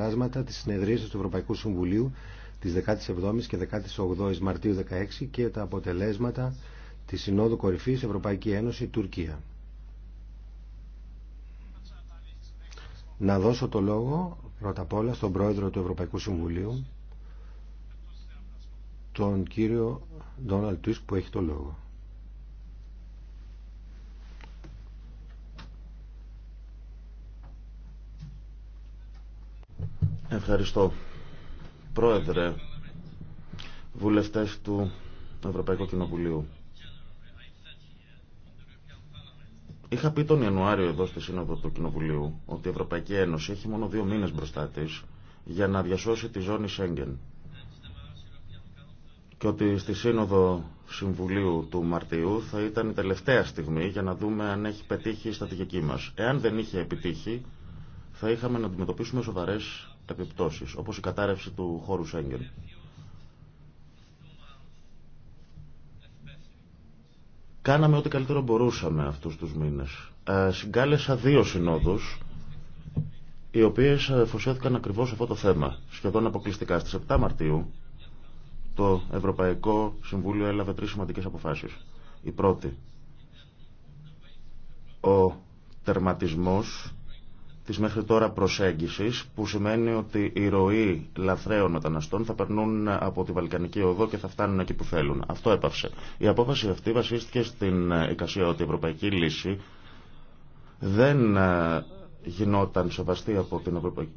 συμπεράσματα της συνεδρίαση του Ευρωπαϊκού Συμβουλίου της 17 η και 18ης Μαρτίου 16 και τα αποτελέσματα της Συνόδου Κορυφής Ευρωπαϊκή Ένωση Τουρκία. Να δώσω το λόγο πρώτα απ' όλα στον Πρόεδρο του Ευρωπαϊκού Συμβουλίου, τον κύριο Ντόναλτ Τουίσκ που έχει το λόγο. Ευχαριστώ. Πρόεδρε, βουλευτές του Ευρωπαϊκού Κοινοβουλίου. Είχα πει τον Ιανουάριο εδώ στη Σύνοδο του Κοινοβουλίου ότι η Ευρωπαϊκή Ένωση έχει μόνο δύο μήνες μπροστά της για να διασώσει τη ζώνη Σέγγεν και ότι στη Σύνοδο Συμβουλίου του Μαρτίου θα ήταν η τελευταία στιγμή για να δούμε αν έχει πετύχει η στρατηγική μας. Εάν δεν είχε επιτύχει, θα είχαμε να αντιμετωπίσουμε σοβαρές επιπτώσεις, όπως η κατάρρευση του χώρου Σέγγεν. Κάναμε ό,τι καλύτερο μπορούσαμε αυτούς τους μήνες. Ε, συγκάλεσα δύο συνόδους, οι οποίες αφοσιώθηκαν ακριβώς σε αυτό το θέμα, σχεδόν αποκλειστικά. Στις 7 Μαρτίου, το Ευρωπαϊκό Συμβούλιο έλαβε τρεις σημαντικές αποφάσεις. Η πρώτη, ο τερματισμός της μέχρι τώρα προσέγγισης που σημαίνει ότι η ροή λαθρέων μεταναστών θα περνούν από τη Βαλκανική Οδό και θα φτάνουν εκεί που θέλουν. Αυτό έπαυσε. Η απόφαση αυτή βασίστηκε στην εικασία ότι η Ευρωπαϊκή Λύση δεν ε, γινόταν σεβαστή από την Ευρωπαϊκή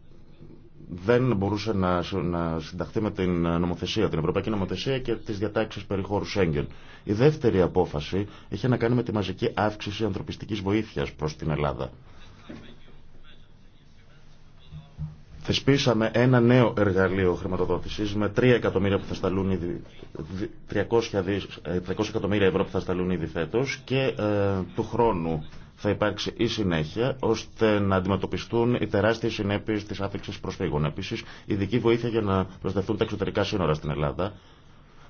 δεν μπορούσε να, να συνταχθεί με την νομοθεσία, την Ευρωπαϊκή Νομοθεσία και τις διατάξεις περί χώρου Σέγγεν. Η δεύτερη απόφαση είχε να κάνει με τη μαζική αύξηση ανθρωπιστικής βοήθειας προς την Ελλάδα. θεσπίσαμε ένα νέο εργαλείο χρηματοδότησης με 3 εκατομμύρια, που θα 300, ε, εκατομμύρια ευρώ που θα σταλούν ήδη φέτος και ε, του χρόνου θα υπάρξει η συνέχεια ώστε να αντιμετωπιστούν οι τεράστιε συνέπειε τη άφηξη προσφύγων. Επίση, ειδική βοήθεια για να προσδεθούν τα εξωτερικά σύνορα στην Ελλάδα,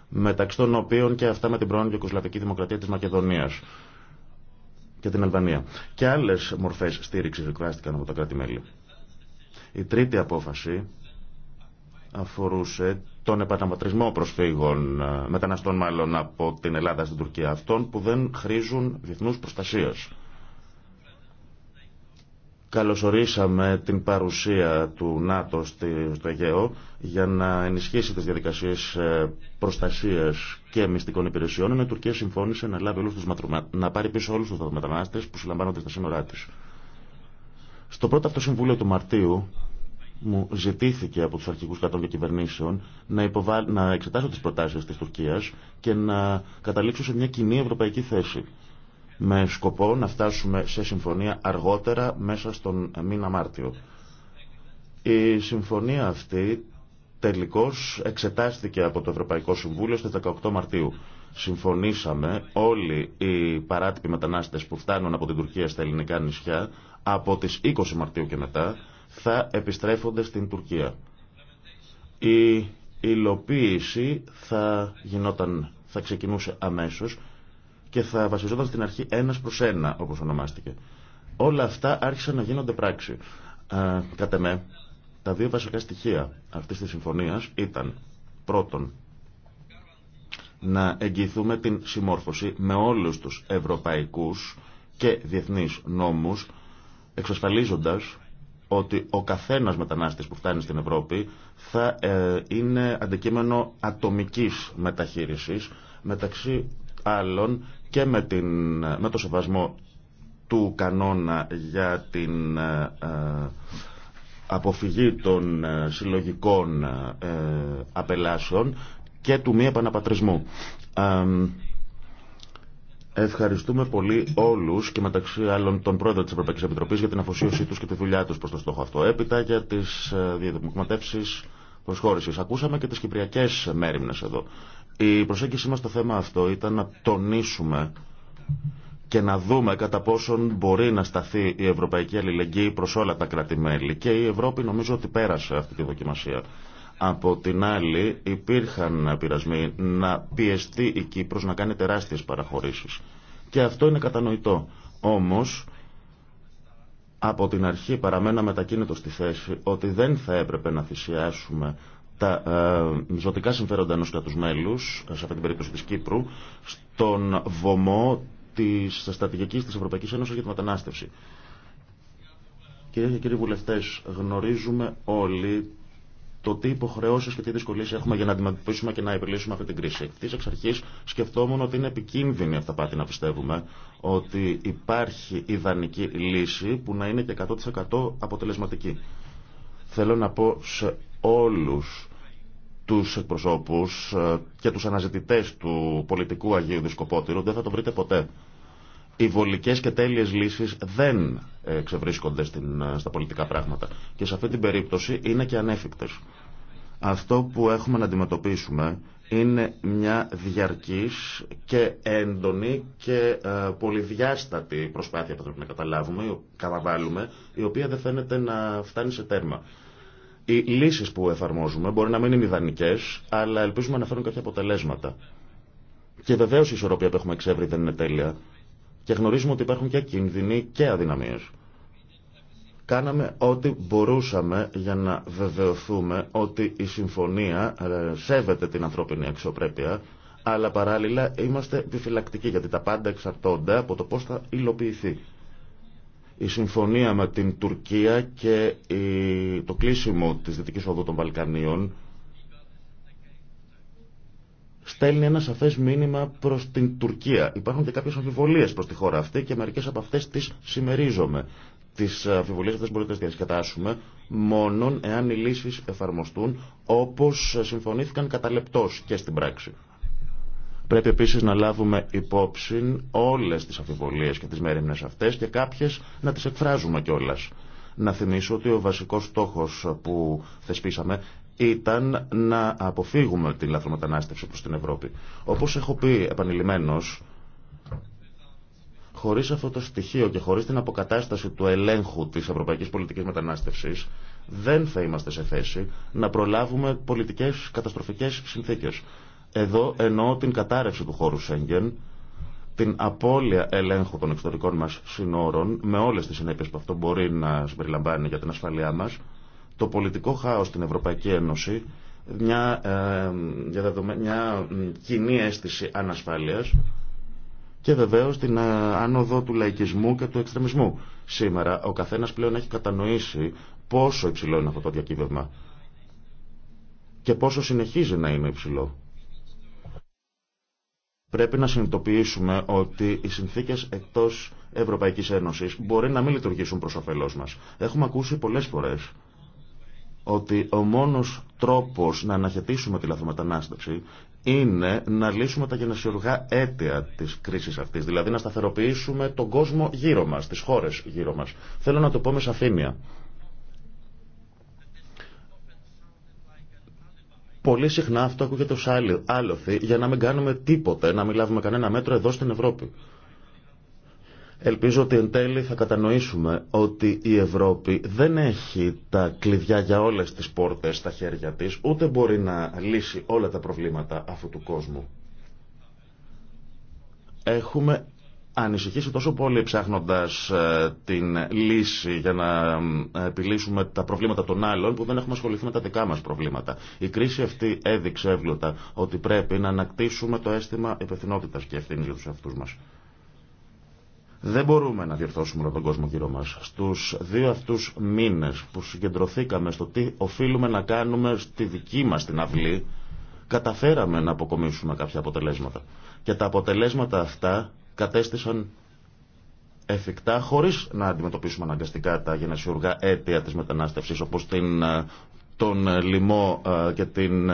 μεταξύ των οποίων και αυτά με την πρώην Ιουκοσλαβική Δημοκρατία τη Μακεδονία και την Αλβανία. Και άλλε μορφέ στήριξη εκφράστηκαν από τα κράτη-μέλη. Η τρίτη απόφαση αφορούσε τον επαναματρισμό προσφύγων, ε, μεταναστών μάλλον από την Ελλάδα στην Τουρκία, αυτών που δεν χρήζουν διεθνούς προστασίας. Καλωσορίσαμε την παρουσία του ΝΑΤΟ στο Αιγαίο για να ενισχύσει τις διαδικασίες ε, προστασίας και μυστικών υπηρεσιών, η Τουρκία συμφώνησε να, λάβει όλους να πάρει πίσω όλους τους μετανάστες που συλλαμβάνονται στα σύνορά της. Στο πρώτο αυτό συμβούλιο του Μαρτίου μου ζητήθηκε από τους αρχικούς κρατών και κυβερνήσεων να, υποβα... να εξετάσω τις προτάσεις της Τουρκίας και να καταλήξω σε μια κοινή ευρωπαϊκή θέση με σκοπό να φτάσουμε σε συμφωνία αργότερα μέσα στον μήνα Μάρτιο. Η συμφωνία αυτή τελικώς εξετάστηκε από το Ευρωπαϊκό Συμβούλιο στις 18 Μαρτίου. Συμφωνήσαμε όλοι οι παράτυποι μετανάστες που φτάνουν από την Τουρκία στα ελληνικά νησιά από τις 20 Μαρτίου και μετά θα επιστρέφονται στην Τουρκία. Η υλοποίηση θα, γινόταν, θα ξεκινούσε αμέσως και θα βασιζόταν στην αρχή ένας προς ένα όπως ονομάστηκε. Όλα αυτά άρχισαν να γίνονται πράξη. Ε, κατά με, τα δύο βασικά στοιχεία αυτής της συμφωνίας ήταν πρώτον να εγγυηθούμε την συμμόρφωση με όλους τους ευρωπαϊκούς και διεθνείς νόμους εξασφαλίζοντας ότι ο καθένας μετανάστης που φτάνει στην Ευρώπη θα ε, είναι αντικείμενο ατομικής μεταχείρισης μεταξύ άλλων και με, την, με το σεβασμό του κανόνα για την ε, ε, αποφυγή των συλλογικών απελάσεων και του μη επαναπατρισμού. Ευχαριστούμε πολύ όλου και μεταξύ άλλων τον πρόεδρο τη Ευρωπαϊκή Επιτροπή για την αφοσίωσή του και τη δουλειά του προ το στόχο αυτό. Έπειτα για τι ε, διαδημοκρατεύσει προσχώρηση. Ακούσαμε και τι κυπριακέ μέρημνε εδώ. Η προσέγγιση μα στο θέμα αυτό ήταν να τονίσουμε και να δούμε κατά πόσον μπορεί να σταθεί η ευρωπαϊκή αλληλεγγύη προ όλα τα κράτη-μέλη. Και η Ευρώπη νομίζω ότι πέρασε αυτή τη δοκιμασία. Από την άλλη υπήρχαν πειρασμοί να πιεστεί η Κύπρος να κάνει τεράστιες παραχωρήσεις. Και αυτό είναι κατανοητό. Όμως από την αρχή παραμένα μετακίνητο στη θέση ότι δεν θα έπρεπε να θυσιάσουμε τα ε, ζωτικά συμφέροντα ενός κράτου μέλους, σε αυτή την περίπτωση της Κύπρου, στον βωμό της στρατηγικής της Ευρωπαϊκής Ένωσης για τη μετανάστευση. και κύριοι βουλευτές, γνωρίζουμε όλοι το τι υποχρεώσει και τι δυσκολίε έχουμε για να αντιμετωπίσουμε και να επιλύσουμε αυτή την κρίση. Τη εξ αρχή σκεφτόμουν ότι είναι επικίνδυνη πάτη να πιστεύουμε ότι υπάρχει ιδανική λύση που να είναι και 100% αποτελεσματική. Θέλω να πω σε όλους τους εκπροσώπου ε, και τους αναζητητές του πολιτικού Αγίου Δισκοπότηρου δεν θα το βρείτε ποτέ οι βολικές και τέλειες λύσεις δεν εξευρίσκονται στην, ε, στα πολιτικά πράγματα. Και σε αυτή την περίπτωση είναι και ανέφικτες. Αυτό που έχουμε να αντιμετωπίσουμε είναι μια διαρκής και έντονη και ε, πολυδιάστατη προσπάθεια που πρέπει να καταλάβουμε, καταβάλουμε, η οποία δεν φαίνεται να φτάνει σε τέρμα. Οι λύσεις που εφαρμόζουμε μπορεί να μην είναι ιδανικές, αλλά ελπίζουμε να φέρουν κάποια αποτελέσματα. Και βεβαίως η ισορροπία που έχουμε εξεύρει δεν είναι τέλεια. Και γνωρίζουμε ότι υπάρχουν και κίνδυνοι και αδυναμίες. Κάναμε ό,τι μπορούσαμε για να βεβαιωθούμε ότι η συμφωνία ε, σέβεται την ανθρώπινη αξιοπρέπεια, αλλά παράλληλα είμαστε επιφυλακτικοί γιατί τα πάντα εξαρτώνται από το πώς θα υλοποιηθεί. Η συμφωνία με την Τουρκία και το κλείσιμο της Δυτικής Οδού των Βαλκανίων στέλνει ένα σαφέ μήνυμα προ την Τουρκία. Υπάρχουν και κάποιε αμφιβολίε προ τη χώρα αυτή και μερικέ από αυτέ τι συμμερίζομαι. Τι αμφιβολίε αυτέ μπορείτε να τι διασκεδάσουμε μόνον εάν οι λύσει εφαρμοστούν όπω συμφωνήθηκαν κατά και στην πράξη. Πρέπει επίση να λάβουμε υπόψη όλε τι αμφιβολίε και τι μέρημνε αυτέ και κάποιε να τι εκφράζουμε κιόλα. Να θυμίσω ότι ο βασικό στόχο που θεσπίσαμε ήταν να αποφύγουμε την λαθρομετανάστευση προς την Ευρώπη. Όπως έχω πει επανειλημμένως, χωρίς αυτό το στοιχείο και χωρίς την αποκατάσταση του ελέγχου της ευρωπαϊκής πολιτικής μετανάστευσης, δεν θα είμαστε σε θέση να προλάβουμε πολιτικές καταστροφικές συνθήκες. Εδώ εννοώ την κατάρρευση του χώρου Σέγγεν, την απώλεια ελέγχου των εξωτερικών μας συνόρων, με όλες τις συνέπειες που αυτό μπορεί να συμπεριλαμβάνει για την ασφαλειά μας, το πολιτικό χάος στην Ευρωπαϊκή Ένωση, μια, ε, μια κοινή αίσθηση ανασφάλειας και βεβαίως την ε, άνοδο του λαϊκισμού και του εξτρεμισμού. Σήμερα ο καθένας πλέον έχει κατανοήσει πόσο υψηλό είναι αυτό το διακύβευμα και πόσο συνεχίζει να είναι υψηλό. Πρέπει να συνειδητοποιήσουμε ότι οι συνθήκες εκτός Ευρωπαϊκής Ένωσης μπορεί να μην λειτουργήσουν προς όφελός μας. Έχουμε ακούσει πολλές φορές ότι ο μόνος τρόπος να αναχαιτήσουμε τη λαθρομετανάστευση είναι να λύσουμε τα γενεσιολογικά αίτια τη κρίση αυτή. Δηλαδή να σταθεροποιήσουμε τον κόσμο γύρω μα, τι χώρε γύρω μα. Θέλω να το πω με σαφήνεια. Πολύ συχνά αυτό ακούγεται ω άλοθη για να μην κάνουμε τίποτε, να μην λάβουμε κανένα μέτρο εδώ στην Ευρώπη. Ελπίζω ότι εν τέλει θα κατανοήσουμε ότι η Ευρώπη δεν έχει τα κλειδιά για όλες τις πόρτες στα χέρια της, ούτε μπορεί να λύσει όλα τα προβλήματα αυτού του κόσμου. Έχουμε ανησυχήσει τόσο πολύ ψάχνοντας ε, την λύση για να ε, επιλύσουμε τα προβλήματα των άλλων που δεν έχουμε ασχοληθεί με τα δικά μας προβλήματα. Η κρίση αυτή έδειξε εύλωτα ότι πρέπει να ανακτήσουμε το αίσθημα υπευθυνότητας και ευθύνης για τους αυτούς μας. Δεν μπορούμε να διορθώσουμε όλο τον κόσμο γύρω μα. Στου δύο αυτού μήνε που συγκεντρωθήκαμε στο τι οφείλουμε να κάνουμε στη δική μα την αυλή, καταφέραμε να αποκομίσουμε κάποια αποτελέσματα. Και τα αποτελέσματα αυτά κατέστησαν εφικτά χωρί να αντιμετωπίσουμε αναγκαστικά τα γενεσιουργά αίτια τη μετανάστευση όπω ε, τον ε, λοιμό ε, και την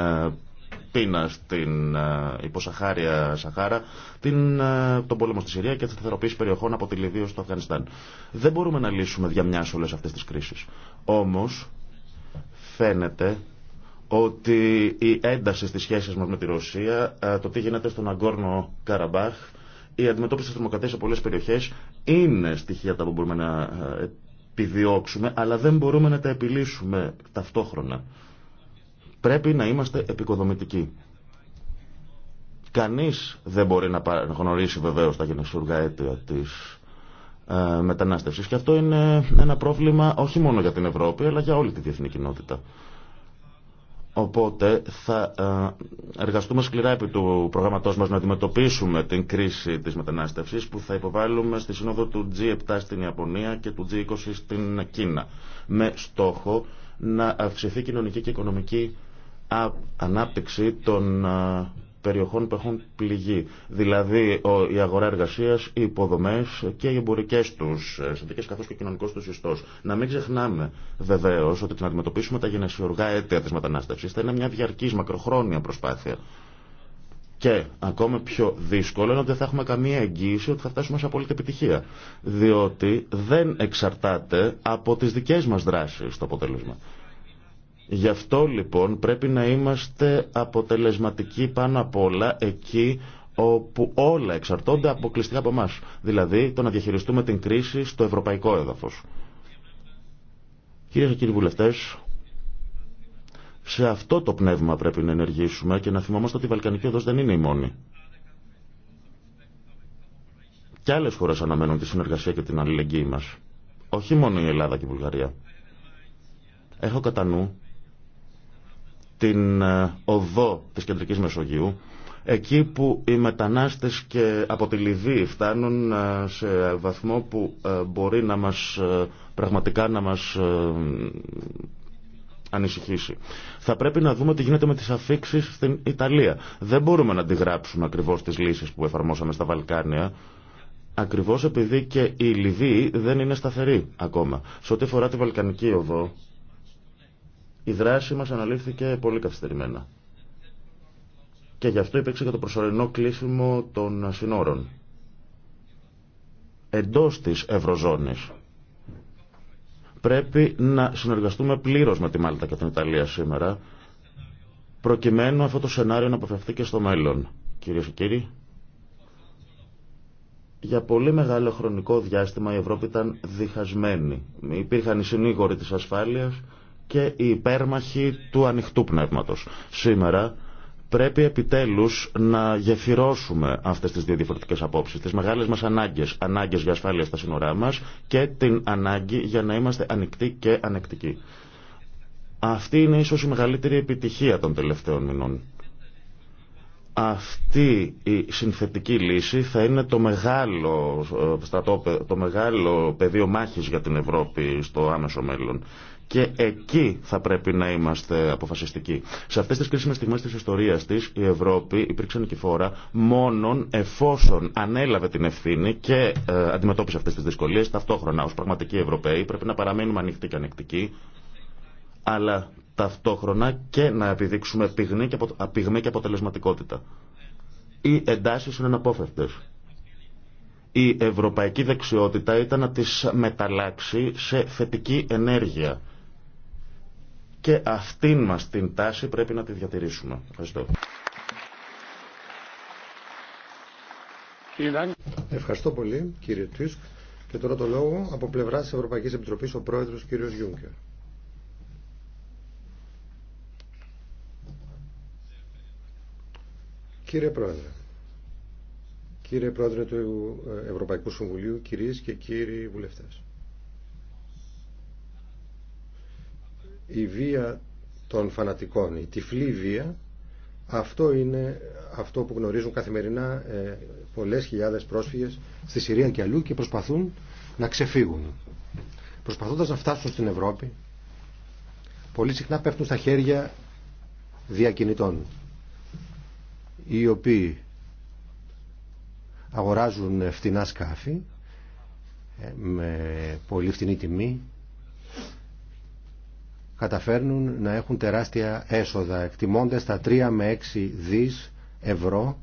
πείνα στην ε, υποσαχάρια Σαχάρα, την, ε, τον πόλεμο στη Συρία και τη σταθεροποίηση περιοχών από τη Λιβύη στο Αφγανιστάν. Δεν μπορούμε να λύσουμε δια όλε αυτέ τι κρίσει. Όμω, φαίνεται ότι η ένταση στις σχέσεις μας με τη Ρωσία, ε, το τι γίνεται στον Αγκόρνο Καραμπάχ, η αντιμετώπιση της θερμοκρατίας σε πολλές περιοχές είναι στοιχεία τα που μπορούμε να επιδιώξουμε, αλλά δεν μπορούμε να τα επιλύσουμε ταυτόχρονα. Πρέπει να είμαστε επικοδομητικοί. Κανείς δεν μπορεί να γνωρίσει βεβαίως τα γενεσούργα αίτια της ε, μετανάστευσης και αυτό είναι ένα πρόβλημα όχι μόνο για την Ευρώπη αλλά για όλη τη διεθνή κοινότητα. Οπότε θα ε, εργαστούμε σκληρά επί του προγραμματός μας να αντιμετωπίσουμε την κρίση της μετανάστευσης που θα υποβάλουμε στη σύνοδο του G7 στην Ιαπωνία και του G20 στην Κίνα με στόχο να αυξηθεί κοινωνική και οικονομική ανάπτυξη των περιοχών που έχουν πληγεί. Δηλαδή η αγορά εργασία, οι υποδομέ και οι εμπορικέ του ε, συνθήκε καθώ και ο κοινωνικό του ιστό. Να μην ξεχνάμε βεβαίω ότι να αντιμετωπίσουμε τα γενεσιουργά αίτια τη μετανάστευση θα είναι μια διαρκή μακροχρόνια προσπάθεια. Και ακόμα πιο δύσκολο είναι ότι δεν θα έχουμε καμία εγγύηση ότι θα φτάσουμε σε απόλυτη επιτυχία. Διότι δεν εξαρτάται από τι δικέ μα δράσει το αποτέλεσμα. Γι' αυτό λοιπόν πρέπει να είμαστε αποτελεσματικοί πάνω απ' όλα εκεί όπου όλα εξαρτώνται αποκλειστικά από εμά. Δηλαδή το να διαχειριστούμε την κρίση στο ευρωπαϊκό έδαφος. Κυρίε και κύριοι βουλευτέ, σε αυτό το πνεύμα πρέπει να ενεργήσουμε και να θυμόμαστε ότι η Βαλκανική οδός δεν είναι η μόνη. Και άλλες χώρες αναμένουν τη συνεργασία και την αλληλεγγύη μας. Όχι μόνο η Ελλάδα και η Βουλγαρία. Έχω κατά νου την ε, οδό της Κεντρικής Μεσογείου, εκεί που οι μετανάστες και από τη Λιβύη φτάνουν ε, σε βαθμό που ε, μπορεί να μας πραγματικά να μας ανησυχήσει. Θα πρέπει να δούμε τι γίνεται με τις αφήξεις στην Ιταλία. Δεν μπορούμε να αντιγράψουμε ακριβώς τις λύσεις που εφαρμόσαμε στα Βαλκάνια, ακριβώς επειδή και η Λιβύη δεν είναι σταθερή ακόμα. Σε ό,τι αφορά τη Βαλκανική οδό, η δράση μας αναλήφθηκε πολύ καθυστερημένα. Και γι' αυτό υπήρξε και το προσωρινό κλείσιμο των συνόρων. Εντός της Ευρωζώνης πρέπει να συνεργαστούμε πλήρως με τη Μάλτα και την Ιταλία σήμερα προκειμένου αυτό το σενάριο να αποφευθεί και στο μέλλον. Κυρίε και κύριοι, για πολύ μεγάλο χρονικό διάστημα η Ευρώπη ήταν διχασμένη. Υπήρχαν οι συνήγοροι της ασφάλειας και η υπέρμαχη του ανοιχτού πνεύματος. Σήμερα πρέπει επιτέλους να γεφυρώσουμε αυτές τις δύο διαφορετικές απόψεις, τις μεγάλες μας ανάγκες, ανάγκες για ασφάλεια στα σύνορά μας και την ανάγκη για να είμαστε ανοιχτοί και ανεκτικοί. Αυτή είναι ίσως η μεγαλύτερη επιτυχία των τελευταίων μηνών. Αυτή η συνθετική λύση θα είναι το μεγάλο, ε, το μεγάλο πεδίο μάχης για την Ευρώπη στο άμεσο μέλλον. Και εκεί θα πρέπει να είμαστε αποφασιστικοί. Σε αυτέ τι κρίσιμε στιγμέ τη ιστορία τη, η Ευρώπη υπήρξε νικηφόρα μόνον εφόσον ανέλαβε την ευθύνη και ε, αντιμετώπισε αυτέ τι δυσκολίε ταυτόχρονα. Ω πραγματικοί Ευρωπαίοι πρέπει να παραμένουμε ανοιχτοί και ανεκτικοί, αλλά ταυτόχρονα και να επιδείξουμε πυγμή και, και αποτελεσματικότητα. Οι εντάσει είναι αναπόφευκτε. Η ευρωπαϊκή δεξιότητα ήταν να τις μεταλλάξει σε θετική ενέργεια και αυτήν μας την τάση πρέπει να τη διατηρήσουμε. Ευχαριστώ. Ευχαριστώ πολύ κύριε Τουίσκ. Και τώρα το λόγο από πλευρά της Ευρωπαϊκής Επιτροπής ο πρόεδρος κύριος Γιούγκερ. Κύριε Πρόεδρε, κύριε Πρόεδρε του Ευρωπαϊκού Συμβουλίου, κυρίες και κύριοι βουλευτές. η βία των φανατικών, η τυφλή βία, αυτό είναι αυτό που γνωρίζουν καθημερινά ε, πολλές χιλιάδες πρόσφυγες στη Συρία και αλλού και προσπαθούν να ξεφύγουν. Προσπαθώντας να φτάσουν στην Ευρώπη, πολύ συχνά πέφτουν στα χέρια διακινητών, οι οποίοι αγοράζουν φτηνά σκάφη ε, με πολύ φτηνή τιμή καταφέρνουν να έχουν τεράστια έσοδα, εκτιμώντας τα 3 με 6 δις ευρώ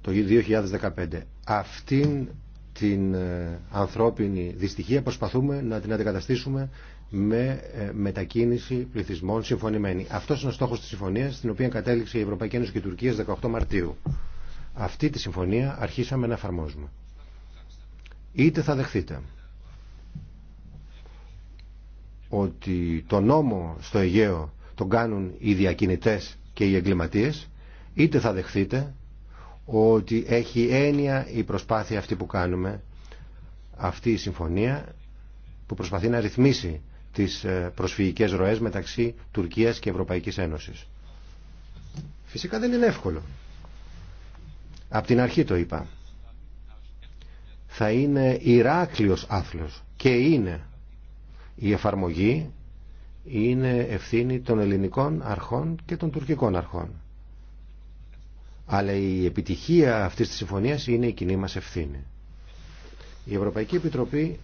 το 2015. Αυτήν την ε, ανθρώπινη δυστυχία προσπαθούμε να την αντικαταστήσουμε με ε, μετακίνηση πληθυσμών συμφωνημένη. Αυτό είναι ο στόχο τη συμφωνία, στην οποία κατέληξε η Ευρωπαϊκή Ένωση και η Τουρκία 18 Μαρτίου. Αυτή τη συμφωνία αρχίσαμε να εφαρμόζουμε. Είτε θα δεχθείτε ότι το νόμο στο Αιγαίο τον κάνουν οι διακινητές και οι εγκληματίες είτε θα δεχθείτε ότι έχει έννοια η προσπάθεια αυτή που κάνουμε αυτή η συμφωνία που προσπαθεί να ρυθμίσει τις ε, προσφυγικές ροές μεταξύ Τουρκίας και Ευρωπαϊκής Ένωσης. Φυσικά δεν είναι εύκολο. Απ' την αρχή το είπα. Θα είναι Ηράκλειος άθλος και είναι η εφαρμογή είναι ευθύνη των ελληνικών αρχών και των τουρκικών αρχών. Αλλά η επιτυχία αυτής της συμφωνίας είναι η κοινή μας ευθύνη. Η Ευρωπαϊκή Επιτροπή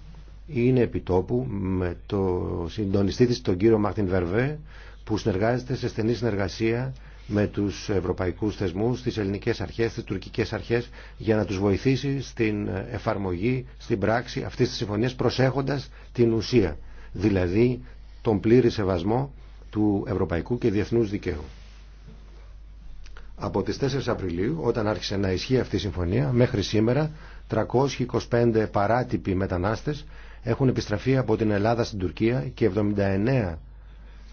είναι επιτόπου με το συντονιστή της τον κύριο Μάρτιν Βερβέ που συνεργάζεται σε στενή συνεργασία με τους ευρωπαϊκούς θεσμούς, τις ελληνικές αρχές, τις τουρκικές αρχές για να τους βοηθήσει στην εφαρμογή, στην πράξη αυτής της συμφωνίας προσέχοντας την ουσία δηλαδή τον πλήρη σεβασμό του ευρωπαϊκού και διεθνούς δικαίου. Από τις 4 Απριλίου, όταν άρχισε να ισχύει αυτή η συμφωνία, μέχρι σήμερα 325 παράτυποι μετανάστες έχουν επιστραφεί από την Ελλάδα στην Τουρκία και 79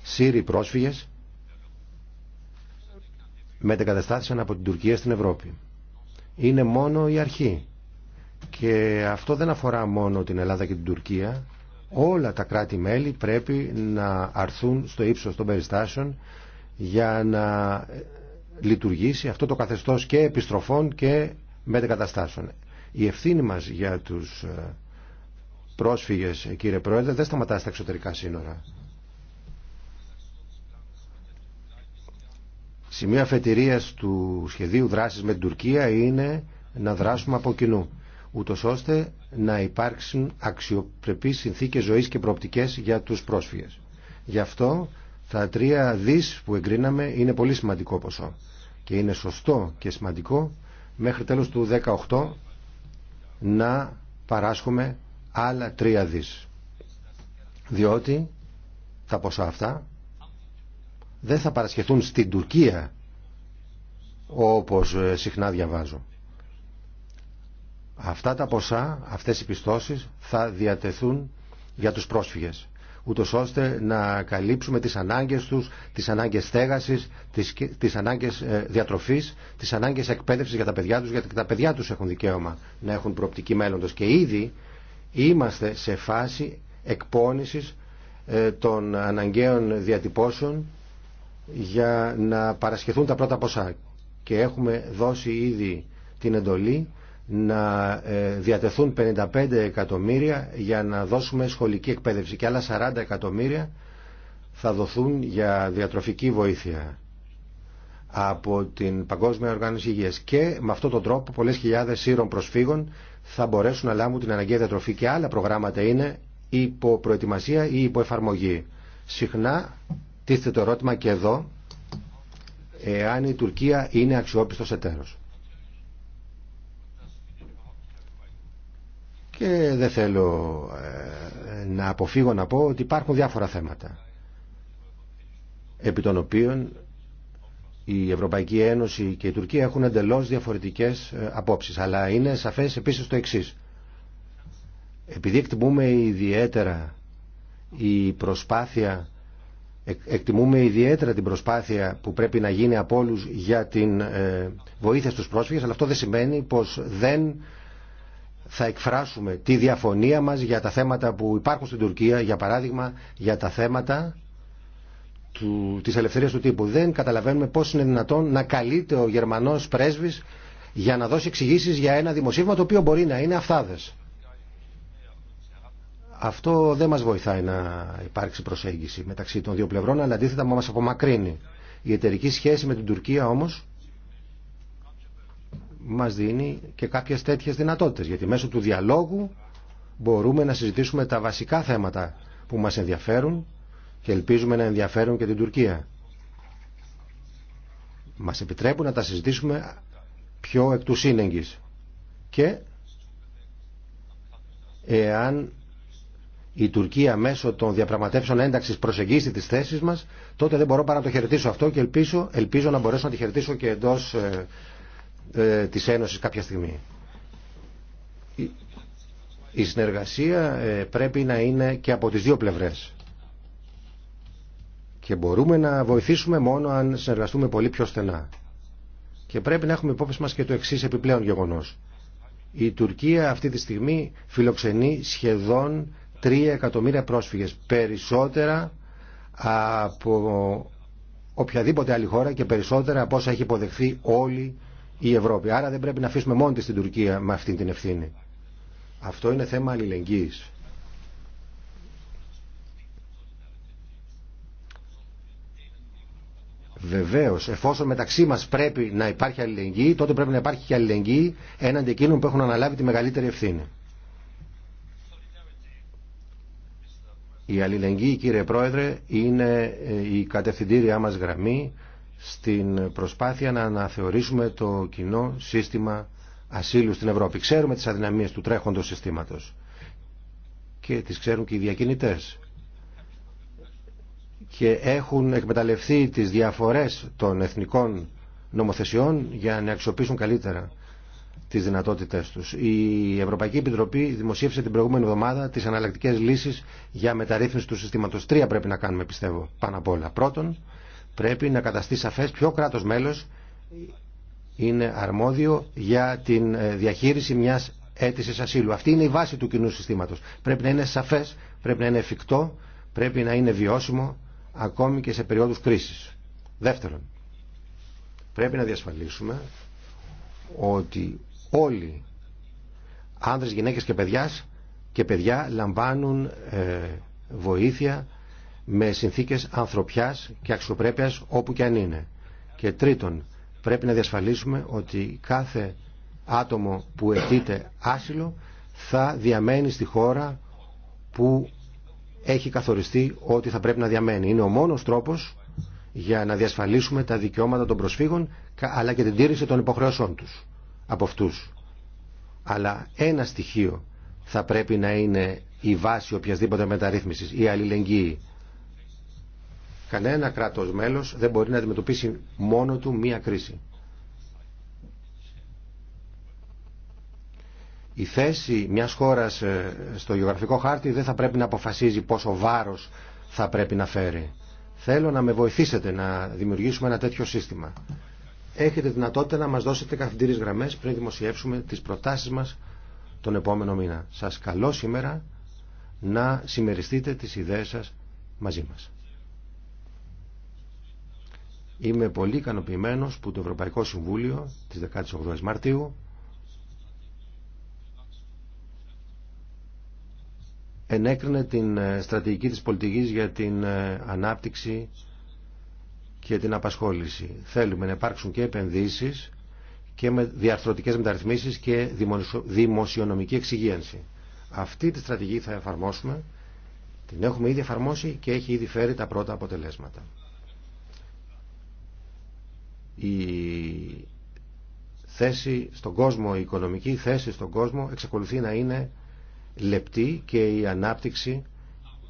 Σύριοι πρόσφυγες μετεγκαταστάθησαν από την Τουρκία στην Ευρώπη. Είναι μόνο η αρχή. Και αυτό δεν αφορά μόνο την Ελλάδα και την Τουρκία, όλα τα κράτη-μέλη πρέπει να αρθούν στο ύψος των περιστάσεων για να λειτουργήσει αυτό το καθεστώς και επιστροφών και μετεκαταστάσεων. Η ευθύνη μας για τους ε, πρόσφυγες, κύριε Πρόεδρε, δεν σταματά στα εξωτερικά σύνορα. Σημεία αφετηρίας του σχεδίου δράσης με την Τουρκία είναι να δράσουμε από κοινού ούτως ώστε να υπάρξουν αξιοπρεπείς συνθήκες ζωής και προοπτικές για τους πρόσφυγες. Γι' αυτό τα τρία δις που εγκρίναμε είναι πολύ σημαντικό ποσό και είναι σωστό και σημαντικό μέχρι τέλος του 18 να παράσχουμε άλλα τρία δις. Διότι τα ποσά αυτά δεν θα παρασχεθούν στην Τουρκία όπως ε, συχνά διαβάζω. Αυτά τα ποσά, αυτές οι πιστώσεις θα διατεθούν για τους πρόσφυγες ούτως ώστε να καλύψουμε τις ανάγκες τους, τις ανάγκες στέγασης, τις, τις ανάγκες ε, διατροφής, τις ανάγκες εκπαίδευσης για τα παιδιά τους, γιατί τα παιδιά τους έχουν δικαίωμα να έχουν προοπτική μέλλοντος. Και ήδη είμαστε σε φάση εκπόνησης ε, των αναγκαίων διατυπώσεων για να παρασχεθούν τα πρώτα ποσά. Και έχουμε δώσει ήδη την εντολή να ε, διατεθούν 55 εκατομμύρια για να δώσουμε σχολική εκπαίδευση και άλλα 40 εκατομμύρια θα δοθούν για διατροφική βοήθεια από την Παγκόσμια Οργάνωση Υγείας και με αυτόν τον τρόπο πολλές χιλιάδες σύρων προσφύγων θα μπορέσουν να λάβουν την αναγκαία διατροφή και άλλα προγράμματα είναι υπό προετοιμασία ή υπό εφαρμογή. Συχνά τίθεται το ερώτημα και εδώ εάν η Τουρκία είναι αξιόπιστος εταίρος. Και δεν θέλω ε, να αποφύγω να πω ότι υπάρχουν διάφορα θέματα επί των οποίων η Ευρωπαϊκή Ένωση και η Τουρκία έχουν εντελώς διαφορετικές ε, απόψεις. Αλλά είναι σαφές επίσης το εξής. Επειδή εκτιμούμε ιδιαίτερα η προσπάθεια εκτιμούμε ιδιαίτερα την προσπάθεια που πρέπει να γίνει από όλου για την ε, βοήθεια στους πρόσφυγες αλλά αυτό δεν σημαίνει πως δεν θα εκφράσουμε τη διαφωνία μας για τα θέματα που υπάρχουν στην Τουρκία, για παράδειγμα για τα θέματα του, της ελευθερίας του τύπου. Δεν καταλαβαίνουμε πώς είναι δυνατόν να καλείται ο Γερμανός πρέσβης για να δώσει εξηγήσει για ένα δημοσίευμα το οποίο μπορεί να είναι αυθάδες. Αυτό δεν μας βοηθάει να υπάρξει προσέγγιση μεταξύ των δύο πλευρών, αλλά αντίθετα μας απομακρύνει. Η εταιρική σχέση με την Τουρκία όμως μας δίνει και κάποιες τέτοιες δυνατότητες γιατί μέσω του διαλόγου μπορούμε να συζητήσουμε τα βασικά θέματα που μας ενδιαφέρουν και ελπίζουμε να ενδιαφέρουν και την Τουρκία. Μας επιτρέπουν να τα συζητήσουμε πιο εκ του σύνεγγης και εάν η Τουρκία μέσω των διαπραγματεύσεων ένταξης προσεγγίσει τις θέσεις μας τότε δεν μπορώ παρά να το χαιρετήσω αυτό και ελπίζω, ελπίζω να μπορέσω να τη χαιρετήσω και εντός ε, ε, της Ένωσης κάποια στιγμή. Η συνεργασία ε, πρέπει να είναι και από τις δύο πλευρές. Και μπορούμε να βοηθήσουμε μόνο αν συνεργαστούμε πολύ πιο στενά. Και πρέπει να έχουμε υπόψη μας και το εξής επιπλέον γεγονός. Η Τουρκία αυτή τη στιγμή φιλοξενεί σχεδόν 3 εκατομμύρια πρόσφυγες. Περισσότερα από οποιαδήποτε άλλη χώρα και περισσότερα από όσα έχει υποδεχθεί όλη η Ευρώπη. Άρα δεν πρέπει να αφήσουμε μόνη της την Τουρκία με αυτή την ευθύνη. Αυτό είναι θέμα αλληλεγγύης. Βεβαίω, εφόσον μεταξύ μα πρέπει να υπάρχει αλληλεγγύη, τότε πρέπει να υπάρχει και αλληλεγγύη έναντι εκείνων που έχουν αναλάβει τη μεγαλύτερη ευθύνη. Η αλληλεγγύη, κύριε Πρόεδρε, είναι ε, η κατευθυντήριά μα γραμμή στην προσπάθεια να αναθεωρήσουμε το κοινό σύστημα ασύλου στην Ευρώπη. Ξέρουμε τις αδυναμίες του τρέχοντος συστήματος και τις ξέρουν και οι διακινητές και έχουν εκμεταλλευτεί τις διαφορές των εθνικών νομοθεσιών για να αξιοποιήσουν καλύτερα τις δυνατότητές τους. Η Ευρωπαϊκή Επιτροπή δημοσίευσε την προηγούμενη εβδομάδα τις αναλλακτικές λύσεις για μεταρρύθμιση του συστήματος. Τρία πρέπει να κάνουμε πιστεύω πάνω απ' όλα. Πρώτον, πρέπει να καταστεί σαφές ποιο κράτος μέλος είναι αρμόδιο για την ε, διαχείριση μιας αίτησης ασύλου. Αυτή είναι η βάση του κοινού συστήματος. Πρέπει να είναι σαφές, πρέπει να είναι εφικτό, πρέπει να είναι βιώσιμο ακόμη και σε περίοδους κρίσης. Δεύτερον, πρέπει να διασφαλίσουμε ότι όλοι άνδρες, γυναίκες και παιδιά και παιδιά λαμβάνουν ε, βοήθεια με συνθήκες ανθρωπιάς και αξιοπρέπειας όπου και αν είναι. Και τρίτον, πρέπει να διασφαλίσουμε ότι κάθε άτομο που αιτείται άσυλο θα διαμένει στη χώρα που έχει καθοριστεί ότι θα πρέπει να διαμένει. Είναι ο μόνος τρόπος για να διασφαλίσουμε τα δικαιώματα των προσφύγων αλλά και την τήρηση των υποχρεώσεών τους από αυτούς. Αλλά ένα στοιχείο θα πρέπει να είναι η βάση οποιασδήποτε μεταρρύθμισης, η αλληλεγγύη. Κανένα κράτος μέλος δεν μπορεί να αντιμετωπίσει μόνο του μία κρίση. Η θέση μιας χώρας ε, στο γεωγραφικό χάρτη δεν θα πρέπει να αποφασίζει πόσο βάρος θα πρέπει να φέρει. Θέλω να με βοηθήσετε να δημιουργήσουμε ένα τέτοιο σύστημα. Έχετε δυνατότητα να μας δώσετε καθημερινές γραμμές πριν δημοσιεύσουμε τις προτάσεις μας τον επόμενο μήνα. Σας καλώ σήμερα να συμμεριστείτε τις ιδέες σας μαζί μας. Είμαι πολύ ικανοποιημένο που το Ευρωπαϊκό Συμβούλιο της 18 Μαρτίου ενέκρινε την ε, στρατηγική της πολιτικής για την ε, ανάπτυξη και την απασχόληση. Θέλουμε να υπάρξουν και επενδύσεις και με διαρθρωτικές μεταρρυθμίσεις και δημοσιονομική εξυγίανση. Αυτή τη στρατηγική θα εφαρμόσουμε, την έχουμε ήδη εφαρμόσει και έχει ήδη φέρει τα πρώτα αποτελέσματα η θέση στον κόσμο, η οικονομική θέση στον κόσμο εξακολουθεί να είναι λεπτή και η ανάπτυξη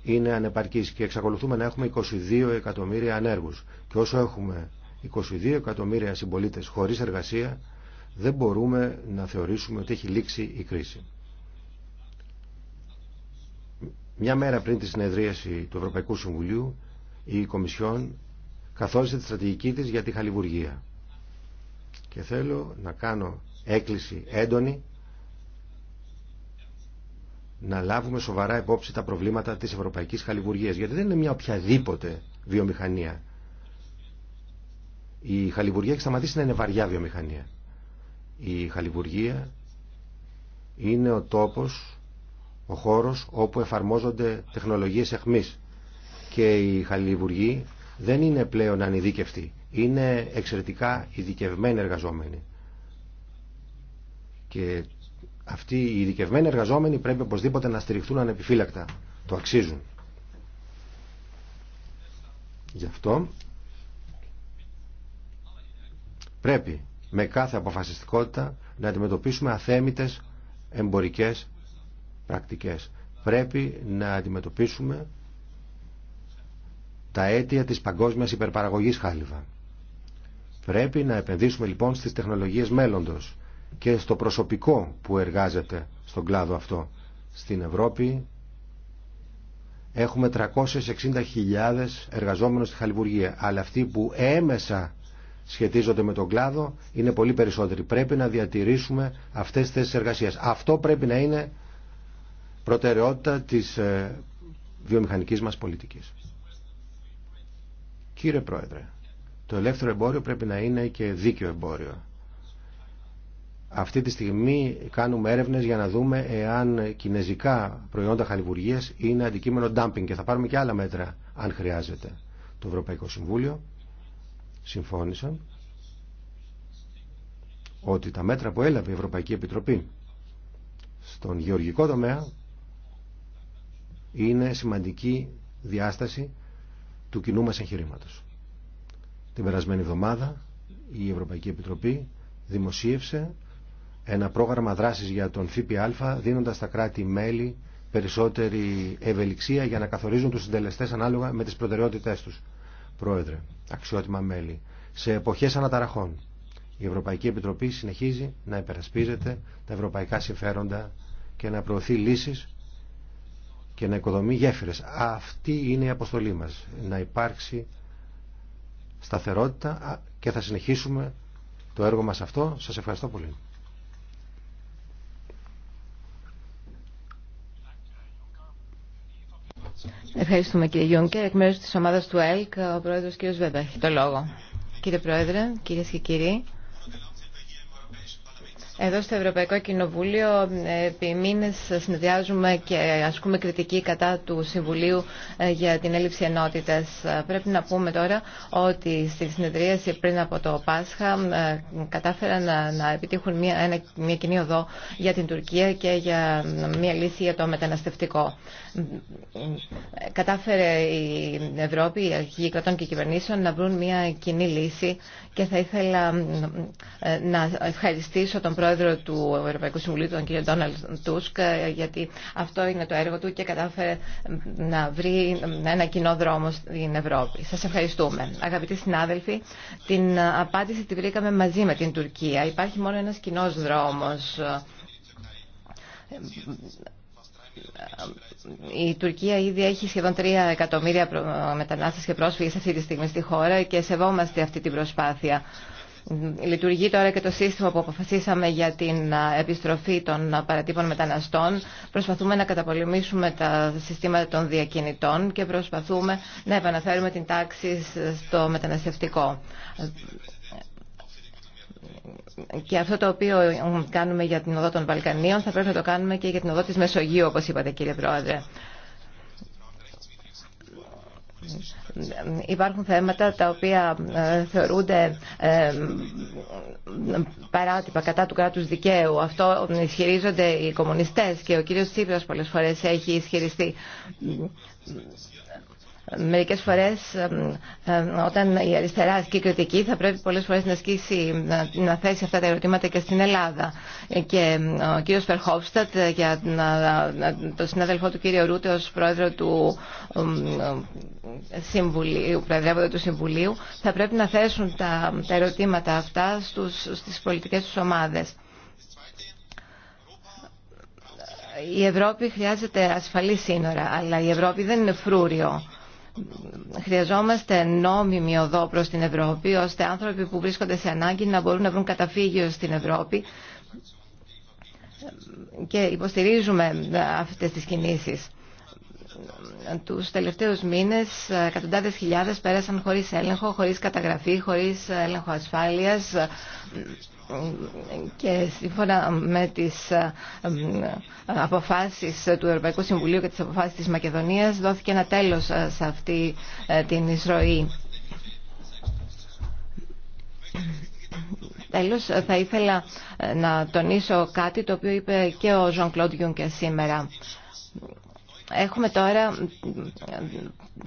είναι ανεπαρκής και εξακολουθούμε να έχουμε 22 εκατομμύρια ανέργους και όσο έχουμε 22 εκατομμύρια συμπολίτες χωρίς εργασία δεν μπορούμε να θεωρήσουμε ότι έχει λήξει η κρίση. Μια μέρα πριν τη συνεδρίαση του Ευρωπαϊκού Συμβουλίου η Κομισιόν καθόρισε τη στρατηγική της για τη χαλιβουργία. Και θέλω να κάνω έκκληση έντονη να λάβουμε σοβαρά υπόψη τα προβλήματα της ευρωπαϊκής χαλιβουργίας, γιατί δεν είναι μια οποιαδήποτε βιομηχανία. Η χαλιβουργία έχει σταματήσει να είναι βαριά βιομηχανία. Η χαλιβουργία είναι ο τόπος, ο χώρος όπου εφαρμόζονται τεχνολογίες εχμής και οι χαλιβουργοί δεν είναι πλέον ανειδίκευτοι. Είναι εξαιρετικά ειδικευμένοι εργαζόμενοι. Και αυτοί οι ειδικευμένοι εργαζόμενοι πρέπει οπωσδήποτε να στηριχτούν ανεπιφύλακτα. Το αξίζουν. Γι' αυτό πρέπει με κάθε αποφασιστικότητα να αντιμετωπίσουμε αθέμητες εμπορικές πρακτικές. Πρέπει να αντιμετωπίσουμε τα αίτια της παγκόσμιας υπερπαραγωγής χάλιβα. Πρέπει να επενδύσουμε λοιπόν στις τεχνολογίες μέλλοντος και στο προσωπικό που εργάζεται στον κλάδο αυτό. Στην Ευρώπη έχουμε 360.000 εργαζόμενους στη χαλιβουργία, αλλά αυτοί που έμεσα σχετίζονται με τον κλάδο είναι πολύ περισσότεροι. Πρέπει να διατηρήσουμε αυτές τις θέσεις εργασίας. Αυτό πρέπει να είναι προτεραιότητα της ε, βιομηχανικής μας πολιτικής. Κύριε Πρόεδρε, το ελεύθερο εμπόριο πρέπει να είναι και δίκαιο εμπόριο. Αυτή τη στιγμή κάνουμε έρευνες για να δούμε εάν κινέζικα προϊόντα χαλιβουργία είναι αντικείμενο dumping και θα πάρουμε και άλλα μέτρα αν χρειάζεται. Το Ευρωπαϊκό Συμβούλιο συμφώνησε ότι τα μέτρα που έλαβε η Ευρωπαϊκή Επιτροπή στον γεωργικό τομέα είναι σημαντική διάσταση του κοινού μας εγχειρήματο. Την περασμένη εβδομάδα η Ευρωπαϊκή Επιτροπή δημοσίευσε ένα πρόγραμμα δράσης για τον ΦΠΑ δίνοντας στα κράτη-μέλη περισσότερη ευελιξία για να καθορίζουν τους συντελεστές ανάλογα με τις προτεραιότητές τους. Πρόεδρε, αξιότιμα μέλη, σε εποχές αναταραχών η Ευρωπαϊκή Επιτροπή συνεχίζει να υπερασπίζεται τα ευρωπαϊκά συμφέροντα και να προωθεί λύσεις και να οικοδομεί γέφυρες. Αυτή είναι η αποστολή μας. Να υπάρξει σταθερότητα και θα συνεχίσουμε το έργο μας αυτό. Σας ευχαριστώ πολύ. Ευχαριστούμε κύριε Γιούνκερ. Εκ μέρους της ομάδας του ΕΛΚ, ο πρόεδρος κύριος Βέμπα έχει το λόγο. Κύριε Πρόεδρε, κυρίες και κύριοι, εδώ στο Ευρωπαϊκό Κοινοβούλιο ε, επί μήνες συνδυάζουμε και ασκούμε κριτική κατά του Συμβουλίου ε, για την έλλειψη ενότητας. Ε, πρέπει να πούμε τώρα ότι στη συνεδρίαση πριν από το Πάσχα κατάφεραν να επιτύχουν μια, μια κοινή οδό για την Τουρκία και για μια λύση για το μεταναστευτικό κατάφερε η Ευρώπη, η αρχηγοί κρατών και κυβερνήσεων να βρουν μια κοινή λύση και θα ήθελα ε, να ευχαριστήσω τον πρόεδρο του Ευρωπαϊκού Συμβουλίου, τον κ. Ντόναλτ Τούσκ, γιατί αυτό είναι το έργο του και κατάφερε να βρει ένα κοινό δρόμο στην Ευρώπη. Σας ευχαριστούμε. Αγαπητοί συνάδελφοι, την απάντηση τη βρήκαμε μαζί με την Τουρκία. Υπάρχει μόνο ένα κοινό δρόμο η Τουρκία ήδη έχει σχεδόν 3 εκατομμύρια μετανάστες και πρόσφυγες αυτή τη στιγμή στη χώρα και σεβόμαστε αυτή την προσπάθεια. Λειτουργεί τώρα και το σύστημα που αποφασίσαμε για την επιστροφή των παρατύπων μεταναστών. Προσπαθούμε να καταπολεμήσουμε τα συστήματα των διακινητών και προσπαθούμε να επαναφέρουμε την τάξη στο μεταναστευτικό και αυτό το οποίο ε, κάνουμε για την οδό των Βαλκανίων θα πρέπει να το κάνουμε και για την οδό της Μεσογείου όπως είπατε κύριε Πρόεδρε. Υπάρχουν θέματα τα οποία ε, θεωρούνται ε, παράτυπα κατά του κράτους δικαίου. Αυτό ισχυρίζονται οι κομμουνιστές και ο κύριος Τσίπρας πολλές φορές έχει ισχυριστεί Μερικές φορές όταν η αριστερά ασκεί κριτική θα πρέπει πολλές φορές να θέσει αυτά τα ερωτήματα και στην Ελλάδα. Και ο κύριος Φερχόφστατ για τον συνάδελφό του κύριο Ρούτε ως πρόεδρο του Συμβουλίου, του Συμβουλίου θα πρέπει να θέσουν τα, τα ερωτήματα αυτά στους, στις πολιτικές τους ομάδες. Η Ευρώπη χρειάζεται ασφαλή σύνορα, αλλά η Ευρώπη δεν είναι φρούριο χρειαζόμαστε νόμιμη οδό προ την Ευρώπη, ώστε άνθρωποι που βρίσκονται σε ανάγκη να μπορούν να βρουν καταφύγιο στην Ευρώπη και υποστηρίζουμε αυτές τις κινήσεις. Τους τελευταίους μήνες εκατοντάδες χιλιάδες πέρασαν χωρίς έλεγχο, χωρίς καταγραφή, χωρίς έλεγχο ασφάλειας και σύμφωνα με τις ε, ε, αποφάσεις του Ευρωπαϊκού Συμβουλίου και τις αποφάσεις της Μακεδονίας δόθηκε ένα τέλος ε, σε αυτή την εισρωή. Τέλος, θα ήθελα να τονίσω κάτι το οποίο είπε και ο Ζων Κλοντιούν και σήμερα. Έχουμε τώρα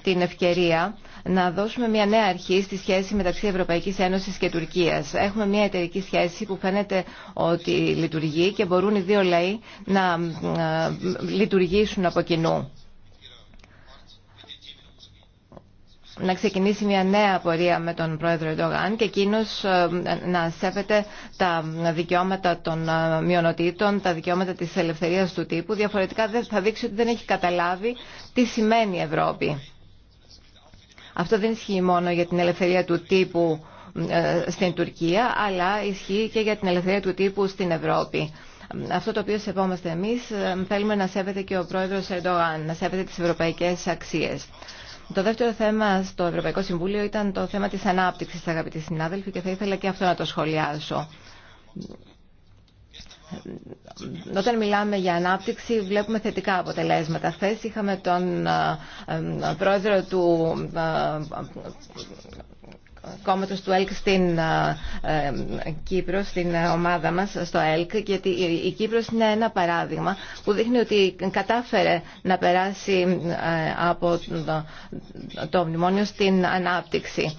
την ευκαιρία να δώσουμε μια νέα αρχή στη σχέση μεταξύ Ευρωπαϊκής Ένωσης και Τουρκίας. Έχουμε μια εταιρική σχέση που φαίνεται ότι λειτουργεί και μπορούν οι δύο λαοί να ε, λειτουργήσουν από κοινού. να ξεκινήσει μια νέα πορεία με τον πρόεδρο Ερντογάν και εκείνο ε, να σέβεται τα δικαιώματα των ε, μειονοτήτων, τα δικαιώματα τη ελευθερία του τύπου. Διαφορετικά θα δείξει ότι δεν έχει καταλάβει τι σημαίνει Ευρώπη. Αυτό δεν ισχύει μόνο για την ελευθερία του τύπου ε, στην Τουρκία, αλλά ισχύει και για την ελευθερία του τύπου στην Ευρώπη. Αυτό το οποίο σεβόμαστε εμείς θέλουμε να σέβεται και ο πρόεδρος Ερντογάν, να σέβεται τις ευρωπαϊκές αξίες. Το δεύτερο θέμα στο Ευρωπαϊκό Συμβούλιο ήταν το θέμα της ανάπτυξης, αγαπητοί συνάδελφοι, και θα ήθελα και αυτό να το σχολιάσω. Όταν μιλάμε για ανάπτυξη βλέπουμε θετικά αποτελέσματα. Χθε είχαμε τον ε, ε, πρόεδρο του ε, κόμματος του ΕΛΚ στην ε, ε, Κύπρο, στην ε, ομάδα μας στο ΕΛΚ γιατί η Κύπρος είναι ένα παράδειγμα που δείχνει ότι κατάφερε να περάσει από το μνημόνιο στην ανάπτυξη.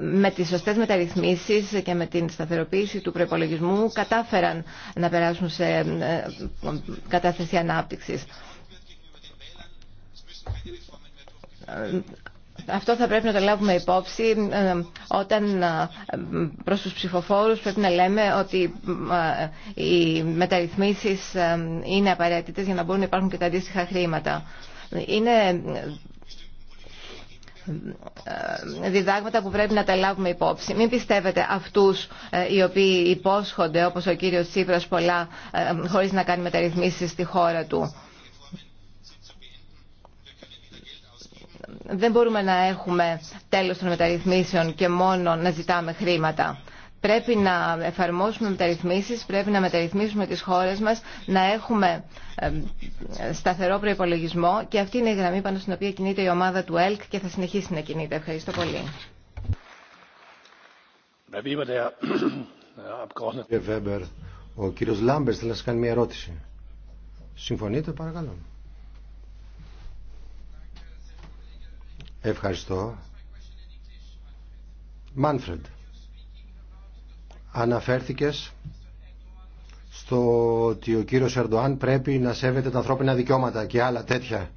Με τις σωστές μεταρρυθμίσεις και με την σταθεροποίηση του προπολογισμού κατάφεραν να περάσουν σε κατάσταση ανάπτυξης αυτό θα πρέπει να το λάβουμε υπόψη ε, όταν ε, προς τους ψηφοφόρους πρέπει να λέμε ότι ε, οι μεταρρυθμίσεις είναι απαραίτητες για να μπορούν να υπάρχουν και τα αντίστοιχα χρήματα. Είναι διδάγματα που πρέπει να τα λάβουμε υπόψη. Μην πιστεύετε αυτούς οι οποίοι υπόσχονται, όπως ο κύριος Τσίπρας, πολλά χωρίς να κάνει μεταρρυθμίσεις στη χώρα του. δεν μπορούμε να έχουμε τέλος των μεταρρυθμίσεων και μόνο να ζητάμε χρήματα. Πρέπει να εφαρμόσουμε μεταρρυθμίσεις, πρέπει να μεταρρυθμίσουμε τις χώρες μας, να έχουμε σταθερό προϋπολογισμό και αυτή είναι η γραμμή πάνω στην οποία κινείται η ομάδα του ΕΛΚ και θα συνεχίσει να κινείται. Ευχαριστώ πολύ. Äh, ο κύριος Λάμπερς θέλει κάνει μια ερώτηση. παρακαλώ. Ευχαριστώ. Μάνφρεντ, αναφέρθηκες στο ότι ο κύριος Ερντοάν πρέπει να σέβεται τα ανθρώπινα δικαιώματα και άλλα τέτοια.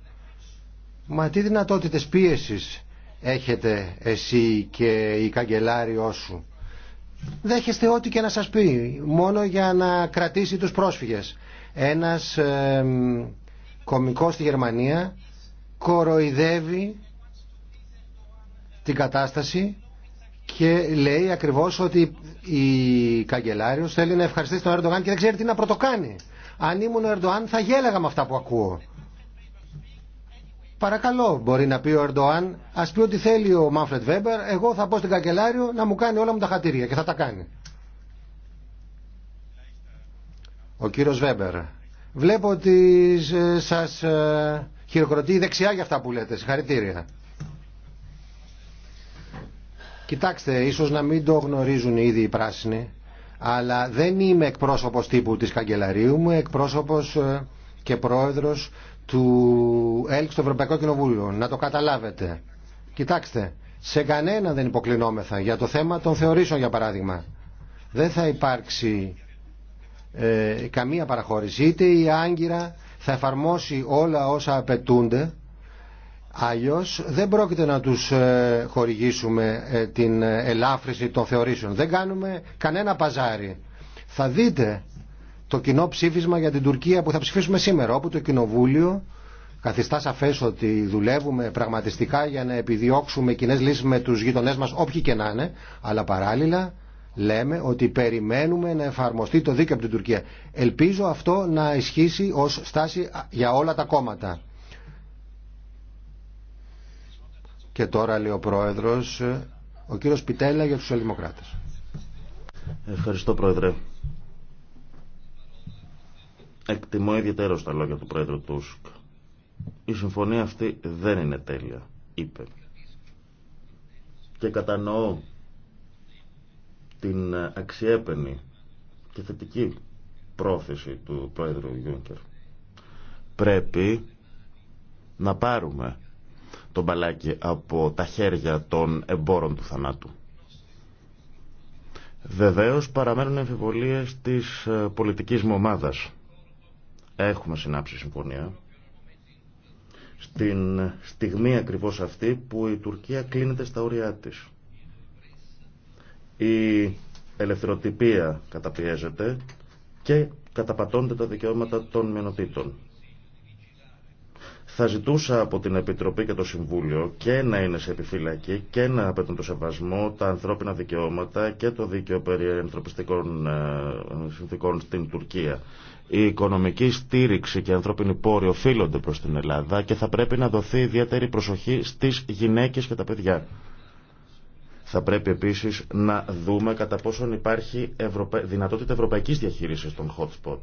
Μα τι δυνατότητες πίεσης έχετε εσύ και η καγκελάριό σου. Δέχεστε ό,τι και να σας πει, μόνο για να κρατήσει τους πρόσφυγες. Ένας ε, κομικός στη Γερμανία κοροϊδεύει την κατάσταση και λέει ακριβώς ότι η καγκελάριος θέλει να ευχαριστήσει τον Ερντογάν και δεν ξέρει τι να πρωτοκάνει. Αν ήμουν ο Ερντογάν θα γέλαγα με αυτά που ακούω. Παρακαλώ, μπορεί να πει ο Ερντοάν, α πει ό,τι θέλει ο Μάνφρετ Βέμπερ, εγώ θα πω στην Καγκελάριο να μου κάνει όλα μου τα χατήρια και θα τα κάνει. Ο κύριο Βέμπερ, βλέπω ότι σα ε, χειροκροτεί η δεξιά για αυτά που λέτε. Συγχαρητήρια. Κοιτάξτε, ίσως να μην το γνωρίζουν ήδη οι πράσινοι, αλλά δεν είμαι εκπρόσωπος τύπου της καγκελαρίου μου, εκπρόσωπος ε, και πρόεδρος του ΕΛΚ στο Ευρωπαϊκό Κοινοβούλιο. Να το καταλάβετε. Κοιτάξτε, σε κανένα δεν υποκλεινόμεθα για το θέμα των θεωρήσεων για παράδειγμα. Δεν θα υπάρξει ε, καμία παραχώρηση. Είτε η Άγκυρα θα εφαρμόσει όλα όσα απαιτούνται Αλλιώς δεν πρόκειται να τους ε, χορηγήσουμε ε, την ε, ελάφρυση των θεωρήσεων. Δεν κάνουμε κανένα παζάρι. Θα δείτε το κοινό ψήφισμα για την Τουρκία που θα ψηφίσουμε σήμερα, όπου το Κοινοβούλιο καθιστά σαφές ότι δουλεύουμε πραγματιστικά για να επιδιώξουμε κοινέ λύσεις με τους γειτονές μας, όποιοι και να είναι, αλλά παράλληλα λέμε ότι περιμένουμε να εφαρμοστεί το δίκαιο από την Τουρκία. Ελπίζω αυτό να ισχύσει ως στάση για όλα τα κόμματα. Και τώρα λέει ο Πρόεδρος, ο κύριος Πιτέλα για τους Ελληνοκράτες. Ευχαριστώ Πρόεδρε. Εκτιμώ ιδιαίτερα τα λόγια του Πρόεδρου Τούσκ. Η συμφωνία αυτή δεν είναι τέλεια, είπε. Και κατανοώ την αξιέπαινη και θετική πρόθεση του Πρόεδρου Γιούνκερ. Πρέπει να πάρουμε το μπαλάκι από τα χέρια των εμπόρων του θανάτου. Βεβαίως παραμένουν εμφιβολίες της ε, πολιτικής μου ομάδας. Έχουμε συνάψει συμφωνία. Στην στιγμή ακριβώς αυτή που η Τουρκία κλείνεται στα όρια της. Η ελευθεροτυπία καταπιέζεται και καταπατώνται τα δικαιώματα των μειονοτήτων. Θα ζητούσα από την Επιτροπή και το Συμβούλιο και να είναι σε επιφύλακη και να απαιτούν το σεβασμό, τα ανθρώπινα δικαιώματα και το δίκαιο περί ανθρωπιστικών ε, συνθήκων στην Τουρκία. Η οικονομική στήριξη και οι ανθρώπινοι πόροι οφείλονται προς την Ελλάδα και θα πρέπει να δοθεί ιδιαίτερη προσοχή στις γυναίκες και τα παιδιά. Θα πρέπει επίσης να δούμε κατά πόσον υπάρχει δυνατότητα ευρωπαϊκής διαχείρισης των hotspot.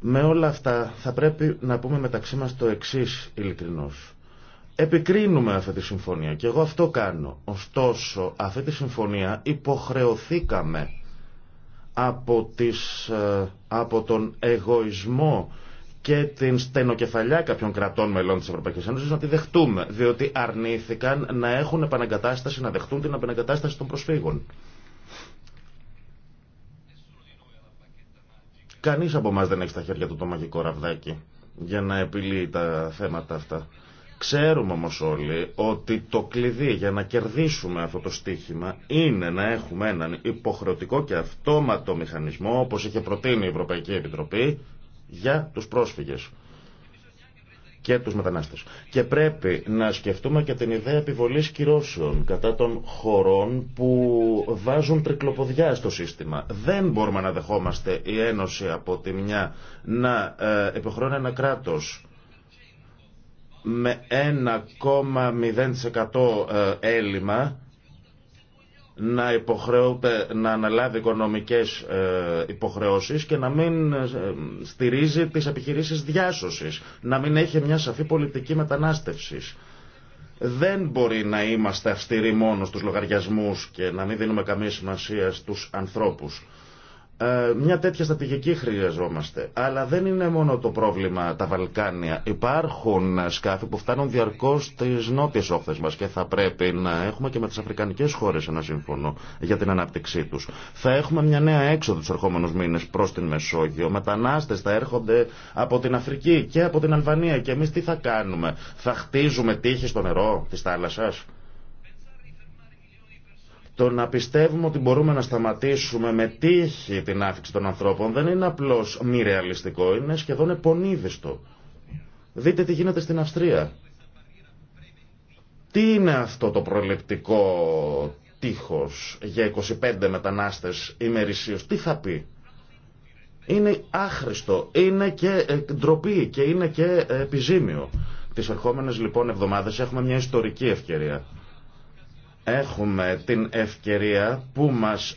Με όλα αυτά θα πρέπει να πούμε μεταξύ μας το εξής ειλικρινώς. Επικρίνουμε αυτή τη συμφωνία και εγώ αυτό κάνω. Ωστόσο, αυτή τη συμφωνία υποχρεωθήκαμε από, τις, ε, από τον εγωισμό και την στενοκεφαλιά κάποιων κρατών μελών της Ευρωπαϊκής Ένωσης να τη δεχτούμε, διότι αρνήθηκαν να έχουν επαναγκατάσταση, να δεχτούν την επαναγκατάσταση των προσφύγων. Κανείς από εμά δεν έχει στα χέρια του το μαγικό ραβδάκι για να επιλύει τα θέματα αυτά. Ξέρουμε όμω όλοι ότι το κλειδί για να κερδίσουμε αυτό το στίχημα είναι να έχουμε έναν υποχρεωτικό και αυτόματο μηχανισμό όπως είχε προτείνει η Ευρωπαϊκή Επιτροπή για τους πρόσφυγες και μετανάστες. Και πρέπει να σκεφτούμε και την ιδέα επιβολής κυρώσεων κατά των χωρών που βάζουν τρικλοποδιά στο σύστημα. Δεν μπορούμε να δεχόμαστε η Ένωση από τη μια να επιχρώνει ένα κράτος με 1,0% ε, έλλειμμα να να αναλάβει οικονομικές ε, υποχρεώσεις και να μην ε, στηρίζει τις επιχειρήσεις διάσωσης, να μην έχει μια σαφή πολιτική μετανάστευσης. Δεν μπορεί να είμαστε αυστηροί μόνο στους λογαριασμούς και να μην δίνουμε καμία σημασία στους ανθρώπους. Ε, μια τέτοια στρατηγική χρειαζόμαστε. Αλλά δεν είναι μόνο το πρόβλημα τα Βαλκάνια. Υπάρχουν σκάφη που φτάνουν διαρκώ στι νότιε όχθε μα και θα πρέπει να έχουμε και με τι αφρικανικέ χώρε ένα σύμφωνο για την ανάπτυξή του. Θα έχουμε μια νέα έξοδο του ερχόμενου μήνε προ την Μεσόγειο. Μετανάστε θα έρχονται από την Αφρική και από την Αλβανία. Και εμεί τι θα κάνουμε, θα χτίζουμε τείχη στο νερό τη θάλασσα. Το να πιστεύουμε ότι μπορούμε να σταματήσουμε με τύχη την άφηξη των ανθρώπων δεν είναι απλώς μη ρεαλιστικό, είναι σχεδόν επονίδιστο. Δείτε τι γίνεται στην Αυστρία. Τι είναι αυτό το προληπτικό τείχος για 25 μετανάστες ημερησίως, τι θα πει. Είναι άχρηστο, είναι και ντροπή και είναι και επιζήμιο. Τις ερχόμενες λοιπόν εβδομάδες έχουμε μια ιστορική ευκαιρία έχουμε την ευκαιρία που μας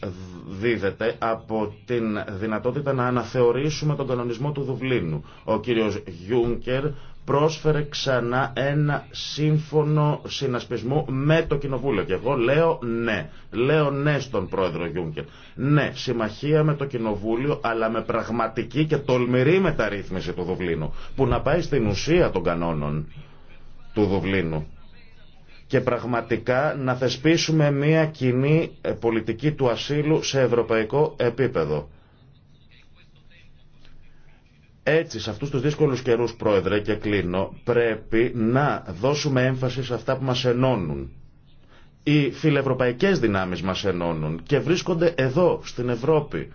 δίδεται από την δυνατότητα να αναθεωρήσουμε τον κανονισμό του Δουβλίνου. Ο κύριος Γιούνκερ πρόσφερε ξανά ένα σύμφωνο συνασπισμό με το Κοινοβούλιο. Και εγώ λέω ναι. Λέω ναι στον πρόεδρο Γιούγκερ. Ναι, συμμαχία με το Κοινοβούλιο, αλλά με πραγματική και τολμηρή μεταρρύθμιση του Δουβλίνου, που να πάει στην ουσία των κανόνων του Δουβλίνου και πραγματικά να θεσπίσουμε μια κοινή ε, πολιτική του ασύλου σε ευρωπαϊκό επίπεδο. Έτσι, σε αυτούς τους δύσκολους καιρούς, Πρόεδρε, και κλείνω, πρέπει να δώσουμε έμφαση σε αυτά που μας ενώνουν. Οι φιλευρωπαϊκές δυνάμεις μας ενώνουν και βρίσκονται εδώ, στην Ευρώπη.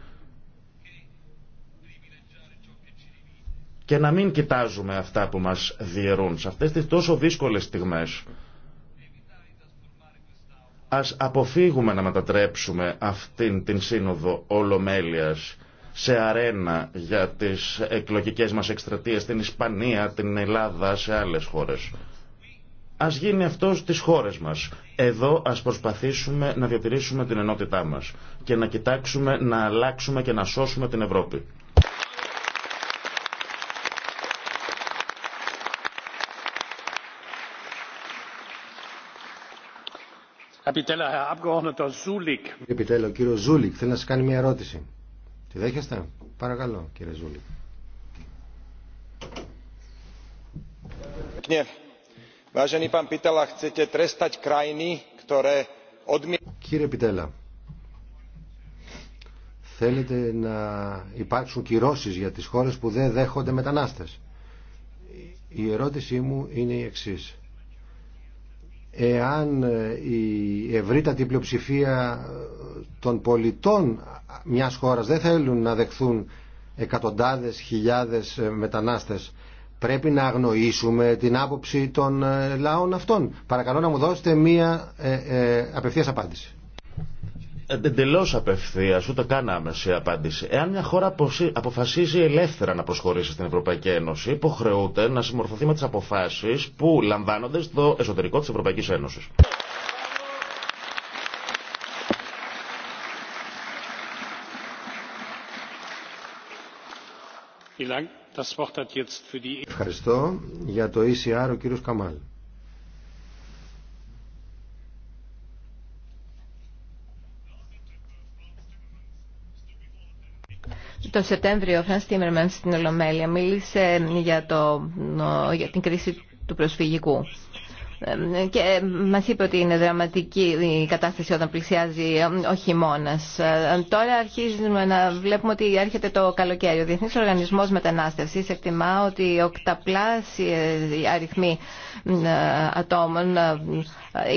Και να μην κοιτάζουμε αυτά που μας διαιρούν σε αυτές τις τόσο δύσκολες στιγμές. Ας αποφύγουμε να μετατρέψουμε αυτήν την σύνοδο ολομέλειας σε αρένα για τις εκλογικές μας εκστρατείες στην Ισπανία, την Ελλάδα, σε άλλες χώρες. Ας γίνει αυτό στις χώρες μας. Εδώ ας προσπαθήσουμε να διατηρήσουμε την ενότητά μας και να κοιτάξουμε να αλλάξουμε και να σώσουμε την Ευρώπη. Πιτέλα, ο κύριο Ζούλικ θέλει να σα κάνει μια ερώτηση. Τη δέχεστε, παρακαλώ, κύριε Ζούλικ. Κύριε Πιτέλα, θέλετε να υπάρξουν κυρώσεις για τις χώρες που δεν δέχονται μετανάστες. Η ερώτησή μου είναι η εξής εάν ε, η ευρύτατη πλειοψηφία ε, των πολιτών μιας χώρας δεν θέλουν να δεχθούν εκατοντάδες χιλιάδες ε, μετανάστες πρέπει να αγνοήσουμε την άποψη των λαών αυτών παρακαλώ να μου δώσετε μια ε, απευθείας απάντηση εντελώ απευθεία, ούτε καν άμεση απάντηση. Εάν μια χώρα αποφασίζει ελεύθερα να προσχωρήσει στην Ευρωπαϊκή Ένωση, υποχρεούται να συμμορφωθεί με τι αποφάσει που λαμβάνονται στο εσωτερικό τη Ευρωπαϊκή Ένωση. Ευχαριστώ για το ECR ο κύριος Καμάλ. Το Σεπτέμβριο ο Φρανς Τίμερμαν στην Ολομέλεια μίλησε για, το, για την κρίση του προσφυγικού ε, και ε, μας είπε ότι είναι δραματική η κατάσταση όταν πλησιάζει ο χειμώνα. Ε, τώρα αρχίζουμε να βλέπουμε ότι έρχεται το καλοκαίρι. Ο Διεθνής Οργανισμός Μετανάστευσης εκτιμά ότι οκταπλάσια αριθμοί ατόμων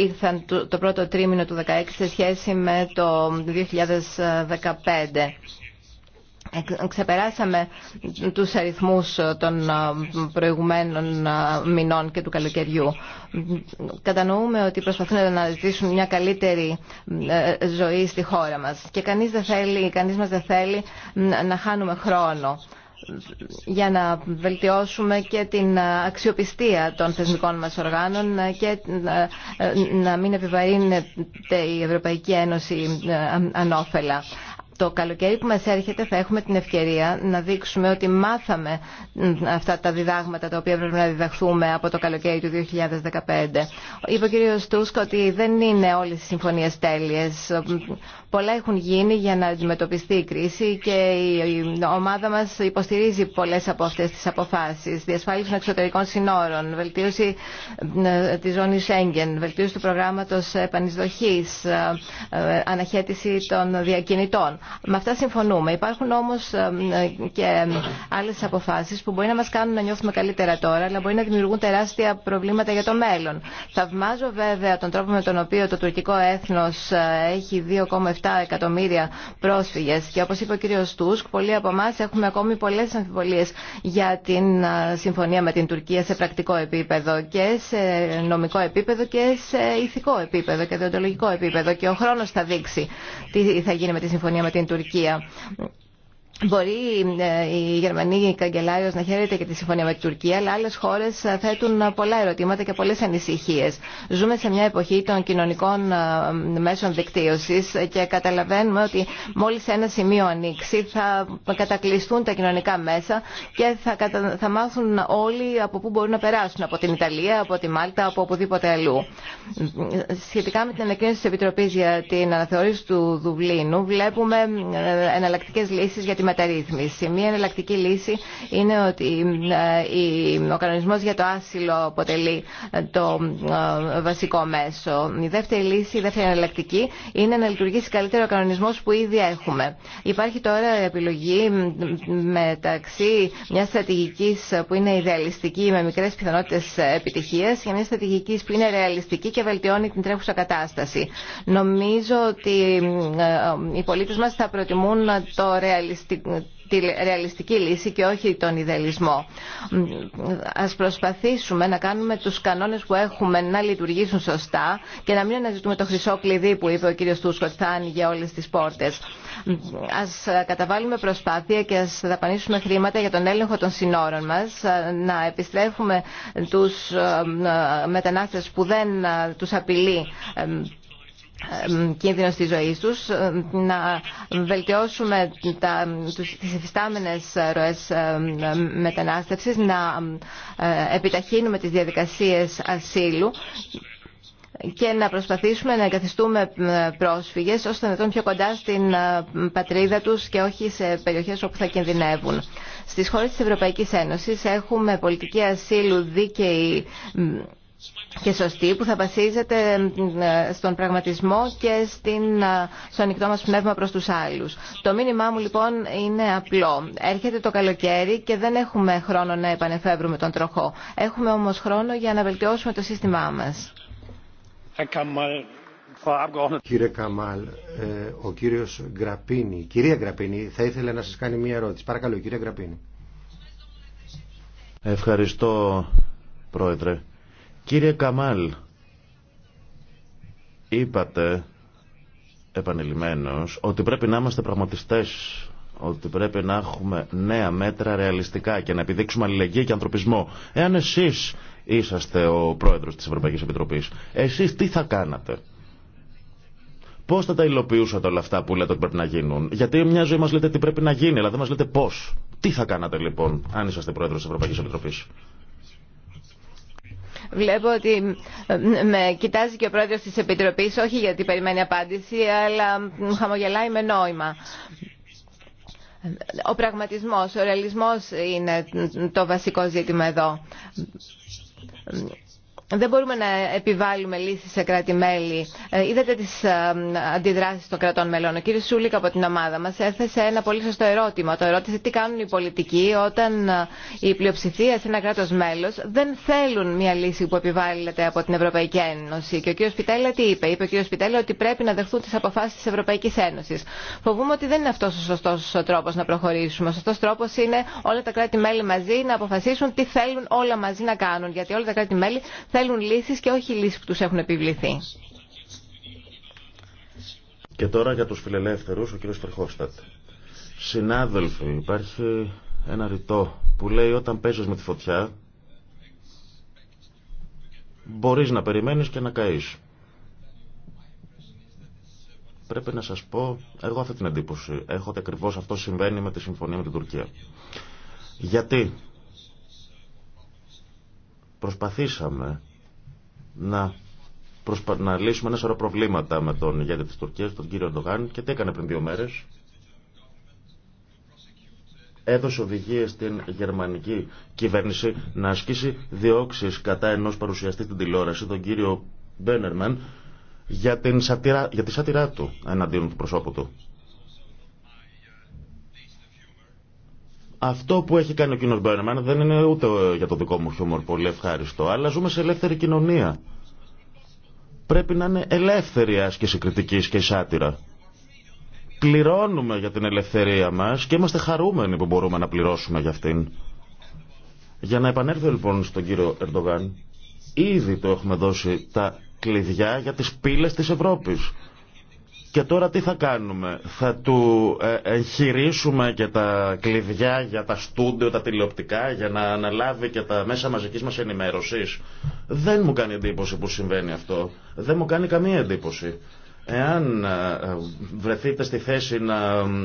ήρθαν το πρώτο τρίμηνο του 2016 σε σχέση με το 2015. Ξεπεράσαμε τους αριθμούς των ε, προηγουμένων ε, μηνών και του καλοκαιριού. Κατανοούμε ότι προσπαθούν να ζητήσουν μια καλύτερη ε, ζωή στη χώρα μας και κανείς, δεν θέλει, κανείς μας δεν θέλει να χάνουμε χρόνο για να βελτιώσουμε και την αξιοπιστία των θεσμικών μας οργάνων και να μην επιβαρύνεται η Ευρωπαϊκή Ένωση ανώφελα το καλοκαίρι που μας έρχεται θα έχουμε την ευκαιρία να δείξουμε ότι μάθαμε αυτά τα διδάγματα τα οποία πρέπει να διδαχθούμε από το καλοκαίρι του 2015. Είπε ο κύριος Στούσκο ότι δεν είναι όλες οι συμφωνίες τέλειες. Πολλά έχουν γίνει για να αντιμετωπιστεί η κρίση και η ομάδα μας υποστηρίζει πολλές από αυτές τις αποφάσεις. Διασφάλιση των εξωτερικών συνόρων, βελτίωση ε, της ζώνης Σέγγεν, βελτίωση του προγράμματος επανεισδοχής, ε, ε, αναχέτηση των διακινητών. Με αυτά συμφωνούμε. Υπάρχουν όμω και άλλε αποφάσει που μπορεί να μα κάνουν να νιώθουμε καλύτερα τώρα, αλλά μπορεί να δημιουργούν τεράστια προβλήματα για το μέλλον. Θαυμάζω βέβαια τον τρόπο με τον οποίο το τουρκικό έθνο ε, έχει 2,7 εκατομμύρια πρόσφυγε. και όπω είπε ο κύριο Τούσκ, πολλοί από εμά έχουμε ακόμη πολλέ αμφιβολίε για την ε, συμφωνία με την Τουρκία σε πρακτικό επίπεδο και σε νομικό επίπεδο και σε ηθικό επίπεδο και διοντολογικό επίπεδο και ο χρόνο θα δείξει τι θα γίνει με τη συμφωνία με την την Τουρκία. Μπορεί ε, η Γερμανή καγκελάριος να χαίρεται και τη συμφωνία με την Τουρκία, αλλά άλλες χώρες ε, θέτουν ε, πολλά ερωτήματα και πολλές ανησυχίες. Ζούμε σε μια εποχή των κοινωνικών μέσων δικτύωσης και καταλαβαίνουμε ότι μόλις ένα σημείο ανοίξει θα κατακλειστούν τα κοινωνικά μέσα και θα, θα μάθουν όλοι από πού μπορούν να περάσουν, από την Ιταλία, από τη Μάλτα, από οπουδήποτε αλλού. Σχετικά με την ανακοίνωση της Επιτροπής για την αναθεώρηση του Δουβλίνου, βλέπουμε εναλλακτικέ λύσεις για τη μεταρρύθμιση. Μία εναλλακτική λύση είναι ότι ε, ο κανονισμός για το άσυλο αποτελεί ε, το ε, βασικό μέσο. Η δεύτερη λύση, η δεύτερη εναλλακτική είναι να λειτουργήσει καλύτερα ο κανονισμός που ήδη έχουμε. Υπάρχει τώρα επιλογή μεταξύ μια στρατηγική που είναι ιδεαλιστική με μικρές πιθανότητες επιτυχίας και μια στρατηγική που είναι ρεαλιστική και βελτιώνει την τρέχουσα κατάσταση. Νομίζω ότι οι πολίτες μας θα προτιμούν το ρεαλιστικό τη ρεαλιστική λύση και όχι τον ιδεαλισμό. Ας προσπαθήσουμε να κάνουμε τους κανόνες που έχουμε να λειτουργήσουν σωστά και να μην αναζητούμε το χρυσό κλειδί που είπε ο κύριος Τούσκο θα άνοιγε όλες τις πόρτες. Ας καταβάλουμε προσπάθεια και ας δαπανίσουμε χρήματα για τον έλεγχο των συνόρων μας, να επιστρέφουμε τους ε, ε, μετανάστες που δεν ε, τους απειλεί ε, κίνδυνο της ζωή του, ε, να βελτιώσουμε τι εφιστάμενε τις εφιστάμενες ε, να επιταχύνουμε τις διαδικασίες ασύλου και να προσπαθήσουμε να εγκαθιστούμε πρόσφυγες ώστε να τον πιο κοντά στην πατρίδα τους και όχι σε περιοχές όπου θα κινδυνεύουν. Στις χώρες της Ευρωπαϊκής Ένωσης έχουμε πολιτική ασύλου δίκαιη και σωστή που θα βασίζεται στον πραγματισμό και στην, στο ανοιχτό μας πνεύμα προς τους άλλους. Το μήνυμά μου λοιπόν είναι απλό. Έρχεται το καλοκαίρι και δεν έχουμε χρόνο να επανεφεύρουμε τον τροχό. Έχουμε όμως χρόνο για να βελτιώσουμε το σύστημά μας. Κύριε Καμάλ, ε, ο κύριος Γκραπίνη, κυρία Γκραπίνη, θα ήθελε να σας κάνει μία ερώτηση. Παρακαλώ, κύριε Γκραπίνη. Ευχαριστώ, Πρόεδρε. Κύριε Καμάλ, είπατε επανειλημμένος ότι πρέπει να είμαστε πραγματιστές, ότι πρέπει να έχουμε νέα μέτρα ρεαλιστικά και να επιδείξουμε αλληλεγγύη και ανθρωπισμό. Εάν εσείς είσαστε ο πρόεδρος της Ευρωπαϊκής Επιτροπής, εσείς τι θα κάνατε. Πώς θα τα υλοποιούσατε όλα αυτά που λέτε ότι πρέπει να γίνουν. Γιατί μια ζωή μας λέτε τι πρέπει να γίνει, αλλά δεν μας λέτε πώς. Τι θα κάνατε λοιπόν, αν είσαστε πρόεδρος της Ευρωπαϊκής Επιτροπής. Βλέπω ότι με κοιτάζει και ο πρόεδρος της Επιτροπής, όχι γιατί περιμένει απάντηση, αλλά χαμογελάει με νόημα. Ο πραγματισμός, ο ρεαλισμός είναι το βασικό ζήτημα εδώ δεν μπορούμε να επιβάλλουμε λύσεις σε κράτη-μέλη. Ε, είδατε τις ε, αντιδράσεις των κρατών μελών. Ο κύριος Σούλικ από την ομάδα μας έθεσε ένα πολύ σωστό ερώτημα. Το ερώτησε τι κάνουν οι πολιτικοί όταν ε, η πλειοψηφία σε ένα κράτος μέλος δεν θέλουν μια λύση που επιβάλλεται από την Ευρωπαϊκή Ένωση. Και ο κύριος Πιτέλα τι είπε. Είπε ο κύριος Πιτέλα ότι πρέπει να δεχθούν τις αποφάσεις της Ευρωπαϊκής Ένωσης. Φοβούμαι ότι δεν είναι αυτός ο σωστός τρόπος να προχωρήσουμε. Ο σωστός τρόπος είναι όλα τα κράτη-μέλη μαζί να αποφασίσουν τι θέλουν όλα μαζί να κάνουν. Γιατί όλα τα κράτη-μέλη θέλουν λύσεις και όχι λύσεις που τους έχουν επιβληθεί. Και τώρα για τους φιλελεύθερους, ο κύριος Φερχόστατ. Συνάδελφοι, υπάρχει ένα ρητό που λέει όταν παίζεις με τη φωτιά, μπορείς να περιμένεις και να καείς. Πρέπει να σας πω, εγώ αυτή την εντύπωση έχω ότι ακριβώ αυτό συμβαίνει με τη συμφωνία με την Τουρκία. Γιατί προσπαθήσαμε να, να λύσουμε ένα σωρό προβλήματα με τον ηγέτη της Τουρκίας, τον κύριο Ντογάν και τι έκανε πριν δύο μέρες. Έδωσε οδηγίε στην γερμανική κυβέρνηση να ασκήσει διώξει κατά ενό παρουσιαστή στην τηλεόραση, τον κύριο Μπένερμαν, για, την σατυρά... για τη σάτυρά του εναντίον του προσώπου του. Αυτό που έχει κάνει ο κ. Μπέρνεμαν δεν είναι ούτε για το δικό μου χιούμορ πολύ ευχάριστο, αλλά ζούμε σε ελεύθερη κοινωνία. Πρέπει να είναι ελεύθερη άσκηση κριτική και η σάτυρα. Πληρώνουμε για την ελευθερία μα και είμαστε χαρούμενοι που μπορούμε να πληρώσουμε για αυτήν. Για να επανέλθω λοιπόν στον κύριο Ερντογάν, ήδη το έχουμε δώσει τα κλειδιά για τις πύλες της Ευρώπης. Και τώρα τι θα κάνουμε. Θα του ε, εγχειρήσουμε και τα κλειδιά για τα στούντιο, τα τηλεοπτικά, για να αναλάβει και τα μέσα μαζικής μας ενημέρωσης. Δεν μου κάνει εντύπωση που συμβαίνει αυτό. Δεν μου κάνει καμία εντύπωση. Εάν ε, βρεθείτε στη θέση να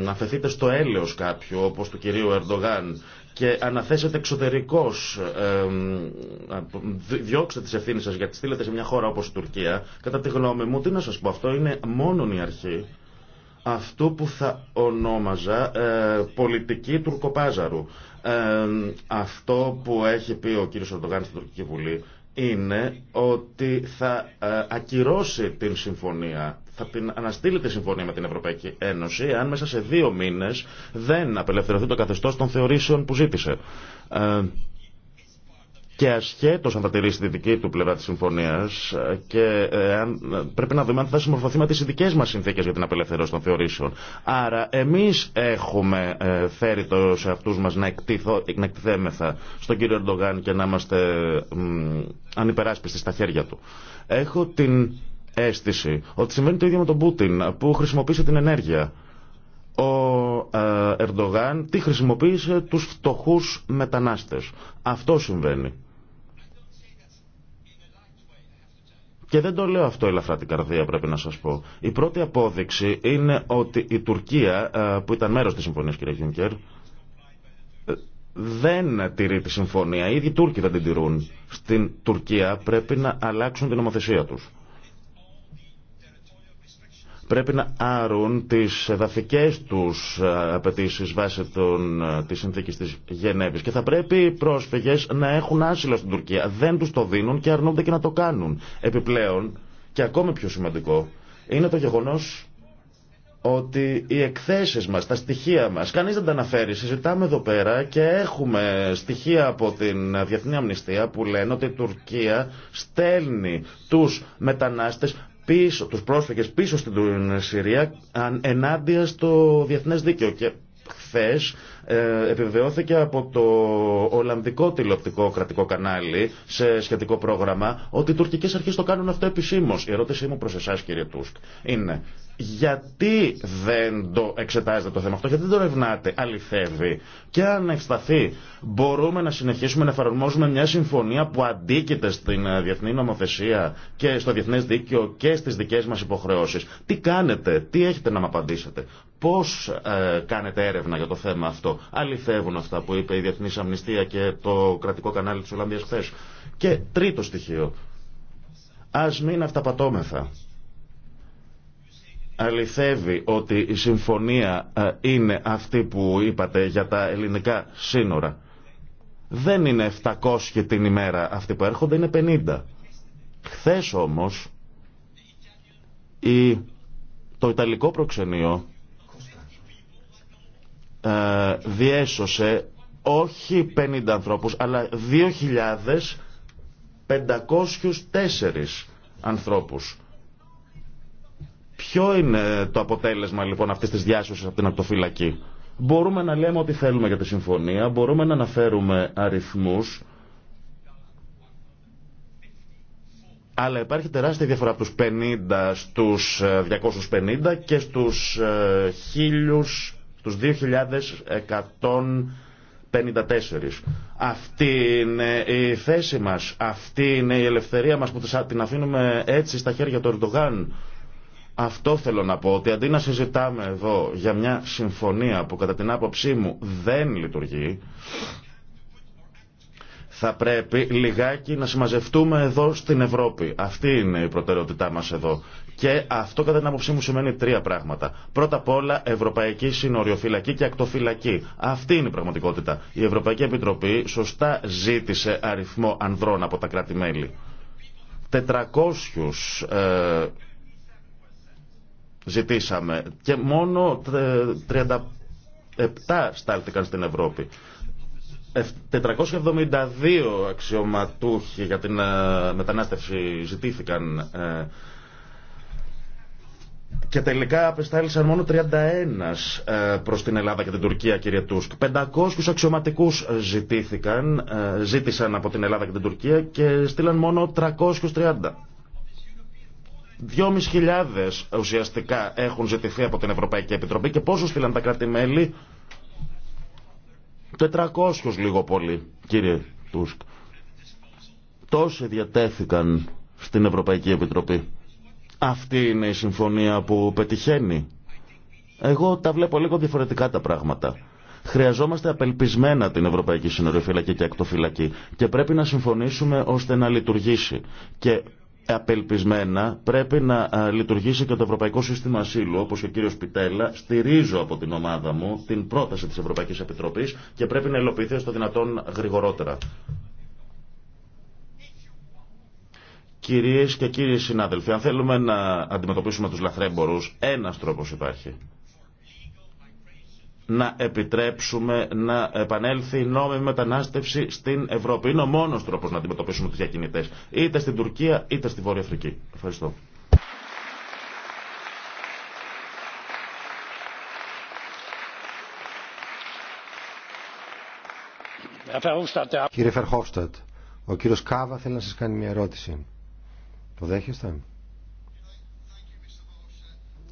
αφαιθείτε στο έλεος κάποιου, όπως του κυρίου Ερντογάν, και αναθέσετε εξωτερικώς, ε, διώξτε τι ευθύνε σα γιατί στείλετε σε μια χώρα όπως η Τουρκία, κατά τη γνώμη μου, τι να σα πω, αυτό είναι μόνον η αρχή αυτού που θα ονόμαζα ε, πολιτική τουρκοπάζαρου. αυτό που έχει πει ο κύριος Ερντογάν στην Τουρκική Βουλή είναι ότι θα ακυρώσει την συμφωνία θα την αναστείλει τη συμφωνία με την Ευρωπαϊκή Ένωση αν μέσα σε δύο μήνες δεν απελευθερωθεί το καθεστώς των θεωρήσεων που ζήτησε. Ε, και ασχέτω αν θα τηρήσει τη δική του πλευρά τη συμφωνία ε, και ε, αν, πρέπει να δούμε αν θα συμμορφωθεί με τι ειδικέ μα συνθήκε για την απελευθέρωση των θεωρήσεων. Άρα εμεί έχουμε φέρει το σε αυτού μα να, εκτιθέμεθα στον κύριο Ερντογάν και να είμαστε ανυπεράσπιστοι στα χέρια του. Έχω την αίσθηση ότι συμβαίνει το ίδιο με τον Πούτιν που χρησιμοποίησε την ενέργεια. Ο ε, Ερντογάν τι χρησιμοποίησε τους φτωχούς μετανάστες. Αυτό συμβαίνει. Και δεν το λέω αυτό ελαφρά την καρδία πρέπει να σας πω. Η πρώτη απόδειξη είναι ότι η Τουρκία ε, που ήταν μέρος της συμφωνίας κύριε Γιούνκερ ε, δεν τηρεί τη συμφωνία. Οι ίδιοι Τούρκοι δεν την τηρούν. Στην Τουρκία πρέπει να αλλάξουν την νομοθεσία τους πρέπει να άρουν τις εδαφικές τους ε, απαιτήσει βάσει των, ε, της συνθήκης της Γενέβης και θα πρέπει οι πρόσφυγες να έχουν άσυλο στην Τουρκία. Δεν τους το δίνουν και αρνούνται και να το κάνουν. Επιπλέον και ακόμη πιο σημαντικό είναι το γεγονός ότι οι εκθέσεις μας, τα στοιχεία μας, κανείς δεν τα αναφέρει, συζητάμε εδώ πέρα και έχουμε στοιχεία από την Διεθνή Αμνηστία που λένε ότι η Τουρκία στέλνει τους μετανάστες πίσω, τους πρόσφυγες πίσω στην Συρία ενάντια στο διεθνές δίκαιο και χθε ε, επιβεβαιώθηκε από το Ολλανδικό τηλεοπτικό κρατικό κανάλι σε σχετικό πρόγραμμα ότι οι τουρκικές αρχές το κάνουν αυτό επισήμως. Η ερώτησή μου προς εσάς κύριε Τούσκ είναι γιατί δεν το εξετάζετε το θέμα αυτό, γιατί δεν το ερευνάτε, αληθεύει. Και αν ευσταθεί, μπορούμε να συνεχίσουμε να εφαρμόζουμε μια συμφωνία που αντίκειται στην ε, διεθνή νομοθεσία και στο διεθνέ δίκαιο και στι δικέ μα υποχρεώσει. Τι κάνετε, τι έχετε να μου απαντήσετε, πώ ε, κάνετε έρευνα για το θέμα αυτό. Αληθεύουν αυτά που είπε η Διεθνή Αμνηστία και το κρατικό κανάλι τη Ολλανδία χθε. Και τρίτο στοιχείο. Α μην αυταπατώμεθα αληθεύει ότι η συμφωνία ε, είναι αυτή που είπατε για τα ελληνικά σύνορα. Δεν είναι 700 την ημέρα αυτοί που έρχονται, είναι 50. Χθε όμως η, το Ιταλικό προξενείο ε, διέσωσε όχι 50 ανθρώπους αλλά 2.504 ανθρώπους Ποιο είναι το αποτέλεσμα λοιπόν αυτή τη διάσωση από την ακτοφυλακή. Μπορούμε να λέμε ό,τι θέλουμε για τη συμφωνία, μπορούμε να αναφέρουμε αριθμούς, αλλά υπάρχει τεράστια διαφορά από τους 50 στους 250 ε, και στους 1000, ε, 2154. Αυτή είναι η θέση μας, αυτή είναι η ελευθερία μας που την αφήνουμε έτσι στα χέρια του Ερντογάν. Αυτό θέλω να πω, ότι αντί να συζητάμε εδώ για μια συμφωνία που κατά την άποψή μου δεν λειτουργεί, θα πρέπει λιγάκι να συμμαζευτούμε εδώ στην Ευρώπη. Αυτή είναι η προτεραιότητά μας εδώ. Και αυτό κατά την άποψή μου σημαίνει τρία πράγματα. Πρώτα απ' όλα Ευρωπαϊκή Συνοριοφυλακή και Ακτοφυλακή. Αυτή είναι η πραγματικότητα. Η Ευρωπαϊκή Επιτροπή σωστά ζήτησε αριθμό ανδρών από τα κράτη-μέλη. 400 ζητήσαμε και μόνο 37 ε, στάλτηκαν στην Ευρώπη. 472 ε, αξιωματούχοι για την ε, μετανάστευση ζητήθηκαν και τελικά απεστάλησαν μόνο 31 προς την Ελλάδα και την Τουρκία, κύριε Τούσκ. 500 αξιωματικούς ζητήθηκαν, ζήτησαν από την Ελλάδα και την Τουρκία και στείλαν μόνο 330. 2.500 ουσιαστικά έχουν ζητηθεί από την Ευρωπαϊκή Επιτροπή και πόσο στείλαν τα κράτη-μέλη. 400 λίγο πολύ, κύριε Τούσκ. Τόσοι διατέθηκαν στην Ευρωπαϊκή Επιτροπή. Αυτή είναι η συμφωνία που πετυχαίνει. Εγώ τα βλέπω λίγο διαφορετικά τα πράγματα. Χρειαζόμαστε απελπισμένα την Ευρωπαϊκή Συνοριοφυλακή και Ακτοφυλακή και πρέπει να συμφωνήσουμε ώστε να λειτουργήσει. Και απελπισμένα πρέπει να λειτουργήσει και το Ευρωπαϊκό Σύστημα Ασύλου, όπως και ο κύριος Πιτέλα, στηρίζω από την ομάδα μου την πρόταση της Ευρωπαϊκής Επιτροπής και πρέπει να υλοποιηθεί στο δυνατόν γρηγορότερα. Κυρίες και κύριοι συνάδελφοι, αν θέλουμε να αντιμετωπίσουμε τους λαθρέμπορους, ένας τρόπος υπάρχει να επιτρέψουμε να επανέλθει η νόμιμη μετανάστευση στην Ευρώπη. Είναι ο μόνο τρόπο να αντιμετωπίσουμε του διακινητέ, είτε στην Τουρκία είτε στη Βόρεια Αφρική. Ευχαριστώ. Κύριε Φερχόφστατ, ο κύριος Κάβα θέλει να σας κάνει μια ερώτηση. Το δέχεστε?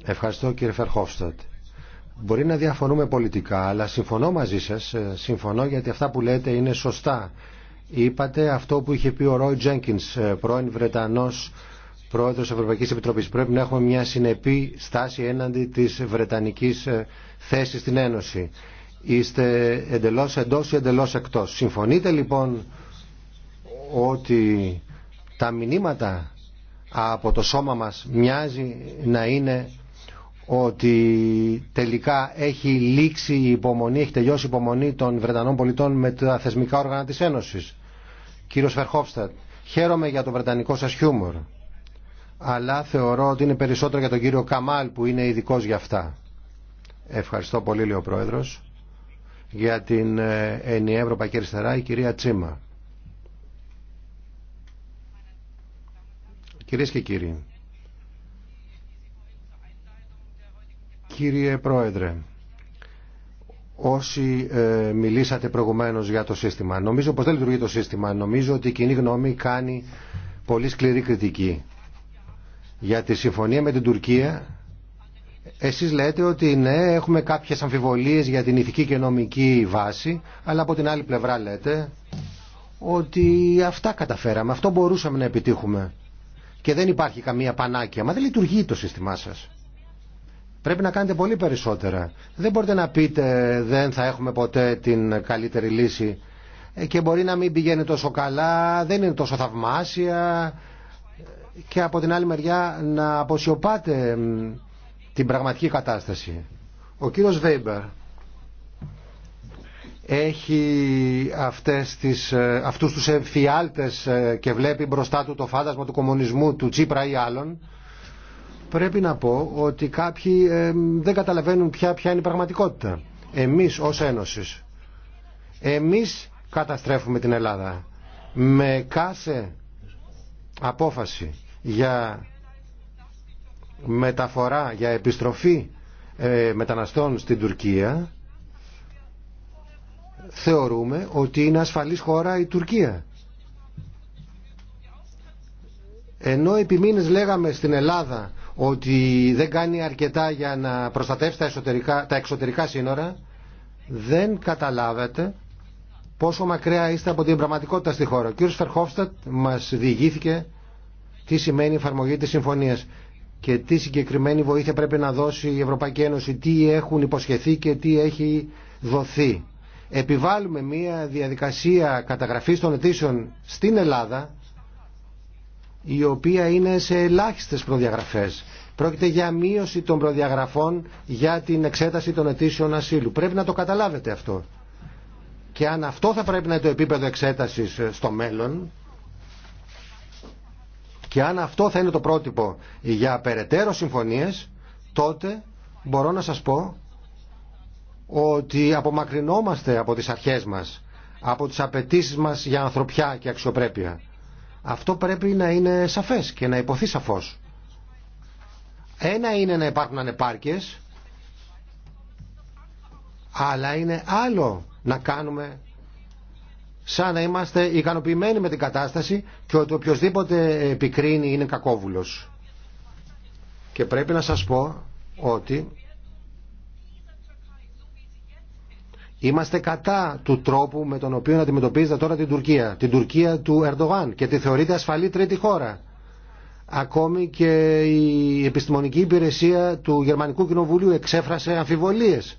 Ευχαριστώ κύριε Φερχόφστατ. Μπορεί να διαφωνούμε πολιτικά, αλλά συμφωνώ μαζί σας, ε, συμφωνώ γιατί αυτά που λέτε είναι σωστά. Είπατε αυτό που είχε πει ο Ρόι Τζένκινς, ε, πρώην Βρετανός πρόεδρος Ευρωπαϊκής Επιτροπής. Πρέπει να έχουμε μια συνεπή στάση έναντι της Βρετανικής ε, θέσης στην Ένωση. Είστε εντελώς εντός ή εντελώς εκτός. Συμφωνείτε λοιπόν ότι τα μηνύματα από το σώμα μας μοιάζει να είναι ότι τελικά έχει λήξει η υπομονή, έχει τελειώσει η υπομονή των Βρετανών πολιτών με τα θεσμικά όργανα της Ένωσης. Κύριο Φερχόφστατ, χαίρομαι για το βρετανικό σας χιούμορ, αλλά θεωρώ ότι είναι περισσότερο για τον κύριο Καμάλ που είναι ειδικό για αυτά. Ευχαριστώ πολύ, λέει ο Πρόεδρος, για την ε, ενιαία Ευρωπαϊκή Αριστερά, η κυρία Τσίμα. Κυρίες και κύριοι, Κύριε Πρόεδρε, όσοι ε, μιλήσατε προηγουμένως για το σύστημα, νομίζω πως δεν λειτουργεί το σύστημα. Νομίζω ότι η κοινή γνώμη κάνει πολύ σκληρή κριτική. Για τη συμφωνία με την Τουρκία, εσείς λέτε ότι ναι, έχουμε κάποιες αμφιβολίες για την ηθική και νομική βάση, αλλά από την άλλη πλευρά λέτε ότι αυτά καταφέραμε, αυτό μπορούσαμε να επιτύχουμε. Και δεν υπάρχει καμία πανάκια, μα δεν λειτουργεί το σύστημά σας. Πρέπει να κάνετε πολύ περισσότερα. Δεν μπορείτε να πείτε δεν θα έχουμε ποτέ την καλύτερη λύση ε, και μπορεί να μην πηγαίνει τόσο καλά, δεν είναι τόσο θαυμάσια και από την άλλη μεριά να αποσιωπάτε την πραγματική κατάσταση. Ο κύριος Βέιμπερ έχει αυτές τις, ε, αυτούς τους εμφιάλτες ε, και βλέπει μπροστά του το φάντασμα του κομμουνισμού, του Τσίπρα ή άλλων πρέπει να πω ότι κάποιοι δεν καταλαβαίνουν πια ποια είναι η πραγματικότητα. Εμείς ως Ένωσης, εμείς καταστρέφουμε την Ελλάδα με κάθε απόφαση για μεταφορά, για επιστροφή ε, μεταναστών στην Τουρκία θεωρούμε ότι είναι ασφαλής χώρα η Τουρκία. Ενώ επί λέγαμε στην Ελλάδα ότι δεν κάνει αρκετά για να προστατεύσει τα, τα εξωτερικά σύνορα, δεν καταλάβατε πόσο μακριά είστε από την πραγματικότητα στη χώρα. Ο κ. Φερχόφστατ μας διηγήθηκε τι σημαίνει η εφαρμογή τη συμφωνία και τι συγκεκριμένη βοήθεια πρέπει να δώσει η Ευρωπαϊκή Ένωση, τι έχουν υποσχεθεί και τι έχει δοθεί. Επιβάλλουμε μια διαδικασία καταγραφής των αιτήσεων στην Ελλάδα η οποία είναι σε ελάχιστες προδιαγραφές. Πρόκειται για μείωση των προδιαγραφών για την εξέταση των αιτήσεων ασύλου. Πρέπει να το καταλάβετε αυτό. Και αν αυτό θα πρέπει να είναι το επίπεδο εξέτασης ε, στο μέλλον και αν αυτό θα είναι το πρότυπο για περαιτέρω συμφωνίες, τότε μπορώ να σας πω ότι απομακρυνόμαστε από τις αρχές μας, από τις απαιτήσει μας για ανθρωπιά και αξιοπρέπεια. Αυτό πρέπει να είναι σαφές και να υποθεί σαφώς. Ένα είναι να υπάρχουν ανεπάρκειες, αλλά είναι άλλο να κάνουμε σαν να είμαστε ικανοποιημένοι με την κατάσταση και ότι οποιοδήποτε επικρίνει είναι κακόβουλος. Και πρέπει να σας πω ότι Είμαστε κατά του τρόπου με τον οποίο αντιμετωπίζεται τώρα την Τουρκία. Την Τουρκία του Ερντογάν και τη θεωρείται ασφαλή τρίτη χώρα. Ακόμη και η επιστημονική υπηρεσία του Γερμανικού Κοινοβουλίου εξέφρασε αμφιβολίες.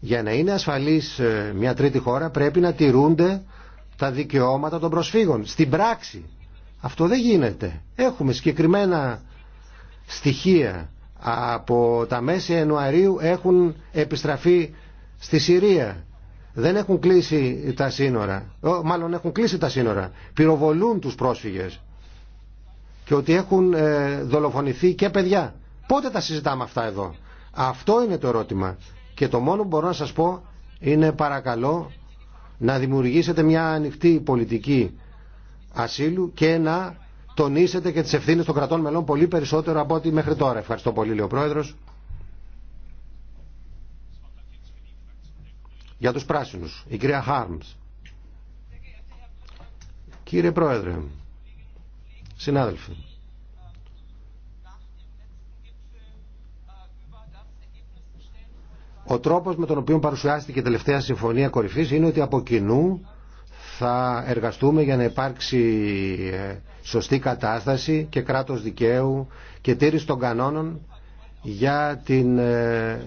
Για να είναι ασφαλής ε, μια τρίτη χώρα πρέπει να τηρούνται τα δικαιώματα των προσφύγων. Στην πράξη αυτό δεν γίνεται. Έχουμε συγκεκριμένα στοιχεία από τα μέση Ιανουαρίου έχουν επιστραφεί στη Συρία. Δεν έχουν κλείσει τα σύνορα. Μάλλον έχουν κλείσει τα σύνορα. Πυροβολούν τους πρόσφυγες. Και ότι έχουν ε, δολοφονηθεί και παιδιά. Πότε τα συζητάμε αυτά εδώ. Αυτό είναι το ερώτημα. Και το μόνο που μπορώ να σας πω είναι παρακαλώ να δημιουργήσετε μια ανοιχτή πολιτική ασύλου και να τονίσετε και τις ευθύνες των κρατών μελών πολύ περισσότερο από ό,τι μέχρι τώρα. Ευχαριστώ πολύ, λέει ο Πρόεδρος. Για τους πράσινους, η κυρία Χάρμς. Κύριε Πρόεδρε, συνάδελφοι, ο τρόπος με τον οποίο παρουσιάστηκε η τελευταία συμφωνία κορυφής είναι ότι από κοινού θα εργαστούμε για να υπάρξει ε, σωστή κατάσταση και κράτος δικαίου και τήρηση των κανόνων για την ε,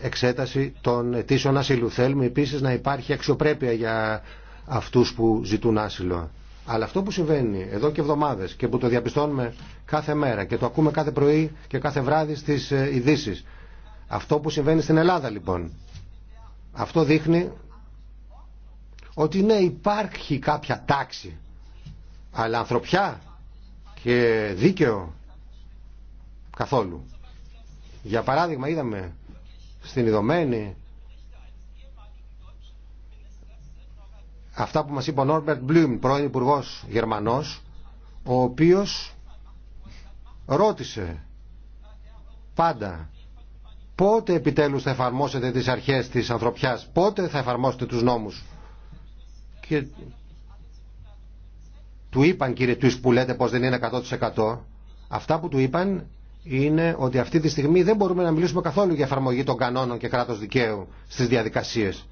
εξέταση των αιτήσεων ασύλου. Θέλουμε επίσης να υπάρχει αξιοπρέπεια για αυτούς που ζητούν άσυλο. Αλλά αυτό που συμβαίνει εδώ και εβδομάδες και που το διαπιστώνουμε κάθε μέρα και το ακούμε κάθε πρωί και κάθε βράδυ στις ε, ειδήσει. Αυτό που συμβαίνει στην Ελλάδα λοιπόν. Αυτό δείχνει ότι ναι υπάρχει κάποια τάξη αλλά ανθρωπιά και δίκαιο καθόλου. Για παράδειγμα είδαμε στην Ιδωμένη αυτά που μας είπε ο Νόρμπερτ Μπλουμ, πρώην υπουργό Γερμανός, ο οποίος ρώτησε πάντα πότε επιτέλους θα εφαρμόσετε τις αρχές της ανθρωπιάς, πότε θα εφαρμόσετε τους νόμους και Του είπαν κύριε Τουις που λέτε πως δεν είναι 100% αυτά που του είπαν είναι ότι αυτή τη στιγμή δεν μπορούμε να μιλήσουμε καθόλου για εφαρμογή των κανόνων και κράτος δικαίου στις διαδικασίες.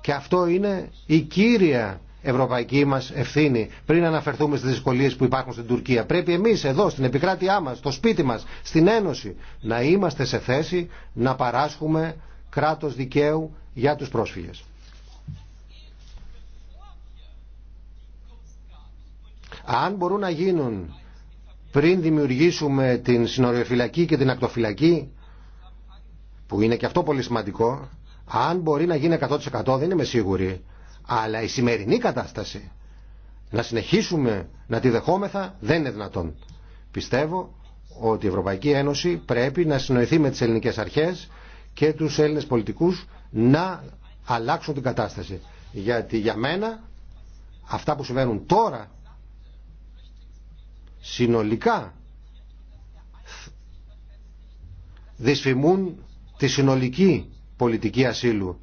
Και αυτό είναι η κύρια ευρωπαϊκή μας ευθύνη πριν αναφερθούμε στις δυσκολίες που υπάρχουν στην Τουρκία. Πρέπει εμείς εδώ στην επικράτειά μας, στο σπίτι μας, στην Ένωση να είμαστε σε θέση να παράσχουμε κράτος δικαίου για τους πρόσφυγες. Αν μπορούν να γίνουν πριν δημιουργήσουμε την συνοριοφυλακή και την ακτοφυλακή, που είναι και αυτό πολύ σημαντικό, αν μπορεί να γίνει 100% δεν είμαι σίγουρη, αλλά η σημερινή κατάσταση να συνεχίσουμε να τη δεχόμεθα δεν είναι δυνατόν. Πιστεύω ότι η Ευρωπαϊκή Ένωση πρέπει να συνοηθεί με τις ελληνικές αρχές και τους Έλληνες πολιτικούς να αλλάξουν την κατάσταση. Γιατί για μένα αυτά που συμβαίνουν τώρα συνολικά δυσφημούν τη συνολική πολιτική ασύλου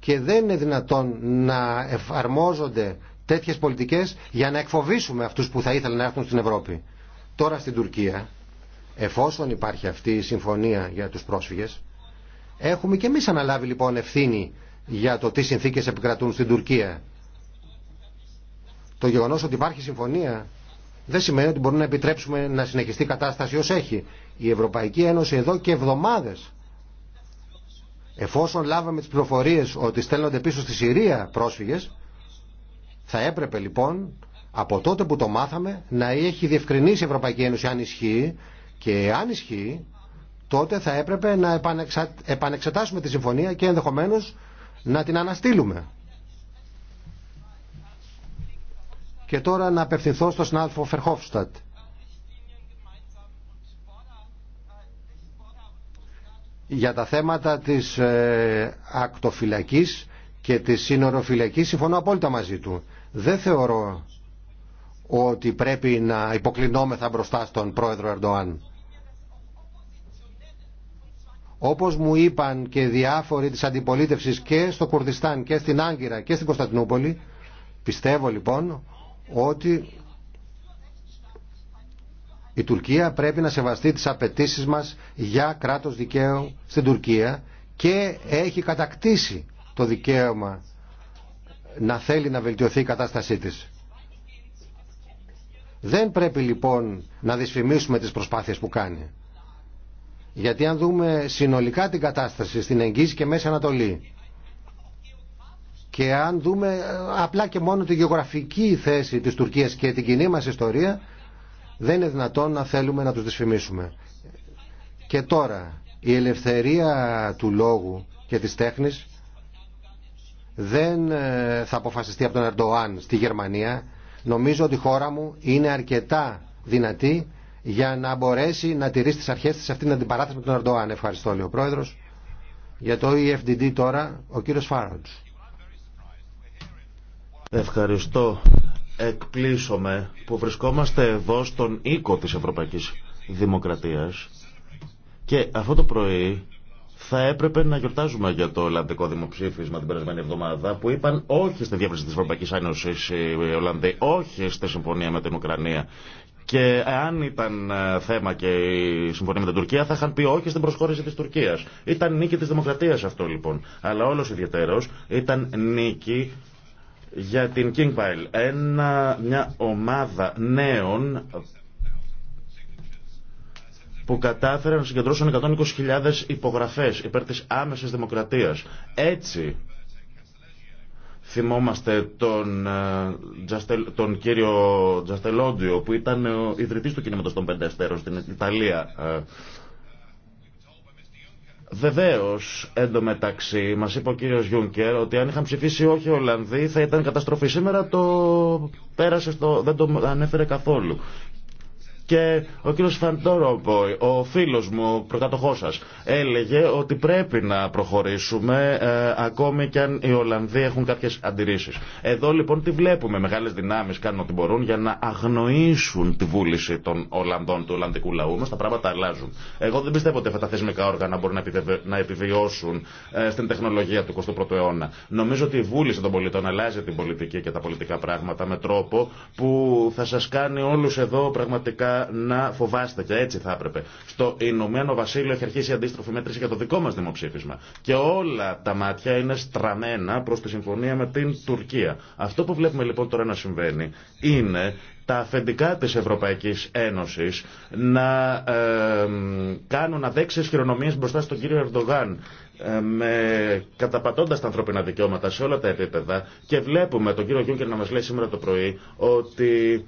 και δεν είναι δυνατόν να εφαρμόζονται τέτοιες πολιτικές για να εκφοβήσουμε αυτούς που θα ήθελαν να έρθουν στην Ευρώπη. Τώρα στην Τουρκία, εφόσον υπάρχει αυτή η συμφωνία για τους πρόσφυγες, έχουμε και εμείς αναλάβει λοιπόν ευθύνη για το τι συνθήκες επικρατούν στην Τουρκία το γεγονός ότι υπάρχει συμφωνία δεν σημαίνει ότι μπορούμε να επιτρέψουμε να συνεχιστεί η κατάσταση ως έχει. Η Ευρωπαϊκή Ένωση εδώ και εβδομάδες εφόσον λάβαμε τις πληροφορίες ότι στέλνονται πίσω στη Συρία πρόσφυγες θα έπρεπε λοιπόν από τότε που το μάθαμε να έχει διευκρινίσει η Ευρωπαϊκή Ένωση αν ισχύει και αν ισχύει τότε θα έπρεπε να επανεξετάσουμε τη συμφωνία και ενδεχομένως να την αναστείλουμε. Και τώρα να απευθυνθώ στον συνάδελφο Φερχόφστατ. Για τα θέματα της ε, ακτοφυλακής και της σύνοροφυλακής συμφωνώ απόλυτα μαζί του. Δεν θεωρώ ότι πρέπει να υποκλεινόμεθα μπροστά στον πρόεδρο Ερντοάν. Όπως μου είπαν και διάφοροι της αντιπολίτευσης και στο Κουρδιστάν και στην Άγκυρα και στην Κωνσταντινούπολη, πιστεύω λοιπόν ότι η Τουρκία πρέπει να σεβαστεί τις απαιτήσει μας για κράτος δικαίου στην Τουρκία και έχει κατακτήσει το δικαίωμα να θέλει να βελτιωθεί η κατάστασή της. Δεν πρέπει λοιπόν να δυσφημίσουμε τις προσπάθειες που κάνει. Γιατί αν δούμε συνολικά την κατάσταση στην Εγγύη και Μέση Ανατολή και αν δούμε ε, απλά και μόνο τη γεωγραφική θέση της Τουρκίας και την κοινή μας ιστορία, δεν είναι δυνατόν να θέλουμε να τους δυσφημίσουμε. Και τώρα, η ελευθερία του λόγου και της τέχνης δεν ε, θα αποφασιστεί από τον Ερντοάν στη Γερμανία. Νομίζω ότι η χώρα μου είναι αρκετά δυνατή για να μπορέσει να τηρήσει τις αρχές της αυτήν την αντιπαράθεση με τον Ερντοάν. Ευχαριστώ, λέει ο Πρόεδρος. Για το EFDD τώρα, ο κύριος Φάροντς. Ευχαριστώ. Εκπλήσωμαι που βρισκόμαστε εδώ στον οίκο της Ευρωπαϊκής Δημοκρατίας και αυτό το πρωί θα έπρεπε να γιορτάζουμε για το Ολλανδικό δημοψήφισμα την περασμένη εβδομάδα που είπαν όχι στη διεύρυνση της Ευρωπαϊκής Ένωσης οι Ολλανδοί, όχι στη συμφωνία με την Ουκρανία. Και αν ήταν ε, θέμα και η συμφωνία με την Τουρκία, θα είχαν πει όχι στην προσχώρηση τη Τουρκία. Ήταν νίκη τη δημοκρατία αυτό λοιπόν. Αλλά όλο ιδιαίτερο ήταν νίκη για την Kingpile, ένα, μια ομάδα νέων που κατάφεραν να συγκεντρώσουν 120.000 υπογραφές υπέρ της άμεσης δημοκρατίας. Έτσι θυμόμαστε τον, ε, τον κύριο Τζαστελόντιο που ήταν ο ιδρυτής του κινήματος των Πέντε Αστέρων στην Ιταλία ε, Βεβαίω, εντωμεταξύ, μα είπε ο κύριο Γιούνκερ ότι αν είχαν ψηφίσει όχι οι Ολλανδοί θα ήταν καταστροφή. Σήμερα το πέρασε στο. δεν το ανέφερε καθόλου. Και ο κ. Φαντόρομποϊ, ο φίλο μου, ο προκατοχός σα, έλεγε ότι πρέπει να προχωρήσουμε ε, ακόμη και αν οι Ολλανδοί έχουν κάποιε αντιρρήσει. Εδώ λοιπόν τι βλέπουμε. μεγάλε δυνάμει κάνουν ό,τι μπορούν για να αγνοήσουν τη βούληση των Ολλανδών, του Ολλανδικού λαού μας. Τα πράγματα αλλάζουν. Εγώ δεν πιστεύω ότι αυτά τα θεσμικά όργανα μπορούν να επιβιώσουν ε, στην τεχνολογία του 21ου αιώνα. Νομίζω ότι η βούληση των πολιτών αλλάζει την πολιτική και τα πολιτικά πράγματα με τρόπο που θα σα κάνει όλου εδώ πραγματικά να φοβάστε και έτσι θα έπρεπε. Στο Ηνωμένο Βασίλειο έχει αρχίσει η αντίστροφη μέτρηση για το δικό μα δημοψήφισμα. Και όλα τα μάτια είναι στραμμένα προ τη συμφωνία με την Τουρκία. Αυτό που βλέπουμε λοιπόν τώρα να συμβαίνει είναι τα αφεντικά της Ευρωπαϊκής Ένωσης να ε, κάνουν αδέξιες χειρονομίες μπροστά στον κύριο Ερντογάν ε, με, καταπατώντας τα ανθρώπινα δικαιώματα σε όλα τα επίπεδα και βλέπουμε τον κύριο Γιούγκερ να μας λέει σήμερα το πρωί ότι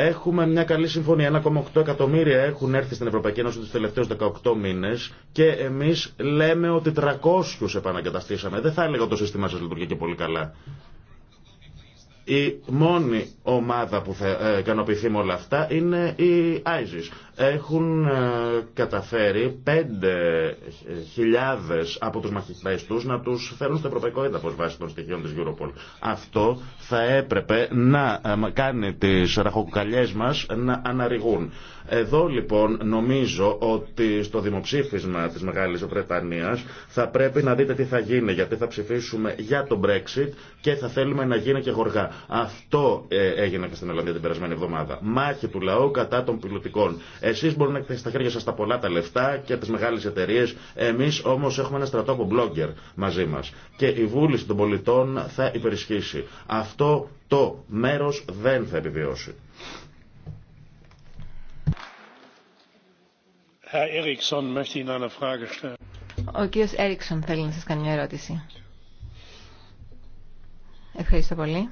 Έχουμε μια καλή συμφωνία. 1,8 εκατομμύρια έχουν έρθει στην Ευρωπαϊκή Ένωση του τελευταίου 18 μήνε και εμεί λέμε ότι 300 επανακαταστήσαμε. Δεν θα έλεγα το σύστημά σα λειτουργεί και πολύ καλά. Η μόνη ομάδα που θα ε, ικανοποιηθεί με όλα αυτά είναι η ISIS έχουν ε, καταφέρει 5.000 από τους μαχητές τους να τους φέρουν στο ευρωπαϊκό έδαφος βάσει των στοιχείων της Europol. Αυτό θα έπρεπε να ε, κάνει τις ραχοκουκαλιές μας να αναρριγούν. Εδώ λοιπόν νομίζω ότι στο δημοψήφισμα της Μεγάλης Βρετανίας θα πρέπει να δείτε τι θα γίνει γιατί θα ψηφίσουμε για το Brexit και θα θέλουμε να γίνει και γοργά. Αυτό ε, έγινε και στην Ελλάδα την περασμένη εβδομάδα. Μάχη του λαού κατά των πιλωτικών. Εσεί μπορεί να έχετε στα χέρια σα τα πολλά τα λεφτά και τι μεγάλε εταιρείε. Εμεί όμω έχουμε ένα στρατό από blogger μαζί μα. Και η βούληση των πολιτών θα υπερισχύσει. Αυτό το μέρο δεν θα επιβιώσει. Ο κύριος Έριξον θέλει να σας κάνει μια ερώτηση. Ευχαριστώ πολύ.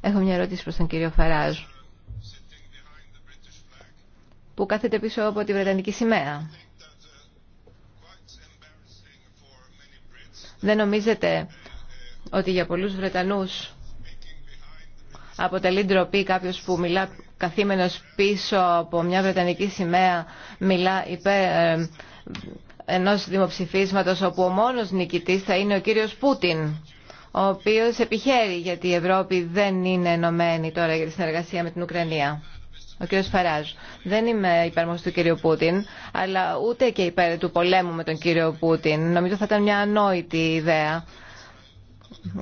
Έχω μια ερώτηση προς τον κύριο Φαράζ που κάθεται πίσω από τη Βρετανική σημαία. Δεν νομίζετε ότι για πολλούς Βρετανούς αποτελεί ντροπή κάποιος που μιλά καθήμενος πίσω από μια Βρετανική σημαία, μιλά υπέρ ε, ενός δημοψηφίσματος όπου ο μόνος νικητής θα είναι ο κύριος Πούτιν ο οποίος επιχαίρει γιατί η Ευρώπη δεν είναι ενωμένη τώρα για τη συνεργασία με την Ουκρανία ο κ. Φαράζ. Δεν είμαι υπέρμοστο του κ. Πούτιν, αλλά ούτε και υπέρ του πολέμου με τον κύριο Πούτιν. Νομίζω θα ήταν μια ανόητη ιδέα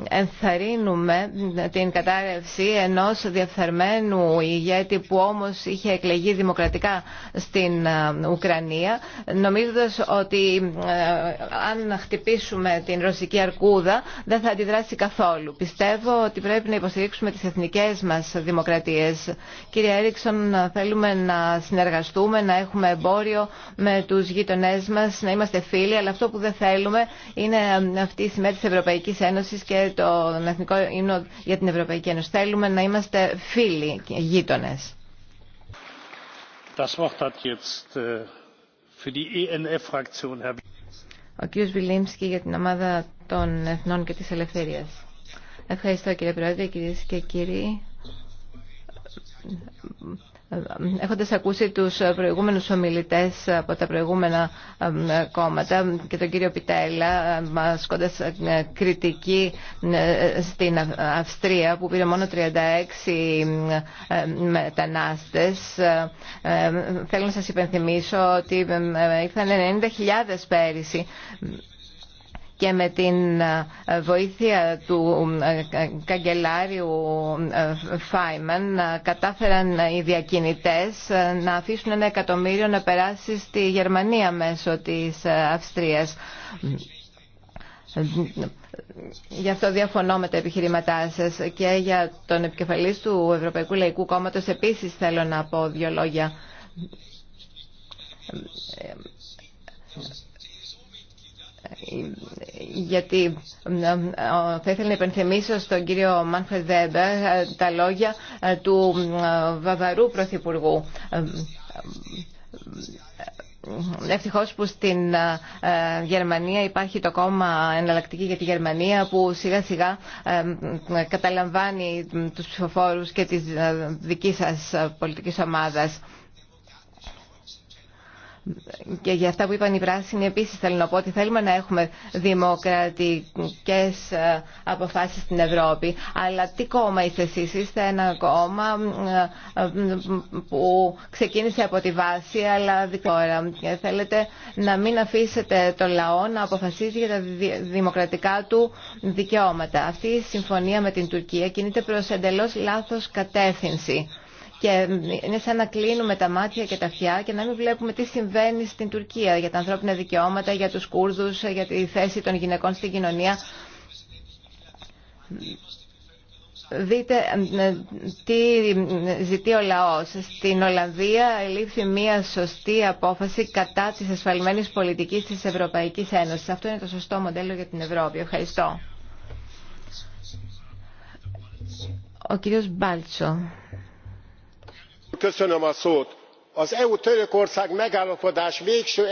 ενθαρρύνουμε την κατάρρευση ενός διαφθαρμένου ηγέτη που όμως είχε εκλεγεί δημοκρατικά στην ε, Ουκρανία νομίζοντας ότι ε, αν χτυπήσουμε την ρωσική αρκούδα δεν θα αντιδράσει καθόλου. Πιστεύω ότι πρέπει να υποστηρίξουμε τις εθνικές μας δημοκρατίες. Κύριε Έριξον, θέλουμε να συνεργαστούμε, να έχουμε εμπόριο με τους γείτονές μας, να είμαστε φίλοι, αλλά αυτό που δεν θέλουμε είναι αυτή η σημαία της Ευρωπαϊκής Ένωσης επίσης και τον Εθνικό Ύμνο για την Ευρωπαϊκή Ένωση. Θέλουμε να είμαστε φίλοι γείτονες. Äh, e Ο κ. Βιλίμσκι για την ομάδα των Εθνών και της Ελευθερίας. Ευχαριστώ κύριε Πρόεδρε, κυρίες και κύριοι. Έχοντας ακούσει τους προηγούμενους ομιλητές από τα προηγούμενα κόμματα και τον κύριο Πιτέλα ασκώντας ε, κριτική ε, στην Αυστρία που πήρε μόνο 36 μετανάστες θέλω να σας υπενθυμίσω ότι ε, ήρθαν 90.000 πέρυσι και με την ε, βοήθεια του ε, καγκελάριου ε, Φάιμαν κατάφεραν οι διακινητές να αφήσουν ένα εκατομμύριο να περάσει στη Γερμανία μέσω της Αυστρίας. Γι' αυτό διαφωνώ με τα επιχειρήματά σα και για τον επικεφαλής του Ευρωπαϊκού Λαϊκού Κόμματο επίση θέλω να πω δύο λόγια γιατί ε, θα ήθελα να υπενθυμίσω στον κύριο Μάνφερ Βέμπερ ε, τα λόγια ε, του βαβαρού πρωθυπουργού. Ευτυχώ που στην Γερμανία υπάρχει το κόμμα Εναλλακτική για τη Γερμανία που σιγά σιγά καταλαμβάνει τους ψηφοφόρους και της δικής σας πολιτικής ομάδας και για αυτά που είπαν οι πράσινοι επίσης θέλω να πω ότι θέλουμε να έχουμε δημοκρατικές ε, αποφάσεις στην Ευρώπη αλλά τι κόμμα είστε εσείς, είστε ένα κόμμα ε, ε, που ξεκίνησε από τη βάση αλλά θέλετε να μην αφήσετε το λαό να αποφασίζει για τα δημοκρατικά του δικαιώματα. Αυτή η συμφωνία με την Τουρκία κινείται προς εντελώς λάθος κατεύθυνση και είναι σαν να κλείνουμε τα μάτια και τα αυτιά και να μην βλέπουμε τι συμβαίνει στην Τουρκία για τα ανθρώπινα δικαιώματα, για τους Κούρδους, για τη θέση των γυναικών στην κοινωνία. Δείτε ε, τι ζητεί ο λαός. Στην Ολλανδία λήφθη μια σωστή απόφαση κατά της ασφαλμένης πολιτικής της Ευρωπαϊκής Ένωσης. Αυτό είναι το σωστό μοντέλο για την Ευρώπη. Ευχαριστώ. Ο κύριος Μπάλτσο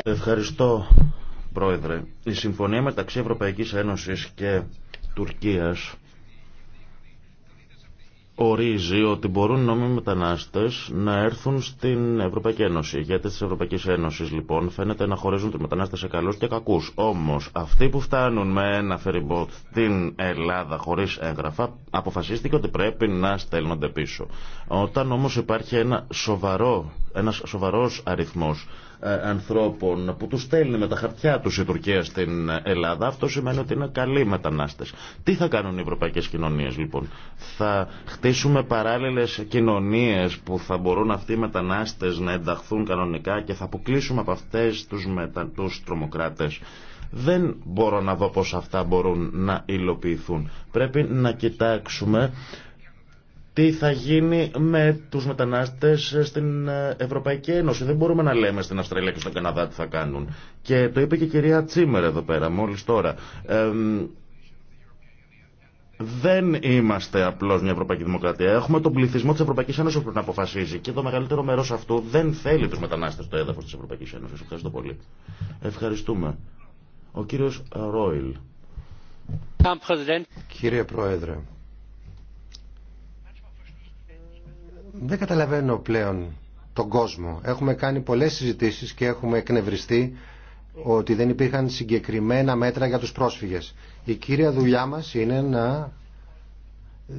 ευχαριστώ πρόεδρε. η συμφωνία μεταξύ ευρωπαϊκής ένωσης και τουρκίας ορίζει ότι μπορούν νόμιμοι μετανάστες να έρθουν στην Ευρωπαϊκή Ένωση. Γιατί στις Ευρωπαϊκές Ένωσης λοιπόν φαίνεται να χωρίζουν τους μετανάστες σε καλούς και κακούς. Όμως αυτοί που φτάνουν με ένα φεριμπότ στην Ελλάδα χωρίς έγγραφα αποφασίστηκε ότι πρέπει να στέλνονται πίσω. Όταν όμως υπάρχει ένα σοβαρό, ένας αριθμός ε, ανθρώπων που του στέλνει με τα χαρτιά του η Τουρκία στην Ελλάδα, αυτό σημαίνει ότι είναι καλοί μετανάστε. Τι θα κάνουν οι ευρωπαϊκέ κοινωνίε λοιπόν, Θα χτίσουμε παράλληλε κοινωνίε που θα μπορούν αυτοί οι μετανάστε να ενταχθούν κανονικά και θα αποκλείσουμε από αυτέ του μετα... τρομοκράτε. Δεν μπορώ να δω πώς αυτά μπορούν να υλοποιηθούν. Πρέπει να κοιτάξουμε τι θα γίνει με τους μετανάστες στην ε, Ευρωπαϊκή Ένωση. Δεν μπορούμε να λέμε στην Αυστραλία και στον Καναδά τι θα κάνουν. Και το είπε και η κυρία Τσίμερ εδώ πέρα, μόλι τώρα. δεν είμαστε απλώς μια Ευρωπαϊκή Δημοκρατία. Έχουμε τον πληθυσμό της Ευρωπαϊκής Ένωσης που να αποφασίζει και το μεγαλύτερο μέρος αυτού δεν θέλει τους μετανάστες στο έδαφος της Ευρωπαϊκής Ένωσης. Ευχαριστώ πολύ. Ευχαριστούμε. Ο κύριος Ρόιλ. Κύριε Πρόεδρε, Δεν καταλαβαίνω πλέον τον κόσμο. Έχουμε κάνει πολλές συζητήσεις και έχουμε εκνευριστεί ότι δεν υπήρχαν συγκεκριμένα μέτρα για τους πρόσφυγες. Η κύρια δουλειά μας είναι να ε,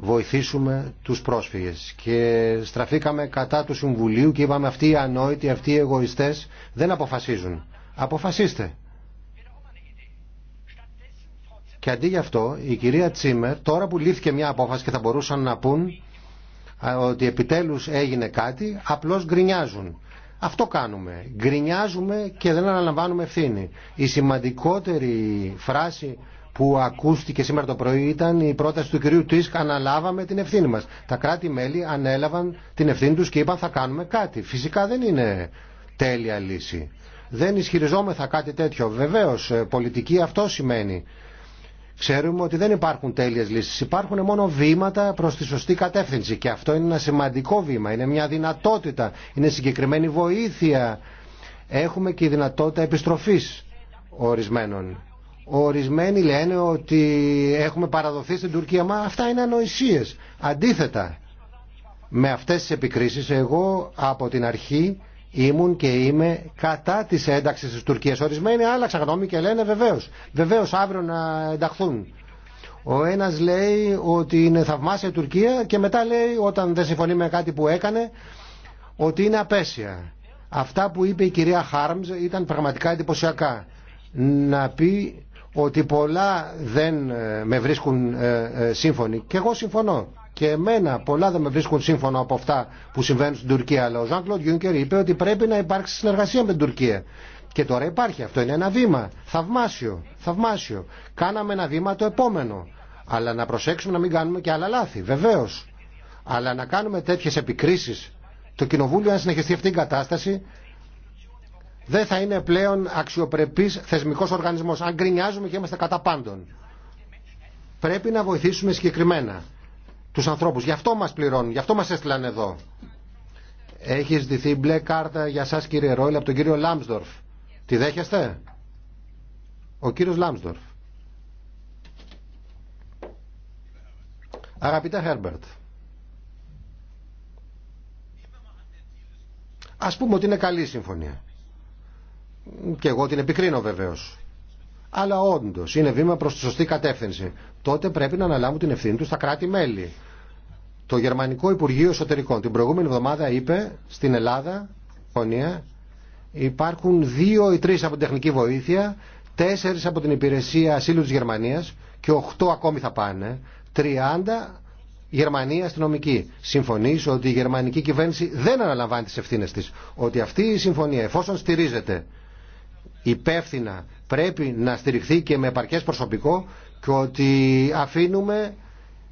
βοηθήσουμε τους πρόσφυγες και στραφήκαμε κατά του Συμβουλίου και είπαμε αυτοί οι ανόητοι, αυτοί οι εγωιστές δεν αποφασίζουν. Αποφασίστε. Και αντί γι' αυτό η κυρία Τσίμερ τώρα που λύθηκε μια απόφαση και θα μπορούσαν να πούν ότι επιτέλους έγινε κάτι, απλώς γκρινιάζουν. Αυτό κάνουμε. Γκρινιάζουμε και δεν αναλαμβάνουμε ευθύνη. Η σημαντικότερη φράση που ακούστηκε σήμερα το πρωί ήταν η πρόταση του κυρίου Τίσκ αναλάβαμε την ευθύνη μας. Τα κράτη-μέλη ανέλαβαν την ευθύνη τους και είπαν θα κάνουμε κάτι. Φυσικά δεν είναι τέλεια λύση. Δεν ισχυριζόμεθα κάτι τέτοιο. Βεβαίως ε, πολιτική αυτό σημαίνει. Ξέρουμε ότι δεν υπάρχουν τέλειες λύσεις. Υπάρχουν μόνο βήματα προς τη σωστή κατεύθυνση και αυτό είναι ένα σημαντικό βήμα, είναι μια δυνατότητα, είναι συγκεκριμένη βοήθεια. Έχουμε και η δυνατότητα επιστροφής ορισμένων. Ορισμένοι λένε ότι έχουμε παραδοθεί στην Τουρκία, μα αυτά είναι ανοησίες. Αντίθετα, με αυτές τις επικρίσεις εγώ από την αρχή Ήμουν και είμαι κατά τη ένταξη τη Τουρκία. Ορισμένοι άλλαξαν γνώμη και λένε βεβαίω. Βεβαίω αύριο να ενταχθούν. Ο ένα λέει ότι είναι θαυμάσια η Τουρκία και μετά λέει όταν δεν συμφωνεί με κάτι που έκανε ότι είναι απέσια. Αυτά που είπε η κυρία Χάρμς ήταν πραγματικά εντυπωσιακά. Να πει ότι πολλά δεν ε, με βρίσκουν ε, ε, σύμφωνοι. Και εγώ συμφωνώ και εμένα πολλά δεν με βρίσκουν σύμφωνα από αυτά που συμβαίνουν στην Τουρκία. Αλλά ο Ζαν Κλοντ Γιούνκερ είπε ότι πρέπει να υπάρξει συνεργασία με την Τουρκία. Και τώρα υπάρχει. Αυτό είναι ένα βήμα. Θαυμάσιο. Θαυμάσιο. Κάναμε ένα βήμα το επόμενο. Αλλά να προσέξουμε να μην κάνουμε και άλλα λάθη. Βεβαίω. Αλλά να κάνουμε τέτοιε επικρίσει. Το Κοινοβούλιο, να συνεχιστεί αυτή η κατάσταση, δεν θα είναι πλέον αξιοπρεπή θεσμικό οργανισμό. Αν γκρινιάζουμε και είμαστε κατά πάντων. Πρέπει να βοηθήσουμε συγκεκριμένα τους ανθρώπους. Γι' αυτό μας πληρώνουν, γι' αυτό μας έστειλαν εδώ. Έχει ζητηθεί μπλε κάρτα για σας κύριε Ρόιλ από τον κύριο Λάμσδορφ. Τη δέχεστε? Ο κύριος Λάμσδορφ. Αγαπητέ Χέρμπερτ. Ας πούμε ότι είναι καλή η συμφωνία. Και εγώ την επικρίνω βεβαίως αλλά όντω είναι βήμα προ τη σωστή κατεύθυνση, τότε πρέπει να αναλάβουν την ευθύνη του στα κράτη-μέλη. Το Γερμανικό Υπουργείο Εσωτερικών την προηγούμενη εβδομάδα είπε στην Ελλάδα, Ιωνία, υπάρχουν δύο ή τρει υπηρεσία ασύλου τη Γερμανία και οχτώ ακόμη θα πάνε. 30 Γερμανία αστυνομική. Συμφωνεί ότι η γερμανική κυβέρνηση δεν αναλαμβάνει τι ευθύνε τη. Ότι αυτή η συμφωνία, εφόσον στηρίζεται υπεύθυνα πρέπει να στηριχθεί και με επαρκές προσωπικό και ότι αφήνουμε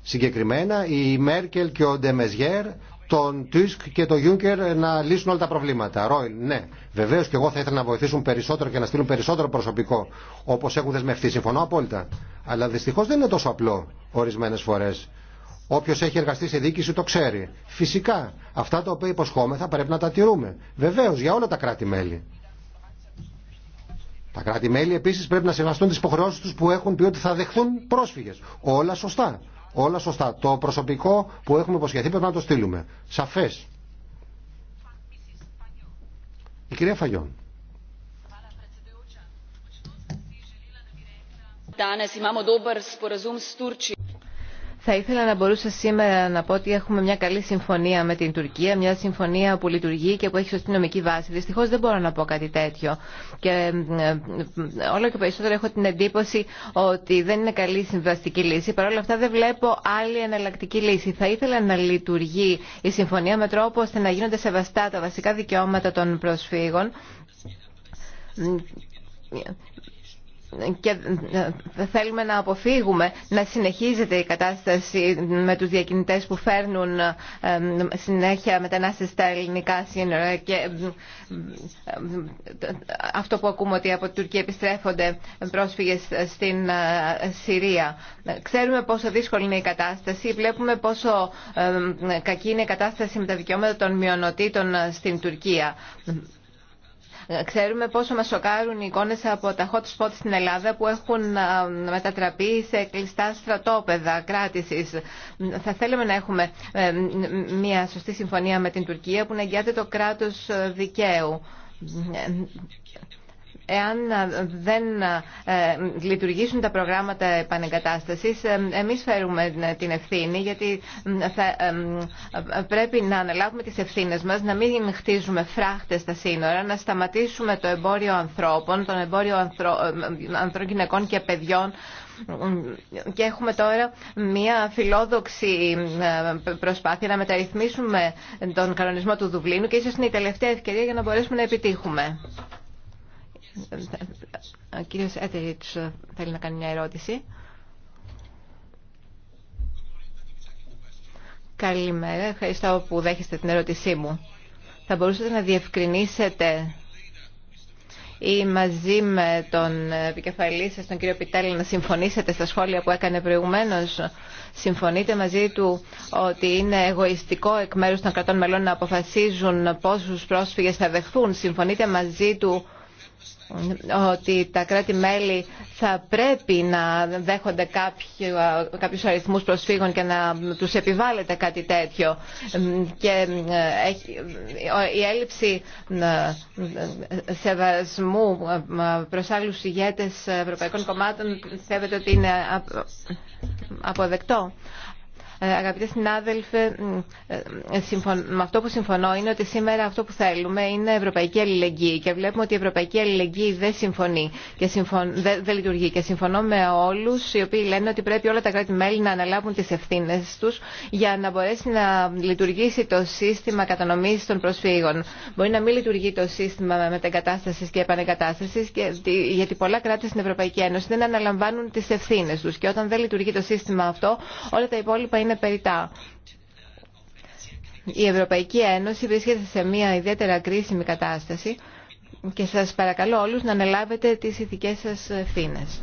συγκεκριμένα η Μέρκελ και ο Ντεμεζιέρ τον Τουίσκ και τον Γιούγκερ να λύσουν όλα τα προβλήματα. Ρόιλ, ναι. Βεβαίω και εγώ θα ήθελα να βοηθήσουν περισσότερο και να στείλουν περισσότερο προσωπικό όπω έχουν δεσμευτεί. Συμφωνώ απόλυτα. Αλλά δυστυχώ δεν είναι τόσο απλό ορισμένε φορέ. Όποιο έχει εργαστεί σε διοίκηση το ξέρει. Φυσικά αυτά τα οποία υποσχόμεθα πρέπει να τα τηρούμε. Βεβαίω για όλα τα κράτη-μέλη. Τα κράτη-μέλη επίσης πρέπει να σεβαστούν τις υποχρεώσεις τους που έχουν πει ότι θα δεχθούν πρόσφυγες. Όλα σωστά. Όλα σωστά. Το προσωπικό που έχουμε υποσχεθεί πρέπει να το στείλουμε. Σαφές. Η κυρία Φαγιόν. Danes imamo sporazum s θα ήθελα να μπορούσα σήμερα να πω ότι έχουμε μια καλή συμφωνία με την Τουρκία, μια συμφωνία που λειτουργεί και που έχει σωστή νομική βάση. Δυστυχώ δεν μπορώ να πω κάτι τέτοιο. Και ε, όλο και περισσότερο έχω την εντύπωση ότι δεν είναι καλή συμβαστική λύση. Παρ' όλα αυτά δεν βλέπω άλλη εναλλακτική λύση. Θα ήθελα να λειτουργεί η συμφωνία με τρόπο ώστε να γίνονται σεβαστά τα βασικά δικαιώματα των προσφύγων και ε, θέλουμε να αποφύγουμε να συνεχίζεται η κατάσταση με τους διακινητές που φέρνουν ε, συνέχεια μετανάστες στα ελληνικά σύνορα και ε, αυτό που ακούμε ότι από την Τουρκία επιστρέφονται πρόσφυγες στην Συρία. Ξέρουμε πόσο δύσκολη είναι η κατάσταση, βλέπουμε πόσο κακή είναι η κατάσταση με τα δικαιώματα των μειονοτήτων στην Τουρκία. Ξέρουμε πόσο μας σοκάρουν οι εικόνες από τα hot spots στην Ελλάδα που έχουν μετατραπεί σε κλειστά στρατόπεδα κράτησης. Θα θέλαμε να έχουμε ε, μια σωστή συμφωνία με την Τουρκία που να εγγυάται το κράτος ε, δικαίου. Ε, Εάν ε, δεν ε, λειτουργήσουν τα προγράμματα επανεγκατάστασης, ε, εμείς φέρουμε την ευθύνη, γιατί θα πρέπει να αναλάβουμε τις ευθύνες μας, να μην χτίζουμε φράχτες στα σύνορα, να σταματήσουμε το εμπόριο ανθρώπων, τον εμπόριο ανθρώπων γυναικών και παιδιών, και έχουμε τώρα μια φιλόδοξη προσπάθεια να μεταρρυθμίσουμε τον κανονισμό του Δουβλίνου και ίσως είναι η τελευταία ευκαιρία για να μπορέσουμε να επιτύχουμε. Ο κύριος Έτεριτς θέλει να κάνει μια ερώτηση. Καλημέρα. Ευχαριστώ που δέχεστε την ερώτησή μου. Θα μπορούσατε να διευκρινίσετε ή μαζί με τον επικεφαλή σας, τον κύριο Πιτέλη, να συμφωνήσετε στα σχόλια που έκανε προηγουμένως. Συμφωνείτε μαζί του ότι είναι εγωιστικό εκ μέρους των κρατών μελών να αποφασίζουν πόσους πρόσφυγες θα δεχθούν. Συμφωνείτε μαζί του ότι τα κράτη-μέλη θα πρέπει να δέχονται κάποιου, κάποιους αριθμούς προσφύγων και να τους επιβάλλεται κάτι τέτοιο. Και ε, η έλλειψη ε, σεβασμού ε, προς άλλους ηγέτες ευρωπαϊκών κομμάτων πιστεύετε ότι είναι αποδεκτό. Ε, Αγαπητέ συνάδελφε, με αυτό που συμφωνώ είναι ότι σήμερα αυτό που θέλουμε είναι ευρωπαϊκή αλληλεγγύη και βλέπουμε ότι η ευρωπαϊκή αλληλεγγύη δεν, συμφωνεί και λειτουργεί. Και συμφωνώ με όλου οι οποίοι λένε ότι πρέπει όλα τα κράτη-μέλη να αναλάβουν τι ευθύνε του για να μπορέσει να λειτουργήσει το σύστημα κατανομή των προσφύγων. Μπορεί να μην λειτουργεί το σύστημα μετεγκατάσταση και επανεγκατάσταση γιατί πολλά κράτη στην Ευρωπαϊκή Ένωση δεν αναλαμβάνουν τι ευθύνε του. Και όταν δεν λειτουργεί το σύστημα αυτό, όλα τα υπόλοιπα είναι είναι περιτά. Η Ευρωπαϊκή Ένωση βρίσκεται σε μια ιδιαίτερα κρίσιμη κατάσταση και σας παρακαλώ όλους να αναλάβετε τις ηθικές σας ευθύνες.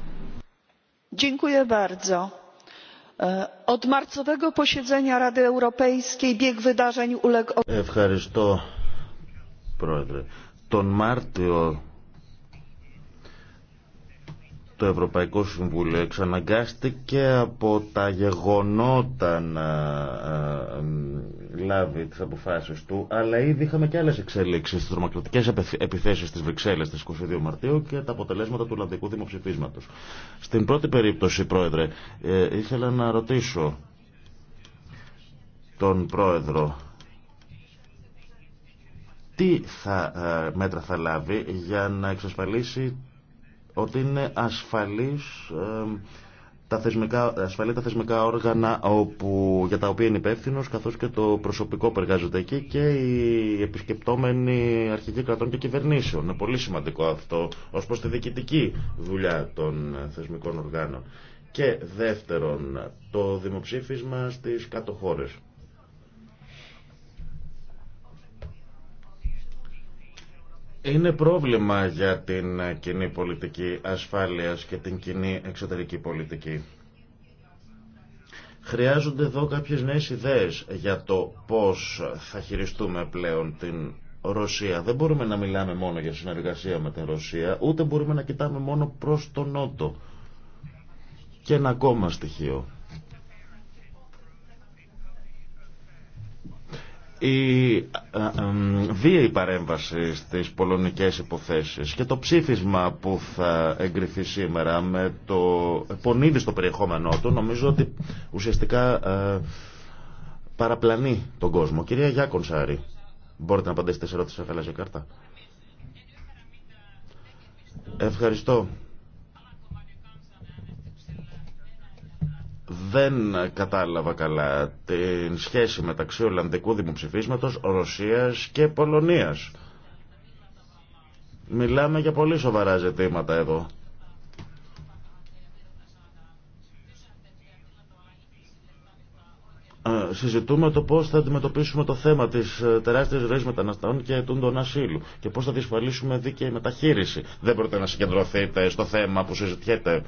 Ευχαριστώ, Πρόεδρε. Τον Μάρτιο το Ευρωπαϊκό Συμβούλιο εξαναγκάστηκε από τα γεγονότα να ε, ε, λάβει τις αποφάσεις του, αλλά ήδη είχαμε και άλλες εξέλιξεις στις τρομακτικές επιθέσεις της Βρυξέλλας στις 22 Μαρτίου και τα αποτελέσματα του Ολλανδικού Δημοψηφίσματος. Στην πρώτη περίπτωση, Πρόεδρε, ε, ήθελα να ρωτήσω τον Πρόεδρο τι θα, μέτρα θα λάβει για να εξασφαλίσει ότι είναι ασφαλής τα θεσμικά, ασφαλή τα θεσμικά όργανα όπου, για τα οποία είναι υπεύθυνο, καθώ και το προσωπικό που εργάζεται εκεί και οι επισκεπτόμενοι αρχηγοί κρατών και κυβερνήσεων. Είναι πολύ σημαντικό αυτό ω προ τη διοικητική δουλειά των θεσμικών οργάνων. Και δεύτερον, το δημοψήφισμα στι κάτω είναι πρόβλημα για την κοινή πολιτική ασφάλειας και την κοινή εξωτερική πολιτική. Χρειάζονται εδώ κάποιες νέες ιδέες για το πώς θα χειριστούμε πλέον την Ρωσία. Δεν μπορούμε να μιλάμε μόνο για συνεργασία με την Ρωσία, ούτε μπορούμε να κοιτάμε μόνο προς τον Νότο. Και ένα ακόμα στοιχείο η ε, ε, βίαιη παρέμβαση στις πολωνικές υποθέσεις και το ψήφισμα που θα εγκριθεί σήμερα με το πονίδι στο περιεχόμενό του νομίζω ότι ουσιαστικά ε, παραπλανεί τον κόσμο. Κυρία Γιάκον Σάρη, μπορείτε να απαντήσετε σε ερώτηση σε κάρτα. Ευχαριστώ. δεν κατάλαβα καλά την σχέση μεταξύ Ολλανδικού Δημοψηφίσματος, Ρωσίας και Πολωνίας. Μιλάμε για πολύ σοβαρά ζητήματα εδώ. συζητούμε το πώς θα αντιμετωπίσουμε το θέμα τη ε, τεράστια ροής μεταναστών και των ασύλου και πώς θα διασφαλίσουμε δίκαιη μεταχείριση. Δεν πρέπει να συγκεντρωθείτε στο θέμα που συζητιέται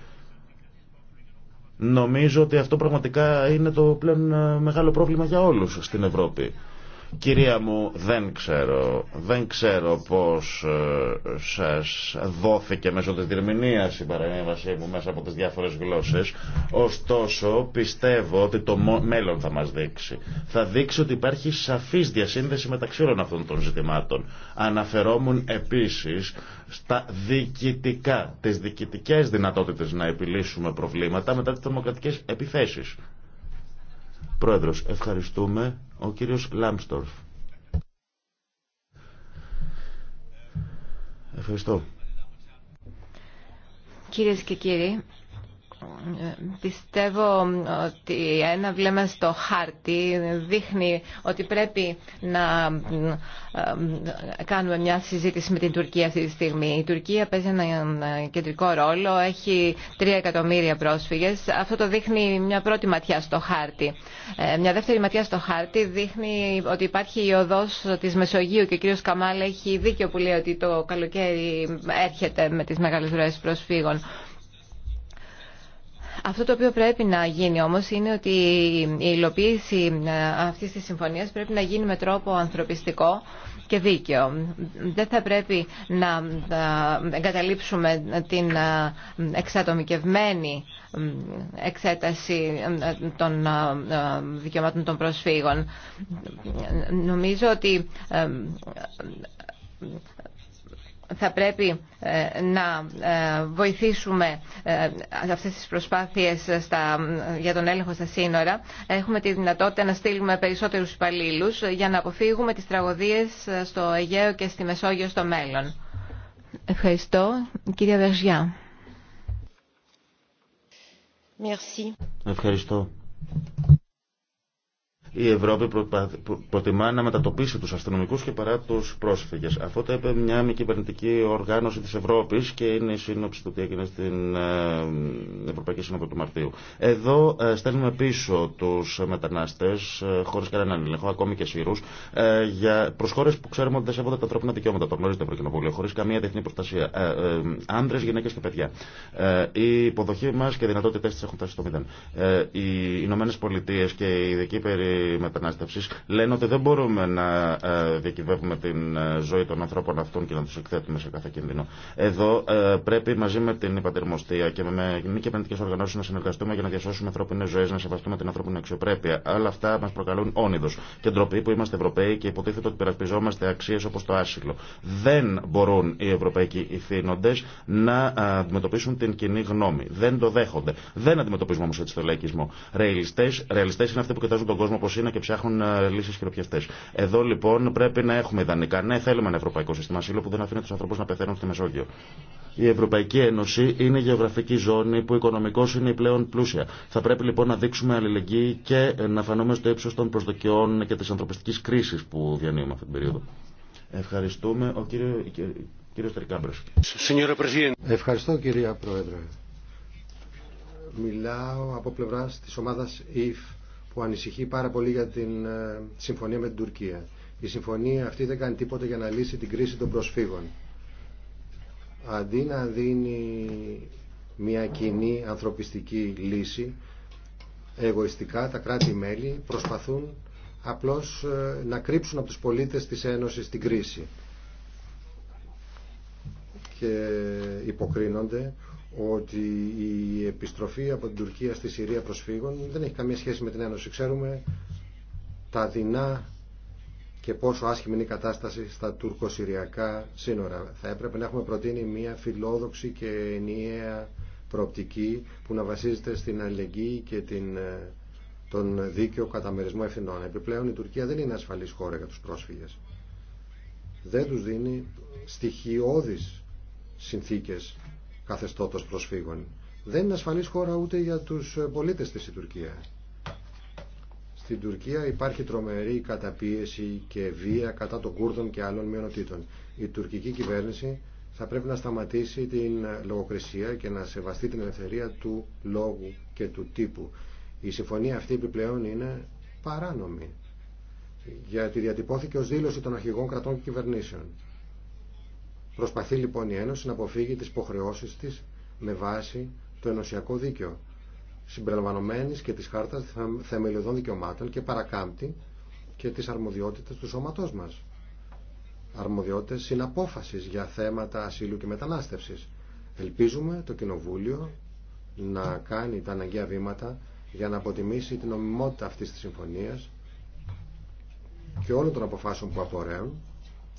Νομίζω ότι αυτό πραγματικά είναι το πλέον ε, μεγάλο πρόβλημα για όλους στην Ευρώπη. Κυρία μου, δεν ξέρω, δεν ξέρω πώς ε, σας δόθηκε μέσω της διερμηνίας η παρέμβασή μου μέσα από τις διάφορες γλώσσες. Ωστόσο, πιστεύω ότι το μέλλον θα μας δείξει. Θα δείξει ότι υπάρχει σαφής διασύνδεση μεταξύ όλων αυτών των ζητημάτων. Αναφερόμουν επίσης στα διοικητικά, τις διοικητικές δυνατότητες να επιλύσουμε προβλήματα μετά τις δημοκρατικές επιθέσεις. Πρόεδρος, ευχαριστούμε. Ο κύριος Λάμπστορφ. Ευχαριστώ. Κυρίες και κύριοι, Πιστεύω ότι ένα βλέμμα στο χάρτη δείχνει ότι πρέπει να κάνουμε μια συζήτηση με την Τουρκία αυτή τη στιγμή. Η Τουρκία παίζει ένα κεντρικό ρόλο, έχει τρία εκατομμύρια πρόσφυγες. Αυτό το δείχνει μια πρώτη ματιά στο χάρτη. Ε, μια δεύτερη ματιά στο χάρτη δείχνει ότι υπάρχει η οδός της Μεσογείου και ο κύριος Καμάλ έχει δίκιο που λέει ότι το καλοκαίρι έρχεται με τις μεγάλες ροές προσφύγων. Αυτό το οποίο πρέπει να γίνει όμως είναι ότι η υλοποίηση ε, αυτής της συμφωνίας πρέπει να γίνει με τρόπο ανθρωπιστικό και δίκαιο. Δεν θα πρέπει να ε, εγκαταλείψουμε την ε, εξατομικευμένη εξέταση των δικαιωμάτων των προσφύγων. Νομίζω ότι θα πρέπει ε, να ε, βοηθήσουμε ε, αυτές τις προσπάθειες στα, για τον έλεγχο στα σύνορα. Έχουμε τη δυνατότητα να στείλουμε περισσότερους υπαλλήλου για να αποφύγουμε τις τραγωδίες στο Αιγαίο και στη Μεσόγειο στο μέλλον. Ευχαριστώ. Κυρία Βεργιά. Ευχαριστώ η Ευρώπη προτιμά να μετατοπίσει τους αστυνομικούς και παρά τους πρόσφυγες. Αυτό το είπε μια μη κυβερνητική οργάνωση της Ευρώπης και είναι η σύνοψη του τι έγινε στην ε, Ευρωπαϊκή Σύνοδο του Μαρτίου. Εδώ ε, στέλνουμε πίσω τους μετανάστες, ε, χωρίς κανέναν ελεγχό, ακόμη και σύρους, για προς που ξέρουμε ότι δεν σέβονται τα ανθρώπινα δικαιώματα, το γνωρίζετε Ευρωκοινοβούλιο, χωρίς καμία διεθνή προστασία. Άντρε, γυναίκες και παιδιά. Η υποδοχή μας και οι δυνατότητές έχουν φτάσει στο μηδέν. Οι Ηνωμένε Πολιτείε και η ειδική μετανάστευση, λένε ότι δεν μπορούμε να ε, διακυβεύουμε την ε, ζωή των ανθρώπων αυτών και να του εκθέτουμε σε κάθε κίνδυνο. Εδώ ε, πρέπει μαζί με την υπατερμοστία και με μη κυβερνητικέ οργανώσεις να συνεργαστούμε για να διασώσουμε ανθρώπινε ζωέ, να σεβαστούμε την ανθρώπινη αξιοπρέπεια. Αλλά αυτά μα προκαλούν όνειδος και ντροπή που είμαστε Ευρωπαίοι και υποτίθεται ότι περασπιζόμαστε αξίε όπω το άσυλο. Δεν μπορούν οι Ευρωπαίοι ηθήνοντε να αντιμετωπίσουν την κοινή γνώμη. Δεν το δέχονται. Δεν αντιμετωπίζουμε όμω έτσι το λαϊκισμό. ρεαλιστέ είναι αυτοί που κοιτάζουν τον κόσμο είναι και ψάχνουν ε, λύσει χειροπιαστέ. Εδώ λοιπόν πρέπει να έχουμε ιδανικά. Ναι, θέλουμε ένα ευρωπαϊκό σύστημα ασύλου που δεν αφήνει του ανθρώπου να πεθαίνουν στη Μεσόγειο. Η Ευρωπαϊκή Ένωση είναι η γεωγραφική ζώνη που οικονομικώ είναι η πλέον πλούσια. Θα πρέπει λοιπόν να δείξουμε αλληλεγγύη και να φανούμε στο ύψο των προσδοκιών και τη ανθρωπιστική κρίση που διανύουμε αυτή την περίοδο. Ευχαριστούμε. Ο κύριο, Ευχαριστώ κυρία Πρόεδρε. Μιλάω από πλευρά της ομάδας ΙΦ που ανησυχεί πάρα πολύ για την ε, συμφωνία με την Τουρκία. Η συμφωνία αυτή δεν κάνει τίποτα για να λύσει την κρίση των προσφύγων. Αντί να δίνει μια κοινή ανθρωπιστική λύση, εγωιστικά τα κράτη-μέλη προσπαθούν απλώς ε, να κρύψουν από τους πολίτες της Ένωσης την κρίση και υποκρίνονται ότι η επιστροφή από την Τουρκία στη Συρία προσφύγων δεν έχει καμία σχέση με την Ένωση. Ξέρουμε τα δεινά και πόσο άσχημη είναι η κατάσταση στα τουρκοσυριακά σύνορα. Θα έπρεπε να έχουμε προτείνει μια φιλόδοξη και ενιαία προοπτική που να βασίζεται στην αλληλεγγύη και την, ε, τον δίκαιο καταμερισμό ευθυνών. Επιπλέον η Τουρκία δεν είναι ασφαλής χώρα για τους πρόσφυγες. Δεν τους δίνει στοιχειώδεις συνθήκες καθεστώτος προσφύγων. Δεν είναι ασφαλής χώρα ούτε για τους πολίτες της η Τουρκία. Στην Τουρκία υπάρχει τρομερή καταπίεση και βία κατά των Κούρδων και άλλων μειονοτήτων. Η τουρκική κυβέρνηση θα πρέπει να σταματήσει την λογοκρισία και να σεβαστεί την ελευθερία του λόγου και του τύπου. Η συμφωνία αυτή επιπλέον είναι παράνομη, γιατί διατυπώθηκε ως δήλωση των αρχηγών κρατών και κυβερνήσεων. Προσπαθεί λοιπόν η Ένωση να αποφύγει τις υποχρεώσεις της με βάση το ενωσιακό δίκαιο συμπεριλαμβανομένης και της χάρτας θεμελιωδών δικαιωμάτων και παρακάμπτει και τις αρμοδιότητες του σώματός μας. Αρμοδιότητες συναπόφασης για θέματα ασύλου και μετανάστευσης. Ελπίζουμε το Κοινοβούλιο να κάνει τα αναγκαία βήματα για να αποτιμήσει την ομιμότητα αυτής της συμφωνίας και όλων των αποφάσεων που απορρέουν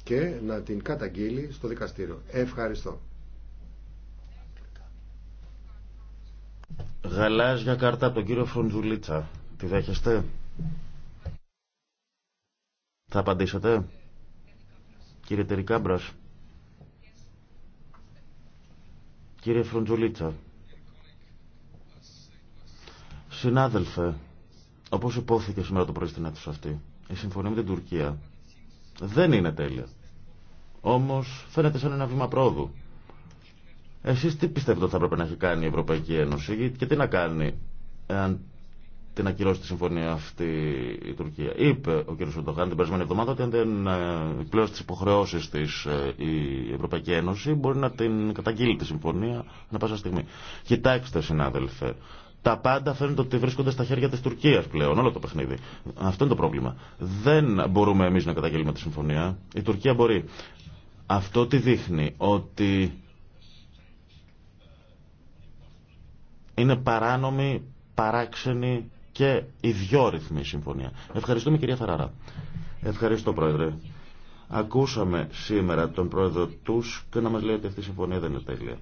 και να την καταγγείλει στο δικαστήριο. Ευχαριστώ. Γαλάζια κάρτα από τον κύριο Φροντζουλίτσα. Τη δέχεστε. Θα απαντήσετε. Κύριε Τερικάμπρας. Κύριε Φροντζουλίτσα. Συνάδελφε, όπως υπόθηκε σήμερα το πρωί στην αίθουσα αυτή, η συμφωνία με την Τουρκία δεν είναι τέλεια. Όμως φαίνεται σαν ένα βήμα πρόοδου. Εσείς τι πιστεύετε ότι θα έπρεπε να έχει κάνει η Ευρωπαϊκή Ένωση και τι να κάνει εάν την ακυρώσει τη συμφωνία αυτή η Τουρκία. Είπε ο κ. Σοντοχάν την περασμένη εβδομάδα ότι αν δεν ε, πλέον τι υποχρεώσει τη ε, η Ευρωπαϊκή Ένωση μπορεί να την καταγγείλει τη συμφωνία να πάσα στιγμή. Κοιτάξτε, συνάδελφε, τα πάντα φαίνεται ότι βρίσκονται στα χέρια τη Τουρκία πλέον, όλο το παιχνίδι. Αυτό είναι το πρόβλημα. Δεν μπορούμε εμεί να καταγγείλουμε τη συμφωνία. Η Τουρκία μπορεί. Αυτό τι δείχνει, ότι είναι παράνομη, παράξενη και ιδιόρυθμη η συμφωνία. Ευχαριστούμε κυρία Φαραρά. Ευχαριστώ πρόεδρε. Ακούσαμε σήμερα τον πρόεδρο τους και να μας λέει ότι αυτή η συμφωνία δεν είναι τέλεια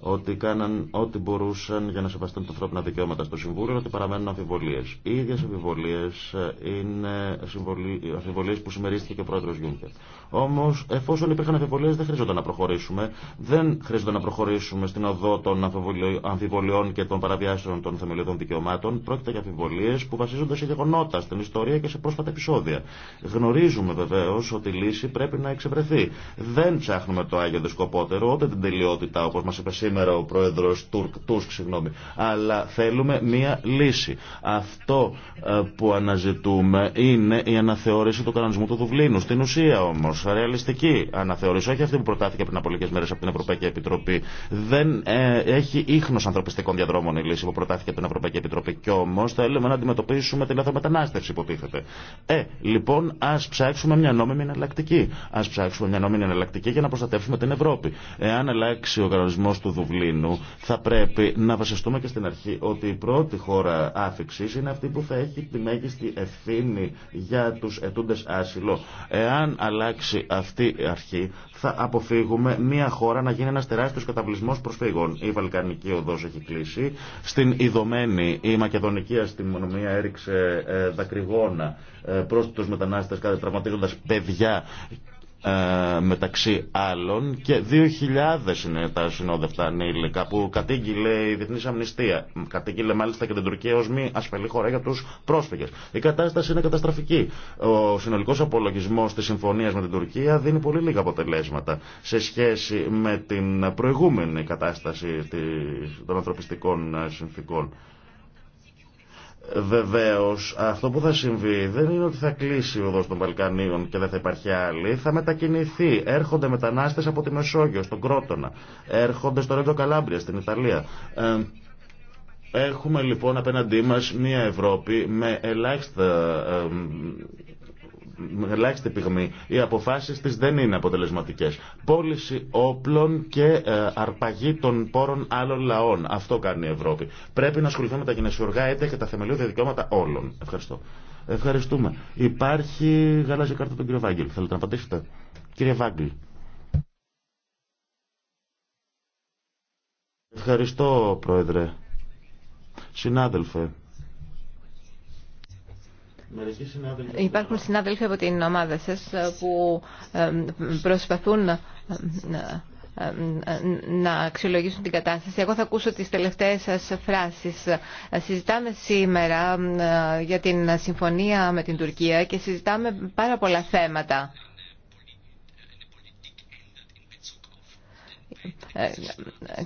ότι κάναν ό,τι μπορούσαν για να σεβαστούν τα ανθρώπινα δικαιώματα στο Συμβούλιο, ότι παραμένουν αμφιβολίε. Οι ίδιε αμφιβολίε ε, είναι αμφιβολίε που συμμερίστηκε και ο πρόεδρο Γιούνκερ. Όμω, εφόσον υπήρχαν αμφιβολίε, δεν χρειαζόταν να προχωρήσουμε. Δεν χρειαζόταν να προχωρήσουμε στην οδό των αμφιβολιών και των παραβιάσεων των θεμελιωδών δικαιωμάτων. Πρόκειται για αμφιβολίε που βασίζονται σε γεγονότα, στην ιστορία και σε πρόσφατα επεισόδια. Γνωρίζουμε βεβαίω ότι η λύση πρέπει να εξευρεθεί. Δεν ψάχνουμε το άγιο δισκοπότερο, ούτε την τελειότητα όπω μα είπε σήμερα ο πρόεδρο Τουρκ, Τουρκ συγγνώμη, αλλά θέλουμε μία λύση. Αυτό ε, που αναζητούμε είναι η αναθεώρηση του κανονισμού του Δουβλίνου. Στην ουσία όμω, ρεαλιστική αναθεώρηση, όχι αυτή που προτάθηκε πριν από λίγες μέρες από την Ευρωπαϊκή Επιτροπή. Δεν ε, έχει ίχνος ανθρωπιστικών διαδρόμων η λύση που προτάθηκε από την Ευρωπαϊκή Επιτροπή. Κι όμω θέλουμε να αντιμετωπίσουμε τη λαθρομετανάστευση υποτίθεται. Ε, λοιπόν, ας ψάξουμε μια νόμιμη εναλλακτική. Ας ψάξουμε μια νόμιμη εναλλακτική για να προστατεύσουμε την Ευρώπη. Εάν αλλάξει ο κανονισμός του Δουβλίνου θα πρέπει να βασιστούμε και στην αρχή ότι η πρώτη χώρα άφηξη είναι αυτή που θα έχει τη μέγιστη ευθύνη για του ετούντε άσυλο. Εάν αλλάξει αυτή η αρχή θα αποφύγουμε μια χώρα να γίνει ένας τεράστιος καταβλισμό προσφύγων. Η Βαλκανική οδός έχει κλείσει. Στην Ιδωμένη η Μακεδονική αστυνομία έριξε ε, δακρυγόνα ε, προ τους μετανάστες κάθε παιδιά ε, μεταξύ άλλων και 2.000 είναι τα συνόδευτα ανήλικα που κατήγγειλε η Διεθνή Αμνηστία. Κατήγγειλε μάλιστα και την Τουρκία ως μη ασφαλή χώρα για τους πρόσφυγες. Η κατάσταση είναι καταστραφική. Ο συνολικός απολογισμός της συμφωνίας με την Τουρκία δίνει πολύ λίγα αποτελέσματα σε σχέση με την προηγούμενη κατάσταση των ανθρωπιστικών συνθήκων. Βεβαίω, αυτό που θα συμβεί δεν είναι ότι θα κλείσει η οδό των Βαλκανίων και δεν θα υπάρχει άλλη. Θα μετακινηθεί. Έρχονται μετανάστε από τη Μεσόγειο, στον Κρότονα. Έρχονται στο Ρέντο Καλάμπρια, στην Ιταλία. Ε, έχουμε λοιπόν απέναντί μας μια Ευρώπη με ελάχιστα ε, ελάχιστη πυγμή. Οι αποφάσει τη δεν είναι αποτελεσματικέ. Πώληση όπλων και ε, αρπαγή των πόρων άλλων λαών. Αυτό κάνει η Ευρώπη. Πρέπει να ασχοληθούμε με τα γενεσιουργά αίτια και τα θεμελιώδη δικαιώματα όλων. Ευχαριστώ. Ευχαριστούμε. Υπάρχει γαλάζια κάρτα του κύριο Βάγγελ. Θέλετε να απαντήσετε. Κύριε Βάγκελ. Ευχαριστώ, Πρόεδρε. Συνάδελφε. Υπάρχουν συνάδελφοι από την ομάδα σας ε, που ε, προσπαθούν ε, να αξιολογήσουν την κατάσταση. Εγώ θα ακούσω τις τελευταίες σας φράσεις. Συζητάμε σήμερα για την συμφωνία με την Τουρκία και συζητάμε πάρα πολλά θέματα. Ε,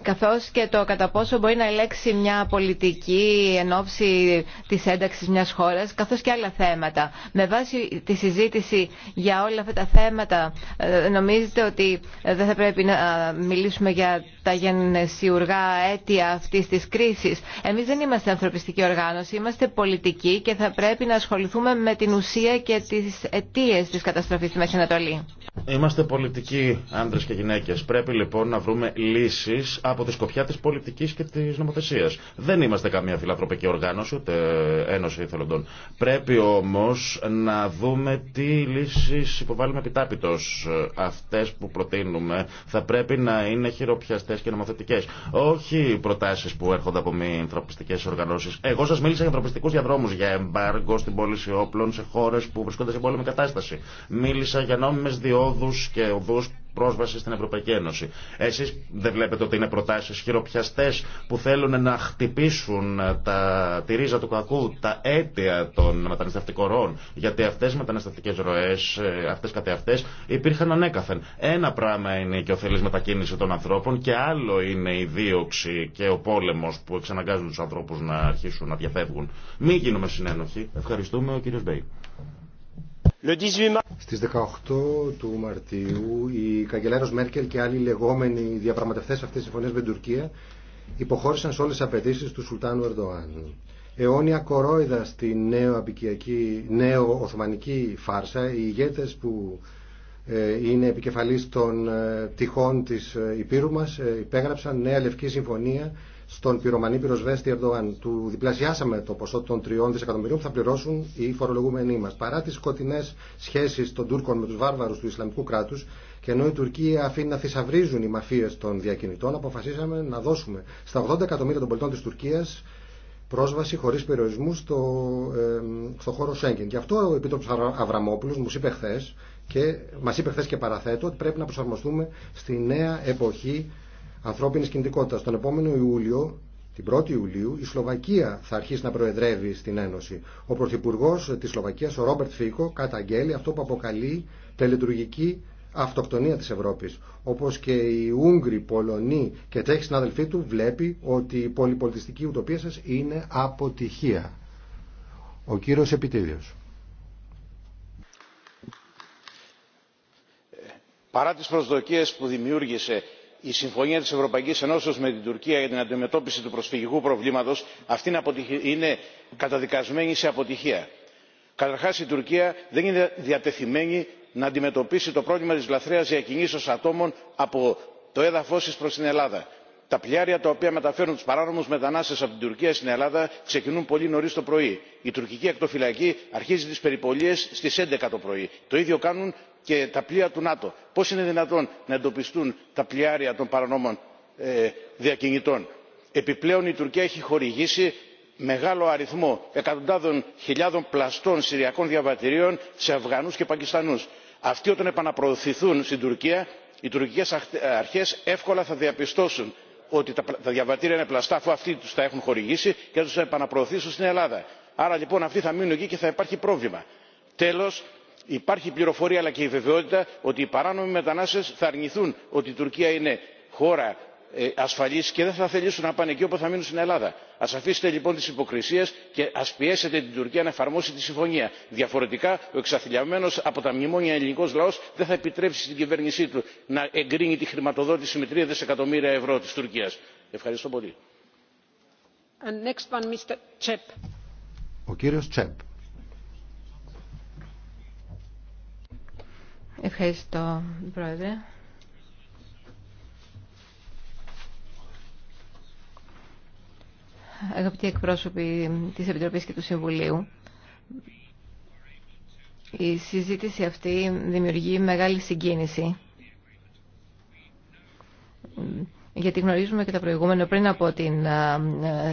καθώς και το κατά πόσο μπορεί να ελέξει μια πολιτική εν της ένταξης μιας χώρας, καθώς και άλλα θέματα. Με βάση τη συζήτηση για όλα αυτά τα θέματα, ε, νομίζετε ότι ε, δεν θα πρέπει να μιλήσουμε για τα γενεσιουργά αίτια αυτής της κρίσης. Εμείς δεν είμαστε ανθρωπιστική οργάνωση, είμαστε πολιτικοί και θα πρέπει να ασχοληθούμε με την ουσία και τις αιτίες της καταστροφής στη Μέση Ανατολή. Είμαστε πολιτικοί άντρε και γυναίκε. Πρέπει λοιπόν να βρούμε λύσει από τη σκοπιά τη πολιτική και τη νομοθεσία. Δεν είμαστε καμία φιλανθρωπική οργάνωση, ούτε ένωση εθελοντών. Πρέπει όμω να δούμε τι λύσει υποβάλλουμε επιτάπητο. Αυτέ που προτείνουμε θα πρέπει να είναι χειροπιαστέ και νομοθετικέ. Όχι προτάσει που έρχονται από μη ανθρωπιστικέ οργανώσει. Εγώ σα μίλησα για ανθρωπιστικού διαδρόμου, για εμπάργκο στην πώληση όπλων σε χώρε που βρισκόνται σε πόλεμη κατάσταση. Μίλησα για νόμιμε διώξει και οδούς πρόσβαση στην Ευρωπαϊκή Ένωση. Εσεί, δεν βλέπετε ότι είναι προτάσεις χειροπιαστές που θέλουν να χτυπήσουν ε, τα, τη ρίζα του κακού, τα αίτια των μεταναστευτικών ροών. Γιατί αυτές οι μεταναστευτικέ ροέ, ε, αυτές κατε αυτές, υπήρχαν ανέκαθεν. Ένα πράγμα είναι ο θέλει μετακίνηση των ανθρώπων και άλλο είναι η δίωξη και ο πόλεμος που εξαναγκάζουν τους ανθρώπους να αρχίσουν να διαφεύγουν. Μην γίνουμε συνένοχοι. Ευχαριστούμε ο κύριο Μπέι. Στις 18 του Μαρτίου η καγκελάριο Μέρκελ και άλλοι λεγόμενοι διαπραγματευτές αυτής της συμφωνίας με την Τουρκία υποχώρησαν σε όλες τις απαιτήσεις του Σουλτάνου Ερντοάν. Αιώνια κορόιδα στη νέο, νέο Οθωμανική φάρσα, οι ηγέτες που ε, είναι επικεφαλής των ε, τυχών της ε, Υπήρου μας υπέγραψαν νέα λευκή συμφωνία στον πυρομανή πυροσβέστη Ερντογάν. Του διπλασιάσαμε το ποσό των 3 δισεκατομμυρίων που θα πληρώσουν οι φορολογούμενοι μα. Παρά τι σκοτεινέ σχέσει των Τούρκων με του βάρβαρου του Ισλαμικού κράτου και ενώ η Τουρκία αφήνει να θησαυρίζουν οι μαφίε των διακινητών, αποφασίσαμε να δώσουμε στα 80 εκατομμύρια των πολιτών τη Τουρκία πρόσβαση χωρί περιορισμού στο, ε, στο χώρο Σέγγεν. Γι' αυτό ο Επίτροπο Αβραμόπουλο μου είπε χθε και μα είπε χθε και παραθέτω ότι πρέπει να προσαρμοστούμε στη νέα εποχή Ανθρώπινη κινητικότητα. Τον επόμενο Ιούλιο, την 1η Ιουλίου, η Σλοβακία θα αρχίσει να προεδρεύει στην Ένωση. Ο Πρωθυπουργό τη Σλοβακία, ο Ρόμπερτ Φίκο, καταγγέλει αυτό που αποκαλεί τελετουργική αυτοκτονία της Ευρώπης. Όπως και οι Ούγγροι, Πολωνοί και τέχοι συνάδελφοί του βλέπει ότι η πολυπολιτιστική ουτοπία σας είναι αποτυχία. Ο κύριος Επιτίδιος. Παρά τις προσδοκίες που δημιούργησε η συμφωνία της ευρωπαϊκής ενώσεως με την τουρκία για την αντιμετώπιση του προσφυγικού προβλήματος αυτή είναι καταδικασμένη σε αποτυχία. καταρχάς η τουρκία δεν είναι διατεθειμένη να αντιμετωπίσει το πρόβλημα της λαθρέας διακινήσεως ατόμων από το έδαφος της προς την ελλάδα. τα πλοιάρια τα οποία μεταφέρουν τους παράνομους μετανάστες από την τουρκία στην ελλάδα ξεκινούν πολύ νωρίς το πρωί. η τουρκική ακτοφυλακή αρχίζει τις περιπολίες στι 11 το πρωί. το ίδιο κάνουν και τα πλοία του νατο πώς είναι δυνατόν να εντοπιστούν τα πλοιάρια των παρανόμων ε, διακινητών. επιπλέον η τουρκία έχει χορηγήσει μεγάλο αριθμό εκατοντάδων χιλιάδων πλαστών συριακών διαβατηρίων σε αφγανούς και Πακιστανού. αυτοί όταν επαναπροωθηθούν στην τουρκία οι τουρκικές αρχές εύκολα θα διαπιστώσουν ότι τα διαβατήρια είναι πλαστά αφού αυτοί τους τα έχουν χορηγήσει και θα τους επαναπροωθήσουν στην ελλάδα. άρα λοιπόν αυτοί θα μείνουν εκεί και θα υπάρχει πρόβλημα. Τέλο, υπάρχει πληροφορία αλλά και η βεβαιότητα ότι οι παράνομοι μετανάστες θα αρνηθούν ότι η τουρκία είναι χώρα ε, ασφαλής και δεν θα θελήσουν να πάνε εκεί όπου θα μείνουν στην ελλάδα. ας αφήσετε λοιπόν τις υποκρισίες και ας πιέσετε την τουρκία να εφαρμόσει τη συμφωνία. διαφορετικά ο εξαθλιωμένος από τα μνημόνια ελληνικός λαός δεν θα επιτρέψει στην κυβέρνησή του να εγκρίνει τη χρηματοδότηση με τρία δισεκατομμύρια ευρώ της τουρκίας. ευχαριστώ πολύ. Ευχαριστώ, Πρόεδρε. Αγαπητοί εκπρόσωποι της Επιτροπής και του Συμβουλίου, η συζήτηση αυτή δημιουργεί μεγάλη συγκίνηση. Γιατί γνωρίζουμε και τα προηγούμενα πριν από την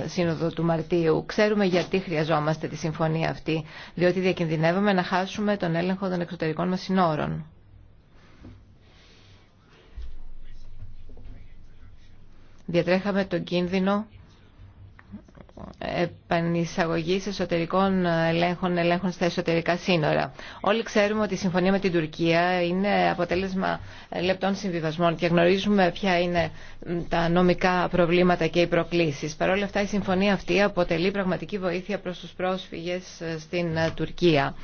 Σύνοδο του Μαρτίου. Ξέρουμε γιατί χρειαζόμαστε τη συμφωνία αυτή. Διότι διακινδυνεύουμε να χάσουμε τον έλεγχο των εξωτερικών μας συνόρων. διατρέχαμε τον κίνδυνο επανεισαγωγή εσωτερικών ελέγχων, ελέγχων στα εσωτερικά σύνορα. Όλοι ξέρουμε ότι η συμφωνία με την Τουρκία είναι αποτέλεσμα λεπτών συμβιβασμών και γνωρίζουμε ποια είναι τα νομικά προβλήματα και οι προκλήσεις. Παρ' όλα αυτά η συμφωνία αυτή αποτελεί πραγματική βοήθεια προς τους πρόσφυγες στην Τουρκία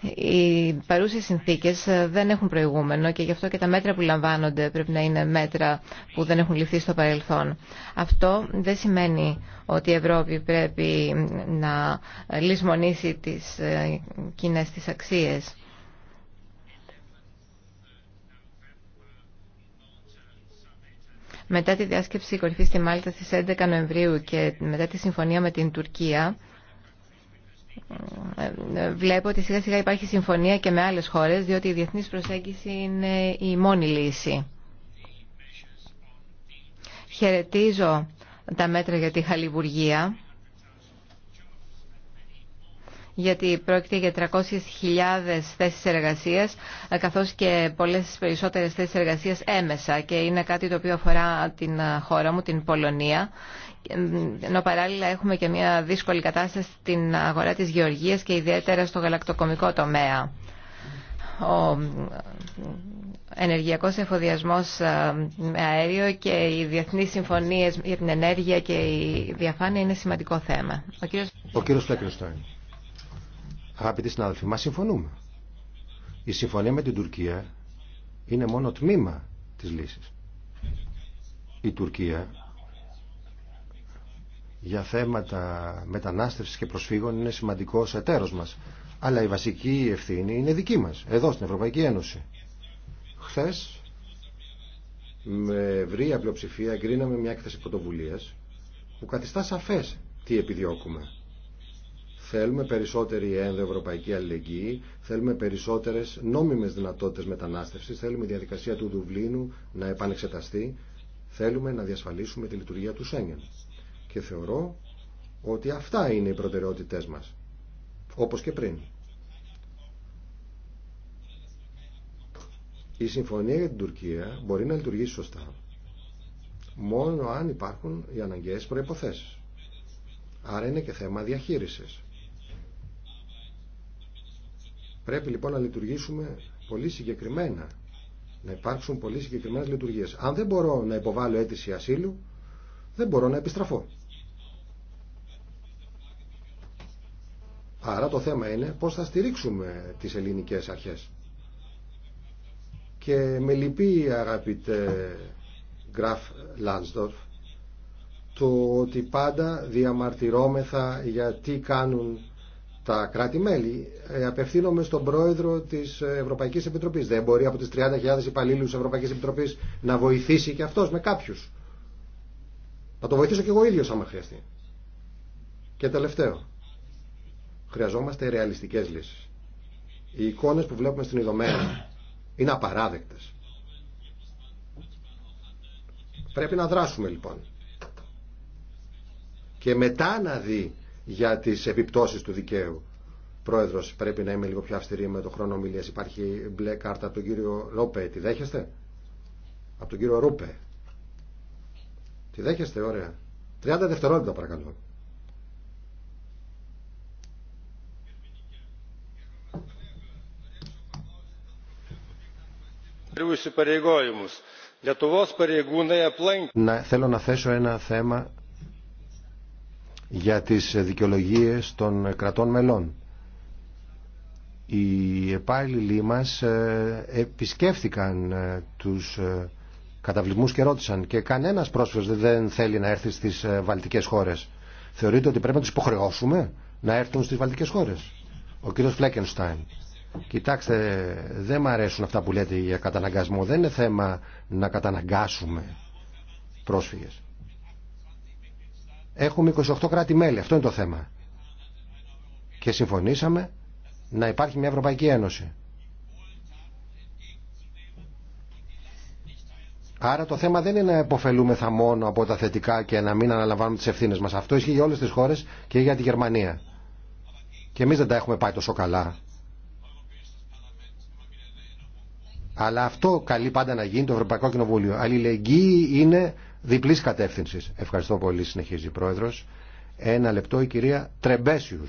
οι παρούσες συνθήκες ε, δεν έχουν προηγούμενο και γι' αυτό και τα μέτρα που λαμβάνονται πρέπει να είναι μέτρα που δεν έχουν ληφθεί στο παρελθόν. Αυτό δεν σημαίνει ότι η Ευρώπη πρέπει να λησμονήσει τις ε, κοινέ της αξίες. Μετά τη διάσκεψη κορυφής στη Μάλτα στις 11 Νοεμβρίου και μετά τη συμφωνία με την Τουρκία, ε, βλέπω ότι σιγά σιγά υπάρχει συμφωνία και με άλλες χώρες διότι η διεθνής προσέγγιση είναι η μόνη λύση. Χαιρετίζω τα μέτρα για τη χαλιβουργία γιατί πρόκειται για 300.000 θέσεις εργασίας, ε, καθώς και πολλές περισσότερες θέσεις εργασίας έμεσα και είναι κάτι το οποίο αφορά την ε, χώρα μου, την Πολωνία ενώ παράλληλα έχουμε και μια δύσκολη κατάσταση στην αγορά της γεωργίας και ιδιαίτερα στο γαλακτοκομικό τομέα. Ο ενεργειακός εφοδιασμός ε, με αέριο και οι διεθνείς συμφωνίες για την ενέργεια και η διαφάνεια είναι σημαντικό θέμα. Ο κύριος, Ο κύριος Αγαπητοί συνάδελφοι, μα συμφωνούμε. Η συμφωνία με την Τουρκία είναι μόνο τμήμα της λύσης. Η Τουρκία για θέματα μετανάστευσης και προσφύγων είναι σημαντικός εταίρος μας. Αλλά η βασική ευθύνη είναι δική μας, εδώ στην Ευρωπαϊκή Ένωση. Χθες, με ευρία πλειοψηφία, εγκρίναμε μια έκθεση πρωτοβουλία που καθιστά σαφές τι επιδιώκουμε. Θέλουμε περισσότερη ενδοευρωπαϊκή αλληλεγγύη, θέλουμε περισσότερες νόμιμες δυνατότητες μετανάστευσης, θέλουμε η διαδικασία του Δουβλίνου να επανεξεταστεί, θέλουμε να διασφαλίσουμε τη λειτουργία του Σέγγεν. Και θεωρώ ότι αυτά είναι οι προτεραιότητές μας, όπως και πριν. Η συμφωνία για την Τουρκία μπορεί να λειτουργήσει σωστά μόνο αν υπάρχουν οι αναγκαίες προϋποθέσεις. Άρα είναι και θέμα διαχείρισης. Πρέπει λοιπόν να λειτουργήσουμε πολύ συγκεκριμένα, να υπάρξουν πολύ συγκεκριμένες λειτουργίες. Αν δεν μπορώ να υποβάλω αίτηση ασύλου, δεν μπορώ να επιστραφώ. Άρα το θέμα είναι πώς θα στηρίξουμε τις ελληνικές αρχές. Και με λυπεί αγαπητέ Γκραφ Λάνσδορφ το ότι πάντα διαμαρτυρόμεθα για τι κάνουν τα κράτη-μέλη. Ε, απευθύνομαι στον πρόεδρο της Ευρωπαϊκής Επιτροπής Δεν μπορεί από τις 30.000 υπαλλήλου της Ευρωπαϊκής Επιτροπής να βοηθήσει και αυτός με κάποιους Να το βοηθήσω και εγώ ίδιο άμα χρειαστεί. Και τελευταίο. Χρειαζόμαστε ρεαλιστικές λύσεις. Οι εικόνες που βλέπουμε στην ειδομένη είναι απαράδεκτες. Πρέπει να δράσουμε λοιπόν. Και μετά να δει για τις επιπτώσεις του δικαίου. Πρόεδρος, πρέπει να είμαι λίγο πιο αυστηρή με το χρόνο ομιλίας. Υπάρχει μπλε κάρτα από τον κύριο Ρόπε. Τη δέχεστε? Από τον κύριο Ρούπε. Τη δέχεστε, ωραία. 30 δευτερόλεπτα παρακαλώ. Θέλω να θέσω ένα θέμα για τις δικαιολογίες των κρατών μελών. Οι επάλληλοι μας ε, επισκέφθηκαν ε, τους ε, καταβλημούς και ρώτησαν και κανένας πρόσφυγος δεν θέλει να έρθει στις βαλτικές χώρες. Θεωρείτε ότι πρέπει να τους υποχρεώσουμε να έρθουν στις βαλτικές χώρες. Ο κύριος Φλέκενστάιν. Κοιτάξτε, δεν μ' αρέσουν αυτά που λέτε για καταναγκασμό. Δεν είναι θέμα να καταναγκάσουμε πρόσφυγες. Έχουμε 28 κράτη-μέλη. Αυτό είναι το θέμα. Και συμφωνήσαμε να υπάρχει μια Ευρωπαϊκή Ένωση. Άρα το θέμα δεν είναι να υποφελούμεθα μόνο από τα θετικά και να μην αναλαμβάνουμε τις ευθύνες μας. Αυτό ισχύει για όλες τις χώρες και για τη Γερμανία. Και εμείς δεν τα έχουμε πάει τόσο καλά Αλλά αυτό καλεί πάντα να γίνει το Ευρωπαϊκό Κοινοβούλιο. Αλληλεγγύη είναι διπλή κατεύθυνση. Ευχαριστώ πολύ, συνεχίζει η Πρόεδρο. Ένα λεπτό η κυρία Τρεμπέσιου.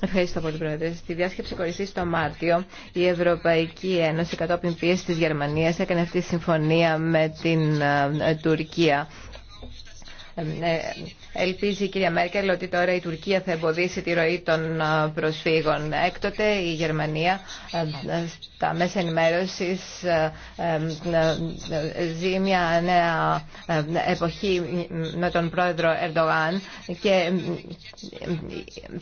Ευχαριστώ πολύ, Πρόεδρε. Στη διάσκεψη κορυφή το Μάρτιο, η Ευρωπαϊκή Ένωση κατόπιν πίεση τη Γερμανία έκανε αυτή τη συμφωνία με την ε, Τουρκία ε, ε, ελπίζει η κυρία Μέρκελ ότι τώρα η Τουρκία θα εμποδίσει τη ροή των ε, προσφύγων. Έκτοτε η Γερμανία στα μέσα ενημέρωσης ζει μια νέα εποχή με τον πρόεδρο Ερντογάν και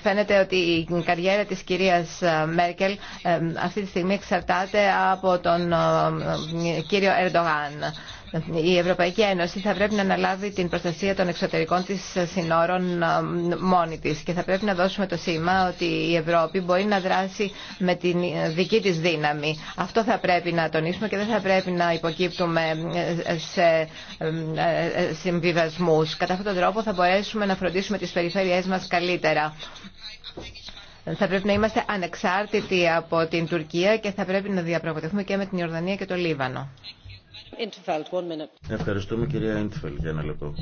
φαίνεται ότι η καριέρα της κυρίας Μέρκελ αυτή τη στιγμή εξαρτάται από τον κύριο Ερντογάν η Ευρωπαϊκή Ένωση θα πρέπει να αναλάβει την προστασία των εξωτερικών της συνόρων μόνη της και θα πρέπει να δώσουμε το σήμα ότι η Ευρώπη μπορεί να δράσει με τη δική της δύναμη. Αυτό θα πρέπει να τονίσουμε και δεν θα πρέπει να υποκύπτουμε σε ε, ε, συμβιβασμούς. Κατά αυτόν τον τρόπο θα μπορέσουμε να φροντίσουμε τις περιφέρειές μας καλύτερα. Θα πρέπει να είμαστε ανεξάρτητοι από την Τουρκία και θα πρέπει να διαπραγματευτούμε και με την Ιορδανία και το Λίβανο. Ευχαριστούμε κυρία Ίντεφελ για ένα λεπτό.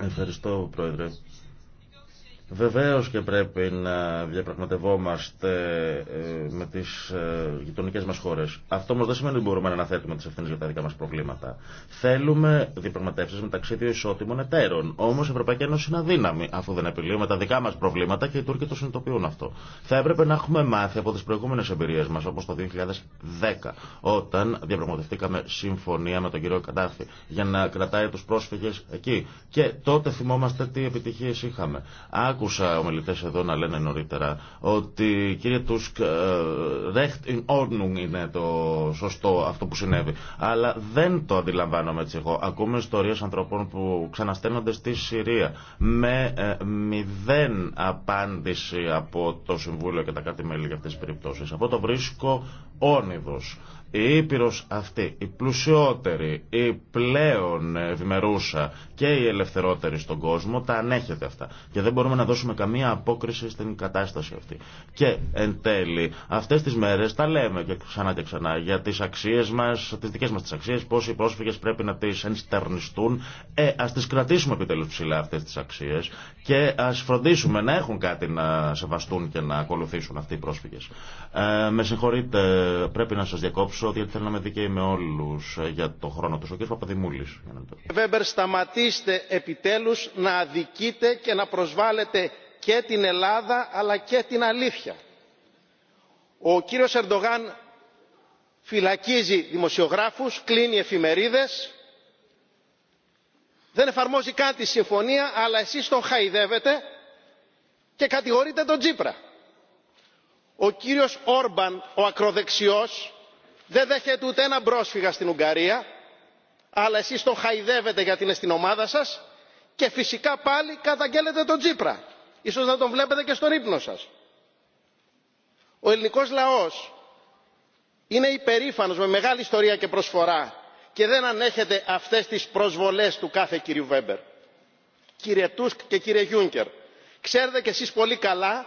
Ευχαριστώ πρόεδρε. Βεβαίως και πρέπει να διαπραγματευόμαστε ε, με τις ε, γειτονικές μας χώρες. Αυτό όμως δεν σημαίνει ότι μπορούμε να αναθέτουμε τις ευθύνες για τα δικά μας προβλήματα. Θέλουμε διαπραγματεύσεις μεταξύ δύο ισότιμων εταίρων. Όμως η Ευρωπαϊκή Ένωση είναι αδύναμη αφού δεν επιλύουμε τα δικά μας προβλήματα και οι Τούρκοι το συνειδητοποιούν αυτό. Θα έπρεπε να έχουμε μάθει από τις προηγούμενες εμπειρίες μας όπως το 2010 όταν διαπραγματευτήκαμε συμφωνία με τον κύριο Καντάφη για να κρατάει τους πρόσφυγες εκεί. Και τότε θυμόμαστε τι επιτυχίες είχαμε άκουσα ομιλητέ εδώ να λένε νωρίτερα ότι κύριε Τούσκ, recht ε, in ordnung είναι το σωστό αυτό που συνέβη. Αλλά δεν το αντιλαμβάνομαι έτσι εγώ. Ακούμε ιστορίε ανθρώπων που ξαναστένονται στη Συρία με ε, μηδέν απάντηση από το Συμβούλιο και τα κάτι μέλη για αυτέ τι περιπτώσει. Αυτό το βρίσκω όνειδος. Η Ήπειρος αυτή, η πλουσιότερη, η πλέον ευημερούσα και οι ελευθερότεροι στον κόσμο τα ανέχεται αυτά. Και δεν μπορούμε να δώσουμε καμία απόκριση στην κατάσταση αυτή. Και εν τέλει, αυτέ τι μέρε τα λέμε και ξανά και ξανά για τι αξίε μα, τι δικέ μα τι αξίε, πώ οι πρόσφυγε πρέπει να τι ενστερνιστούν. Ε, α τι κρατήσουμε επιτέλου ψηλά αυτέ τι αξίε και α φροντίσουμε να έχουν κάτι να σεβαστούν και να ακολουθήσουν αυτοί οι πρόσφυγε. Ε, με συγχωρείτε, πρέπει να σα διακόψω, γιατί θέλω να με όλου ε, για το χρόνο του. Ο κ. Παπαδημούλη. Βέμπερ, σταματήστε αφήστε επιτέλους να αδικείτε και να προσβάλλετε και την ελλάδα αλλά και την αλήθεια. ο κύριος ερντογάν φυλακίζει δημοσιογράφους κλείνει εφημερίδες δεν εφαρμόζει καν τη συμφωνία αλλά εσείς τον χαϊδεύετε και κατηγορείτε τον τσίπρα. ο κύριος όρμπαν ο ακροδεξιός δεν δέχεται ούτε έναν πρόσφυγα στην ουγγαρία αλλά εσείς τον χαϊδεύετε γιατί είναι στην ομάδα σας και φυσικά πάλι καταγγέλλετε τον Τσίπρα. Ίσως να τον βλέπετε και στον ύπνο σας. Ο ελληνικός λαός είναι υπερήφανος με μεγάλη ιστορία και προσφορά και δεν ανέχεται αυτές τις προσβολές του κάθε κύριου Βέμπερ. Κύριε Τούσκ και κύριε Γιούνκερ, ξέρετε κι εσείς πολύ καλά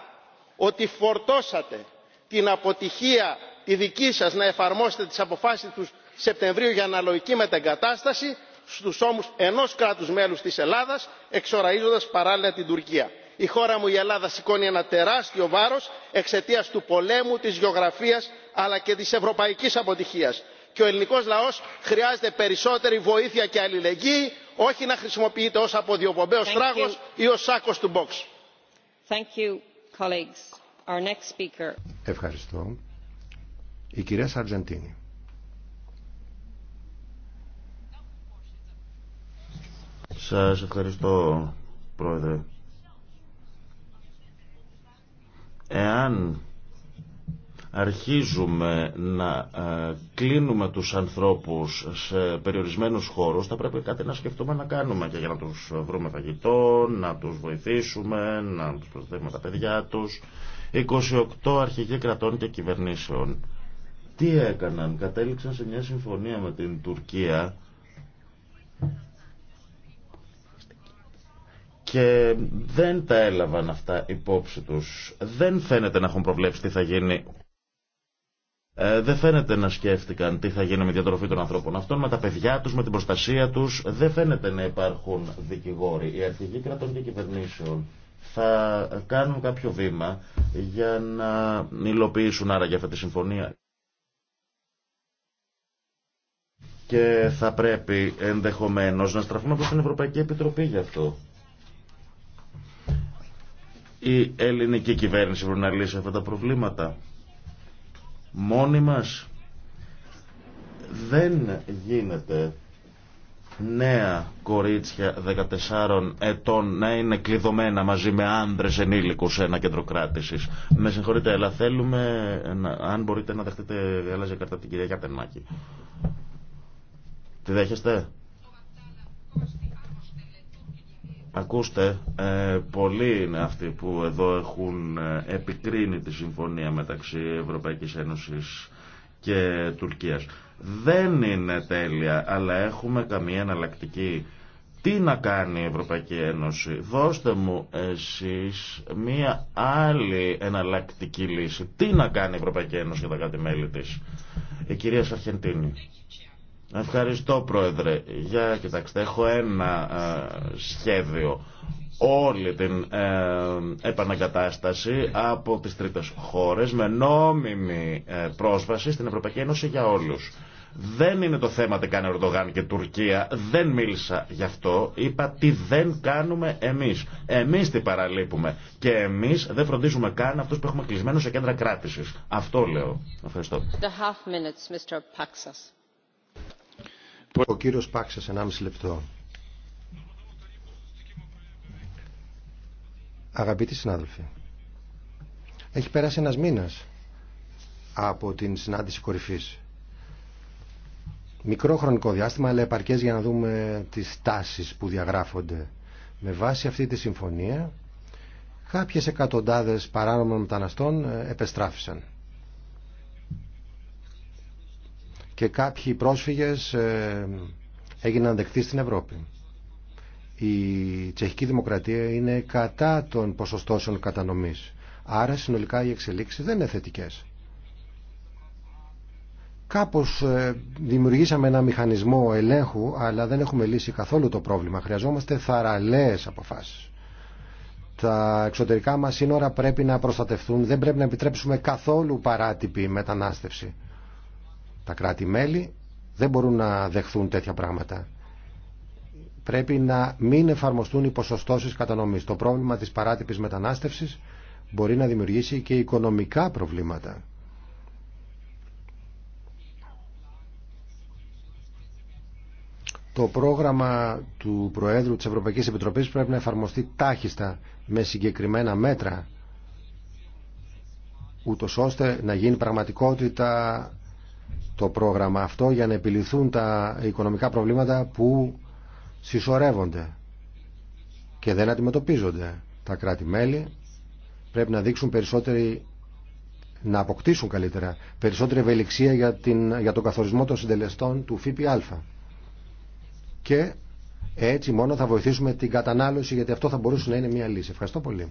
ότι φορτώσατε την αποτυχία τη δική σας να εφαρμόσετε τις αποφάσεις του σεπτεμβρίου για αναλογική μετεγκατάσταση στους ώμους ενός κράτους μέλους της ελλάδας εξοραίζοντας παράλληλα την τουρκία. η χώρα μου η ελλάδα σηκώνει ένα τεράστιο βάρος εξαιτίας του πολέμου της γεωγραφίας αλλά και της ευρωπαϊκής αποτυχίας και ο ελληνικός λαός χρειάζεται περισσότερη βοήθεια και αλληλεγγύη όχι να χρησιμοποιείται ως αποδιοπομπαίος τράγος ή ως σάκος του μπόξ. Ευχαριστώ. Η κυρία Σαρτζεντίνη. Σας ευχαριστώ, Πρόεδρε. Εάν αρχίζουμε να ε, κλείνουμε τους ανθρώπους σε περιορισμένους χώρους, θα πρέπει κάτι να σκεφτούμε να κάνουμε και για να τους βρούμε φαγητό, να τους βοηθήσουμε, να τους προσθέσουμε τα παιδιά τους. 28 αρχηγοί κρατών και κυβερνήσεων. Τι έκαναν, κατέληξαν σε μια συμφωνία με την Τουρκία και δεν τα έλαβαν αυτά υπόψη τους. Δεν φαίνεται να έχουν προβλέψει τι θα γίνει. Ε, δεν φαίνεται να σκέφτηκαν τι θα γίνει με τη διατροφή των ανθρώπων αυτών, με τα παιδιά τους, με την προστασία τους. Δεν φαίνεται να υπάρχουν δικηγόροι. Οι αρχηγοί κρατών και κυβερνήσεων θα κάνουν κάποιο βήμα για να υλοποιήσουν άραγε αυτή τη συμφωνία. Και θα πρέπει ενδεχομένως να στραφούμε προς την Ευρωπαϊκή Επιτροπή γι' αυτό. Η ελληνική κυβέρνηση μπορεί να λύσει αυτά τα προβλήματα. Μόνοι μας δεν γίνεται νέα κορίτσια 14 ετών να είναι κλειδωμένα μαζί με άνδρες ενήλικους σε ένα κέντρο κράτησης. Με συγχωρείτε, αλλά θέλουμε, αν μπορείτε να δεχτείτε γαλάζια κάρτα την κυρία Γιάτεν Μάκη. Τη δέχεστε? Ακούστε, ε, πολλοί είναι αυτοί που εδώ έχουν ε, επικρίνει τη συμφωνία μεταξύ Ευρωπαϊκής Ένωσης και Τουρκίας. Δεν είναι τέλεια, αλλά έχουμε καμία εναλλακτική. Τι να κάνει η Ευρωπαϊκή Ένωση. Δώστε μου εσείς μία άλλη εναλλακτική λύση. Τι να κάνει η Ευρωπαϊκή Ένωση για τα κάτι μέλη της. Η κυρία Σαρχεντίνη. Ευχαριστώ Πρόεδρε. Για κοιτάξτε, έχω ένα ε, σχέδιο όλη την ε, επαναγκατάσταση από τις τρίτες χώρες με νόμιμη ε, πρόσβαση στην Ευρωπαϊκή Ένωση για όλους. Δεν είναι το θέμα τι κάνει Ερντογάν και Τουρκία. Δεν μίλησα γι' αυτό. Είπα τι δεν κάνουμε εμείς. Εμείς τι παραλείπουμε. Και εμείς δεν φροντίζουμε καν αυτούς που έχουμε κλεισμένους σε κέντρα κράτησης. Αυτό λέω. Ευχαριστώ. Ο κύριος Πάξας, 1,5 λεπτό. Αγαπητοί συνάδελφοι, έχει περάσει ένας μήνας από την συνάντηση κορυφής. Μικρό χρονικό διάστημα, αλλά επαρκές για να δούμε τις τάσεις που διαγράφονται. Με βάση αυτή τη συμφωνία, κάποιες εκατοντάδες παράνομων μεταναστών ε, επεστράφησαν. και κάποιοι πρόσφυγες ε, έγιναν δεκτοί στην Ευρώπη. Η τσεχική δημοκρατία είναι κατά των ποσοστώσεων κατανομής. Άρα συνολικά οι εξελίξεις δεν είναι θετικές. Κάπως ε, δημιουργήσαμε ένα μηχανισμό ελέγχου, αλλά δεν έχουμε λύσει καθόλου το πρόβλημα. Χρειαζόμαστε θαραλέες αποφάσεις. Τα εξωτερικά μας σύνορα πρέπει να προστατευτούν. Δεν πρέπει να επιτρέψουμε καθόλου παράτυπη μετανάστευση. Τα κράτη-μέλη δεν μπορούν να δεχθούν τέτοια πράγματα. Πρέπει να μην εφαρμοστούν οι ποσοστώσεις κατανομής. Το πρόβλημα της παράτυπης μετανάστευση μπορεί να δημιουργήσει και οικονομικά προβλήματα. Το πρόγραμμα του Προέδρου της Ευρωπαϊκής Επιτροπής πρέπει να εφαρμοστεί τάχιστα με συγκεκριμένα μέτρα ούτω ώστε να γίνει πραγματικότητα το πρόγραμμα αυτό για να επιληθούν τα οικονομικά προβλήματα που συσσωρεύονται και δεν αντιμετωπίζονται. Τα κράτη-μέλη πρέπει να δείξουν περισσότερη να αποκτήσουν καλύτερα περισσότερη ευελιξία για, την, για τον καθορισμό των συντελεστών του ΦΠΑ. Και έτσι μόνο θα βοηθήσουμε την κατανάλωση γιατί αυτό θα μπορούσε να είναι μια λύση. Ευχαριστώ πολύ.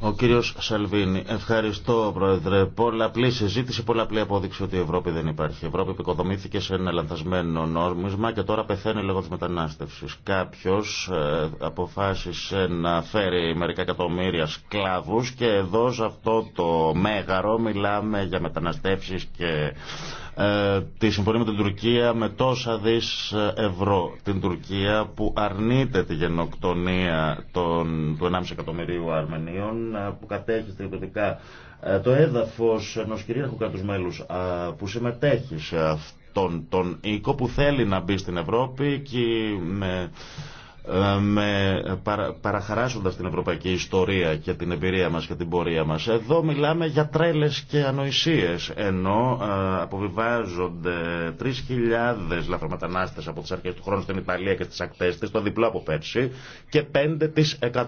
Ο κύριος Σαλβίνη, ευχαριστώ πρόεδρε. Πολλαπλή συζήτηση, πολλαπλή απόδειξη ότι η Ευρώπη δεν υπάρχει. Η Ευρώπη επικοδομήθηκε σε ένα λανθασμένο νόμισμα και τώρα πεθαίνει λόγω της μετανάστευσης. Κάποιος ε, αποφάσισε να φέρει μερικά εκατομμύρια σκλάβους και εδώ σε αυτό το μέγαρο μιλάμε για μεταναστεύσεις και ε, τη συμφωνία με την Τουρκία με τόσα δις ε, ευρώ. Την Τουρκία που αρνείται τη γενοκτονία των, του 1,5 εκατομμυρίου Αρμενίων ε, που κατέχει στρατιωτικά το έδαφος ενός κυρίαρχου κράτους μέλους που συμμετέχει σε αυτόν τον οίκο που θέλει να μπει στην Ευρώπη και με ε, με, παρα, παραχαράσοντας την ευρωπαϊκή ιστορία και την εμπειρία μας και την πορεία μας. Εδώ μιλάμε για τρέλες και ανοησίες, ενώ ε, αποβιβάζονται 3.000 λαθρομετανάστες από τις αρχές του χρόνου στην Ιταλία και στις ακτές της, το διπλό από πέρσι, και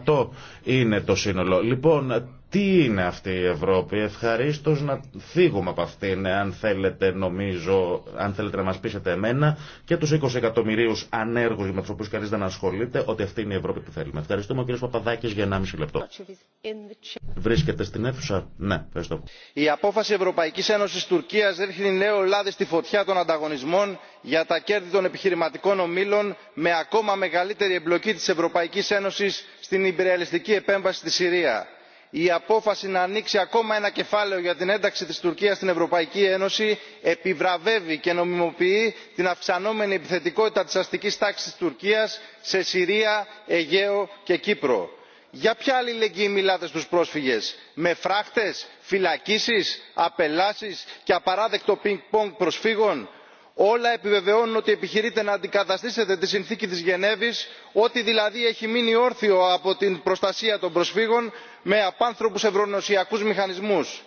5% είναι το σύνολο. Λοιπόν, τι είναι αυτή η Ευρώπη. Ευχαρίστω να φύγουμε από αυτήν, αν θέλετε, νομίζω, αν θέλετε να μα πείσετε εμένα και του 20 εκατομμυρίου ανέργου με του οποίου κανεί δεν ασχολείται, ότι αυτή είναι η Ευρώπη που θέλουμε. Ευχαριστούμε ο κ. Παπαδάκη για 1,5 λεπτό. Βρίσκεται στην αίθουσα. Ναι, ευχαριστώ. Η απόφαση Ευρωπαϊκή Ένωση Τουρκία ρίχνει νέο λάδι στη φωτιά των ανταγωνισμών για τα κέρδη των επιχειρηματικών ομήλων με ακόμα μεγαλύτερη εμπλοκή τη Ευρωπαϊκή Ένωση στην επέμβαση στη Συρία η απόφαση να ανοίξει ακόμα ένα κεφάλαιο για την ένταξη της τουρκίας στην ευρωπαϊκή ένωση επιβραβεύει και νομιμοποιεί την αυξανόμενη επιθετικότητα της αστικής τάξης της τουρκίας σε συρία αιγαίο και κύπρο. για ποια αλληλεγγύη μιλάτε στους πρόσφυγες με φράχτες φυλακίσεις απελάσεις και απαράδεκτο πινκ πονγκ προσφύγων; όλα επιβεβαιώνουν ότι επιχειρείτε να αντικαταστήσετε τη συνθήκη της γενέβης ό,τι δηλαδή έχει μείνει όρθιο από την προστασία των προσφύγων με απάνθρωπους ευρωνοσιακού μηχανισμούς.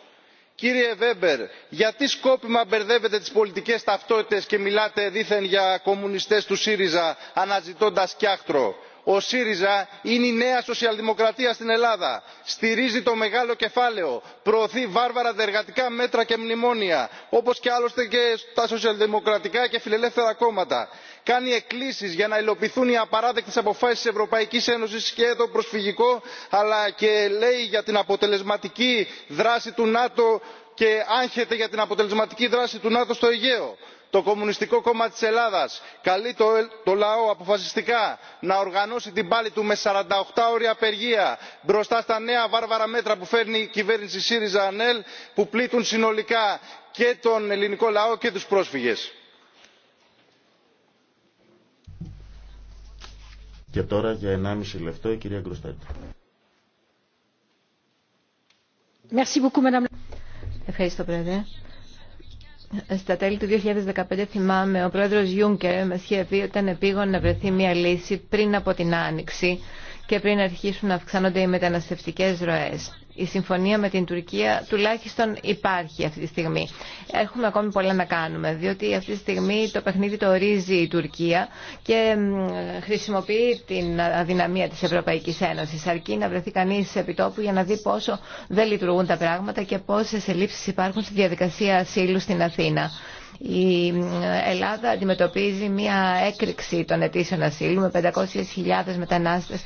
κύριε βέμπερ γιατί σκόπιμα μπερδεύετε τις πολιτικές ταυτότητες και μιλάτε δήθεν για κομμουνιστές του σύριζα αναζητώντας κιάχτρο. ο σύριζα είναι η νέα σοσιαλδημοκρατία στην ελλάδα στηρίζει το μεγάλο κεφάλαιο προωθεί βάρβαρα δεργατικά μέτρα και μνημόνια όπως και άλλωστε και τα σοσιαλδημοκρατικά και φιλελεύθερα κόμματα κάνει εκκλήσεις για να υλοποιηθούν οι απαράδεκτες αποφάσεις της ευρωπαϊκής ένωσης και το προσφυγικό αλλά και λέει για την αποτελεσματική δράση του νατο και άγχεται για την αποτελεσματική δράση του νατο στο αιγαίο. το κομμουνιστικό κόμμα της ελλάδας καλεί το λαό αποφασιστικά να οργανώσει την πάλη του με 48 ώρια απεργία μπροστά στα νέα βάρβαρα μέτρα που φέρνει η κυβέρνηση σύριζα ανέλ που πλήττουν συνολικά και τον ελληνικό λαό και τους πρόσφυγες. Και τώρα για 1,5 λεπτό η κυρία Γκροστέτ. Ευχαριστώ, Πρόεδρε. Στα τέλη του 2015 θυμάμαι ο πρόεδρος Γιούγκερ μας είχε πει ότι ήταν επίγον να βρεθεί μια λύση πριν από την Άνοιξη και πριν αρχίσουν να αυξάνονται οι μεταναστευτικές ροές η συμφωνία με την Τουρκία τουλάχιστον υπάρχει αυτή τη στιγμή. Έχουμε ακόμη πολλά να κάνουμε, διότι αυτή τη στιγμή το παιχνίδι το ορίζει η Τουρκία και χρησιμοποιεί την αδυναμία της Ευρωπαϊκής Ένωσης, αρκεί να βρεθεί κανείς σε επιτόπου για να δει πόσο δεν λειτουργούν τα πράγματα και πόσες ελλείψεις υπάρχουν στη διαδικασία ασύλου στην Αθήνα. Η Ελλάδα αντιμετωπίζει μια έκρηξη των αιτήσεων ασύλου με 500.000 μετανάστες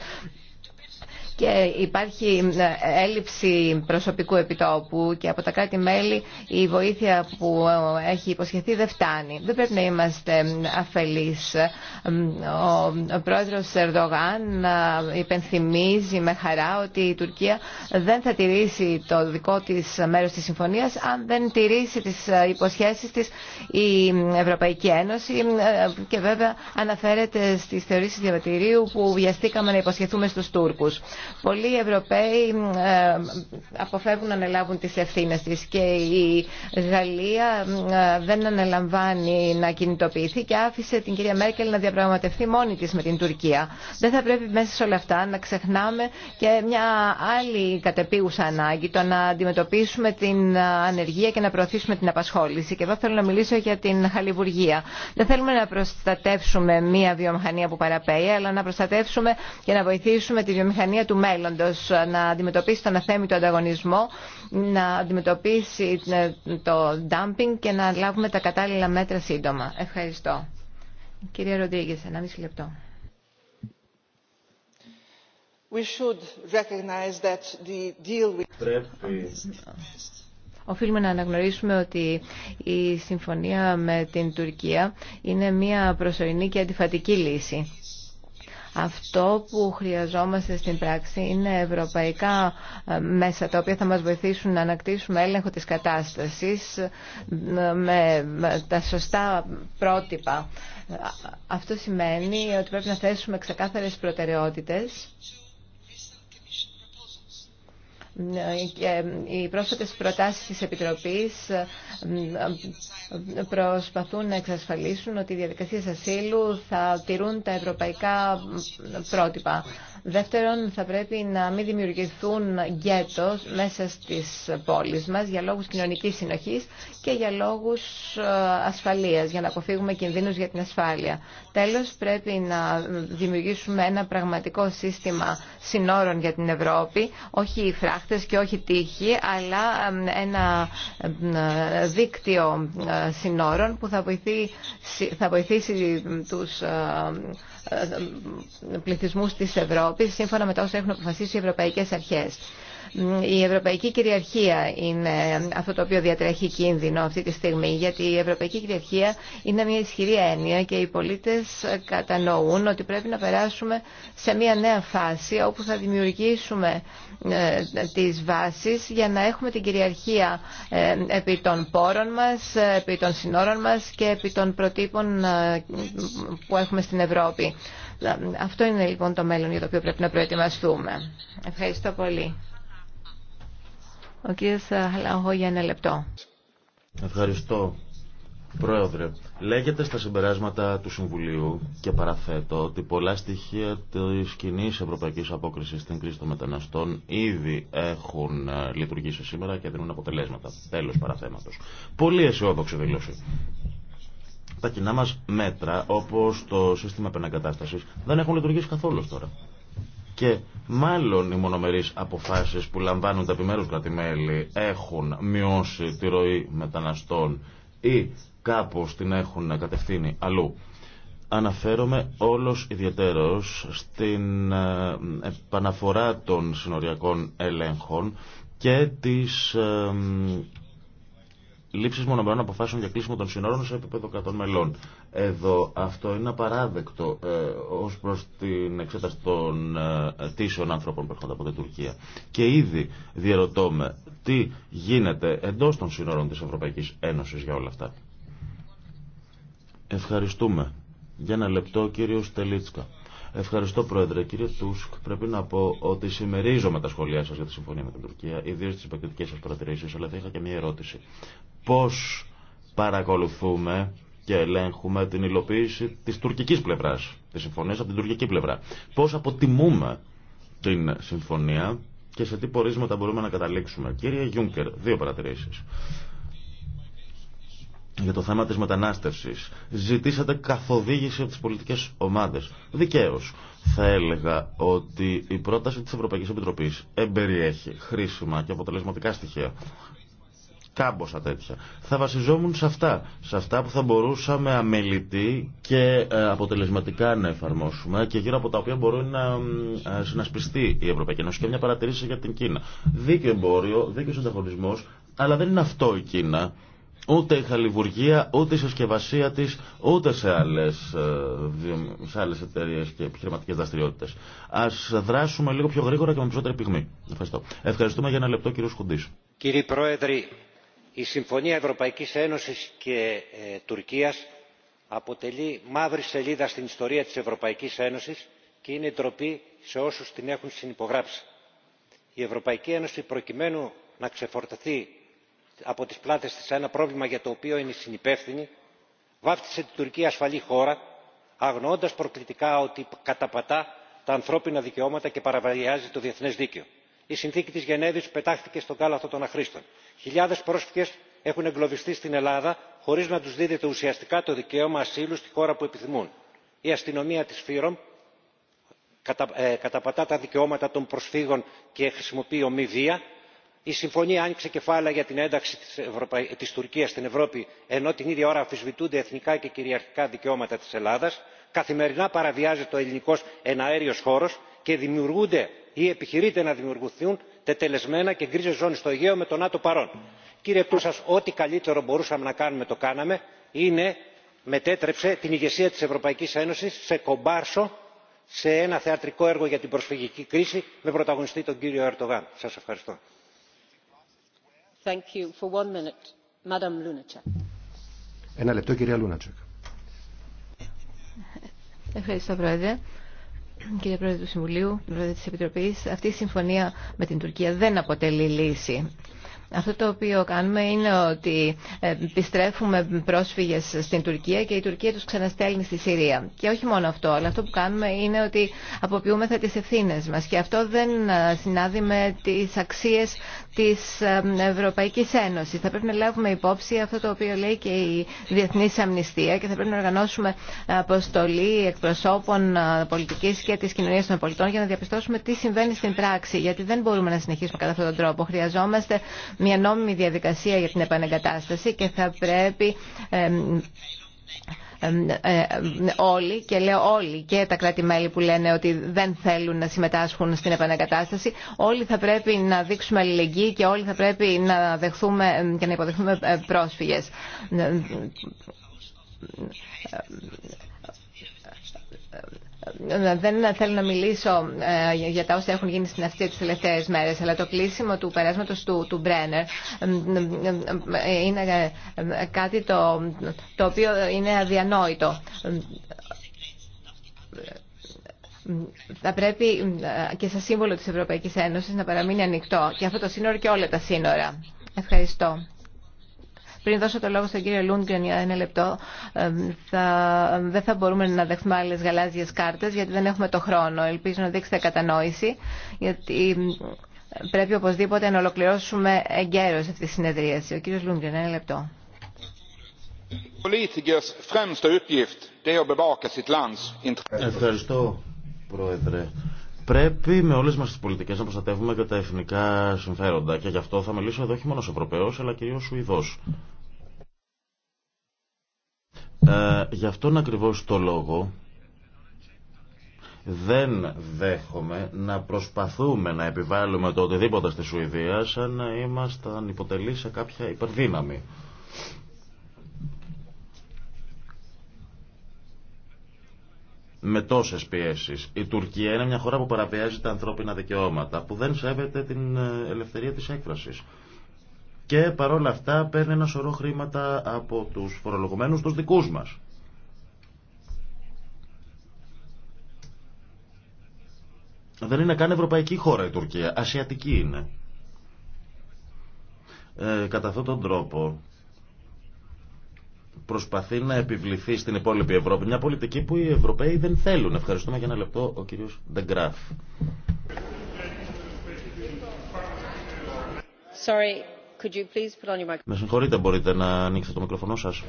και υπάρχει ε, έλλειψη προσωπικού επιτόπου και από τα κράτη-μέλη η βοήθεια που ε, έχει υποσχεθεί δεν φτάνει. Δεν πρέπει να είμαστε ε, αφελείς. Ο πρόεδρος Ερδογάν υπενθυμίζει με χαρά ότι η Τουρκία δεν θα τηρήσει το δικό της μέρος της συμφωνίας αν δεν τηρήσει τις υποσχέσεις της η Ευρωπαϊκή Ένωση και βέβαια αναφέρεται στις θεωρήσεις διαβατηρίου που βιαστήκαμε να υποσχεθούμε στους Τούρκους. Πολλοί Ευρωπαίοι ε, αποφεύγουν να αναλάβουν τις ευθύνες της και η Γαλλία ε, δεν αναλαμβάνει να κινητοποιηθεί και άφησε την κυρία Μέρκελ να διαπραγματευτεί μόνη της με την Τουρκία. Δεν θα πρέπει μέσα σε όλα αυτά να ξεχνάμε και μια άλλη κατεπίγουσα ανάγκη, το να αντιμετωπίσουμε την ανεργία και να προωθήσουμε την απασχόληση. Και εδώ θέλω να μιλήσω για την χαλιβουργία. Δεν θέλουμε να προστατεύσουμε μια βιομηχανία που παραπέει, αλλά να προστατεύσουμε και να βοηθήσουμε τη βιομηχανία του να αντιμετωπίσει τον αθέμητο ανταγωνισμό, να αντιμετωπίσει ε, το dumping και να λάβουμε τα κατάλληλα μέτρα σύντομα. Ευχαριστώ. Κύριε Ροντρίγκε, ένα μισή λεπτό. We Οφείλουμε να αναγνωρίσουμε ότι η συμφωνία με την Τουρκία είναι μια προσωρινή και αντιφατική λύση. Αυτό που χρειαζόμαστε στην πράξη είναι ευρωπαϊκά ε, μέσα τα οποία θα μας βοηθήσουν να ανακτήσουμε έλεγχο της κατάστασης ε, με τα σωστά πρότυπα. Ε, αυτό σημαίνει ότι πρέπει να θέσουμε ξεκάθαρες προτεραιότητες ε, ε, οι πρόσφατες προτάσεις της Επιτροπής ε, προσπαθούν να εξασφαλίσουν ότι οι διαδικασίες ασύλου θα τηρούν τα ευρωπαϊκά πρότυπα. Δεύτερον, θα πρέπει να μην δημιουργηθούν γκέτο μέσα στις πόλεις μας για λόγους κοινωνικής συνοχής και για λόγους ασφαλείας, για να αποφύγουμε κινδύνους για την ασφάλεια. Τέλος, πρέπει να δημιουργήσουμε ένα πραγματικό σύστημα συνόρων για την Ευρώπη, όχι η Χθε και όχι τύχη, αλλά ένα δίκτυο ε, συνόρων που θα βοηθήσει, θα βοηθήσει τους ε, ε, πληθυσμούς της Ευρώπης σύμφωνα με τα όσα έχουν αποφασίσει οι ευρωπαϊκές αρχές. Η ευρωπαϊκή κυριαρχία είναι αυτό το οποίο διατρέχει κίνδυνο αυτή τη στιγμή, γιατί η ευρωπαϊκή κυριαρχία είναι μια ισχυρή έννοια και οι πολίτες κατανοούν ότι πρέπει να περάσουμε σε μια νέα φάση όπου θα δημιουργήσουμε ε, τις βάσεις για να έχουμε την κυριαρχία ε, επί των πόρων μας, επί των συνόρων μας και επί των προτύπων ε, που έχουμε στην Ευρώπη. Αυτό είναι λοιπόν το μέλλον για το οποίο πρέπει να προετοιμαστούμε. Ευχαριστώ πολύ. Ο κύριος Χαλαγό για ένα λεπτό. Ευχαριστώ. Πρόεδρε, λέγεται στα συμπεράσματα του Συμβουλίου και παραθέτω ότι πολλά στοιχεία τη κοινή ευρωπαϊκή απόκριση στην κρίση των μεταναστών ήδη έχουν ε, λειτουργήσει σήμερα και δίνουν αποτελέσματα. Τέλο παραθέματο. Πολύ αισιόδοξη δήλωση. Τα κοινά μα μέτρα, όπω το σύστημα επαναγκατάσταση, δεν έχουν λειτουργήσει καθόλου τώρα και μάλλον οι μονομερείς αποφάσεις που λαμβάνουν τα επιμέρους κρατημέλη έχουν μειώσει τη ροή μεταναστών ή κάπως την έχουν κατευθύνει αλλού. Αναφέρομαι όλος ιδιαίτερος στην ε, επαναφορά των συνοριακών ελέγχων και της ε, λήψης μονομερών αποφάσεων για κλείσιμο των συνόρων σε επίπεδο κρατών μελών. Εδώ αυτό είναι απαράδεκτο ε, ως προς την εξέταση των ε, τήσεων άνθρωπων που έρχονται από την Τουρκία. Και ήδη διαρωτώ με τι γίνεται εντός των σύνορων της Ευρωπαϊκής Ένωσης για όλα αυτά. Ευχαριστούμε. Για ένα λεπτό κύριο Στελίτσκα. Ευχαριστώ Πρόεδρε. Κύριε Τούσκ, πρέπει να πω ότι συμμερίζομαι τα σχόλιά σα για τη συμφωνία με την Τουρκία, ιδίω τι επεκτητικές σα παρατηρήσει, αλλά θα είχα και μια ερώτηση. Πώ παρακολουθούμε και ελέγχουμε την υλοποίηση της τουρκικής πλευράς, Τη συμφωνίας από την τουρκική πλευρά. Πώς αποτιμούμε την συμφωνία και σε τι πορίσματα μπορούμε να καταλήξουμε. Κύριε Γιούνκερ, δύο παρατηρήσεις. Για το θέμα της μετανάστευσης. Ζητήσατε καθοδήγηση από τις πολιτικές ομάδες. Δικαίως. Θα έλεγα ότι η πρόταση της Ευρωπαϊκής Επιτροπής εμπεριέχει χρήσιμα και αποτελεσματικά στοιχεία κάμποσα τέτοια. Θα βασιζόμουν σε αυτά. Σε αυτά που θα μπορούσαμε αμελητή και ε, αποτελεσματικά να εφαρμόσουμε και γύρω από τα οποία μπορεί να ε, συνασπιστεί η Ευρωπαϊκή Ένωση. Και μια παρατηρήση για την Κίνα. Δίκαιο εμπόριο, δίκαιο ανταγωνισμό, αλλά δεν είναι αυτό η Κίνα. Ούτε η χαλιβουργία, ούτε η συσκευασία τη, ούτε σε άλλε ε, σε άλλες εταιρείε και επιχειρηματικέ δραστηριότητε. Α δράσουμε λίγο πιο γρήγορα και με περισσότερη πυγμή. Ευχαριστούμε για ένα λεπτό, κύριο Σκουντή. Κύριε Πρόεδρε, η συμφωνία ευρωπαϊκής ένωσης και ε, τουρκίας αποτελεί μαύρη σελίδα στην ιστορία της ευρωπαϊκής ένωσης και είναι ντροπή σε όσους την έχουν συνυπογράψει. η ευρωπαϊκή ένωση προκειμένου να ξεφορτωθεί από τις πλάτες της ένα πρόβλημα για το οποίο είναι συνυπεύθυνη βάφτισε την τουρκία ασφαλή χώρα αγνοώντας προκλητικά ότι καταπατά τα ανθρώπινα δικαιώματα και παραβιάζει το διεθνές δίκαιο. η συνθήκη της γενέβης πετάχτηκε στον κάλαθο των αχρήστων. Χιλιάδε πρόσφυγε έχουν εγκλωβιστεί στην ελλάδα χωρί να του δίδεται ουσιαστικά το δικαίωμα ασύλου στη χώρα που επιθυμούν. η αστυνομία τη φύρομ ε, καταπατά τα δικαιώματα των προσφύγων και χρησιμοποιεί ομή βία. η συμφωνία άνοιξε κεφάλαια για την ένταξη τη Τουρκία στην ευρώπη ενώ την ίδια ώρα αμφισβητούνται εθνικά και κυριαρχικά δικαιώματα τη Ελλάδα, καθημερινά παραβιάζεται ο ελληνικό εναέριο χώρο και δημιουργούνται ή επιχειρείται να δημιουργηθούν τετελεσμένα και γκρίζε ζώνε στο αιγαίο με τον νατο παρόν. κύριε σας ό,τι καλύτερο μπορούσαμε να κάνουμε το κάναμε είναι μετέτρεψε την ηγεσία της ευρωπαϊκής ένωσης σε κομπάρσο σε ένα θεατρικό έργο για την προσφυγική κρίση με πρωταγωνιστή τον κύριο ερντογάν. σας ευχαριστώ. Κύριε Πρόεδρε του Συμβουλίου, Πρόεδρε της Επιτροπής, αυτή η συμφωνία με την Τουρκία δεν αποτελεί λύση. Αυτό το οποίο κάνουμε είναι ότι επιστρέφουμε πρόσφυγες στην Τουρκία και η Τουρκία τους ξαναστέλνει στη Συρία. Και όχι μόνο αυτό, αλλά αυτό που κάνουμε είναι ότι αποποιούμεθα τις ευθύνες μας και αυτό δεν συνάδει με τις αξίες της Ευρωπαϊκής Ένωσης. Θα πρέπει να λάβουμε υπόψη αυτό το οποίο λέει και η Διεθνής Αμνηστία και θα πρέπει να οργανώσουμε αποστολή εκπροσώπων ε, πολιτικής και της κοινωνία των πολιτών για να διαπιστώσουμε τι συμβαίνει στην πράξη, γιατί δεν μπορούμε να συνεχίσουμε κατά αυτόν τον τρόπο. Χρειαζόμαστε μια νόμιμη διαδικασία για την επανεγκατάσταση και θα πρέπει ε, όλοι και λέω όλοι και τα κράτη-μέλη που λένε ότι δεν θέλουν να συμμετάσχουν στην επανεγκατάσταση όλοι θα πρέπει να δείξουμε αλληλεγγύη και όλοι θα πρέπει να δεχθούμε και να υποδεχθούμε ε, πρόσφυγες ε, δεν θέλω να μιλήσω ε, για τα όσα έχουν γίνει στην Αυστρία τις τελευταίες μέρες, αλλά το κλείσιμο του περάσματος του, του Μπρένερ ε, είναι κάτι το, το οποίο είναι αδιανόητο. Θα πρέπει και σε σύμβολο της Ευρωπαϊκής Ένωσης να παραμείνει ανοιχτό και αυτό το σύνορο και όλα τα σύνορα. Ευχαριστώ. Πριν δώσω το λόγο στον κύριο Λούντγκεν για ένα λεπτό, θα, δεν θα μπορούμε να δεχθούμε άλλε γαλάζιε κάρτε γιατί δεν έχουμε το χρόνο. Ελπίζω να δείξετε κατανόηση, γιατί πρέπει οπωσδήποτε να ολοκληρώσουμε εγκαίρω αυτή τη συνεδρίαση. Ο κύριο Λούντγκεν, ένα λεπτό. Ευχαριστώ, Πρόεδρε. Πρέπει με όλες μας τις πολιτικές να προστατεύουμε και τα εθνικά συμφέροντα και γι' αυτό θα μιλήσω εδώ όχι μόνο Ευρωπαίος αλλά κυρίως Σουηδός. Ε, γι' αυτόν ακριβώς το λόγο δεν δέχομαι να προσπαθούμε να επιβάλλουμε το οτιδήποτε στη Σουηδία σαν να ήμασταν υποτελεί σε κάποια υπερδύναμη. με τόσε πιέσει. Η Τουρκία είναι μια χώρα που παραβιάζει τα ανθρώπινα δικαιώματα, που δεν σέβεται την ε, ελευθερία τη έκφραση. Και παρόλα αυτά παίρνει ένα σωρό χρήματα από του φορολογουμένου του δικού μα. Δεν είναι καν ευρωπαϊκή χώρα η Τουρκία. Ασιατική είναι. Ε, κατά αυτόν τον τρόπο προσπαθεί να επιβληθεί στην υπόλοιπη Ευρώπη. Μια πολιτική που οι Ευρωπαίοι δεν θέλουν. Ευχαριστούμε για ένα λεπτό ο κύριος Ντεγκράφ. Sorry, could you please put on your Με συγχωρείτε, μπορείτε να ανοίξετε το μικροφωνό σας.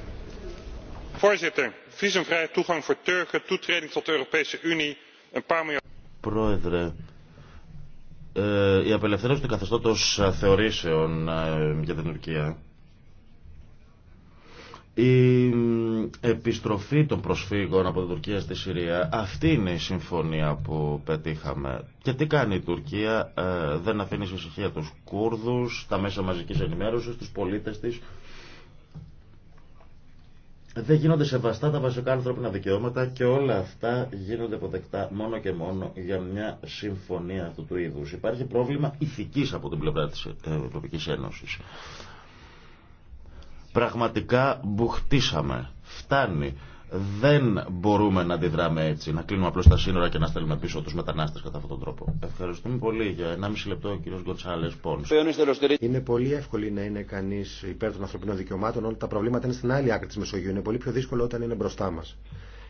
Πρόεδρε, η απελευθέρωση του καθεστώτος θεωρήσεων ε, για την Τουρκία η επιστροφή των προσφύγων από την Τουρκία στη Συρία, αυτή είναι η συμφωνία που πετύχαμε. Και τι κάνει η Τουρκία, ε, δεν αφήνει σε ησυχία τους Κούρδους, τα μέσα μαζικής ενημέρωσης, τους πολίτες της. Δεν γίνονται σεβαστά τα βασικά ανθρώπινα δικαιώματα και όλα αυτά γίνονται αποδεκτά μόνο και μόνο για μια συμφωνία αυτού του είδους. Υπάρχει πρόβλημα ηθικής από την πλευρά της ε, Ευρωπαϊκής Ένωσης. Πραγματικά μπουχτίσαμε. Φτάνει. Δεν μπορούμε να αντιδράμε έτσι, να κλείνουμε απλώ τα σύνορα και να στέλνουμε πίσω του μετανάστε κατά αυτόν τον τρόπο. Ευχαριστούμε πολύ για 1,5 λεπτό ο κ. Γκοτσάλε Πόν. Είναι πολύ εύκολο να είναι κανεί υπέρ των ανθρωπίνων δικαιωμάτων, όταν τα προβλήματα είναι στην άλλη άκρη τη Μεσογείου. Είναι πολύ πιο δύσκολο όταν είναι μπροστά μα.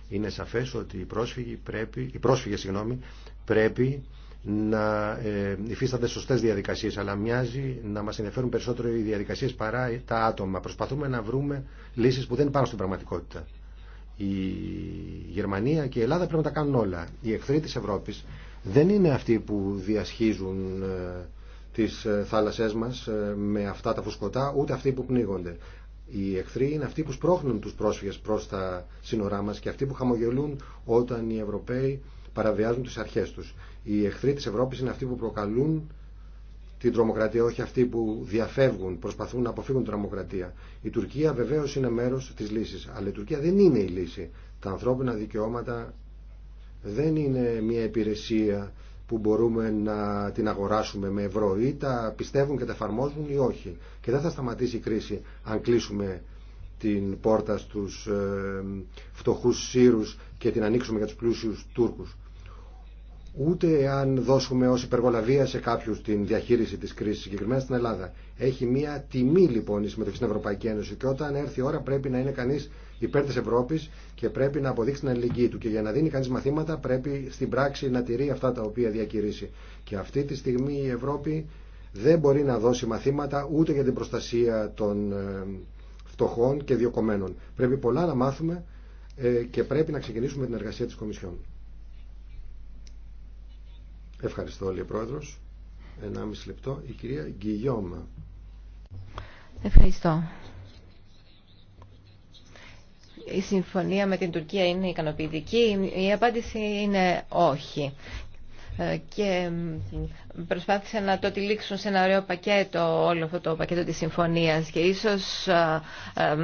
Είναι σαφέ ότι οι πρόσφυγοι πρέπει, οι πρόσφυγες, συγγνώμη, πρέπει να ε, υφίστανται σωστές διαδικασίες αλλά μοιάζει να μας ενδιαφέρουν περισσότερο οι διαδικασίες παρά τα άτομα προσπαθούμε να βρούμε λύσεις που δεν υπάρχουν στην πραγματικότητα η Γερμανία και η Ελλάδα πρέπει να τα κάνουν όλα οι εχθροί της Ευρώπης δεν είναι αυτοί που διασχίζουν ε, τις ε, θάλασσές μας με αυτά τα φουσκωτά ούτε αυτοί που πνίγονται οι εχθροί είναι αυτοί που σπρώχνουν τους πρόσφυγες προς τα σύνορά μας και αυτοί που χαμογελούν όταν οι Ευρωπαίοι παραβιάζουν τις αρχές τους. Οι εχθροί της Ευρώπης είναι αυτοί που προκαλούν την τρομοκρατία, όχι αυτοί που διαφεύγουν, προσπαθούν να αποφύγουν την τρομοκρατία. Η Τουρκία βεβαίω είναι μέρο τη λύση, αλλά η Τουρκία δεν είναι η λύση. Τα ανθρώπινα δικαιώματα δεν είναι μια υπηρεσία που μπορούμε να την αγοράσουμε με ευρώ ή τα πιστεύουν και τα εφαρμόζουν ή όχι. Και δεν θα σταματήσει η κρίση αν κλείσουμε την πόρτα στου ε, φτωχού Σύρου και την ανοίξουμε για τους πλούσιους Τούρκους ούτε αν δώσουμε ως υπεργολαβία σε κάποιους την διαχείριση της κρίσης συγκεκριμένα στην Ελλάδα. Έχει μία τιμή λοιπόν η συμμετοχή στην Ευρωπαϊκή Ένωση και όταν έρθει η ώρα πρέπει να είναι κανείς υπέρ της Ευρώπης και πρέπει να αποδείξει την αλληλεγγύη του και για να δίνει κανείς μαθήματα πρέπει στην πράξη να τηρεί αυτά τα οποία διακηρύσει. Και αυτή τη στιγμή η Ευρώπη δεν μπορεί να δώσει μαθήματα ούτε για την προστασία των ε, φτωχών και διοκομένων. Πρέπει πολλά να μάθουμε ε, και πρέπει να ξεκινήσουμε την εργασία της Κομισιόν. Ευχαριστώ όλοι, Πρόεδρος. Ενάμιση λεπτό. Η κυρία Γκυγιώμα. Ευχαριστώ. Η συμφωνία με την Τουρκία είναι ικανοποιητική. Η απάντηση είναι όχι. Ε, και προσπάθησε να το τυλίξουν σε ένα ωραίο πακέτο όλο αυτό το πακέτο της συμφωνίας και ίσως ε, ε,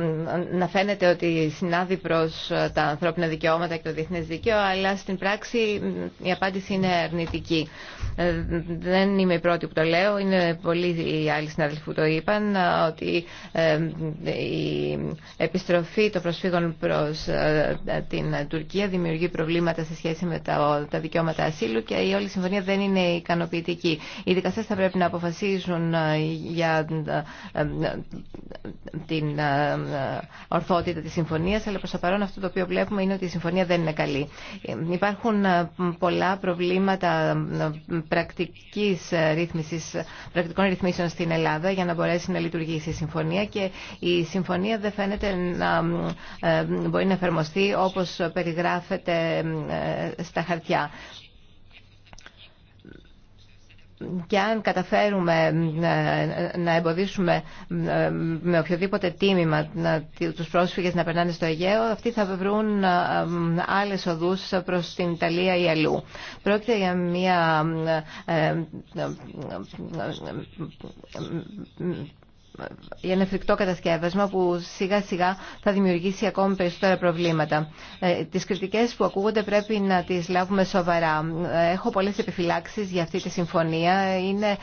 να φαίνεται ότι συνάδει προς τα ανθρώπινα δικαιώματα και το διεθνές δίκαιο αλλά στην πράξη η απάντηση είναι αρνητική. Δεν είμαι η πρώτη που το λέω, είναι πολλοί οι άλλοι συνάδελφοι που το είπαν ότι η επιστροφή των προσφύγων προς την Τουρκία δημιουργεί προβλήματα σε σχέση με τα δικαιώματα ασύλου και η όλη η συμφωνία δεν είναι ικανοποιητική. Οι δικαστές θα πρέπει να αποφασίζουν ε, για ε, ε, την ορθότητα της συμφωνίας, αλλά προς το παρόν αυτό το οποίο βλέπουμε είναι ότι η συμφωνία δεν είναι καλή. Υπάρχουν πολλά προβλήματα πρακτικής ρύθμισης, πρακτικών ρυθμίσεων στην Ελλάδα για να μπορέσει να λειτουργήσει η συμφωνία και η συμφωνία δεν φαίνεται να μπορεί να εφαρμοστεί όπως περιγράφεται στα χαρτιά και αν καταφέρουμε να εμποδίσουμε με οποιοδήποτε τίμημα τους πρόσφυγες να περνάνε στο Αιγαίο, αυτοί θα βρουν άλλες οδούς προς την Ιταλία ή αλλού. Πρόκειται για μια για ε, ένα φρικτό κατασκεύασμα που σιγά σιγά θα δημιουργήσει ακόμη περισσότερα προβλήματα. Ε, τις κριτικές που ακούγονται πρέπει να τις λάβουμε σοβαρά. Έχω πολλές επιφυλάξεις για αυτή τη συμφωνία. Είναι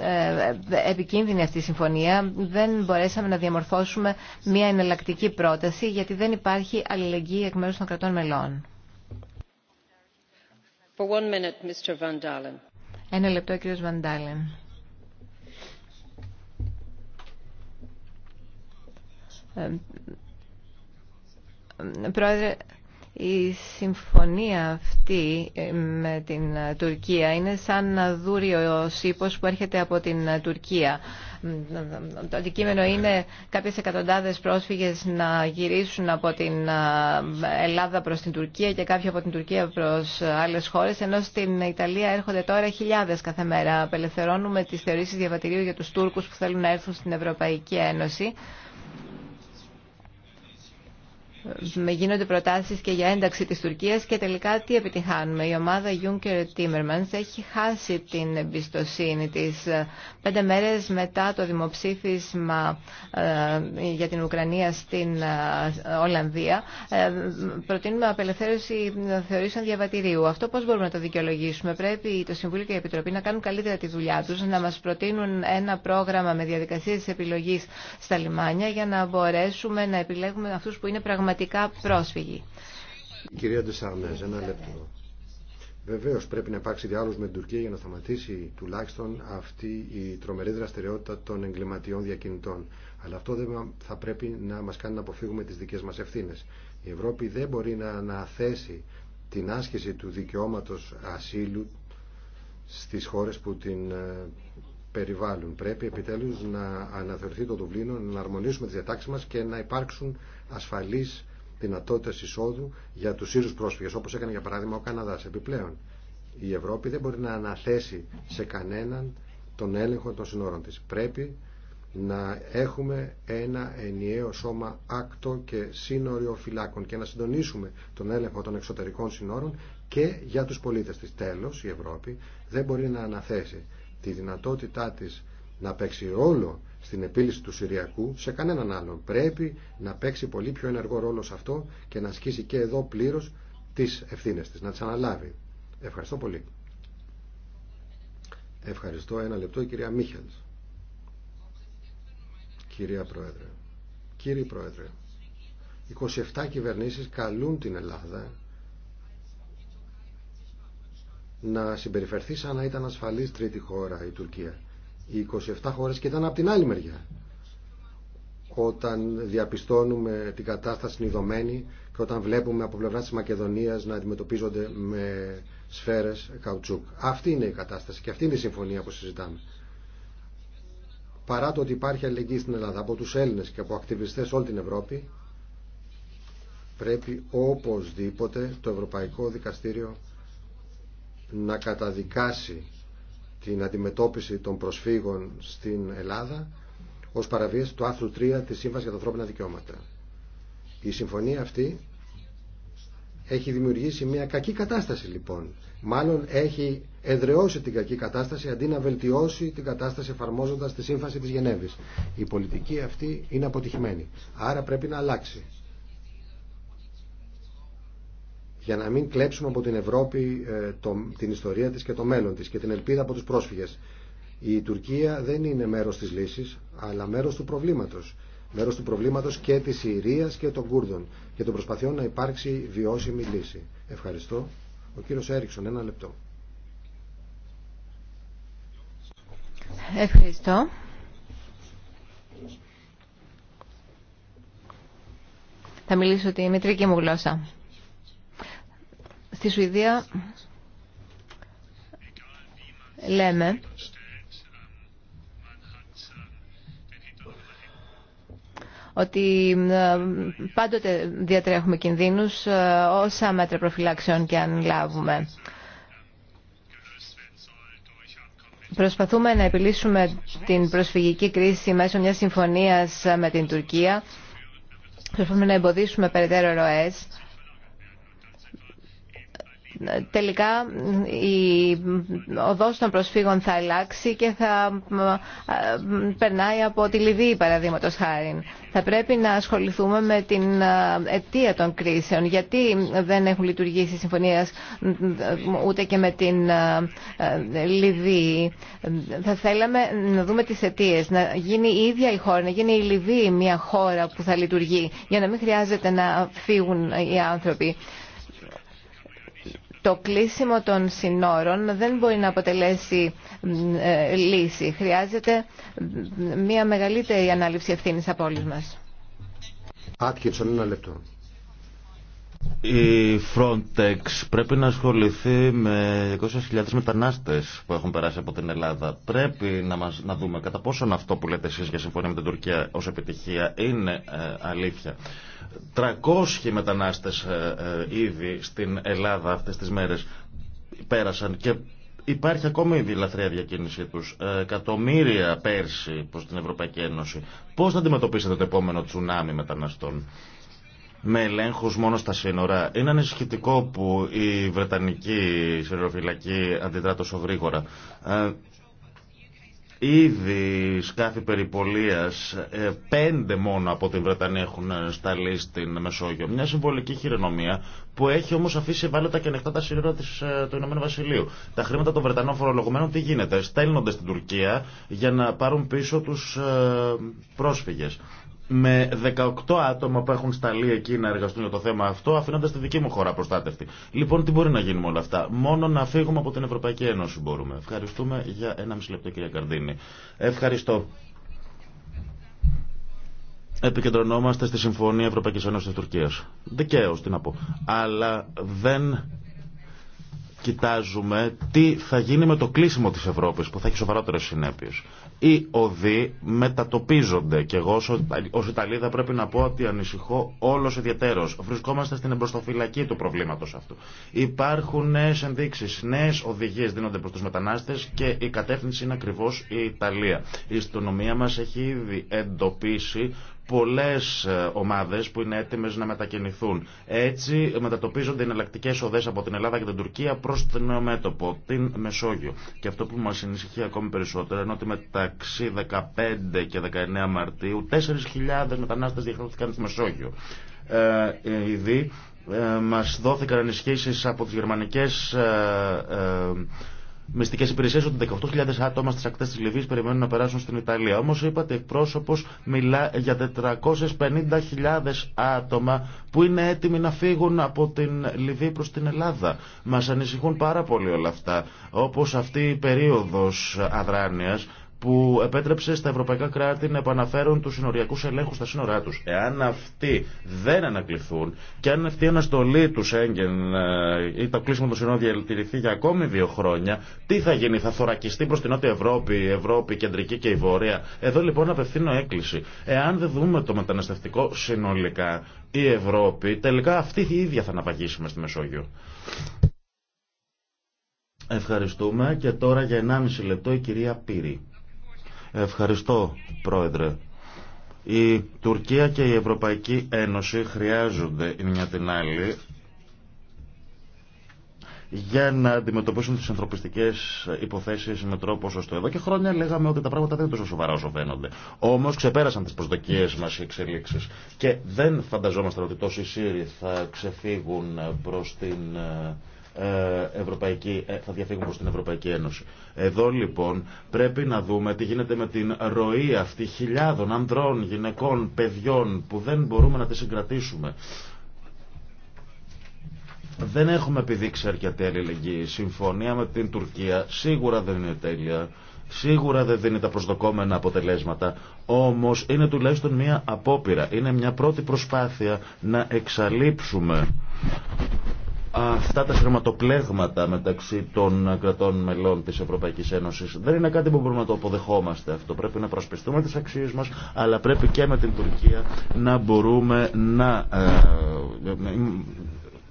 ε, επικίνδυνη αυτή η συμφωνία. Δεν μπορέσαμε να διαμορφώσουμε μια εναλλακτική πρόταση γιατί δεν υπάρχει αλληλεγγύη εκ μέρους των κρατών μελών. Ένα λεπτό, κύριος Βαντάλεν. Ε, πρόεδρε, η συμφωνία αυτή ε, με την Τουρκία είναι σαν να δούρει ο που έρχεται από την Τουρκία. Το αντικείμενο είναι κάποιες εκατοντάδες πρόσφυγες να γυρίσουν από την ε, Ελλάδα προς την Τουρκία και κάποιοι από την Τουρκία προς άλλες χώρες, ενώ στην Ιταλία έρχονται τώρα χιλιάδες κάθε μέρα. Απελευθερώνουμε τις θεωρήσεις διαβατηρίου για τους Τούρκους που θέλουν να έρθουν στην Ευρωπαϊκή Ένωση με γίνονται προτάσεις και για ένταξη της Τουρκίας και τελικά τι επιτυχάνουμε. Η ομάδα Juncker Timmermans έχει χάσει την εμπιστοσύνη της πέντε μέρες μετά το δημοψήφισμα ε, για την Ουκρανία στην ε, Ολλανδία. Ε, προτείνουμε απελευθέρωση θεωρήσεων διαβατηρίου. Αυτό πώς μπορούμε να το δικαιολογήσουμε. Πρέπει το Συμβούλιο και η Επιτροπή να κάνουν καλύτερα τη δουλειά τους, να μας προτείνουν ένα πρόγραμμα με διαδικασίες επιλογής στα λιμάνια για να μπορέσουμε να επιλέγουμε αυτού που είναι πραγματικοί πραγματικά πρόσφυγοι. Κυρία Ντεσάρνες, ένα λεπτό. Βεβαίω πρέπει να υπάρξει διάλογο με την Τουρκία για να σταματήσει τουλάχιστον αυτή η τρομερή δραστηριότητα των εγκληματιών διακινητών. Αλλά αυτό δεν θα πρέπει να μα κάνει να αποφύγουμε τι δικέ μα ευθύνε. Η Ευρώπη δεν μπορεί να αναθέσει την άσκηση του δικαιώματο ασύλου στι χώρε που την ε, περιβάλλουν. Πρέπει επιτέλου να αναθεωρηθεί το Δουβλίνο, να αρμονίσουμε τι διατάξει μα και να υπάρξουν ασφαλεί δυνατότητε εισόδου για του Σύρου πρόσφυγε, όπω έκανε για παράδειγμα ο Καναδά. Επιπλέον, η Ευρώπη δεν μπορεί να αναθέσει σε κανέναν τον έλεγχο των συνόρων τη. Πρέπει να έχουμε ένα ενιαίο σώμα άκτο και σύνοριο φυλάκων και να συντονίσουμε τον έλεγχο των εξωτερικών συνόρων και για τους πολίτες της. Τέλος, η Ευρώπη δεν μπορεί να αναθέσει τη δυνατότητά της να παίξει όλο στην επίλυση του Συριακού σε κανέναν άλλον. Πρέπει να παίξει πολύ πιο ενεργό ρόλο σε αυτό και να ασκήσει και εδώ πλήρω τι ευθύνε τη, να τι αναλάβει. Ευχαριστώ πολύ. Ευχαριστώ. Ένα λεπτό η κυρία Μίχελ. Κυρία Πρόεδρε. Κύριε Πρόεδρε. 27 κυβερνήσεις καλούν την Ελλάδα να συμπεριφερθεί σαν να ήταν ασφαλής τρίτη χώρα η Τουρκία οι 27 χώρες και ήταν από την άλλη μεριά όταν διαπιστώνουμε την κατάσταση συνειδωμένη και όταν βλέπουμε από πλευρά της Μακεδονίας να αντιμετωπίζονται με σφαίρες καουτσούκ. Αυτή είναι η κατάσταση και αυτή είναι η συμφωνία που συζητάμε. Παρά το ότι υπάρχει αλληλεγγύη στην Ελλάδα από τους Έλληνες και από ακτιβιστές όλη την Ευρώπη, πρέπει οπωσδήποτε το Ευρωπαϊκό Δικαστήριο να καταδικάσει την αντιμετώπιση των προσφύγων στην Ελλάδα ως παραβίαση του άρθρου 3 της Σύμβασης για τα ανθρώπινα δικαιώματα. Η συμφωνία αυτή έχει δημιουργήσει μια κακή κατάσταση λοιπόν. Μάλλον έχει εδρεώσει την κακή κατάσταση αντί να βελτιώσει την κατάσταση εφαρμόζοντας τη σύμφαση της Γενέβης. Η πολιτική αυτή είναι αποτυχημένη. Άρα πρέπει να αλλάξει. για να μην κλέψουμε από την Ευρώπη ε, το, την ιστορία της και το μέλλον της και την ελπίδα από τους πρόσφυγες. Η Τουρκία δεν είναι μέρος της λύσης, αλλά μέρος του προβλήματος. Μέρος του προβλήματος και της Συρίας και των Κούρδων και των προσπαθειών να υπάρξει βιώσιμη λύση. Ευχαριστώ. Ο κύριος Έριξον, ένα λεπτό. Ευχαριστώ. Θα μιλήσω τη μητρική μου γλώσσα. Στη Σουηδία λέμε ότι ε, πάντοτε διατρέχουμε κινδύνους ε, όσα μέτρα προφυλάξεων και αν λάβουμε. Προσπαθούμε να επιλύσουμε την προσφυγική κρίση μέσω μιας συμφωνίας με την Τουρκία. Προσπαθούμε να εμποδίσουμε περαιτέρω ροές τελικά ο οδός των προσφύγων θα αλλάξει και θα περνάει από τη Λιβύη παραδείγματος χάρη. Θα πρέπει να ασχοληθούμε με την αιτία των κρίσεων. Γιατί δεν έχουν λειτουργήσει συμφωνίες ούτε και με την Λιβύη. Θα θέλαμε να δούμε τις αιτίες. να γίνει η ίδια η χώρα, να γίνει η Λιβύη μια χώρα που θα λειτουργεί για να μην χρειάζεται να φύγουν οι άνθρωποι το κλείσιμο των συνόρων δεν μπορεί να αποτελέσει ε, λύση. Χρειάζεται μια μεγαλύτερη ανάληψη ευθύνης από όλους μας. ένα λεπτό. Η Frontex πρέπει να ασχοληθεί με 200.000 μετανάστες που έχουν περάσει από την Ελλάδα. Πρέπει να, μας, να δούμε κατά πόσον αυτό που λέτε εσείς για συμφωνία με την Τουρκία ως επιτυχία είναι ε, αλήθεια. 300 μετανάστες ε, ε, ήδη στην Ελλάδα αυτές τις μέρες πέρασαν και Υπάρχει ακόμη η λαθρέα διακίνησή τους. Ε, εκατομμύρια πέρσι προς την Ευρωπαϊκή Ένωση. Πώς θα αντιμετωπίσετε το επόμενο τσουνάμι μεταναστών με ελέγχου μόνο στα σύνορα. Είναι ανησυχητικό που η Βρετανική σειροφυλακή αντιδρά τόσο γρήγορα. Ήδη σκάφη περιπολίας, ε, πέντε μόνο από την Βρετανία έχουν σταλεί στην Μεσόγειο. Μια συμβολική χειρονομία που έχει όμως αφήσει ευάλωτα και ανοιχτά τα σύνορα της, ε, του Ηνωμένου Βασιλείου. Τα χρήματα των Βρετανών φορολογουμένων τι γίνεται, στέλνονται στην Τουρκία για να πάρουν πίσω τους ε, πρόσφυγες με 18 άτομα που έχουν σταλεί εκεί να εργαστούν για το θέμα αυτό, αφήνοντα τη δική μου χώρα προστάτευτη. Λοιπόν, τι μπορεί να γίνει με όλα αυτά. Μόνο να φύγουμε από την Ευρωπαϊκή Ένωση μπορούμε. Ευχαριστούμε για ένα μισή λεπτό, κυρία Καρδίνη. Ευχαριστώ. Επικεντρωνόμαστε στη Συμφωνία Ευρωπαϊκής Ένωσης Τουρκία. Δικαίω, τι να πω. Αλλά δεν κοιτάζουμε τι θα γίνει με το κλείσιμο τη Ευρώπη που θα έχει σοβαρότερε συνέπειε οι οδοί μετατοπίζονται και εγώ ως Ιταλίδα πρέπει να πω ότι ανησυχώ όλος ιδιαίτερος. Βρισκόμαστε στην εμπροστοφυλακή του προβλήματος αυτού. Υπάρχουν νέες ενδείξεις, νέες οδηγίες δίνονται προς τους μετανάστες και η κατεύθυνση είναι ακριβώς η Ιταλία. Η ιστονομία μας έχει ήδη εντοπίσει πολλές ε, ομάδες που είναι έτοιμες να μετακινηθούν. Έτσι μετατοπίζονται εναλλακτικέ οδές από την Ελλάδα και την Τουρκία προς το νέο μέτωπο, την Μεσόγειο. Και αυτό που μας ενισχύει ακόμη περισσότερο είναι ότι μεταξύ 15 και 19 Μαρτίου 4.000 μετανάστες διαχρονιστήκαν στη Μεσόγειο. Ε, ε, ήδη ε, μας δόθηκαν ενισχύσεις από τις γερμανικές ε, ε μυστικέ υπηρεσίε ότι 18.000 άτομα στι ακτέ τη Λιβύη περιμένουν να περάσουν στην Ιταλία. Όμω, είπατε, εκπρόσωπο μιλά για 450.000 άτομα που είναι έτοιμοι να φύγουν από την Λιβύη προ την Ελλάδα. Μα ανησυχούν πάρα πολύ όλα αυτά. Όπω αυτή η περίοδο αδράνεια που επέτρεψε στα ευρωπαϊκά κράτη να επαναφέρουν του συνοριακού ελέγχου στα σύνορά του. Εάν αυτοί δεν ανακληθούν και αν αυτή η αναστολή του Σέγγεν ε, ή το κλείσιμο των σύνορων διατηρηθεί για ακόμη δύο χρόνια, τι θα γίνει, θα θωρακιστεί προ την Νότια Ευρώπη, η Ευρώπη, η Κεντρική και η Βόρεια. Εδώ λοιπόν απευθύνω έκκληση. Εάν δεν δούμε το μεταναστευτικό συνολικά, η Ευρώπη τελικά αυτή η ίδια θα αναπαγίσει στη Μεσόγειο. Ευχαριστούμε και τώρα για 1,5 λεπτό η κυρία Πύρη. Ευχαριστώ, Πρόεδρε. Η Τουρκία και η Ευρωπαϊκή Ένωση χρειάζονται η μια την άλλη για να αντιμετωπίσουν τις ανθρωπιστικές υποθέσεις με τρόπο σωστό. Εδώ και χρόνια λέγαμε ότι τα πράγματα δεν είναι τόσο σοβαρά όσο Όμω ξεπέρασαν τις προσδοκίες μας οι εξελίξει. Και δεν φανταζόμαστε ότι τόσοι Σύριοι θα ξεφύγουν προς την ε, ε, ευρωπαϊκή, ε, θα διαφύγουν προς την Ευρωπαϊκή Ένωση. Εδώ λοιπόν πρέπει να δούμε τι γίνεται με την ροή αυτή χιλιάδων ανδρών, γυναικών, παιδιών που δεν μπορούμε να τις συγκρατήσουμε. Δεν έχουμε επιδείξει αρκετή αλληλεγγύη. Συμφωνία με την Τουρκία σίγουρα δεν είναι τέλεια. Σίγουρα δεν δίνει τα προσδοκόμενα αποτελέσματα, όμως είναι τουλάχιστον μια απόπειρα. Είναι μια πρώτη προσπάθεια να εξαλείψουμε αυτά τα χρηματοπλέγματα μεταξύ των κρατών μελών της Ευρωπαϊκής Ένωσης δεν είναι κάτι που μπορούμε να το αποδεχόμαστε αυτό. Πρέπει να προσπιστούμε τις αξίες μας, αλλά πρέπει και με την Τουρκία να μπορούμε να ε,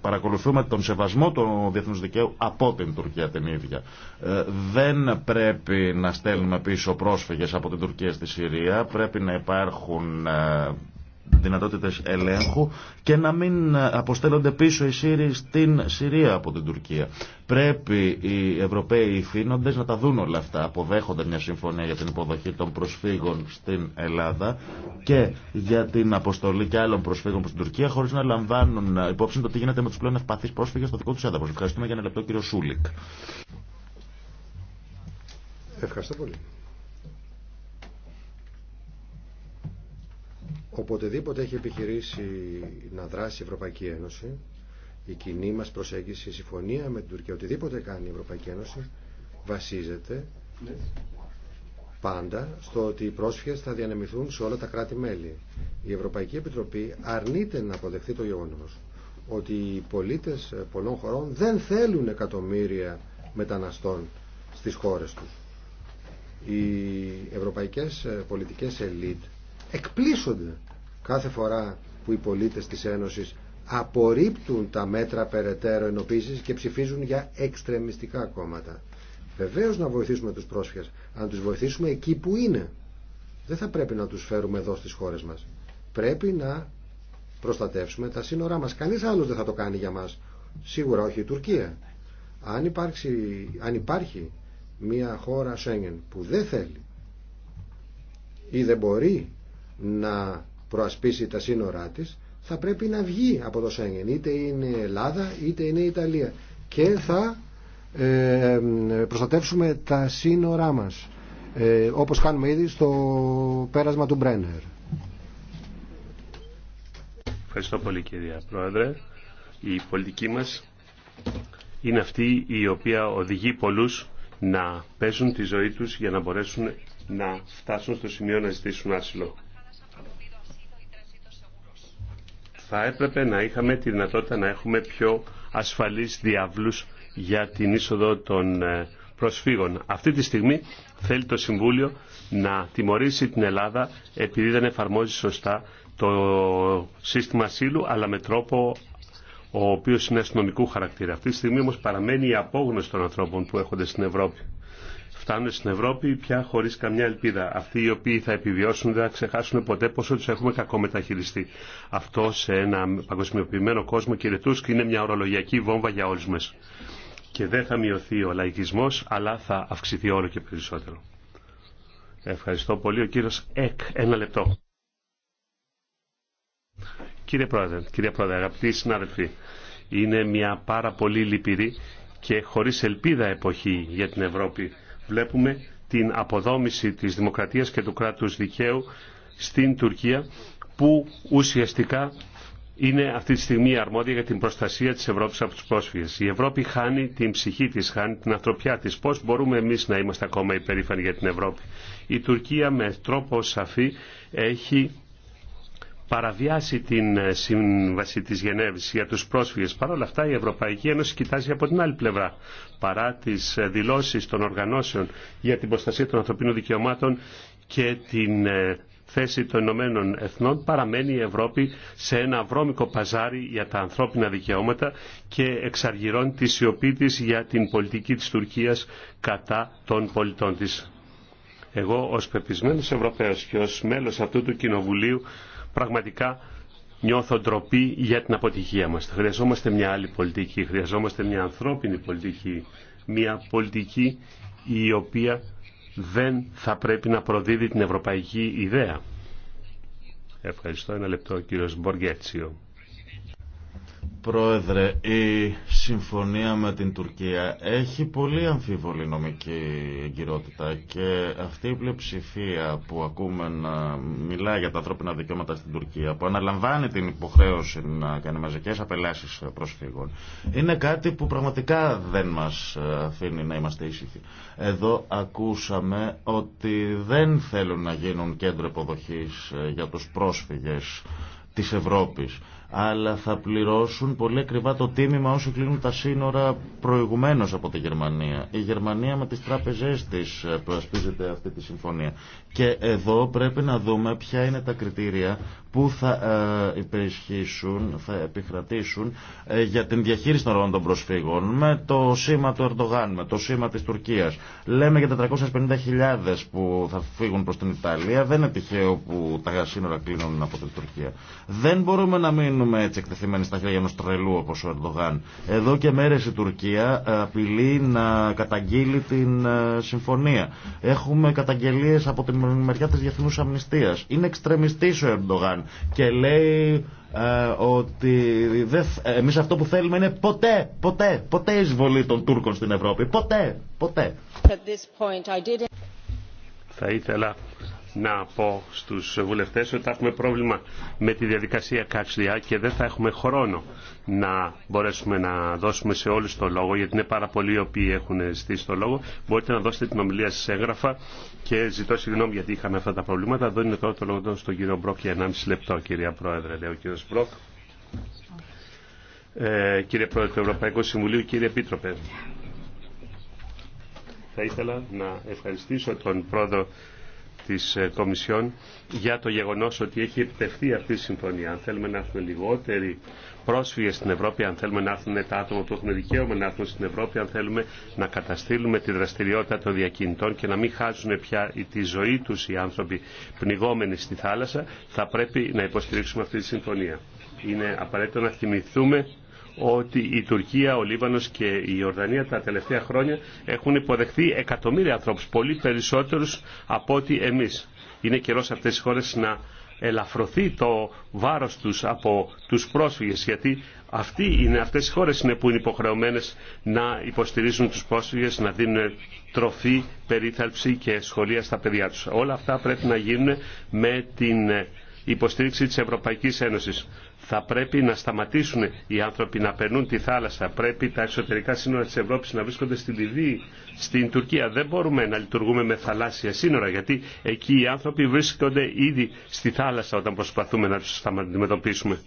παρακολουθούμε τον σεβασμό των διεθνούς δικαίου από την Τουρκία την ίδια. Ε, δεν πρέπει να στέλνουμε πίσω πρόσφυγες από την Τουρκία στη Συρία, πρέπει να υπάρχουν ε, δυνατότητες ελέγχου και να μην αποστέλλονται πίσω οι Σύριοι στην Συρία από την Τουρκία. Πρέπει οι Ευρωπαίοι φύνοντες να τα δουν όλα αυτά, αποδέχονται μια συμφωνία για την υποδοχή των προσφύγων στην Ελλάδα και για την αποστολή και άλλων προσφύγων προς την Τουρκία χωρίς να λαμβάνουν υπόψη το τι γίνεται με τους πλέον ευπαθείς πρόσφυγες στο δικό τους έδαφος. Ευχαριστούμε για ένα λεπτό κύριο Σούλικ. Ευχαριστώ πολύ. Οποτεδήποτε έχει επιχειρήσει να δράσει η Ευρωπαϊκή Ένωση, η κοινή μας προσέγγιση, η συμφωνία με την Τουρκία, οτιδήποτε κάνει η Ευρωπαϊκή Ένωση, βασίζεται πάντα στο ότι οι πρόσφυγες θα διανεμηθούν σε όλα τα κράτη-μέλη. Η Ευρωπαϊκή Επιτροπή αρνείται να αποδεχθεί το γεγονός ότι οι πολίτες πολλών χωρών δεν θέλουν εκατομμύρια μεταναστών στις χώρες τους. Οι ευρωπαϊκές πολιτικές ελίτ εκπλήσονται κάθε φορά που οι πολίτες της Ένωσης απορρίπτουν τα μέτρα περαιτέρω ενοποίησης και ψηφίζουν για εξτρεμιστικά κόμματα. Βεβαίω να βοηθήσουμε τους πρόσφυγες, αν τους βοηθήσουμε εκεί που είναι. Δεν θα πρέπει να τους φέρουμε εδώ στις χώρες μας. Πρέπει να προστατεύσουμε τα σύνορά μας. Κανείς άλλος δεν θα το κάνει για μας. Σίγουρα όχι η Τουρκία. Αν, αν υπάρχει μια χώρα Σέγγεν που δεν θέλει ή δεν μπορεί να προασπίσει τα σύνορά της θα πρέπει να βγει από το Σέγγεν είτε είναι η Ελλάδα είτε είναι η Ιταλία και θα ε, προστατεύσουμε τα σύνορά μας ε, όπως κάνουμε ήδη στο πέρασμα του Μπρένερ Ευχαριστώ πολύ κυρία Πρόεδρε η πολιτική μας είναι αυτή η οποία οδηγεί πολλούς να πέσουν τη ζωή τους για να μπορέσουν να φτάσουν στο σημείο να ζητήσουν άσυλο. θα έπρεπε να είχαμε τη δυνατότητα να έχουμε πιο ασφαλείς διάβλους για την είσοδο των ε, προσφύγων. Αυτή τη στιγμή θέλει το Συμβούλιο να τιμωρήσει την Ελλάδα επειδή δεν εφαρμόζει σωστά το σύστημα ασύλου αλλά με τρόπο ο οποίος είναι αστυνομικού χαρακτήρα. Αυτή τη στιγμή όμως παραμένει η απόγνωση των ανθρώπων που έχονται στην Ευρώπη φτάνουν στην Ευρώπη πια χωρί καμιά ελπίδα. Αυτοί οι οποίοι θα επιβιώσουν δεν θα ξεχάσουν ποτέ πόσο τους έχουμε κακό μεταχειριστεί. Αυτό σε ένα παγκοσμιοποιημένο κόσμο κύριε Τούσκ είναι μια ορολογιακή βόμβα για όλου μα. Και δεν θα μειωθεί ο λαϊκισμός αλλά θα αυξηθεί όλο και περισσότερο. Ευχαριστώ πολύ. Ο κύριος Εκ, ένα λεπτό. Κύριε Πρόεδρε, κύριε Πρόεδρε, αγαπητοί συνάδελφοι, είναι μια πάρα πολύ λυπηρή και χωρίς ελπίδα εποχή για την Ευρώπη βλέπουμε την αποδόμηση της δημοκρατίας και του κράτους δικαίου στην Τουρκία που ουσιαστικά είναι αυτή τη στιγμή αρμόδια για την προστασία της Ευρώπης από τους πρόσφυγες. Η Ευρώπη χάνει την ψυχή της, χάνει την ανθρωπιά της. Πώς μπορούμε εμείς να είμαστε ακόμα υπερήφανοι για την Ευρώπη. Η Τουρκία με τρόπο σαφή έχει παραβιάσει την ε, σύμβαση της Γενέβης για τους πρόσφυγες. Παρ' όλα αυτά η Ευρωπαϊκή Ένωση κοιτάζει από την άλλη πλευρά. Παρά τις ε, δηλώσεις των οργανώσεων για την προστασία των ανθρωπίνων δικαιωμάτων και την ε, θέση των Ηνωμένων Εθνών παραμένει η Ευρώπη σε ένα βρώμικο παζάρι για τα ανθρώπινα δικαιώματα και εξαργυρώνει τη σιωπή της για την πολιτική της Τουρκίας κατά των πολιτών της. Εγώ ως πεπισμένος Ευρωπαίος και ως μέλος αυτού του Κοινοβουλίου πραγματικά νιώθω ντροπή για την αποτυχία μας. Χρειαζόμαστε μια άλλη πολιτική, χρειαζόμαστε μια ανθρώπινη πολιτική, μια πολιτική η οποία δεν θα πρέπει να προδίδει την ευρωπαϊκή ιδέα. Ευχαριστώ. Ένα λεπτό, κύριος Μποργέτσιο. Πρόεδρε, η συμφωνία με την Τουρκία έχει πολύ αμφίβολη νομική εγκυρότητα και αυτή η πλειοψηφία που ακούμε να μιλά για τα ανθρώπινα δικαιώματα στην Τουρκία, που αναλαμβάνει την υποχρέωση να κάνει μαζικέ απελάσεις προσφύγων, είναι κάτι που πραγματικά δεν μας αφήνει να είμαστε ήσυχοι. Εδώ ακούσαμε ότι δεν θέλουν να γίνουν κέντρο υποδοχής για τους πρόσφυγες της Ευρώπης αλλά θα πληρώσουν πολύ ακριβά το τίμημα όσοι κλείνουν τα σύνορα προηγουμένως από τη Γερμανία. Η Γερμανία με τις τράπεζές της ε, προασπίζεται αυτή τη συμφωνία. Και εδώ πρέπει να δούμε ποια είναι τα κριτήρια που θα ε, υπερισχύσουν, θα επικρατήσουν ε, για την διαχείριση των ρόλων των προσφύγων με το σήμα του Ερντογάν, με το σήμα της Τουρκίας. Λέμε για 450.000 που θα φύγουν προς την Ιταλία. Δεν είναι τυχαίο που τα σύνορα κλείνουν από την Τουρκία. Δεν μπορούμε να μην μείνουμε έτσι εκτεθειμένοι στα χέρια ενό τρελού όπω ο Ερντογάν. Εδώ και μέρε η Τουρκία απειλεί να καταγγείλει την ε, συμφωνία. Έχουμε καταγγελίε από τη μεριά τη Διεθνού Αμνηστία. Είναι εξτρεμιστή ο Ερντογάν και λέει ε, ότι ε, εμεί αυτό που θέλουμε είναι ποτέ, ποτέ, ποτέ εισβολή των Τούρκων στην Ευρώπη. Ποτέ, ποτέ. Θα ήθελα να πω στους βουλευτές ότι θα έχουμε πρόβλημα με τη διαδικασία Καξλιά και δεν θα έχουμε χρόνο να μπορέσουμε να δώσουμε σε όλους το λόγο γιατί είναι πάρα πολλοί οι οποίοι έχουν ζητήσει το λόγο. Μπορείτε να δώσετε την ομιλία σα έγγραφα και ζητώ συγγνώμη γιατί είχαμε αυτά τα προβλήματα. είναι τώρα το λόγο στον κύριο Μπρόκ για 1,5 λεπτό κυρία Πρόεδρε, λέει ο Μπρόκ. Ε, κύριε Πρόεδρε του Ευρωπαϊκού Συμβουλίου, κύριε Επίτροπε. Θα ήθελα να ευχαριστήσω τον πρόεδρο της ε, Κομισιόν για το γεγονός ότι έχει επιτευχθεί αυτή η συμφωνία. Αν θέλουμε να έχουμε λιγότεροι πρόσφυγες στην Ευρώπη, αν θέλουμε να έχουμε τα άτομα που έχουν δικαίωμα να έρθουν στην Ευρώπη, αν θέλουμε να καταστήλουμε τη δραστηριότητα των διακινητών και να μην χάσουν πια τη ζωή τους οι άνθρωποι πνιγόμενοι στη θάλασσα, θα πρέπει να υποστηρίξουμε αυτή τη συμφωνία. Είναι απαραίτητο να θυμηθούμε ότι η Τουρκία, ο Λίβανος και η Ορδανία τα τελευταία χρόνια έχουν υποδεχθεί εκατομμύρια ανθρώπους, πολύ περισσότερους από ό,τι εμείς. Είναι καιρός αυτές οι χώρες να ελαφρωθεί το βάρος τους από τους πρόσφυγες γιατί αυτοί είναι, αυτές οι χώρες είναι που είναι υποχρεωμένες να υποστηρίζουν τους πρόσφυγες, να δίνουν τροφή, περίθαλψη και σχολεία στα παιδιά τους. Όλα αυτά πρέπει να γίνουν με την υποστήριξη της Ευρωπαϊκής Ένωσης. Θα πρέπει να σταματήσουν οι άνθρωποι να περνούν τη θάλασσα. Πρέπει τα εξωτερικά σύνορα της Ευρώπης να βρίσκονται στην Λιβύη, στην Τουρκία. Δεν μπορούμε να λειτουργούμε με θαλάσσια σύνορα, γιατί εκεί οι άνθρωποι βρίσκονται ήδη στη θάλασσα όταν προσπαθούμε να τους αντιμετωπίσουμε.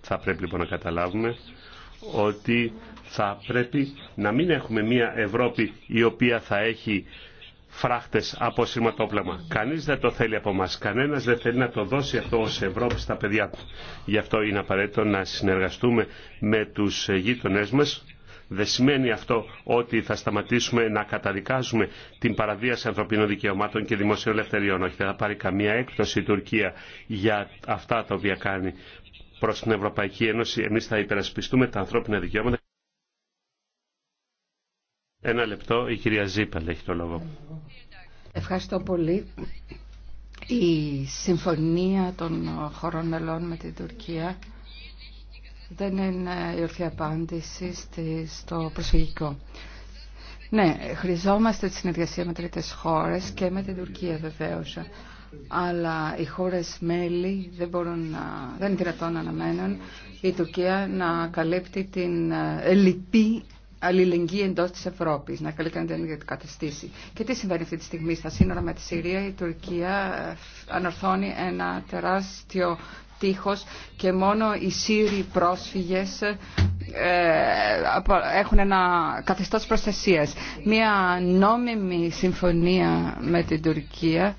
Θα πρέπει λοιπόν να καταλάβουμε ότι θα πρέπει να μην έχουμε μια Ευρώπη η οποία θα έχει Φράχτε από σηματόπλαμα. Κανεί δεν το θέλει από εμά. κανένα δεν θέλει να το δώσει αυτό ω Ευρώπη στα παιδιά του. Γι' αυτό είναι απαραίτητο να συνεργαστούμε με του γείτονε μα. Δεν σημαίνει αυτό ότι θα σταματήσουμε να καταδικάζουμε την παραβίαση ανθρωπίνων δικαιωμάτων και δημοσίων ελευθεριών. Όχι, δεν θα πάρει καμία έκπτωση η Τουρκία για αυτά τα οποία κάνει προ την Ευρωπαϊκή Ένωση. Εμεί θα υπερασπιστούμε τα ανθρώπινα δικαιώματα. Ένα λεπτό, η κυρία Ζήπαλ έχει το λόγο. Ευχαριστώ πολύ. Η συμφωνία των χωρών μελών με την Τουρκία δεν είναι η ορθή απάντηση στο προσφυγικό. Ναι, χρειαζόμαστε τη συνεργασία με τρίτε χώρες και με την Τουρκία βεβαίω, Αλλά οι χώρε μέλη δεν, μπορούν να, δεν είναι δυνατόν αναμένουν η Τουρκία να καλύπτει την ε, λυπή αλληλεγγύη εντό τη Ευρώπη, να καλύπτει να την καταστήσει. Και τι συμβαίνει αυτή τη στιγμή στα σύνορα με τη Συρία, η Τουρκία ε, ανορθώνει ένα τεράστιο και μόνο οι Σύριοι πρόσφυγες ε, έχουν ένα καθεστώς προστασίας. Μία νόμιμη συμφωνία με την Τουρκία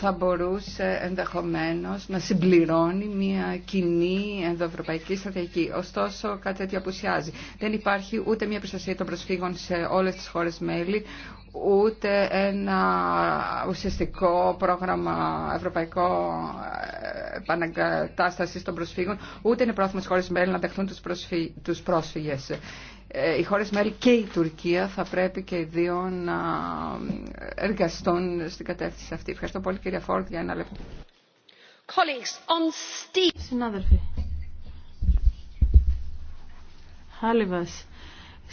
θα μπορούσε ενδεχομένως να συμπληρώνει μία κοινή ενδοευρωπαϊκή στρατηγική. Ωστόσο κάτι τέτοιο απουσιάζει. Δεν υπάρχει ούτε μία προστασία των προσφύγων σε όλες τις χώρες μέλη, ούτε ένα ουσιαστικό πρόγραμμα ευρωπαϊκό ε, επανακατάσταση των προσφύγων, ούτε είναι πρόθυμες χώρες μέλη να δεχθούν τους, προσφύ, τους πρόσφυγες. Ε, οι χώρες μέλη και η Τουρκία θα πρέπει και οι δύο να εργαστούν στην κατεύθυνση αυτή. Ευχαριστώ πολύ κυρία Φόρντ για ένα λεπτό. Συνάδελφοι, Χάλιβας,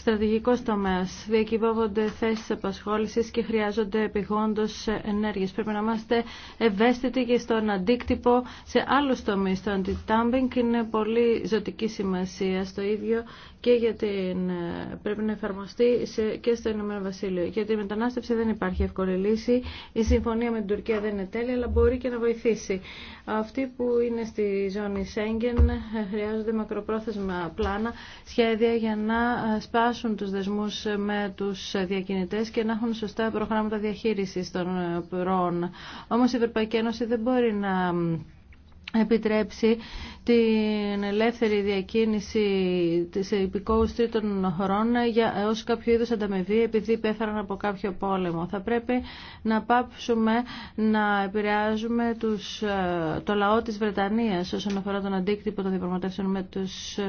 στρατηγικό τομέα. Διακυβεύονται θέσει απασχόληση και χρειάζονται επιγόντω ενέργειε. Πρέπει να είμαστε ευαίσθητοι και στον αντίκτυπο σε άλλου τομεί. Το αντιτάμπινγκ. είναι πολύ ζωτική σημασία. Το ίδιο και για την, πρέπει να εφαρμοστεί σε, και στο Ηνωμένο Βασίλειο. Για τη μετανάστευση δεν υπάρχει εύκολη λύση. Η συμφωνία με την Τουρκία δεν είναι τέλεια, αλλά μπορεί και να βοηθήσει. Αυτοί που είναι στη ζώνη Σέγγεν ε, χρειάζονται μακροπρόθεσμα πλάνα, σχέδια για να σπάσουν ξεπεράσουν τους δεσμούς με τους διακινητές και να έχουν σωστά προγράμματα διαχείρισης των ε, πυρών. Όμως η Ευρωπαϊκή Ένωση δεν μπορεί να επιτρέψει την ελεύθερη διακίνηση της υπηκόους τρίτων χωρών για, ως κάποιο είδους ανταμεβή επειδή πέθαναν από κάποιο πόλεμο. Θα πρέπει να πάψουμε να επηρεάζουμε τους, ε, το λαό της Βρετανίας όσον αφορά τον αντίκτυπο των διαπραγματεύσεων με, τους, ε,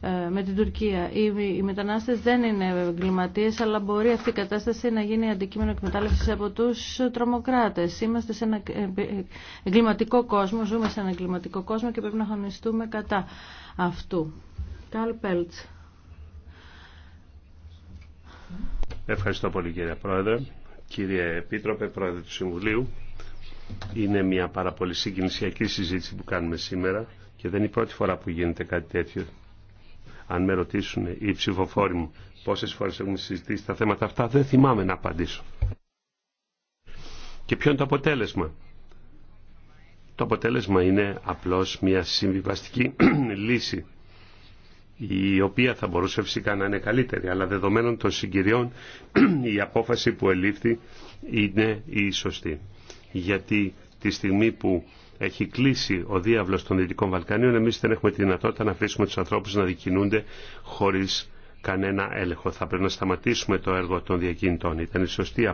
ε, με την Τουρκία. Οι, οι μετανάστες δεν είναι εγκληματίε, αλλά μπορεί αυτή η κατάσταση να γίνει αντικείμενο εκμετάλλευση από τους τρομοκράτες. Είμαστε σε ένα εγκληματικό κόσμο κόσμο, ζούμε σε έναν εγκληματικό κόσμο και πρέπει να χωνιστούμε κατά αυτού. Καλ Πέλτς. Ευχαριστώ πολύ κύριε Πρόεδρε. Κύριε Επίτροπε, Πρόεδρε του Συμβουλίου, είναι μια πάρα πολύ συγκινησιακή συζήτηση που κάνουμε σήμερα και δεν είναι η πρώτη φορά που γίνεται κάτι τέτοιο. Αν με ρωτήσουν οι ψηφοφόροι μου πόσες φορές έχουμε συζητήσει τα θέματα αυτά, δεν θυμάμαι να απαντήσω. Και ποιο είναι το αποτέλεσμα. Το αποτέλεσμα είναι απλώς μια συμβιβαστική λύση η οποία θα μπορούσε φυσικά να είναι καλύτερη, αλλά δεδομένων των συγκυριών η απόφαση που ελήφθη είναι η σωστή. Γιατί τη στιγμή που έχει κλείσει ο διάβλος των Δυτικών Βαλκανίων, εμείς δεν έχουμε τη δυνατότητα να αφήσουμε τους ανθρώπους να δικινούνται χωρίς κανένα έλεγχο. Θα πρέπει να σταματήσουμε το έργο των διακινητών. Ήταν η σωστή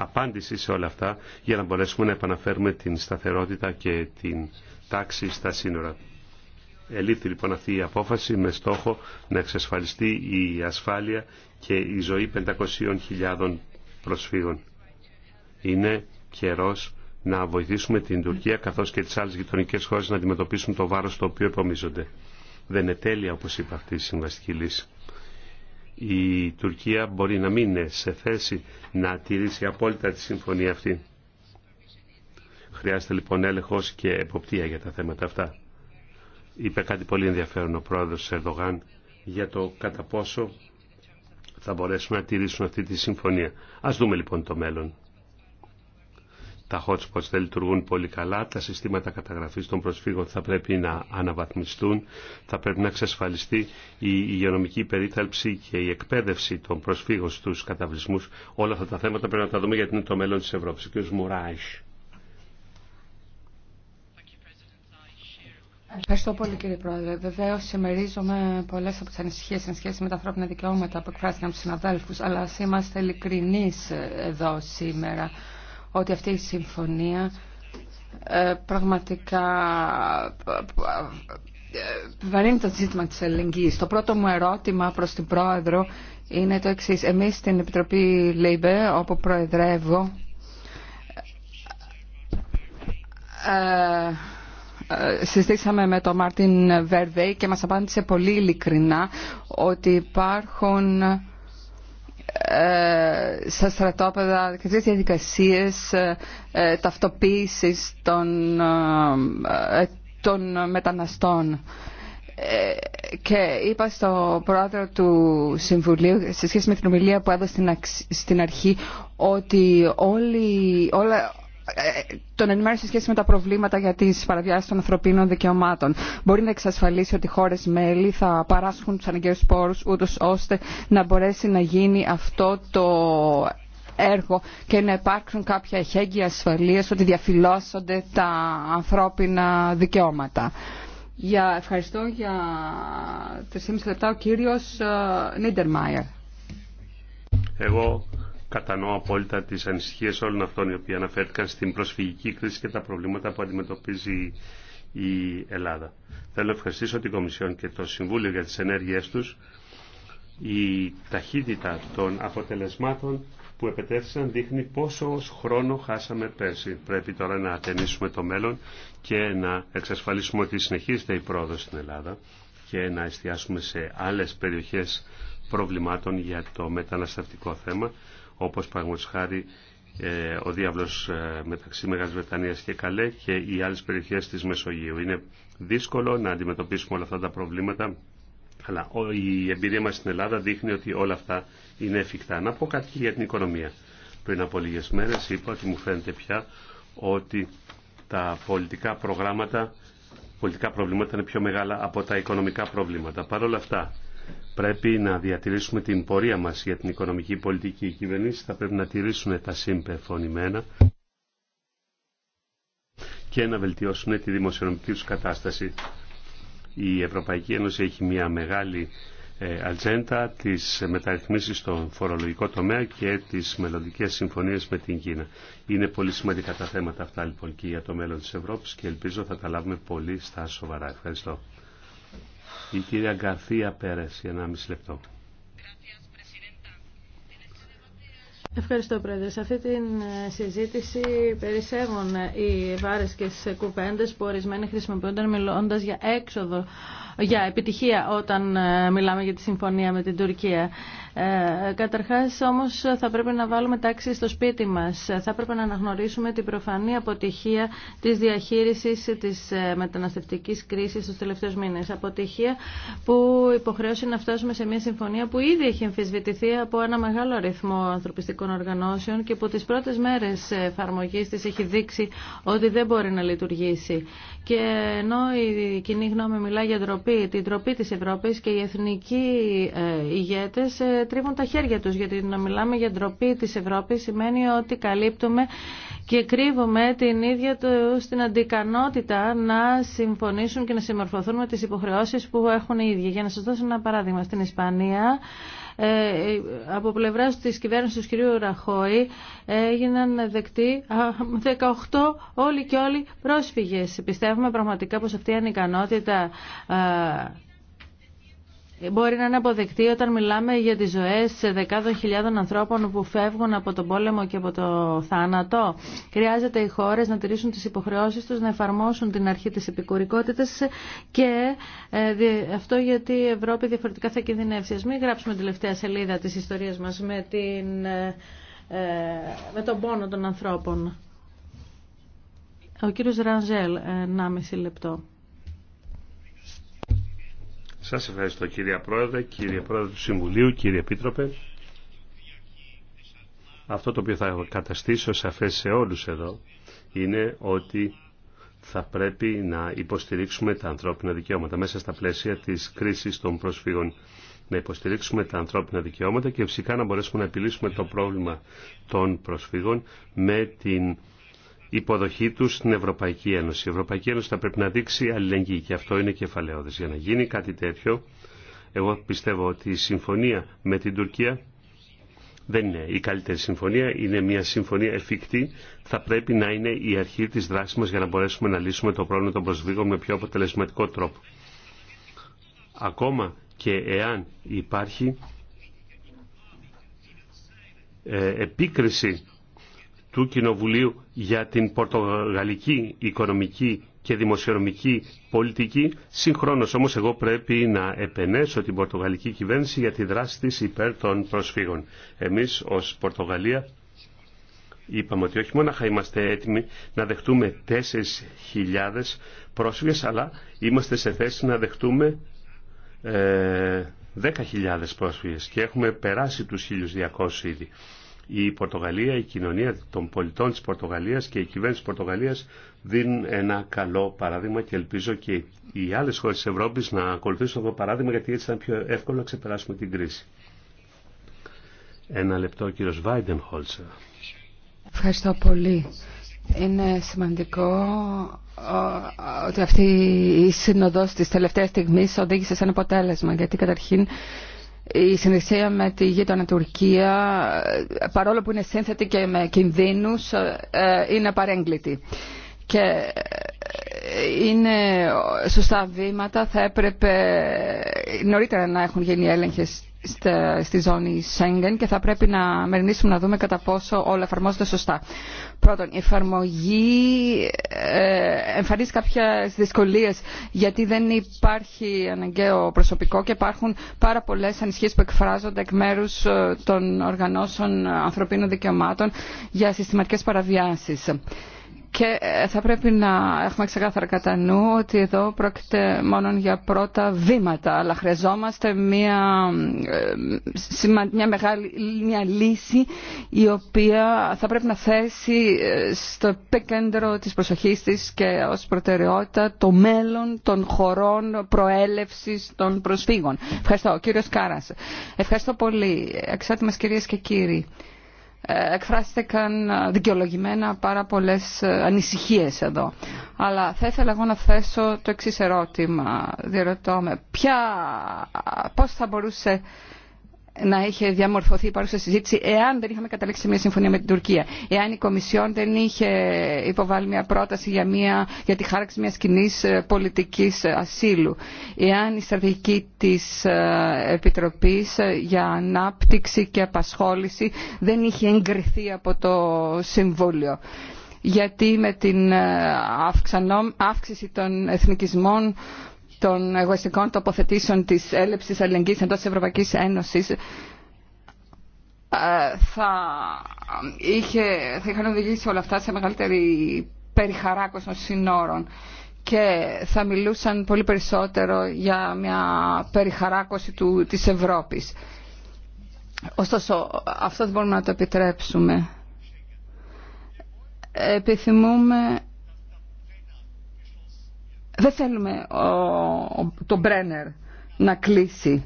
απάντηση σε όλα αυτά για να μπορέσουμε να επαναφέρουμε την σταθερότητα και την τάξη στα σύνορα. Ελήφθη λοιπόν αυτή η απόφαση με στόχο να εξασφαλιστεί η ασφάλεια και η ζωή 500.000 προσφύγων. Είναι καιρός να βοηθήσουμε την Τουρκία καθώς και τις άλλες γειτονικέ χώρες να αντιμετωπίσουν το βάρος το οποίο επομίζονται. Δεν είναι τέλεια όπως είπα αυτή η συμβαστική λύση η Τουρκία μπορεί να μην είναι σε θέση να τηρήσει απόλυτα τη συμφωνία αυτή. Χρειάζεται λοιπόν έλεγχος και εποπτεία για τα θέματα αυτά. Είπε κάτι πολύ ενδιαφέρον ο πρόεδρος Ερδογάν για το κατά πόσο θα μπορέσουν να τηρήσουν αυτή τη συμφωνία. Ας δούμε λοιπόν το μέλλον τα hotspots δεν λειτουργούν πολύ καλά, τα συστήματα καταγραφής των προσφύγων θα πρέπει να αναβαθμιστούν, θα πρέπει να εξασφαλιστεί η υγειονομική περίθαλψη και η εκπαίδευση των προσφύγων στους καταβλισμούς. Όλα αυτά τα θέματα πρέπει να τα δούμε γιατί είναι το μέλλον της Ευρώπης. Ο κ. Μουράης. Ευχαριστώ πολύ κύριε Πρόεδρε. Βεβαίω συμμερίζομαι πολλέ από τι ανησυχίε σε σχέση με τα ανθρώπινα δικαιώματα που εκφράστηκαν από του συναδέλφου, αλλά α είμαστε ειλικρινεί εδώ σήμερα ότι αυτή η συμφωνία ε, πραγματικά ε, βαρύνει το ζήτημα της ελληνικής. Το πρώτο μου ερώτημα προς την Πρόεδρο είναι το εξής. Εμείς στην Επιτροπή ΛΕΙΜΠΕ, όπου προεδρεύω, ε, συζητήσαμε με τον Μάρτιν Βέρβεϊ και μας απάντησε πολύ ειλικρινά ότι υπάρχουν ε, στα στρατόπεδα και τις διαδικασίες ε, ε, ταυτοποίησης των, των μεταναστών και είπα στο πρόεδρο του Συμβουλίου σε σχέση με την ομιλία που έδωσε στην, αρχή ότι όλοι, όλα, ε, ε, τον ενημέρωση σε σχέση με τα προβλήματα για τι παραβιάσει των ανθρωπίνων δικαιωμάτων. Μπορεί να εξασφαλίσει ότι οι χώρε μέλη θα παράσχουν του αναγκαίου πόρου, ούτω ώστε να μπορέσει να γίνει αυτό το έργο και να υπάρξουν κάποια εχέγγυα ασφαλεία ότι διαφυλώσσονται τα ανθρώπινα δικαιώματα. Για, ευχαριστώ για 3,5 λεπτά ο κύριος ε, Νίντερμαϊερ κατανοώ απόλυτα τι ανησυχίε όλων αυτών οι οποίοι αναφέρθηκαν στην προσφυγική κρίση και τα προβλήματα που αντιμετωπίζει η Ελλάδα. Θέλω να ευχαριστήσω την Κομισιόν και το Συμβούλιο για τι ενέργειε τους. Η ταχύτητα των αποτελεσμάτων που επετέθησαν δείχνει πόσο χρόνο χάσαμε πέρσι. Πρέπει τώρα να ατενίσουμε το μέλλον και να εξασφαλίσουμε ότι συνεχίζεται η πρόοδο στην Ελλάδα και να εστιάσουμε σε άλλες περιοχές προβλημάτων για το μεταναστευτικό θέμα όπως πραγματικά χάρη ε, ο διάβλος ε, μεταξύ Μεγάλης Βρετανίας και Καλέ και οι άλλες περιοχές της Μεσογείου. Είναι δύσκολο να αντιμετωπίσουμε όλα αυτά τα προβλήματα, αλλά η εμπειρία μας στην Ελλάδα δείχνει ότι όλα αυτά είναι εφικτά. Να πω κάτι και για την οικονομία. Πριν από λίγες μέρες είπα ότι μου φαίνεται πια ότι τα πολιτικά προγράμματα, πολιτικά προβλήματα είναι πιο μεγάλα από τα οικονομικά προβλήματα. Παρ' όλα αυτά, Πρέπει να διατηρήσουμε την πορεία μας για την οικονομική πολιτική. κυβέρνηση. θα πρέπει να τηρήσουν τα συμπεφωνημένα και να βελτιώσουν τη δημοσιονομική τους κατάσταση. Η Ευρωπαϊκή Ένωση έχει μια μεγάλη ε, ατζέντα της μεταρρυθμίσης στον φορολογικό τομέα και τις μελλοντικέ συμφωνίες με την Κίνα. Είναι πολύ σημαντικά τα θέματα αυτά λοιπόν και για το μέλλον της Ευρώπης και ελπίζω θα τα λάβουμε πολύ στα σοβαρά. Ευχαριστώ. Η κυρία Γκαρθία Πέρες, για μισή λεπτό. Ευχαριστώ, Πρόεδρε. Σε αυτή τη ε, συζήτηση περισσεύουν οι βάρες και τις κουβέντες που ορισμένοι χρησιμοποιούνταν μιλώντας για έξοδο, για επιτυχία όταν ε, μιλάμε για τη συμφωνία με την Τουρκία. Ε, καταρχάς όμως θα πρέπει να βάλουμε τάξη στο σπίτι μας. Θα πρέπει να αναγνωρίσουμε την προφανή αποτυχία της διαχείρισης της ε, μεταναστευτικής κρίσης στους τελευταίους μήνες. Αποτυχία που υποχρέωσε να φτάσουμε σε μια συμφωνία που ήδη έχει εμφισβητηθεί από ένα μεγάλο αριθμό ανθρωπιστικών οργανώσεων και που τις πρώτες μέρες εφαρμογής της έχει δείξει ότι δεν μπορεί να λειτουργήσει. Και ενώ η κοινή γνώμη μιλά για ντροπή, την ντροπή της Ευρώπης και οι εθνικοί ε, ηγέτες ε, τρίβουν τα χέρια τους, γιατί να μιλάμε για ντροπή της Ευρώπης σημαίνει ότι καλύπτουμε και κρύβουμε την ίδια του στην αντικανότητα να συμφωνήσουν και να συμμορφωθούν με τις υποχρεώσεις που έχουν οι ίδιοι. Για να σας δώσω ένα παράδειγμα, στην Ισπανία ε, από πλευρά τη κυβέρνηση του κυρίου Ραχώη έγιναν δεκτοί 18 όλοι και όλοι πρόσφυγες. Πιστεύουμε πραγματικά πως αυτή η ανικανότητα μπορεί να είναι αποδεκτή όταν μιλάμε για τις ζωές δεκάδων χιλιάδων ανθρώπων που φεύγουν από τον πόλεμο και από το θάνατο. Χρειάζεται οι χώρες να τηρήσουν τις υποχρεώσεις τους, να εφαρμόσουν την αρχή της επικουρικότητας και ε, αυτό γιατί η Ευρώπη διαφορετικά θα κινδυνεύσει. Ας μην γράψουμε την τελευταία σελίδα της ιστορίας μας με, την, ε, ε, με τον πόνο των ανθρώπων. Ο κύριος Ρανζέλ, 1,5 λεπτό. Σας ευχαριστώ κύριε Πρόεδρε, κύριε Πρόεδρε του Συμβουλίου, κύριε Επίτροπε. Αυτό το οποίο θα καταστήσω σαφές σε όλους εδώ είναι ότι θα πρέπει να υποστηρίξουμε τα ανθρώπινα δικαιώματα μέσα στα πλαίσια της κρίσης των προσφύγων. Να υποστηρίξουμε τα ανθρώπινα δικαιώματα και φυσικά να μπορέσουμε να επιλύσουμε το πρόβλημα των προσφύγων με την υποδοχή τους στην Ευρωπαϊκή Ένωση. Η Ευρωπαϊκή Ένωση θα πρέπει να δείξει αλληλεγγύη και αυτό είναι κεφαλαίωδε. Για να γίνει κάτι τέτοιο, εγώ πιστεύω ότι η συμφωνία με την Τουρκία δεν είναι η καλύτερη συμφωνία, είναι μια συμφωνία εφικτή. Θα πρέπει να είναι η αρχή της δράσης μας για να μπορέσουμε να λύσουμε το πρόβλημα των με πιο αποτελεσματικό τρόπο. Ακόμα και εάν υπάρχει ε, επίκριση του Κοινοβουλίου για την πορτογαλική οικονομική και δημοσιονομική πολιτική. Συγχρόνως, όμως, εγώ πρέπει να επενέσω την πορτογαλική κυβέρνηση για τη δράση της υπέρ των προσφύγων. Εμείς ως Πορτογαλία είπαμε ότι όχι μόνο είμαστε έτοιμοι να δεχτούμε 4.000 πρόσφυγες, αλλά είμαστε σε θέση να δεχτούμε 10.000 ε, πρόσφυγες και έχουμε περάσει τους 1.200 ήδη η Πορτογαλία, η κοινωνία των πολιτών της Πορτογαλίας και η κυβέρνηση της Πορτογαλίας δίνουν ένα καλό παράδειγμα και ελπίζω και οι άλλες χώρες της Ευρώπης να ακολουθήσουν αυτό το παράδειγμα γιατί έτσι θα είναι πιο εύκολο να ξεπεράσουμε την κρίση. Ένα λεπτό ο κύριος Βάιντενχολτσα. Ευχαριστώ πολύ. Είναι σημαντικό ότι αυτή η σύνοδος της τελευταίας στιγμής οδήγησε σε ένα αποτέλεσμα γιατί καταρχήν η συνεργασία με τη γείτονα Τουρκία, παρόλο που είναι σύνθετη και με κινδύνου, ε, είναι παρέγκλητη. Και ε, είναι σωστά βήματα, θα έπρεπε νωρίτερα να έχουν γίνει έλεγχες στη ζώνη Σέγγεν και θα πρέπει να μεριμνήσουμε να δούμε κατά πόσο όλα εφαρμόζονται σωστά. Πρώτον, η εφαρμογή ε, εμφανίζει κάποιε δυσκολίες γιατί δεν υπάρχει αναγκαίο προσωπικό και υπάρχουν πάρα πολλές ανησυχίες που εκφράζονται εκ μέρους ε, των οργανώσεων ανθρωπίνων δικαιωμάτων για συστηματικές παραβιάσεις. Και ε, θα πρέπει να έχουμε ξεκάθαρα κατά νου ότι εδώ πρόκειται μόνο για πρώτα βήματα, αλλά χρειαζόμαστε μια, ε, μια μεγάλη μια λύση η οποία θα πρέπει να θέσει ε, στο επίκεντρο της προσοχής της και ως προτεραιότητα το μέλλον των χωρών προέλευσης των προσφύγων. Ευχαριστώ. Κύριος Κάρας. Ευχαριστώ πολύ. Εξάρτημας κυρίες και κύριοι εκφράστηκαν ε, δικαιολογημένα πάρα πολλές ε, ανησυχίες εδώ. Αλλά θα ήθελα εγώ να θέσω το εξής ερώτημα. Διερωτώ με ποια, πώς θα μπορούσε να είχε διαμορφωθεί η παρούσα συζήτηση εάν δεν είχαμε καταλήξει σε μια συμφωνία με την Τουρκία. Εάν η Κομισιόν δεν είχε υποβάλει μια πρόταση για, μια, για τη χάραξη μια κοινή ε, πολιτική ε, ασύλου. Εάν η στρατηγική τη ε, Επιτροπή για ανάπτυξη και απασχόληση δεν είχε εγκριθεί από το Συμβούλιο γιατί με την αύξηση των εθνικισμών των εγωιστικών τοποθετήσεων της έλλειψης αλληλεγγύης εντός της Ευρωπαϊκής Ένωσης ε, θα, ε, είχε, θα είχαν οδηγήσει όλα αυτά σε μεγαλύτερη περιχαράκωση των συνόρων και θα μιλούσαν πολύ περισσότερο για μια περιχαράκωση του, της Ευρώπης. Ωστόσο, αυτό δεν μπορούμε να το επιτρέψουμε. Επιθυμούμε δεν θέλουμε το Μπρένερ να κλείσει.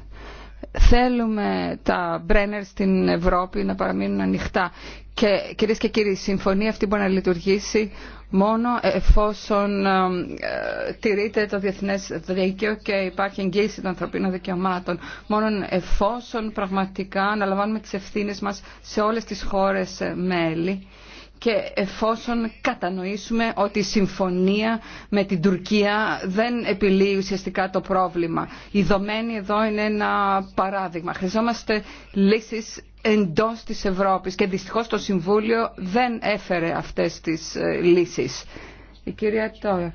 Θέλουμε τα Μπρένερ στην Ευρώπη να παραμείνουν ανοιχτά. Και κυρίες και κύριοι, η συμφωνία αυτή μπορεί να λειτουργήσει μόνο εφόσον ε, ε, τηρείται το διεθνές δίκαιο και υπάρχει εγγύηση των ανθρωπίνων δικαιωμάτων. Μόνο εφόσον πραγματικά αναλαμβάνουμε τις ευθύνες μας σε όλες τις χώρες ε, μέλη και εφόσον κατανοήσουμε ότι η συμφωνία με την Τουρκία δεν επιλύει ουσιαστικά το πρόβλημα. Η δομένη εδώ είναι ένα παράδειγμα. Χρειαζόμαστε λύσεις εντός της Ευρώπης και δυστυχώς το Συμβούλιο δεν έφερε αυτές τις ε, λύσεις. Η κυρία Τόρα.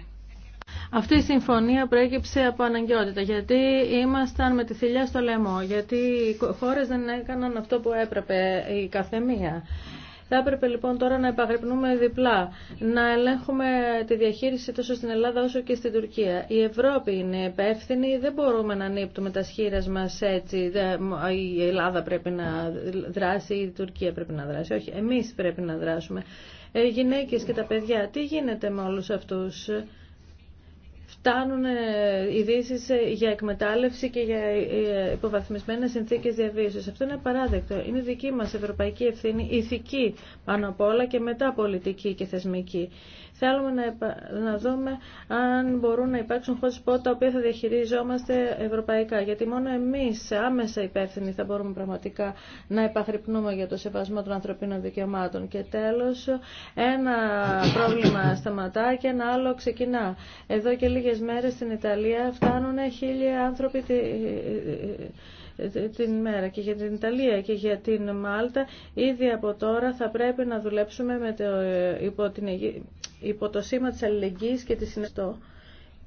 Αυτή η συμφωνία προέκυψε από αναγκαιότητα, γιατί ήμασταν με τη θηλιά στο λαιμό, γιατί οι χώρες δεν έκαναν αυτό που έπρεπε η καθεμία. Θα έπρεπε λοιπόν τώρα να επαγρυπνούμε διπλά, να ελέγχουμε τη διαχείριση τόσο στην Ελλάδα όσο και στην Τουρκία. Η Ευρώπη είναι υπεύθυνη, δεν μπορούμε να ανύπτουμε τα σχήρα μα έτσι. Η Ελλάδα πρέπει να δράσει, η Τουρκία πρέπει να δράσει. Όχι, εμεί πρέπει να δράσουμε. Οι ε, γυναίκε και τα παιδιά, τι γίνεται με όλου αυτού φτάνουν ειδήσει ε, για εκμετάλλευση και για ε, υποβαθμισμένε συνθήκε διαβίωση. Αυτό είναι παράδεκτο. Είναι δική μα ευρωπαϊκή ευθύνη, ηθική πάνω απ' όλα και μετά πολιτική και θεσμική. Θέλουμε να, να δούμε αν μπορούν να υπάρξουν hotspot τα οποία θα διαχειριζόμαστε ευρωπαϊκά. Γιατί μόνο εμεί, άμεσα υπεύθυνοι, θα μπορούμε πραγματικά να επαχρυπνούμε για το σεβασμό των ανθρωπίνων δικαιωμάτων. Και τέλο, ένα πρόβλημα σταματά και ένα άλλο ξεκινά. Εδώ και λίγε μέρε στην Ιταλία φτάνουν χίλια άνθρωποι την μέρα και για την Ιταλία και για την Μάλτα ήδη από τώρα θα πρέπει να δουλέψουμε με το, υπό, την, υπό το σήμα της αλληλεγγύης και τη Συνεστό.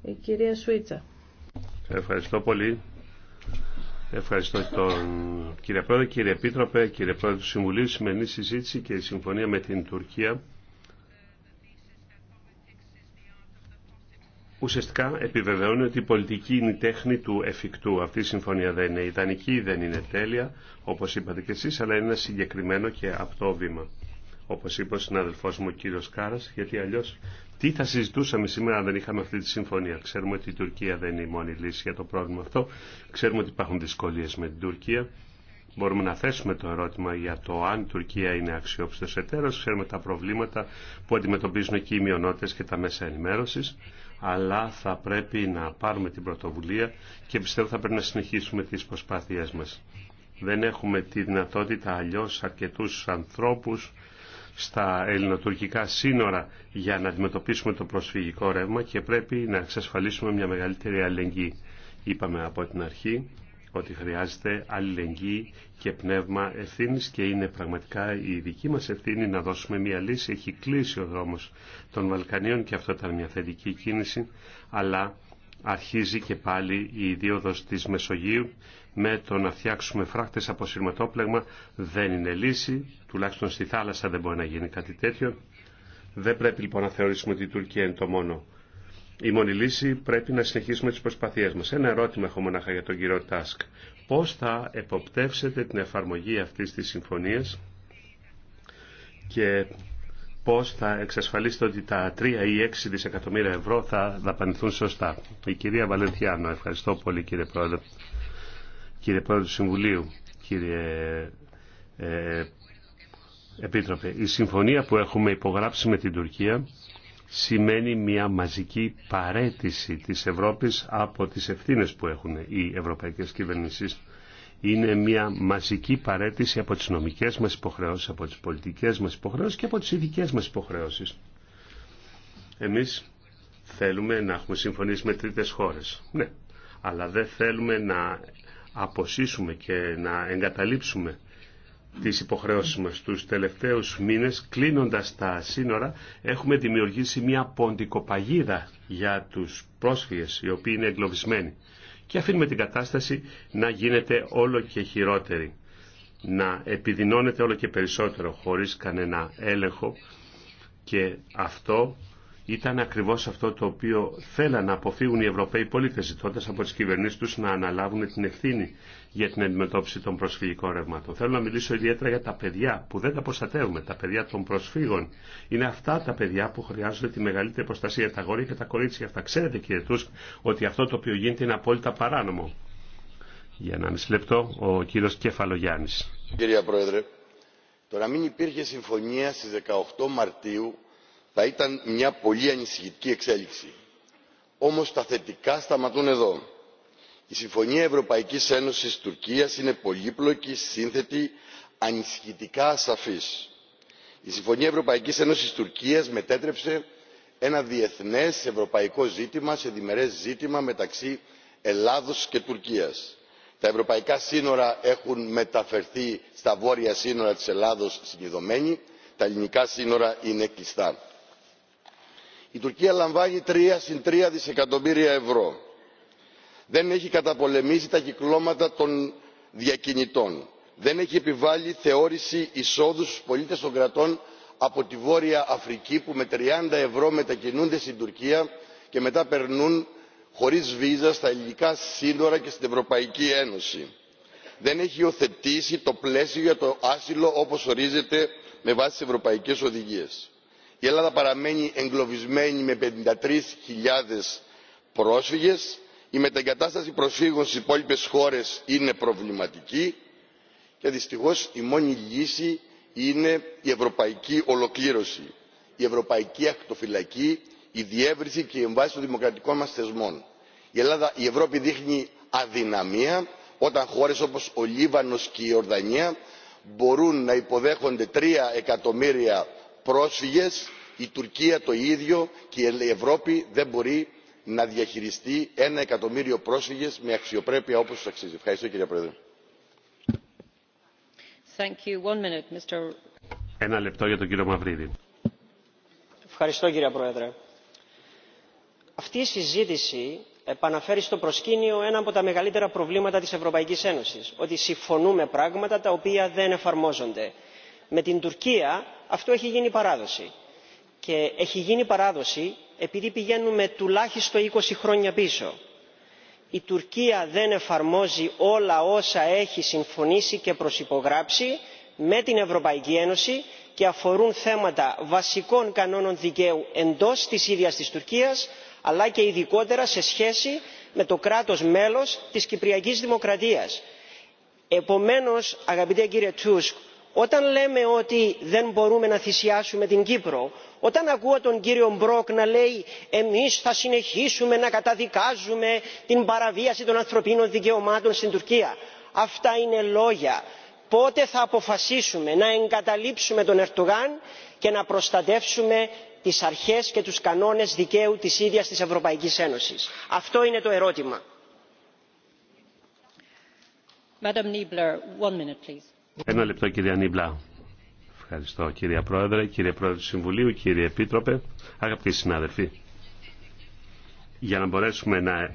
Η κυρία Σουίτσα. Ευχαριστώ πολύ. Ευχαριστώ τον κύριε Πρόεδρε, κύριε Επίτροπε, κύριε Πρόεδρε του Συμβουλίου. Σημερινή συζήτηση και η συμφωνία με την Τουρκία ουσιαστικά επιβεβαιώνει ότι η πολιτική είναι η τέχνη του εφικτού. Αυτή η συμφωνία δεν είναι ιδανική, δεν είναι τέλεια, όπως είπατε και εσείς, αλλά είναι ένα συγκεκριμένο και απτό βήμα. Όπως είπε ο συναδελφός μου ο κύριος Κάρας, γιατί αλλιώς τι θα συζητούσαμε σήμερα αν δεν είχαμε αυτή τη συμφωνία. Ξέρουμε ότι η Τουρκία δεν είναι η μόνη λύση για το πρόβλημα αυτό. Ξέρουμε ότι υπάρχουν δυσκολίες με την Τουρκία. Μπορούμε να θέσουμε το ερώτημα για το αν η Τουρκία είναι αξιόπιστος εταίρος. Ξέρουμε τα προβλήματα που αντιμετωπίζουν εκεί οι μειονότητες και τα μέσα ενημέρωσης αλλά θα πρέπει να πάρουμε την πρωτοβουλία και πιστεύω θα πρέπει να συνεχίσουμε τις προσπάθειές μας. Δεν έχουμε τη δυνατότητα αλλιώς αρκετούς ανθρώπους στα ελληνοτουρκικά σύνορα για να αντιμετωπίσουμε το προσφυγικό ρεύμα και πρέπει να εξασφαλίσουμε μια μεγαλύτερη αλληλεγγύη. Είπαμε από την αρχή ότι χρειάζεται αλληλεγγύη και πνεύμα ευθύνη και είναι πραγματικά η δική μα ευθύνη να δώσουμε μια λύση. Έχει κλείσει ο δρόμο των Βαλκανίων και αυτό ήταν μια θετική κίνηση, αλλά αρχίζει και πάλι η ιδίωδος τη Μεσογείου με το να φτιάξουμε φράχτες από σειρματόπλεγμα δεν είναι λύση, τουλάχιστον στη θάλασσα δεν μπορεί να γίνει κάτι τέτοιο. Δεν πρέπει λοιπόν να θεωρήσουμε ότι η Τουρκία είναι το μόνο η μόνη λύση πρέπει να συνεχίσουμε τις προσπαθίες μας. Ένα ερώτημα έχω μονάχα για τον κύριο Τάσκ. Πώς θα εποπτεύσετε την εφαρμογή αυτής της συμφωνίας και πώς θα εξασφαλίσετε ότι τα 3 ή 6 δισεκατομμύρια ευρώ θα δαπανηθούν σωστά. Η κυρία Βαλεντιάνο, ευχαριστώ πολύ κύριε Πρόεδρε. Κύριε Πρόεδρε του Συμβουλίου, κύριε ε, Επίτροπε, η συμφωνία που έχουμε υπογράψει με την Τουρκία σημαίνει μια μαζική παρέτηση της Ευρώπης από τις ευθύνες που έχουν οι ευρωπαϊκές κυβερνήσεις. Είναι μια μαζική παρέτηση από τις νομικές μας υποχρεώσεις, από τις πολιτικές μας υποχρεώσεις και από τις ειδικές μας υποχρεώσεις. Εμείς θέλουμε να έχουμε συμφωνήσει με τρίτες χώρες. Ναι, αλλά δεν θέλουμε να αποσύσουμε και να εγκαταλείψουμε τις υποχρεώσεις μας. Τους τελευταίους μήνες, κλείνοντας τα σύνορα, έχουμε δημιουργήσει μια ποντικοπαγίδα για τους πρόσφυγες, οι οποίοι είναι εγκλωβισμένοι. Και αφήνουμε την κατάσταση να γίνεται όλο και χειρότερη, να επιδεινώνεται όλο και περισσότερο, χωρίς κανένα έλεγχο. Και αυτό ήταν ακριβώς αυτό το οποίο θέλαν να αποφύγουν οι Ευρωπαίοι πολίτες, ζητώντα από τις κυβερνήσεις τους να αναλάβουν την ευθύνη για την αντιμετώπιση των προσφυγικών ρευμάτων. Θέλω να μιλήσω ιδιαίτερα για τα παιδιά που δεν τα προστατεύουμε, τα παιδιά των προσφύγων. Είναι αυτά τα παιδιά που χρειάζονται τη μεγαλύτερη προστασία, τα γόρια και τα κορίτσια. Αυτά ξέρετε κύριε Τούσκ ότι αυτό το οποίο γίνεται είναι απόλυτα παράνομο. Για να μισή λεπτό, ο κύριο Κεφαλογιάννη. Κυρία Πρόεδρε, το να μην υπήρχε συμφωνία στι 18 Μαρτίου θα ήταν μια πολύ ανησυχητική εξέλιξη. Όμω τα θετικά σταματούν εδώ η συμφωνία ευρωπαϊκής ένωσης τουρκίας είναι πολύπλοκη σύνθετη ανησυχητικά ασαφής. η συμφωνία ευρωπαϊκής ένωσης τουρκίας μετέτρεψε ένα διεθνές ευρωπαϊκό ζήτημα σε διμερές ζήτημα μεταξύ ελλάδος και τουρκίας. τα ευρωπαϊκά σύνορα έχουν μεταφερθεί στα βόρεια σύνορα της ελλάδος συγκλειδωμένοι τα ελληνικά σύνορα είναι κλειστά. η τουρκία λαμβάνει τρία συν δισεκατομμύρια ευρώ δεν έχει καταπολεμήσει τα κυκλώματα των διακινητών δεν έχει επιβάλει θεώρηση εισόδου στους πολίτες των κρατών από τη βόρεια αφρική που με 30 ευρώ μετακινούνται στην τουρκία και μετά περνούν χωρίς βίζα στα ελληνικά σύνορα και στην ευρωπαϊκή ένωση. δεν έχει υιοθετήσει το πλαίσιο για το άσυλο όπως ορίζεται με βάση τις ευρωπαϊκές οδηγίες. η ελλάδα παραμένει εγκλωβισμένη με 53.000 πρόσφυγες η μετεγκατάσταση προσφύγων στις υπόλοιπες χώρες είναι προβληματική και δυστυχώς η μόνη λύση είναι η ευρωπαϊκή ολοκλήρωση η ευρωπαϊκή ακτοφυλακή η διεύρυνση και η εμβάση των δημοκρατικών μας θεσμών. Η, Ελλάδα, η Ευρώπη δείχνει αδυναμία όταν χώρες όπως ο Λίβανος και η Ορδανία μπορούν να υποδέχονται τρία εκατομμύρια πρόσφυγες η Τουρκία το ίδιο και η Ευρώπη δεν μπορεί να διαχειριστεί ένα εκατομμύριο πρόσφυγες με αξιοπρέπεια όπως τους αξίζει. Ευχαριστώ κύριε Πρόεδρε. Ένα λεπτό για τον κύριο Μαυρίδη. Ευχαριστώ κύριε Πρόεδρε. Αυτή η συζήτηση επαναφέρει στο προσκήνιο ένα από τα μεγαλύτερα προβλήματα της Ευρωπαϊκής Ένωσης. Ότι συμφωνούμε πράγματα τα οποία δεν εφαρμόζονται. Με την Τουρκία αυτό έχει γίνει παράδοση. Και έχει γίνει παράδοση επειδή πηγαίνουμε τουλάχιστον είκοσι χρόνια πίσω η τουρκία δεν εφαρμόζει όλα όσα έχει συμφωνήσει και προσυπογράψει με την ευρωπαϊκή ένωση και αφορούν θέματα βασικών κανόνων δικαίου εντός της ίδιας της τουρκίας αλλά και ειδικότερα σε σχέση με το κράτος μέλος της κυπριακής δημοκρατίας. επομένως αγαπητέ κύριε τούσκ όταν λέμε ότι δεν μπορούμε να θυσιάσουμε την κύπρο όταν ακούω τον κύριο μπροκ να λέει εμείς θα συνεχίσουμε να καταδικάζουμε την παραβίαση των ανθρωπίνων δικαιωμάτων στην τουρκία αυτά είναι λόγια. πότε θα αποφασίσουμε να εγκαταλείψουμε τον ερντογάν και να προστατεύσουμε τις αρχές και τους κανόνες δικαίου της ίδιας της ευρωπαϊκής ένωσης. αυτό είναι το ερώτημα. Ένα λεπτό κύριε Ανίμπλα Ευχαριστώ κύριε Πρόεδρε, κύριε Πρόεδρε του Συμβουλίου, κύριε Επίτροπε, αγαπητοί συνάδελφοι. Για να μπορέσουμε να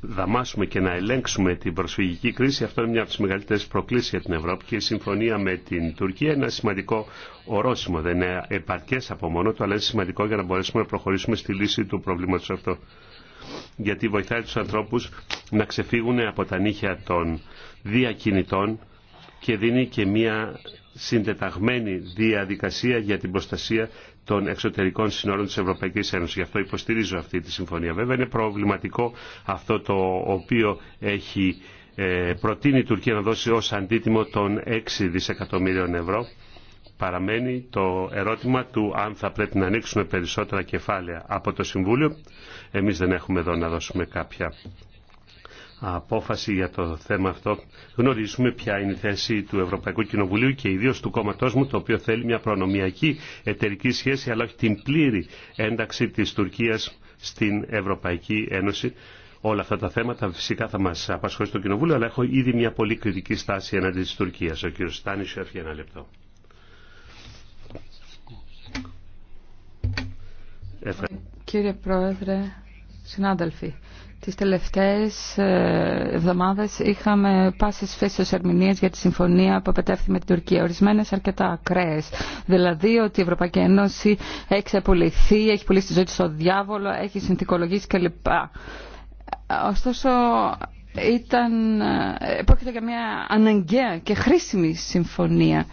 δαμάσουμε και να ελέγξουμε την προσφυγική κρίση, αυτό είναι μια από τι μεγαλύτερε προκλήσει για την Ευρώπη και η συμφωνία με την Τουρκία είναι ένα σημαντικό ορόσημο. Δεν είναι επαρκέ από μόνο του, αλλά είναι σημαντικό για να μπορέσουμε να προχωρήσουμε στη λύση του προβλήματος αυτό. Γιατί βοηθάει του ανθρώπου να ξεφύγουν από τα νύχια των διακινητών και δίνει και μια συντεταγμένη διαδικασία για την προστασία των εξωτερικών συνόρων της Ευρωπαϊκής Ένωσης. Γι' αυτό υποστηρίζω αυτή τη συμφωνία. Βέβαια είναι προβληματικό αυτό το οποίο έχει ε, προτείνει η Τουρκία να δώσει ως αντίτιμο των 6 δισεκατομμύριων ευρώ. Παραμένει το ερώτημα του αν θα πρέπει να ανοίξουμε περισσότερα κεφάλαια από το Συμβούλιο. Εμείς δεν έχουμε εδώ να δώσουμε κάποια απόφαση για το θέμα αυτό. Γνωρίζουμε ποια είναι η θέση του Ευρωπαϊκού Κοινοβουλίου και ιδίω του κόμματό μου, το οποίο θέλει μια προνομιακή εταιρική σχέση, αλλά όχι την πλήρη ένταξη τη Τουρκία στην Ευρωπαϊκή Ένωση. Όλα αυτά τα θέματα φυσικά θα μα απασχολήσει το Κοινοβούλιο, αλλά έχω ήδη μια πολύ κριτική στάση εναντί τη Τουρκία. Ο κ. Στάνισο, για ένα λεπτό. Κύριε Πρόεδρε, συνάδελφοι, Τις τελευταίες ε, εβδομάδες είχαμε πάσες φέσεις ερμηνείες για τη συμφωνία που επετέφθη με την Τουρκία. Ορισμένες αρκετά ακραίες. Δηλαδή ότι η Ευρωπαϊκή Ένωση έχει ξεπουληθεί, έχει πουλήσει τη ζωή του στον διάβολο, έχει συνθηκολογήσει κλπ. Ωστόσο ήταν, ε, πρόκειται για μια αναγκαία και χρήσιμη συμφωνία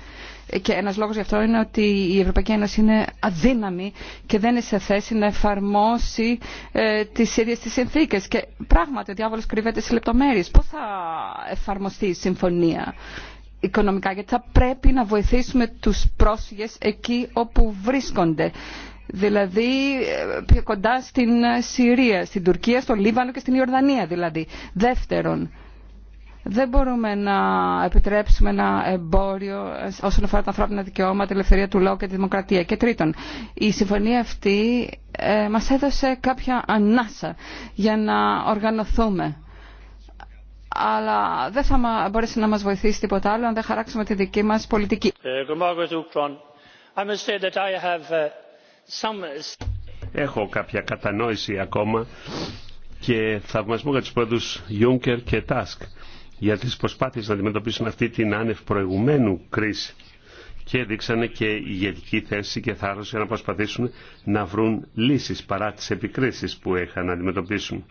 και ένας λόγος γι' αυτό είναι ότι η Ευρωπαϊκή Ένωση είναι αδύναμη και δεν είναι σε θέση να εφαρμόσει ε, τις ίδιες τις συνθήκες. Και πράγματι ο διάβολος κρύβεται σε λεπτομέρειες. Πώς θα εφαρμοστεί η συμφωνία οικονομικά, γιατί θα πρέπει να βοηθήσουμε τους πρόσφυγες εκεί όπου βρίσκονται. Δηλαδή ε, πιο κοντά στην ε, Συρία, στην Τουρκία, στο Λίβανο και στην Ιορδανία δηλαδή. Δεύτερον, δεν μπορούμε να επιτρέψουμε ένα εμπόριο όσον αφορά τα ανθρώπινα δικαιώματα, τη ελευθερία του λόγου και τη δημοκρατία. Και τρίτον, η συμφωνία αυτή ε, μας έδωσε κάποια ανάσα για να οργανωθούμε αλλά δεν θα μπορέσει να μας βοηθήσει τίποτα άλλο αν δεν χαράξουμε τη δική μας πολιτική. Ε, uh, Έχω κάποια κατανόηση ακόμα και θαυμασμό για τους πρόεδρους Juncker και Τάσκ για τις προσπάθειες να αντιμετωπίσουν αυτή την άνευ προηγουμένου κρίση και δείξανε και ηγετική θέση και θάρρος για να προσπαθήσουν να βρουν λύσεις παρά τις επικρίσεις που είχαν να αντιμετωπίσουν.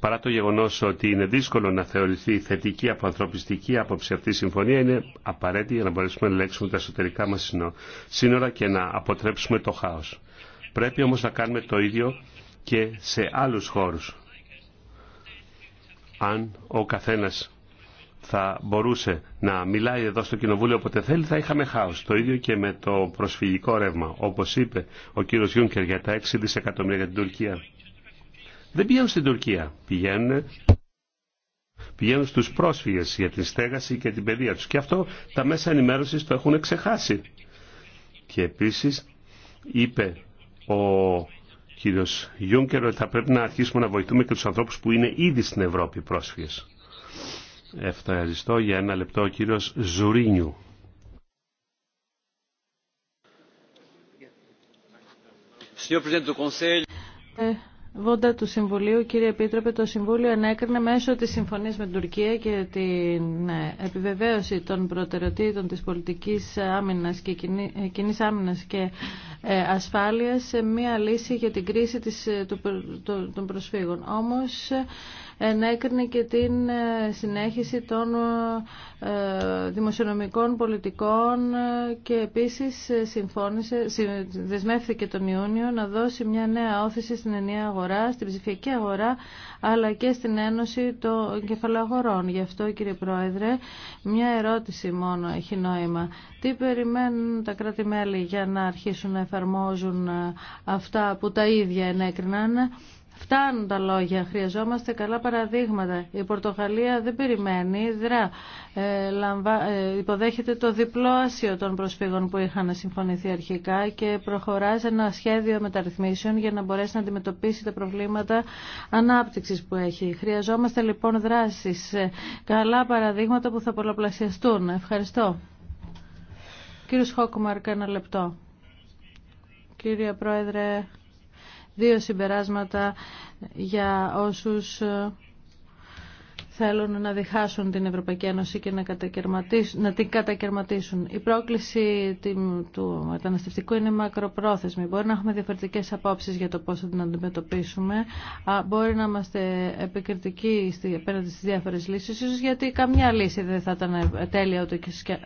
Παρά το γεγονός ότι είναι δύσκολο να θεωρηθεί θετική από ανθρωπιστική άποψη αυτή η συμφωνία, είναι απαραίτητη για να μπορέσουμε να ελέγξουμε τα εσωτερικά μας σύνορα και να αποτρέψουμε το χάος. Πρέπει όμως να κάνουμε το ίδιο και σε άλλους χώρους αν ο καθένας θα μπορούσε να μιλάει εδώ στο Κοινοβούλιο όποτε θέλει, θα είχαμε χάος. Το ίδιο και με το προσφυγικό ρεύμα. Όπως είπε ο κύριος Γιούνκερ για τα 6 δισεκατομμύρια για την Τουρκία. Δεν πηγαίνουν στην Τουρκία. Πηγαίνουν, πηγαίνουν στους πρόσφυγες για την στέγαση και την παιδεία τους. Και αυτό τα μέσα ενημέρωσης το έχουν ξεχάσει. Και επίσης είπε ο κύριος Γιούγκερ, ότι θα πρέπει να αρχίσουμε να βοηθούμε και τους ανθρώπους που είναι ήδη στην Ευρώπη πρόσφυγες. Ευχαριστώ για ένα λεπτό ο κύριος Ζουρίνιου. Ε. Βόντα του Συμβουλίου, κύριε Επίτροπε, το Συμβούλιο ανέκρινε μέσω της συμφωνίας με την Τουρκία και την ε, επιβεβαίωση των προτεραιοτήτων της πολιτικής άμυνας και κοινή ε, άμυνας και ε, ασφάλειας σε μία λύση για την κρίση της, των προσφύγων. Όμως, ενέκρινε και την ε, συνέχιση των ε, ε, δημοσιονομικών πολιτικών και επίσης συμφώνησε, δεσμεύθηκε τον Ιούνιο να δώσει μια νέα όθηση στην ενιαία αγορά, στην ψηφιακή αγορά, αλλά και στην Ένωση των Κεφαλαγορών. Γι' αυτό, κύριε Πρόεδρε, μια ερώτηση μόνο έχει νόημα. Τι περιμένουν τα κράτη-μέλη για να αρχίσουν να εφαρμόζουν αυτά που τα ίδια ενέκριναν Φτάνουν τα λόγια, χρειαζόμαστε καλά παραδείγματα. Η Πορτογαλία δεν περιμένει, δρά. Ε, ε υποδέχεται το διπλό άσιο των προσφύγων που είχαν συμφωνηθεί αρχικά και προχωρά σε ένα σχέδιο μεταρρυθμίσεων για να μπορέσει να αντιμετωπίσει τα προβλήματα ανάπτυξη που έχει. Χρειαζόμαστε λοιπόν δράσει, ε, καλά παραδείγματα που θα πολλαπλασιαστούν. Ευχαριστώ. Κύριο Χόκουμαρκ, ένα λεπτό. Κύριε Πρόεδρε, δύο συμπεράσματα για όσους ε, θέλουν να διχάσουν την Ευρωπαϊκή Ένωση και να, να την κατακαιρματίσουν. Η πρόκληση του μεταναστευτικού είναι μακροπρόθεσμη. Μπορεί να έχουμε διαφορετικές απόψεις για το πώς θα την αντιμετωπίσουμε. Μπορεί να είμαστε επικριτικοί απέναντι στι διάφορες λύσεις, ίσως γιατί καμιά λύση δεν θα ήταν τέλεια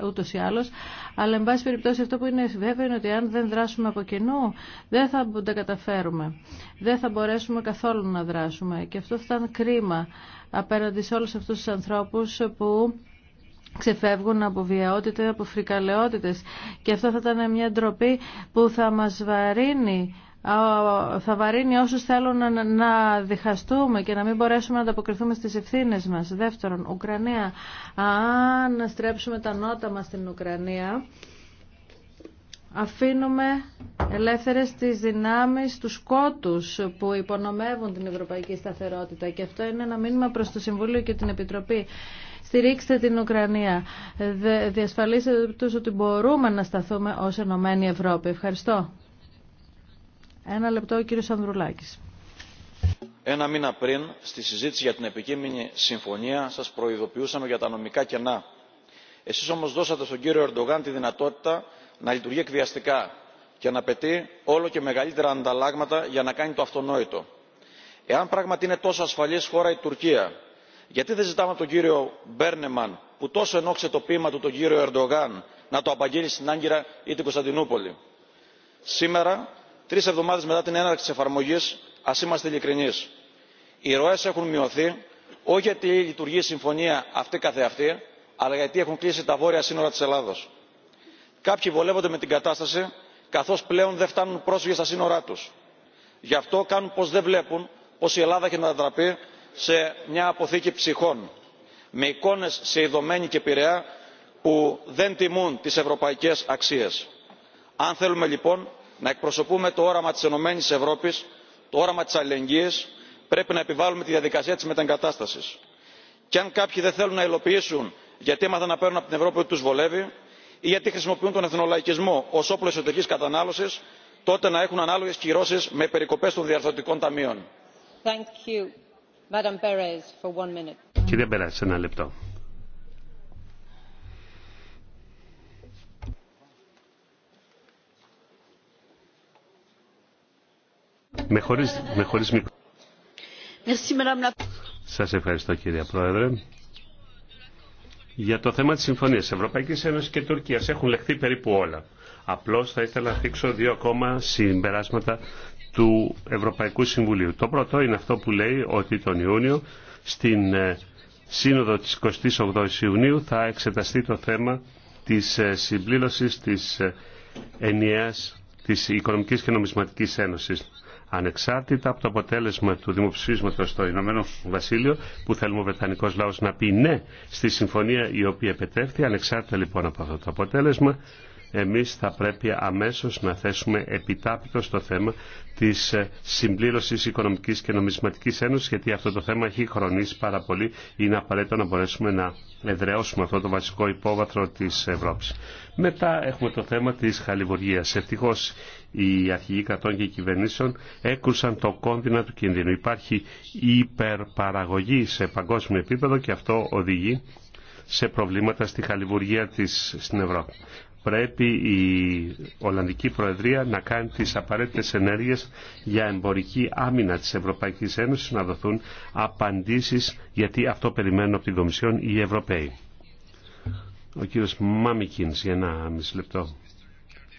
ούτως ή άλλως. Αλλά, εν πάση περιπτώσει, αυτό που είναι βέβαιο είναι ότι αν δεν δράσουμε από κοινού, δεν θα τα καταφέρουμε. Δεν θα μπορέσουμε καθόλου να δράσουμε. Και αυτό θα ήταν κρίμα απέναντι σε όλους αυτούς τους ανθρώπους που ξεφεύγουν από βιαιότητα, από φρικαλαιότητες. Και αυτό θα ήταν μια ντροπή που θα μας βαρύνει θα βαρύνει όσους θέλουν να διχαστούμε και να μην μπορέσουμε να ανταποκριθούμε στις ευθύνες μας. Δεύτερον, Ουκρανία. Αν στρέψουμε τα νότα μας στην Ουκρανία, αφήνουμε ελεύθερες τις δυνάμεις τους κότους που υπονομεύουν την ευρωπαϊκή σταθερότητα και αυτό είναι ένα μήνυμα προς το Συμβούλιο και την Επιτροπή. Στηρίξτε την Ουκρανία. Διασφαλίστε τους ότι μπορούμε να σταθούμε ως Ενωμένη Ευρώπη. Ευχαριστώ. Ένα λεπτό ο κύριος Ανδρουλάκης. Ένα μήνα πριν, στη συζήτηση για την επικείμενη συμφωνία, σας προειδοποιούσαμε για τα νομικά κενά. Εσείς όμως δώσατε στον κύριο Ερντογάν τη δυνατότητα να λειτουργεί εκβιαστικά και να απαιτεί όλο και μεγαλύτερα ανταλλάγματα για να κάνει το αυτονόητο. εάν πράγματι είναι τόσο ασφαλή χώρα η τουρκία γιατί δεν ζητάμε τον κύριο μπέρνεμαν που τόσο ενόξε το πείμα του τον κύριο ερντογάν να το απαγγείλει στην άγκυρα ή την κωνσταντινούπολη. σήμερα τρει εβδομάδε μετά την έναρξη τη εφαρμογή α είμαστε ειλικρινεί οι ροέ έχουν μειωθεί όχι γιατί λειτουργεί η συμφωνία αυτή καθεαυτή αλλά γιατί έχουν κλείσει τα βόρεια σύνορα τη εφαρμογη α ειμαστε ειλικρινει οι ροε εχουν μειωθει οχι γιατι λειτουργει η συμφωνια αυτη καθεαυτη αλλα γιατι εχουν κλεισει τα βορεια συνορα τη ελλαδο κάποιοι βολεύονται με την κατάσταση καθώς πλέον δεν φτάνουν πρόσφυγες στα σύνορά τους. γι' αυτό κάνουν πως δεν βλέπουν πως η ελλάδα έχει μετατραπεί σε μια αποθήκη ψυχών με εικόνες σε ειδωμένη και πειραιά που δεν τιμούν τις ευρωπαϊκές αξίες. αν θέλουμε λοιπόν να εκπροσωπούμε το όραμα της ενωμένης ΕΕ, το όραμα της αλληλεγγύης πρέπει να επιβάλλουμε τη διαδικασία της μετεγκατάστασης. και αν κάποιοι δεν θέλουν να υλοποιήσουν γιατί έμαθαν να παίρνουν από την ευρώπη ότι τους βολεύει ή γιατί χρησιμοποιούν τον εθνολαϊκισμό ω όπλο εσωτερική κατανάλωση τότε να έχουν ανάλογε κυρώσει με περικοπέ των διαρθρωτικών ταμείων. Κύριε ένα λεπτό. Σας ευχαριστώ κύριε Πρόεδρε. Για το θέμα της συμφωνίας Ευρωπαϊκής Ένωσης και Τουρκίας έχουν λεχθεί περίπου όλα. Απλώς θα ήθελα να δείξω δύο ακόμα συμπεράσματα του Ευρωπαϊκού Συμβουλίου. Το πρώτο είναι αυτό που λέει ότι τον Ιούνιο στην ε, σύνοδο της 28ης Ιουνίου θα εξεταστεί το θέμα της ε, συμπλήρωσης της ε, ενιαίας της Οικονομικής και Νομισματικής Ένωσης ανεξάρτητα από το αποτέλεσμα του δημοψηφίσματος στο Ηνωμένο Βασίλειο που θέλουμε ο Βρετανικός λαός να πει ναι στη συμφωνία η οποία επετέφθη ανεξάρτητα λοιπόν από αυτό το αποτέλεσμα εμείς θα πρέπει αμέσως να θέσουμε επιτάπητο στο θέμα της ε, συμπλήρωσης οικονομικής και νομισματικής ένωσης, γιατί αυτό το θέμα έχει χρονίσει πάρα πολύ. Είναι απαραίτητο να μπορέσουμε να εδραιώσουμε αυτό το βασικό υπόβαθρο της Ευρώπης. Μετά έχουμε το θέμα της χαλιβουργίας. Ευτυχώς οι αρχηγοί κρατών και κυβερνήσεων έκρουσαν το κόνδυνα του κινδύνου. Υπάρχει υπερπαραγωγή σε παγκόσμιο επίπεδο και αυτό οδηγεί σε προβλήματα στη χαλιβουργία της στην Ευρώπη πρέπει η Ολλανδική Προεδρία να κάνει τις απαραίτητες ενέργειες για εμπορική άμυνα της Ευρωπαϊκής Ένωσης να δοθούν απαντήσεις γιατί αυτό περιμένουν από την Κομισιόν οι Ευρωπαίοι. Ο κύριος Μάμικινς για ένα μισή λεπτό.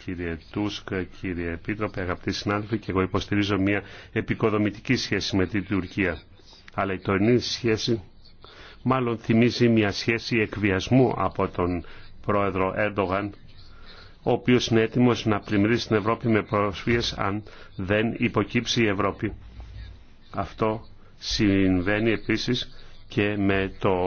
Κύριε Τούσκ, κύριε Επίτροπε, αγαπητοί συνάδελφοι, και εγώ υποστηρίζω μια επικοδομητική σχέση με την Τουρκία. Αλλά η τωρινή σχέση μάλλον θυμίζει μια σχέση εκβιασμού από τον πρόεδρο Έρντογαν ο οποίος είναι έτοιμος να πλημμυρίσει την Ευρώπη με προσφύγες αν δεν υποκύψει η Ευρώπη. Αυτό συμβαίνει επίσης και με το,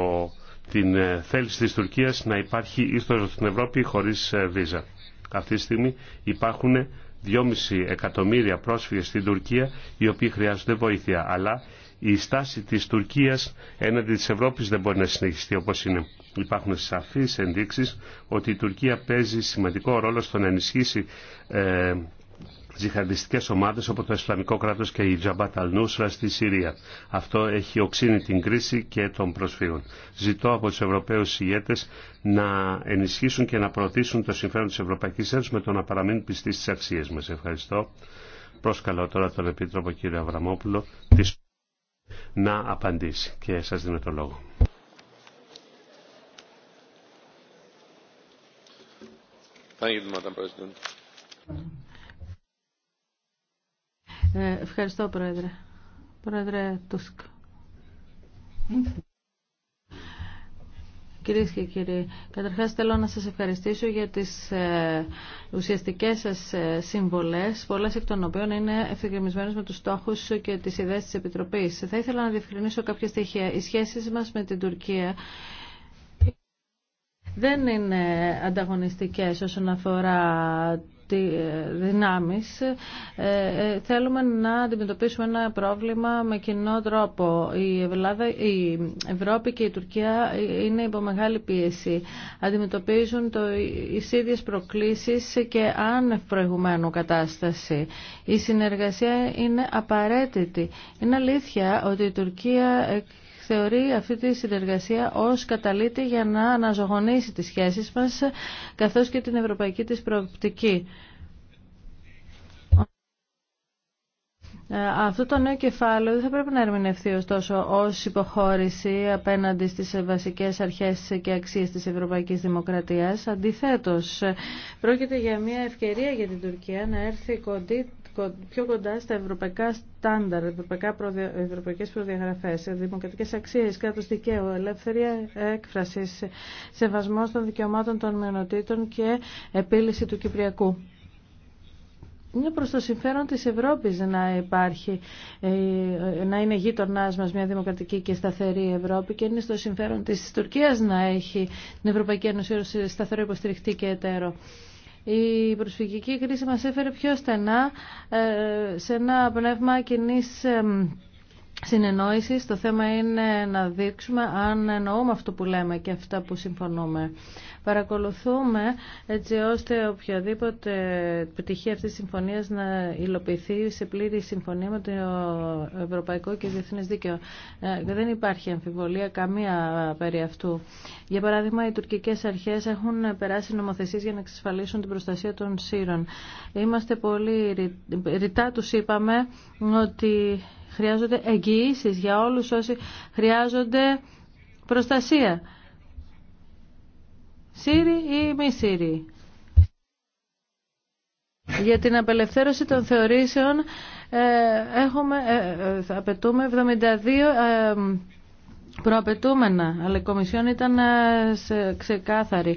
την ε, θέληση της Τουρκίας να υπάρχει ίσως στην Ευρώπη χωρίς ε, βίζα. Αυτή τη στιγμή υπάρχουν 2,5 εκατομμύρια πρόσφυγες στην Τουρκία οι οποίοι χρειάζονται βοήθεια. Αλλά η στάση της Τουρκίας έναντι της Ευρώπης δεν μπορεί να συνεχιστεί όπως είναι. Υπάρχουν σαφείς ενδείξεις ότι η Τουρκία παίζει σημαντικό ρόλο στο να ενισχύσει ε, ομάδε ομάδες όπως το Ισλαμικό κράτος και η Τζαμπάτ Αλνούσρα στη Συρία. Αυτό έχει οξύνει την κρίση και των προσφύγων. Ζητώ από τους Ευρωπαίους ηγέτες να ενισχύσουν και να προωθήσουν το συμφέρον της Ευρωπαϊκής Ένωσης με το να παραμείνουν πιστοί στις αξίες μας. Ευχαριστώ. Προσκαλώ τώρα τον Επίτροπο κύριο Αβραμόπουλο να απαντήσει και σας δίνω το λόγο. E, ευχαριστώ, Πρόεδρε. Πρόεδρε Τούσκ. Κυρίες και κύριοι, καταρχάς θέλω να σας ευχαριστήσω για τις ε, ουσιαστικές σας ε, συμβολές, πολλές εκ των οποίων είναι ευθυγραμμισμένες με τους στόχους και τις ιδέες της Επιτροπής. Θα ήθελα να διευκρινίσω κάποια στοιχεία. Οι σχέσεις μας με την Τουρκία δεν είναι ανταγωνιστικές όσον αφορά ε, δυνάμεις ε, ε, θέλουμε να αντιμετωπίσουμε ένα πρόβλημα με κοινό τρόπο η, η Ευρώπη και η Τουρκία είναι υπό μεγάλη πίεση αντιμετωπίζουν το, τις ίδιες προκλήσεις και αν προηγουμένου κατάσταση η συνεργασία είναι απαραίτητη είναι αλήθεια ότι η Τουρκία θεωρεί αυτή τη συνεργασία ως καταλήτη για να αναζωογονήσει τις σχέσεις μας καθώς και την ευρωπαϊκή της προοπτική. Ε, αυτό το νέο κεφάλαιο δεν θα πρέπει να ερμηνευθεί ωστόσο ως υποχώρηση απέναντι στις βασικές αρχές και αξίες της ευρωπαϊκής δημοκρατίας. Αντιθέτως, πρόκειται για μια ευκαιρία για την Τουρκία να έρθει πιο κοντά στα ευρωπαϊκά στάνταρ, ευρωπαϊκά προδια, ευρωπαϊκές προδιαγραφές, δημοκρατικές αξίες, κράτος δικαίου, ελεύθερη έκφραση, σεβασμός των δικαιωμάτων των μειονοτήτων και επίλυση του Κυπριακού. Είναι προς το συμφέρον της Ευρώπης να υπάρχει, ε, να είναι γείτονά μας μια δημοκρατική και σταθερή Ευρώπη και είναι στο συμφέρον της Τουρκίας να έχει την Ευρωπαϊκή Ένωση σταθερό υποστηριχτή και εταίρο. Η προσφυγική κρίση μας έφερε πιο στενά ε, σε ένα πνεύμα κοινή συνεννόησης. Το θέμα είναι να δείξουμε αν εννοούμε αυτό που λέμε και αυτά που συμφωνούμε. Παρακολουθούμε έτσι ώστε οποιαδήποτε πτυχή αυτής της συμφωνίας να υλοποιηθεί σε πλήρη συμφωνία με το Ευρωπαϊκό και Διεθνές Δίκαιο. Ε, δεν υπάρχει αμφιβολία καμία περί αυτού. Για παράδειγμα, οι τουρκικές αρχές έχουν περάσει νομοθεσίες για να εξασφαλίσουν την προστασία των σύρων. Είμαστε πολύ ρητά τους είπαμε ότι χρειάζονται εγγυήσει για όλους όσοι χρειάζονται προστασία. ΣΥΡΙ ή μη ΣΥΡΙ. Για την απελευθέρωση των θεωρήσεων ε, έχουμε, ε, ε, θα απαιτούμε 72 προαπαιτούμενα, αλλά η Κομισιόν ήταν ξεκάθαρη.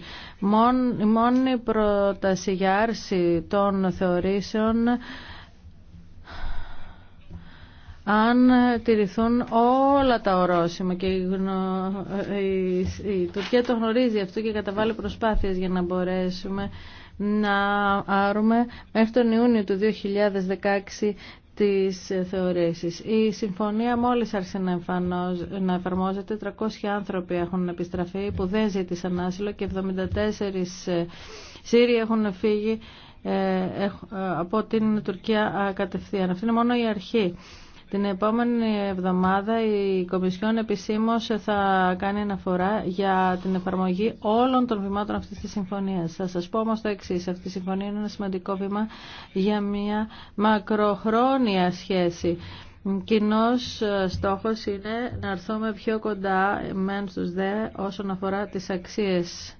η μόνη πρόταση για άρση των θεωρήσεων αν τηρηθούν όλα τα ορόσημα και η, γνω... η... η Τουρκία το γνωρίζει αυτό και καταβάλει προσπάθειες για να μπορέσουμε να άρουμε μέχρι τον Ιούνιο του 2016 τις θεωρήσεις. Η συμφωνία μόλις άρχισε να, να εφαρμόζεται, 300 άνθρωποι έχουν επιστραφεί που δεν ζήτησαν άσυλο και 74 ε, Σύριοι έχουν φύγει ε, ε, από την Τουρκία κατευθείαν. Αυτή είναι μόνο η αρχή. Την επόμενη εβδομάδα η Κομισιόν επισήμως θα κάνει αναφορά για την εφαρμογή όλων των βημάτων αυτής της συμφωνίας. Θα σας πω όμως το εξής. Αυτή η συμφωνία είναι ένα σημαντικό βήμα για μια μακροχρόνια σχέση. Κοινό στόχος είναι να έρθουμε πιο κοντά μεν στους δε όσον αφορά τις αξίες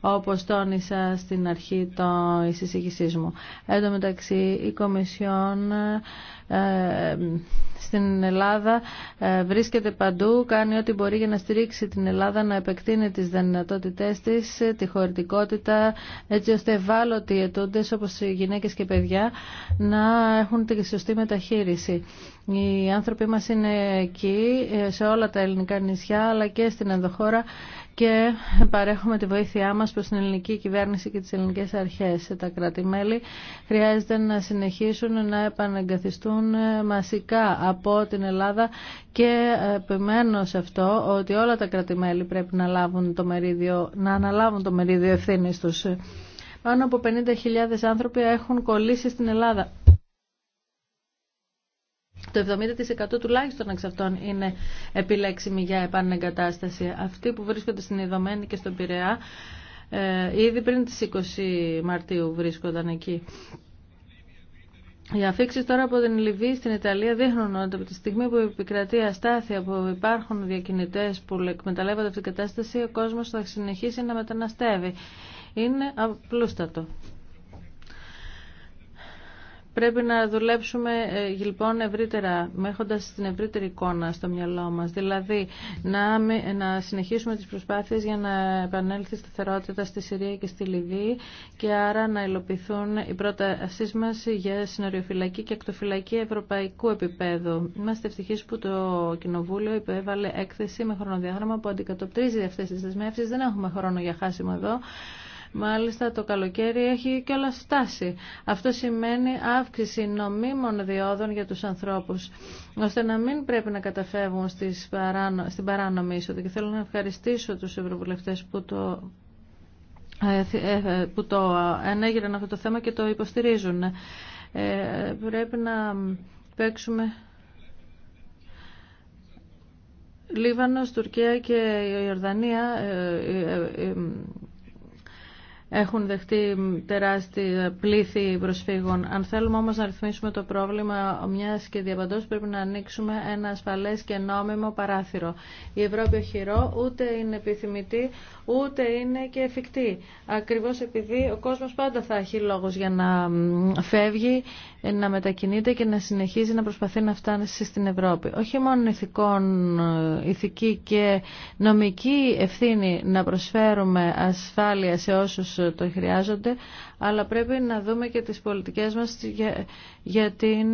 όπως τόνισα στην αρχή το εισηγησής μου. Εν τω μεταξύ, η Κομισιόν ε, στην Ελλάδα ε, βρίσκεται παντού, κάνει ό,τι μπορεί για να στηρίξει την Ελλάδα να επεκτείνει τις δυνατότητές της, τη χωρητικότητα, έτσι ώστε ευάλωτοι ετούντες όπως οι γυναίκες και παιδιά να έχουν τη σωστή μεταχείριση. Οι άνθρωποι μας είναι εκεί ε, σε όλα τα ελληνικά νησιά αλλά και στην ενδοχώρα και παρέχουμε τη βοήθειά μας προς την ελληνική κυβέρνηση και τις ελληνικές αρχές. Τα κράτη-μέλη χρειάζεται να συνεχίσουν να επαναγκαθιστούν μασικά από την Ελλάδα και ε, επιμένω σε αυτό ότι όλα τα κράτη-μέλη πρέπει να, λάβουν το μερίδιο, να αναλάβουν το μερίδιο ευθύνης τους. Πάνω από 50.000 άνθρωποι έχουν κολλήσει στην Ελλάδα το 70% τουλάχιστον εξ αυτών είναι επιλέξιμοι για επανεγκατάσταση. Αυτοί που βρίσκονται στην Ιδωμένη και στον Πειραιά ε, ήδη πριν τις 20 Μαρτίου βρίσκονταν εκεί. Οι αφήξει τώρα από την Λιβύη στην Ιταλία δείχνουν ότι από τη στιγμή που επικρατεί αστάθεια, που υπάρχουν διακινητέ που εκμεταλλεύονται αυτή την κατάσταση, ο κόσμο θα συνεχίσει να μεταναστεύει. Είναι απλούστατο. Πρέπει να δουλέψουμε ε, λοιπόν ευρύτερα, έχοντα την ευρύτερη εικόνα στο μυαλό μα. Δηλαδή, να, να συνεχίσουμε τι προσπάθειε για να επανέλθει η σταθερότητα στη Συρία και στη Λιβύη και άρα να υλοποιηθούν οι πρότασή μα για συνοριοφυλακή και ακτοφυλακή ευρωπαϊκού επίπεδου. Είμαστε ευτυχεί που το Κοινοβούλιο υπέβαλε έκθεση με χρονοδιάγραμμα που αντικατοπτρίζει αυτέ τι δεσμεύσει. Δεν έχουμε χρόνο για χάσιμο εδώ. Μάλιστα το καλοκαίρι έχει και όλα φτάσει. Αυτό σημαίνει αύξηση νομίμων διόδων για τους ανθρώπους, ώστε να μην πρέπει να καταφεύγουν στις στην παράνομη είσοδο. Και θέλω να ευχαριστήσω τους ευρωβουλευτές που το ε, ε, ε, που το αυτό το θέμα και το υποστηρίζουν. Ε, πρέπει να παίξουμε Λίβανος, Τουρκία και Ιορδανία έχουν δεχτεί τεράστια πλήθη προσφύγων. Αν θέλουμε όμως να ρυθμίσουμε το πρόβλημα μιας και διαπαντός πρέπει να ανοίξουμε ένα ασφαλές και νόμιμο παράθυρο. Η Ευρώπη χειρό ούτε είναι επιθυμητή ούτε είναι και εφικτή. Ακριβώς επειδή ο κόσμος πάντα θα έχει λόγος για να φεύγει να μετακινείται και να συνεχίζει να προσπαθεί να φτάσει στην Ευρώπη. Όχι μόνο ηθικών, ηθική και νομική ευθύνη να προσφέρουμε ασφάλεια σε όσους το χρειάζονται, αλλά πρέπει να δούμε και τις πολιτικές μας για, την,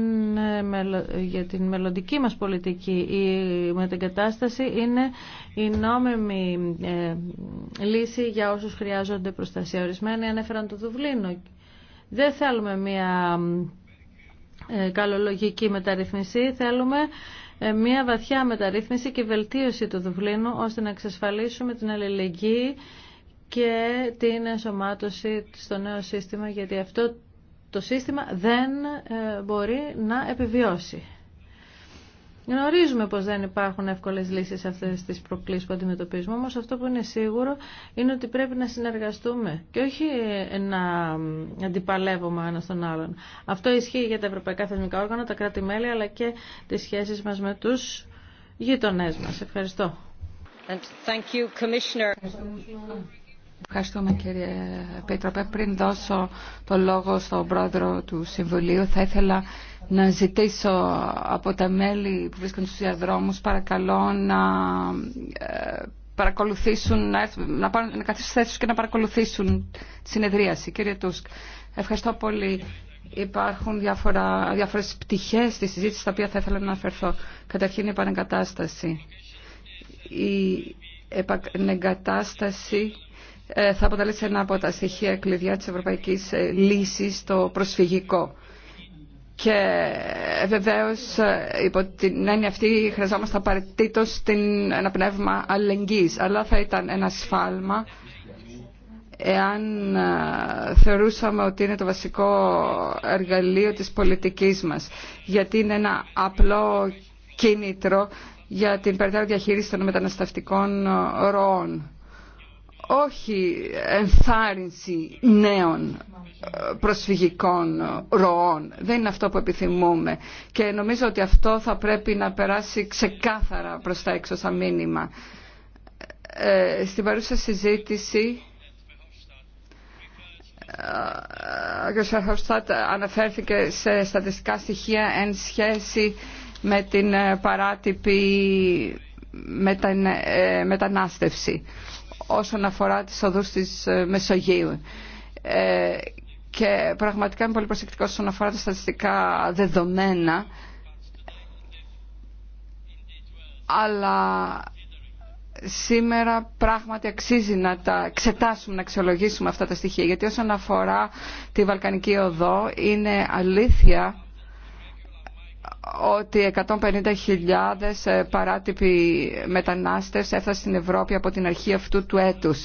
μελλοντική μας πολιτική. Η μετεγκατάσταση είναι η νόμιμη ε, λύση για όσους χρειάζονται προστασία. Ορισμένοι ανέφεραν το Δουβλίνο. Δεν θέλουμε μια ε, καλολογική μεταρρύθμιση. Θέλουμε ε, μια βαθιά μεταρρύθμιση και βελτίωση του Δουβλίνου ώστε να εξασφαλίσουμε την αλληλεγγύη και την ενσωμάτωση στο νέο σύστημα γιατί αυτό το σύστημα δεν ε, μπορεί να επιβιώσει. Γνωρίζουμε πως δεν υπάρχουν εύκολες λύσεις σε αυτές τις προκλήσεις που αντιμετωπίζουμε, όμως αυτό που είναι σίγουρο είναι ότι πρέπει να συνεργαστούμε και όχι ε, να αντιπαλεύουμε ένα στον άλλον. Αυτό ισχύει για τα ευρωπαϊκά θεσμικά όργανα, τα κράτη-μέλη, αλλά και τις σχέσεις μας με τους γείτονές μας. Ευχαριστώ. thank you, Ευχαριστούμε κύριε Πίτροπε. Πριν δώσω το λόγο στον πρόεδρο του Συμβουλίου θα ήθελα να ζητήσω από τα μέλη που βρίσκονται στους διαδρόμους παρακαλώ να ε, παρακολουθήσουν, να, έρθουν, να, θέσεις και να παρακολουθήσουν τη συνεδρίαση. Κύριε Τούσκ, ευχαριστώ πολύ. Υπάρχουν διάφορα, διάφορες πτυχές στη συζήτηση στα οποία θα ήθελα να αναφερθώ. Καταρχήν η επανεγκατάσταση. Η επανεγκατάσταση ε, θα αποτελέσει ένα από τα στοιχεία κλειδιά της ευρωπαϊκής ε, λύσης στο προσφυγικό. Και ε, βεβαίω υπό την έννοια αυτή χρειαζόμαστε απαραίτητο ένα πνεύμα αλληλεγγύη. Αλλά θα ήταν ένα σφάλμα εάν θεωρούσαμε ότι είναι το βασικό εργαλείο της πολιτικής μας. Γιατί είναι ένα απλό κίνητρο για την περαιτέρω διαχείριση των μεταναστευτικών ροών όχι ενθάρρυνση νέων ε, προσφυγικών ροών. Δεν είναι αυτό που επιθυμούμε. Και νομίζω ότι αυτό θα πρέπει να περάσει ξεκάθαρα προς τα έξω σαν μήνυμα. Ε, στην παρούσα συζήτηση ε, ο κ. Φερχοστάτ αναφέρθηκε σε στατιστικά στοιχεία εν σχέση με την παράτυπη μετανάστευση όσον αφορά τις οδούς της ε, Μεσογείου. Ε, και πραγματικά είμαι πολύ προσεκτικός όσον αφορά τα στατιστικά δεδομένα. Αλλά σήμερα πράγματι αξίζει να τα εξετάσουμε, να αξιολογήσουμε αυτά τα στοιχεία. Γιατί όσον αφορά τη Βαλκανική Οδό είναι αλήθεια ότι 150.000 ε, παράτυποι μετανάστες έφτασαν στην Ευρώπη από την αρχή αυτού του έτους.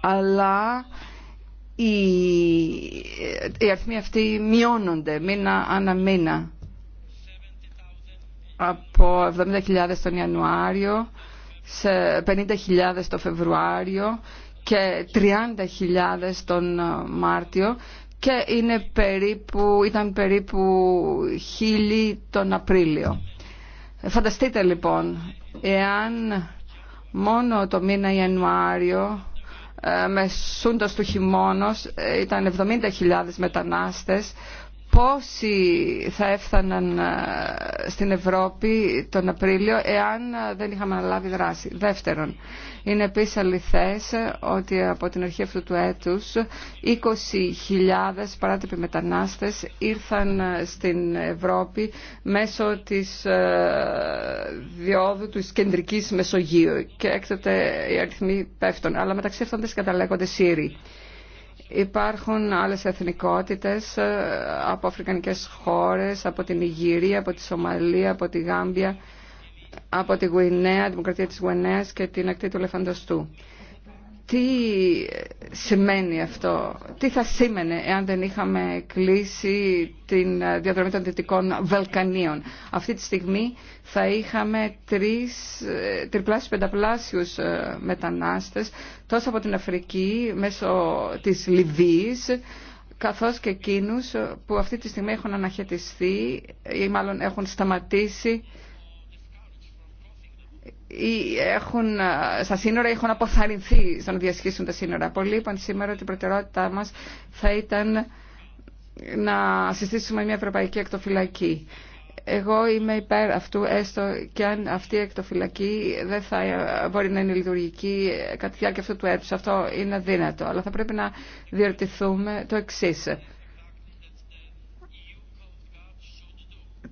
Αλλά οι, αριθμοί αυτοί μειώνονται μήνα ανά μήνα. Από 70.000 τον Ιανουάριο σε 50.000 τον Φεβρουάριο και 30.000 τον Μάρτιο και είναι περίπου, ήταν περίπου χίλιοι τον Απρίλιο. Ε, φανταστείτε λοιπόν, εάν μόνο το μήνα Ιανουάριο ε, μεσούντος του χειμώνος ε, ήταν 70.000 μετανάστες πόσοι θα έφταναν ε, στην Ευρώπη τον Απρίλιο εάν ε, δεν είχαμε αναλάβει δράση. Δεύτερον, είναι επίσης αληθές ε, ότι από την αρχή αυτού του έτους 20.000 παράτυποι μετανάστες ήρθαν στην Ευρώπη μέσω της διόδου της κεντρικής Μεσογείου και έκτοτε οι αριθμοί πέφτουν. Αλλά μεταξύ αυτών δεν συγκαταλέγονται Σύριοι. Υπάρχουν άλλες εθνικότητες ε, από αφρικανικές χώρες, από την Ιγυρία, από τη Σομαλία, από τη Γάμπια, από τη Γουινέα, Δημοκρατία της Γουινέας και την ακτή του Λεφαντοστού. Τι σημαίνει αυτό, τι θα σήμαινε εάν δεν είχαμε κλείσει την διαδρομή των Δυτικών Βαλκανίων. Αυτή τη στιγμή θα είχαμε τρεις, ε, τριπλάσιους πενταπλάσιους ε, μετανάστες τόσο από την Αφρική μέσω της Λιβύης καθώς και εκείνους ε, που αυτή τη στιγμή έχουν αναχαιτιστεί ή μάλλον έχουν σταματήσει ή έχουν, στα σύνορα έχουν αποθαρρυνθεί στο να διασχίσουν τα σύνορα. Πολλοί είπαν σήμερα ότι η προτεραιότητά μας θα ήταν να συστήσουμε μια ευρωπαϊκή εκτοφυλακή. Εγώ είμαι υπέρ αυτού, έστω και αν αυτή η εκτοφυλακή δεν θα μπορεί να είναι λειτουργική κατά τη διάρκεια αυτού του έτου. Αυτό είναι αδύνατο. Αλλά θα πρέπει να διορτηθούμε το εξή.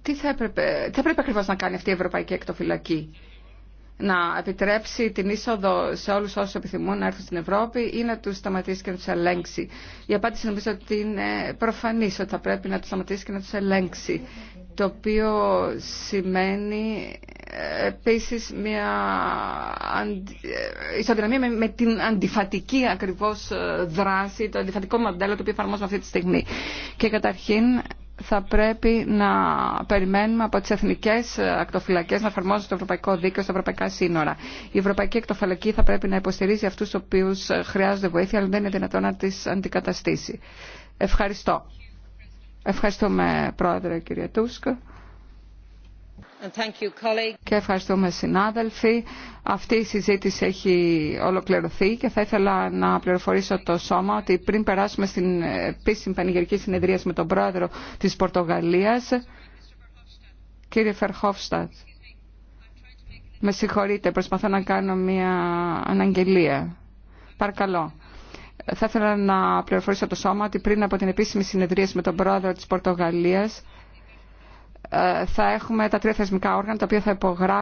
Τι θα έπρεπε, έπρεπε ακριβώς να κάνει αυτή η Ευρωπαϊκή Εκτοφυλακή να επιτρέψει την είσοδο σε όλου όσου επιθυμούν να έρθουν στην Ευρώπη ή να του σταματήσει και να του ελέγξει. Η απάντηση νομίζω ότι είναι προφανή ότι θα πρέπει να του σταματήσει και να του ελέγξει το οποίο σημαίνει ε, επίσης μια ε, ισοδυναμία με, την αντιφατική ακριβώς ε, δράση, το αντιφατικό μοντέλο το οποίο εφαρμόζουμε αυτή τη στιγμή. Και καταρχήν θα πρέπει να περιμένουμε από τις εθνικές ακτοφυλακές να εφαρμόζουν το ευρωπαϊκό δίκαιο στα ευρωπαϊκά σύνορα. Η ευρωπαϊκή ακτοφυλακή θα πρέπει να υποστηρίζει αυτούς οποίους χρειάζονται βοήθεια, αλλά δεν είναι δυνατόν να τις αντικαταστήσει. Ευχαριστώ. Ευχαριστούμε πρόεδρε κύριε Τούσκ Και ευχαριστούμε συνάδελφοι. Αυτή η συζήτηση έχει ολοκληρωθεί και θα ήθελα να πληροφορήσω το σώμα ότι πριν περάσουμε στην επίσημη πανηγυρική συνεδρία με τον πρόεδρο της Πορτογαλίας, κύριε Φερχόφστατ, με συγχωρείτε, προσπαθώ να κάνω μια αναγγελία. Παρακαλώ. Θα ήθελα να πληροφορήσω το σώμα ότι πριν από την επίσημη συνεδρίαση με τον πρόεδρο της Πορτογαλίας ε, θα έχουμε τα τρία θεσμικά όργανα τα οποία θα υπογράψουν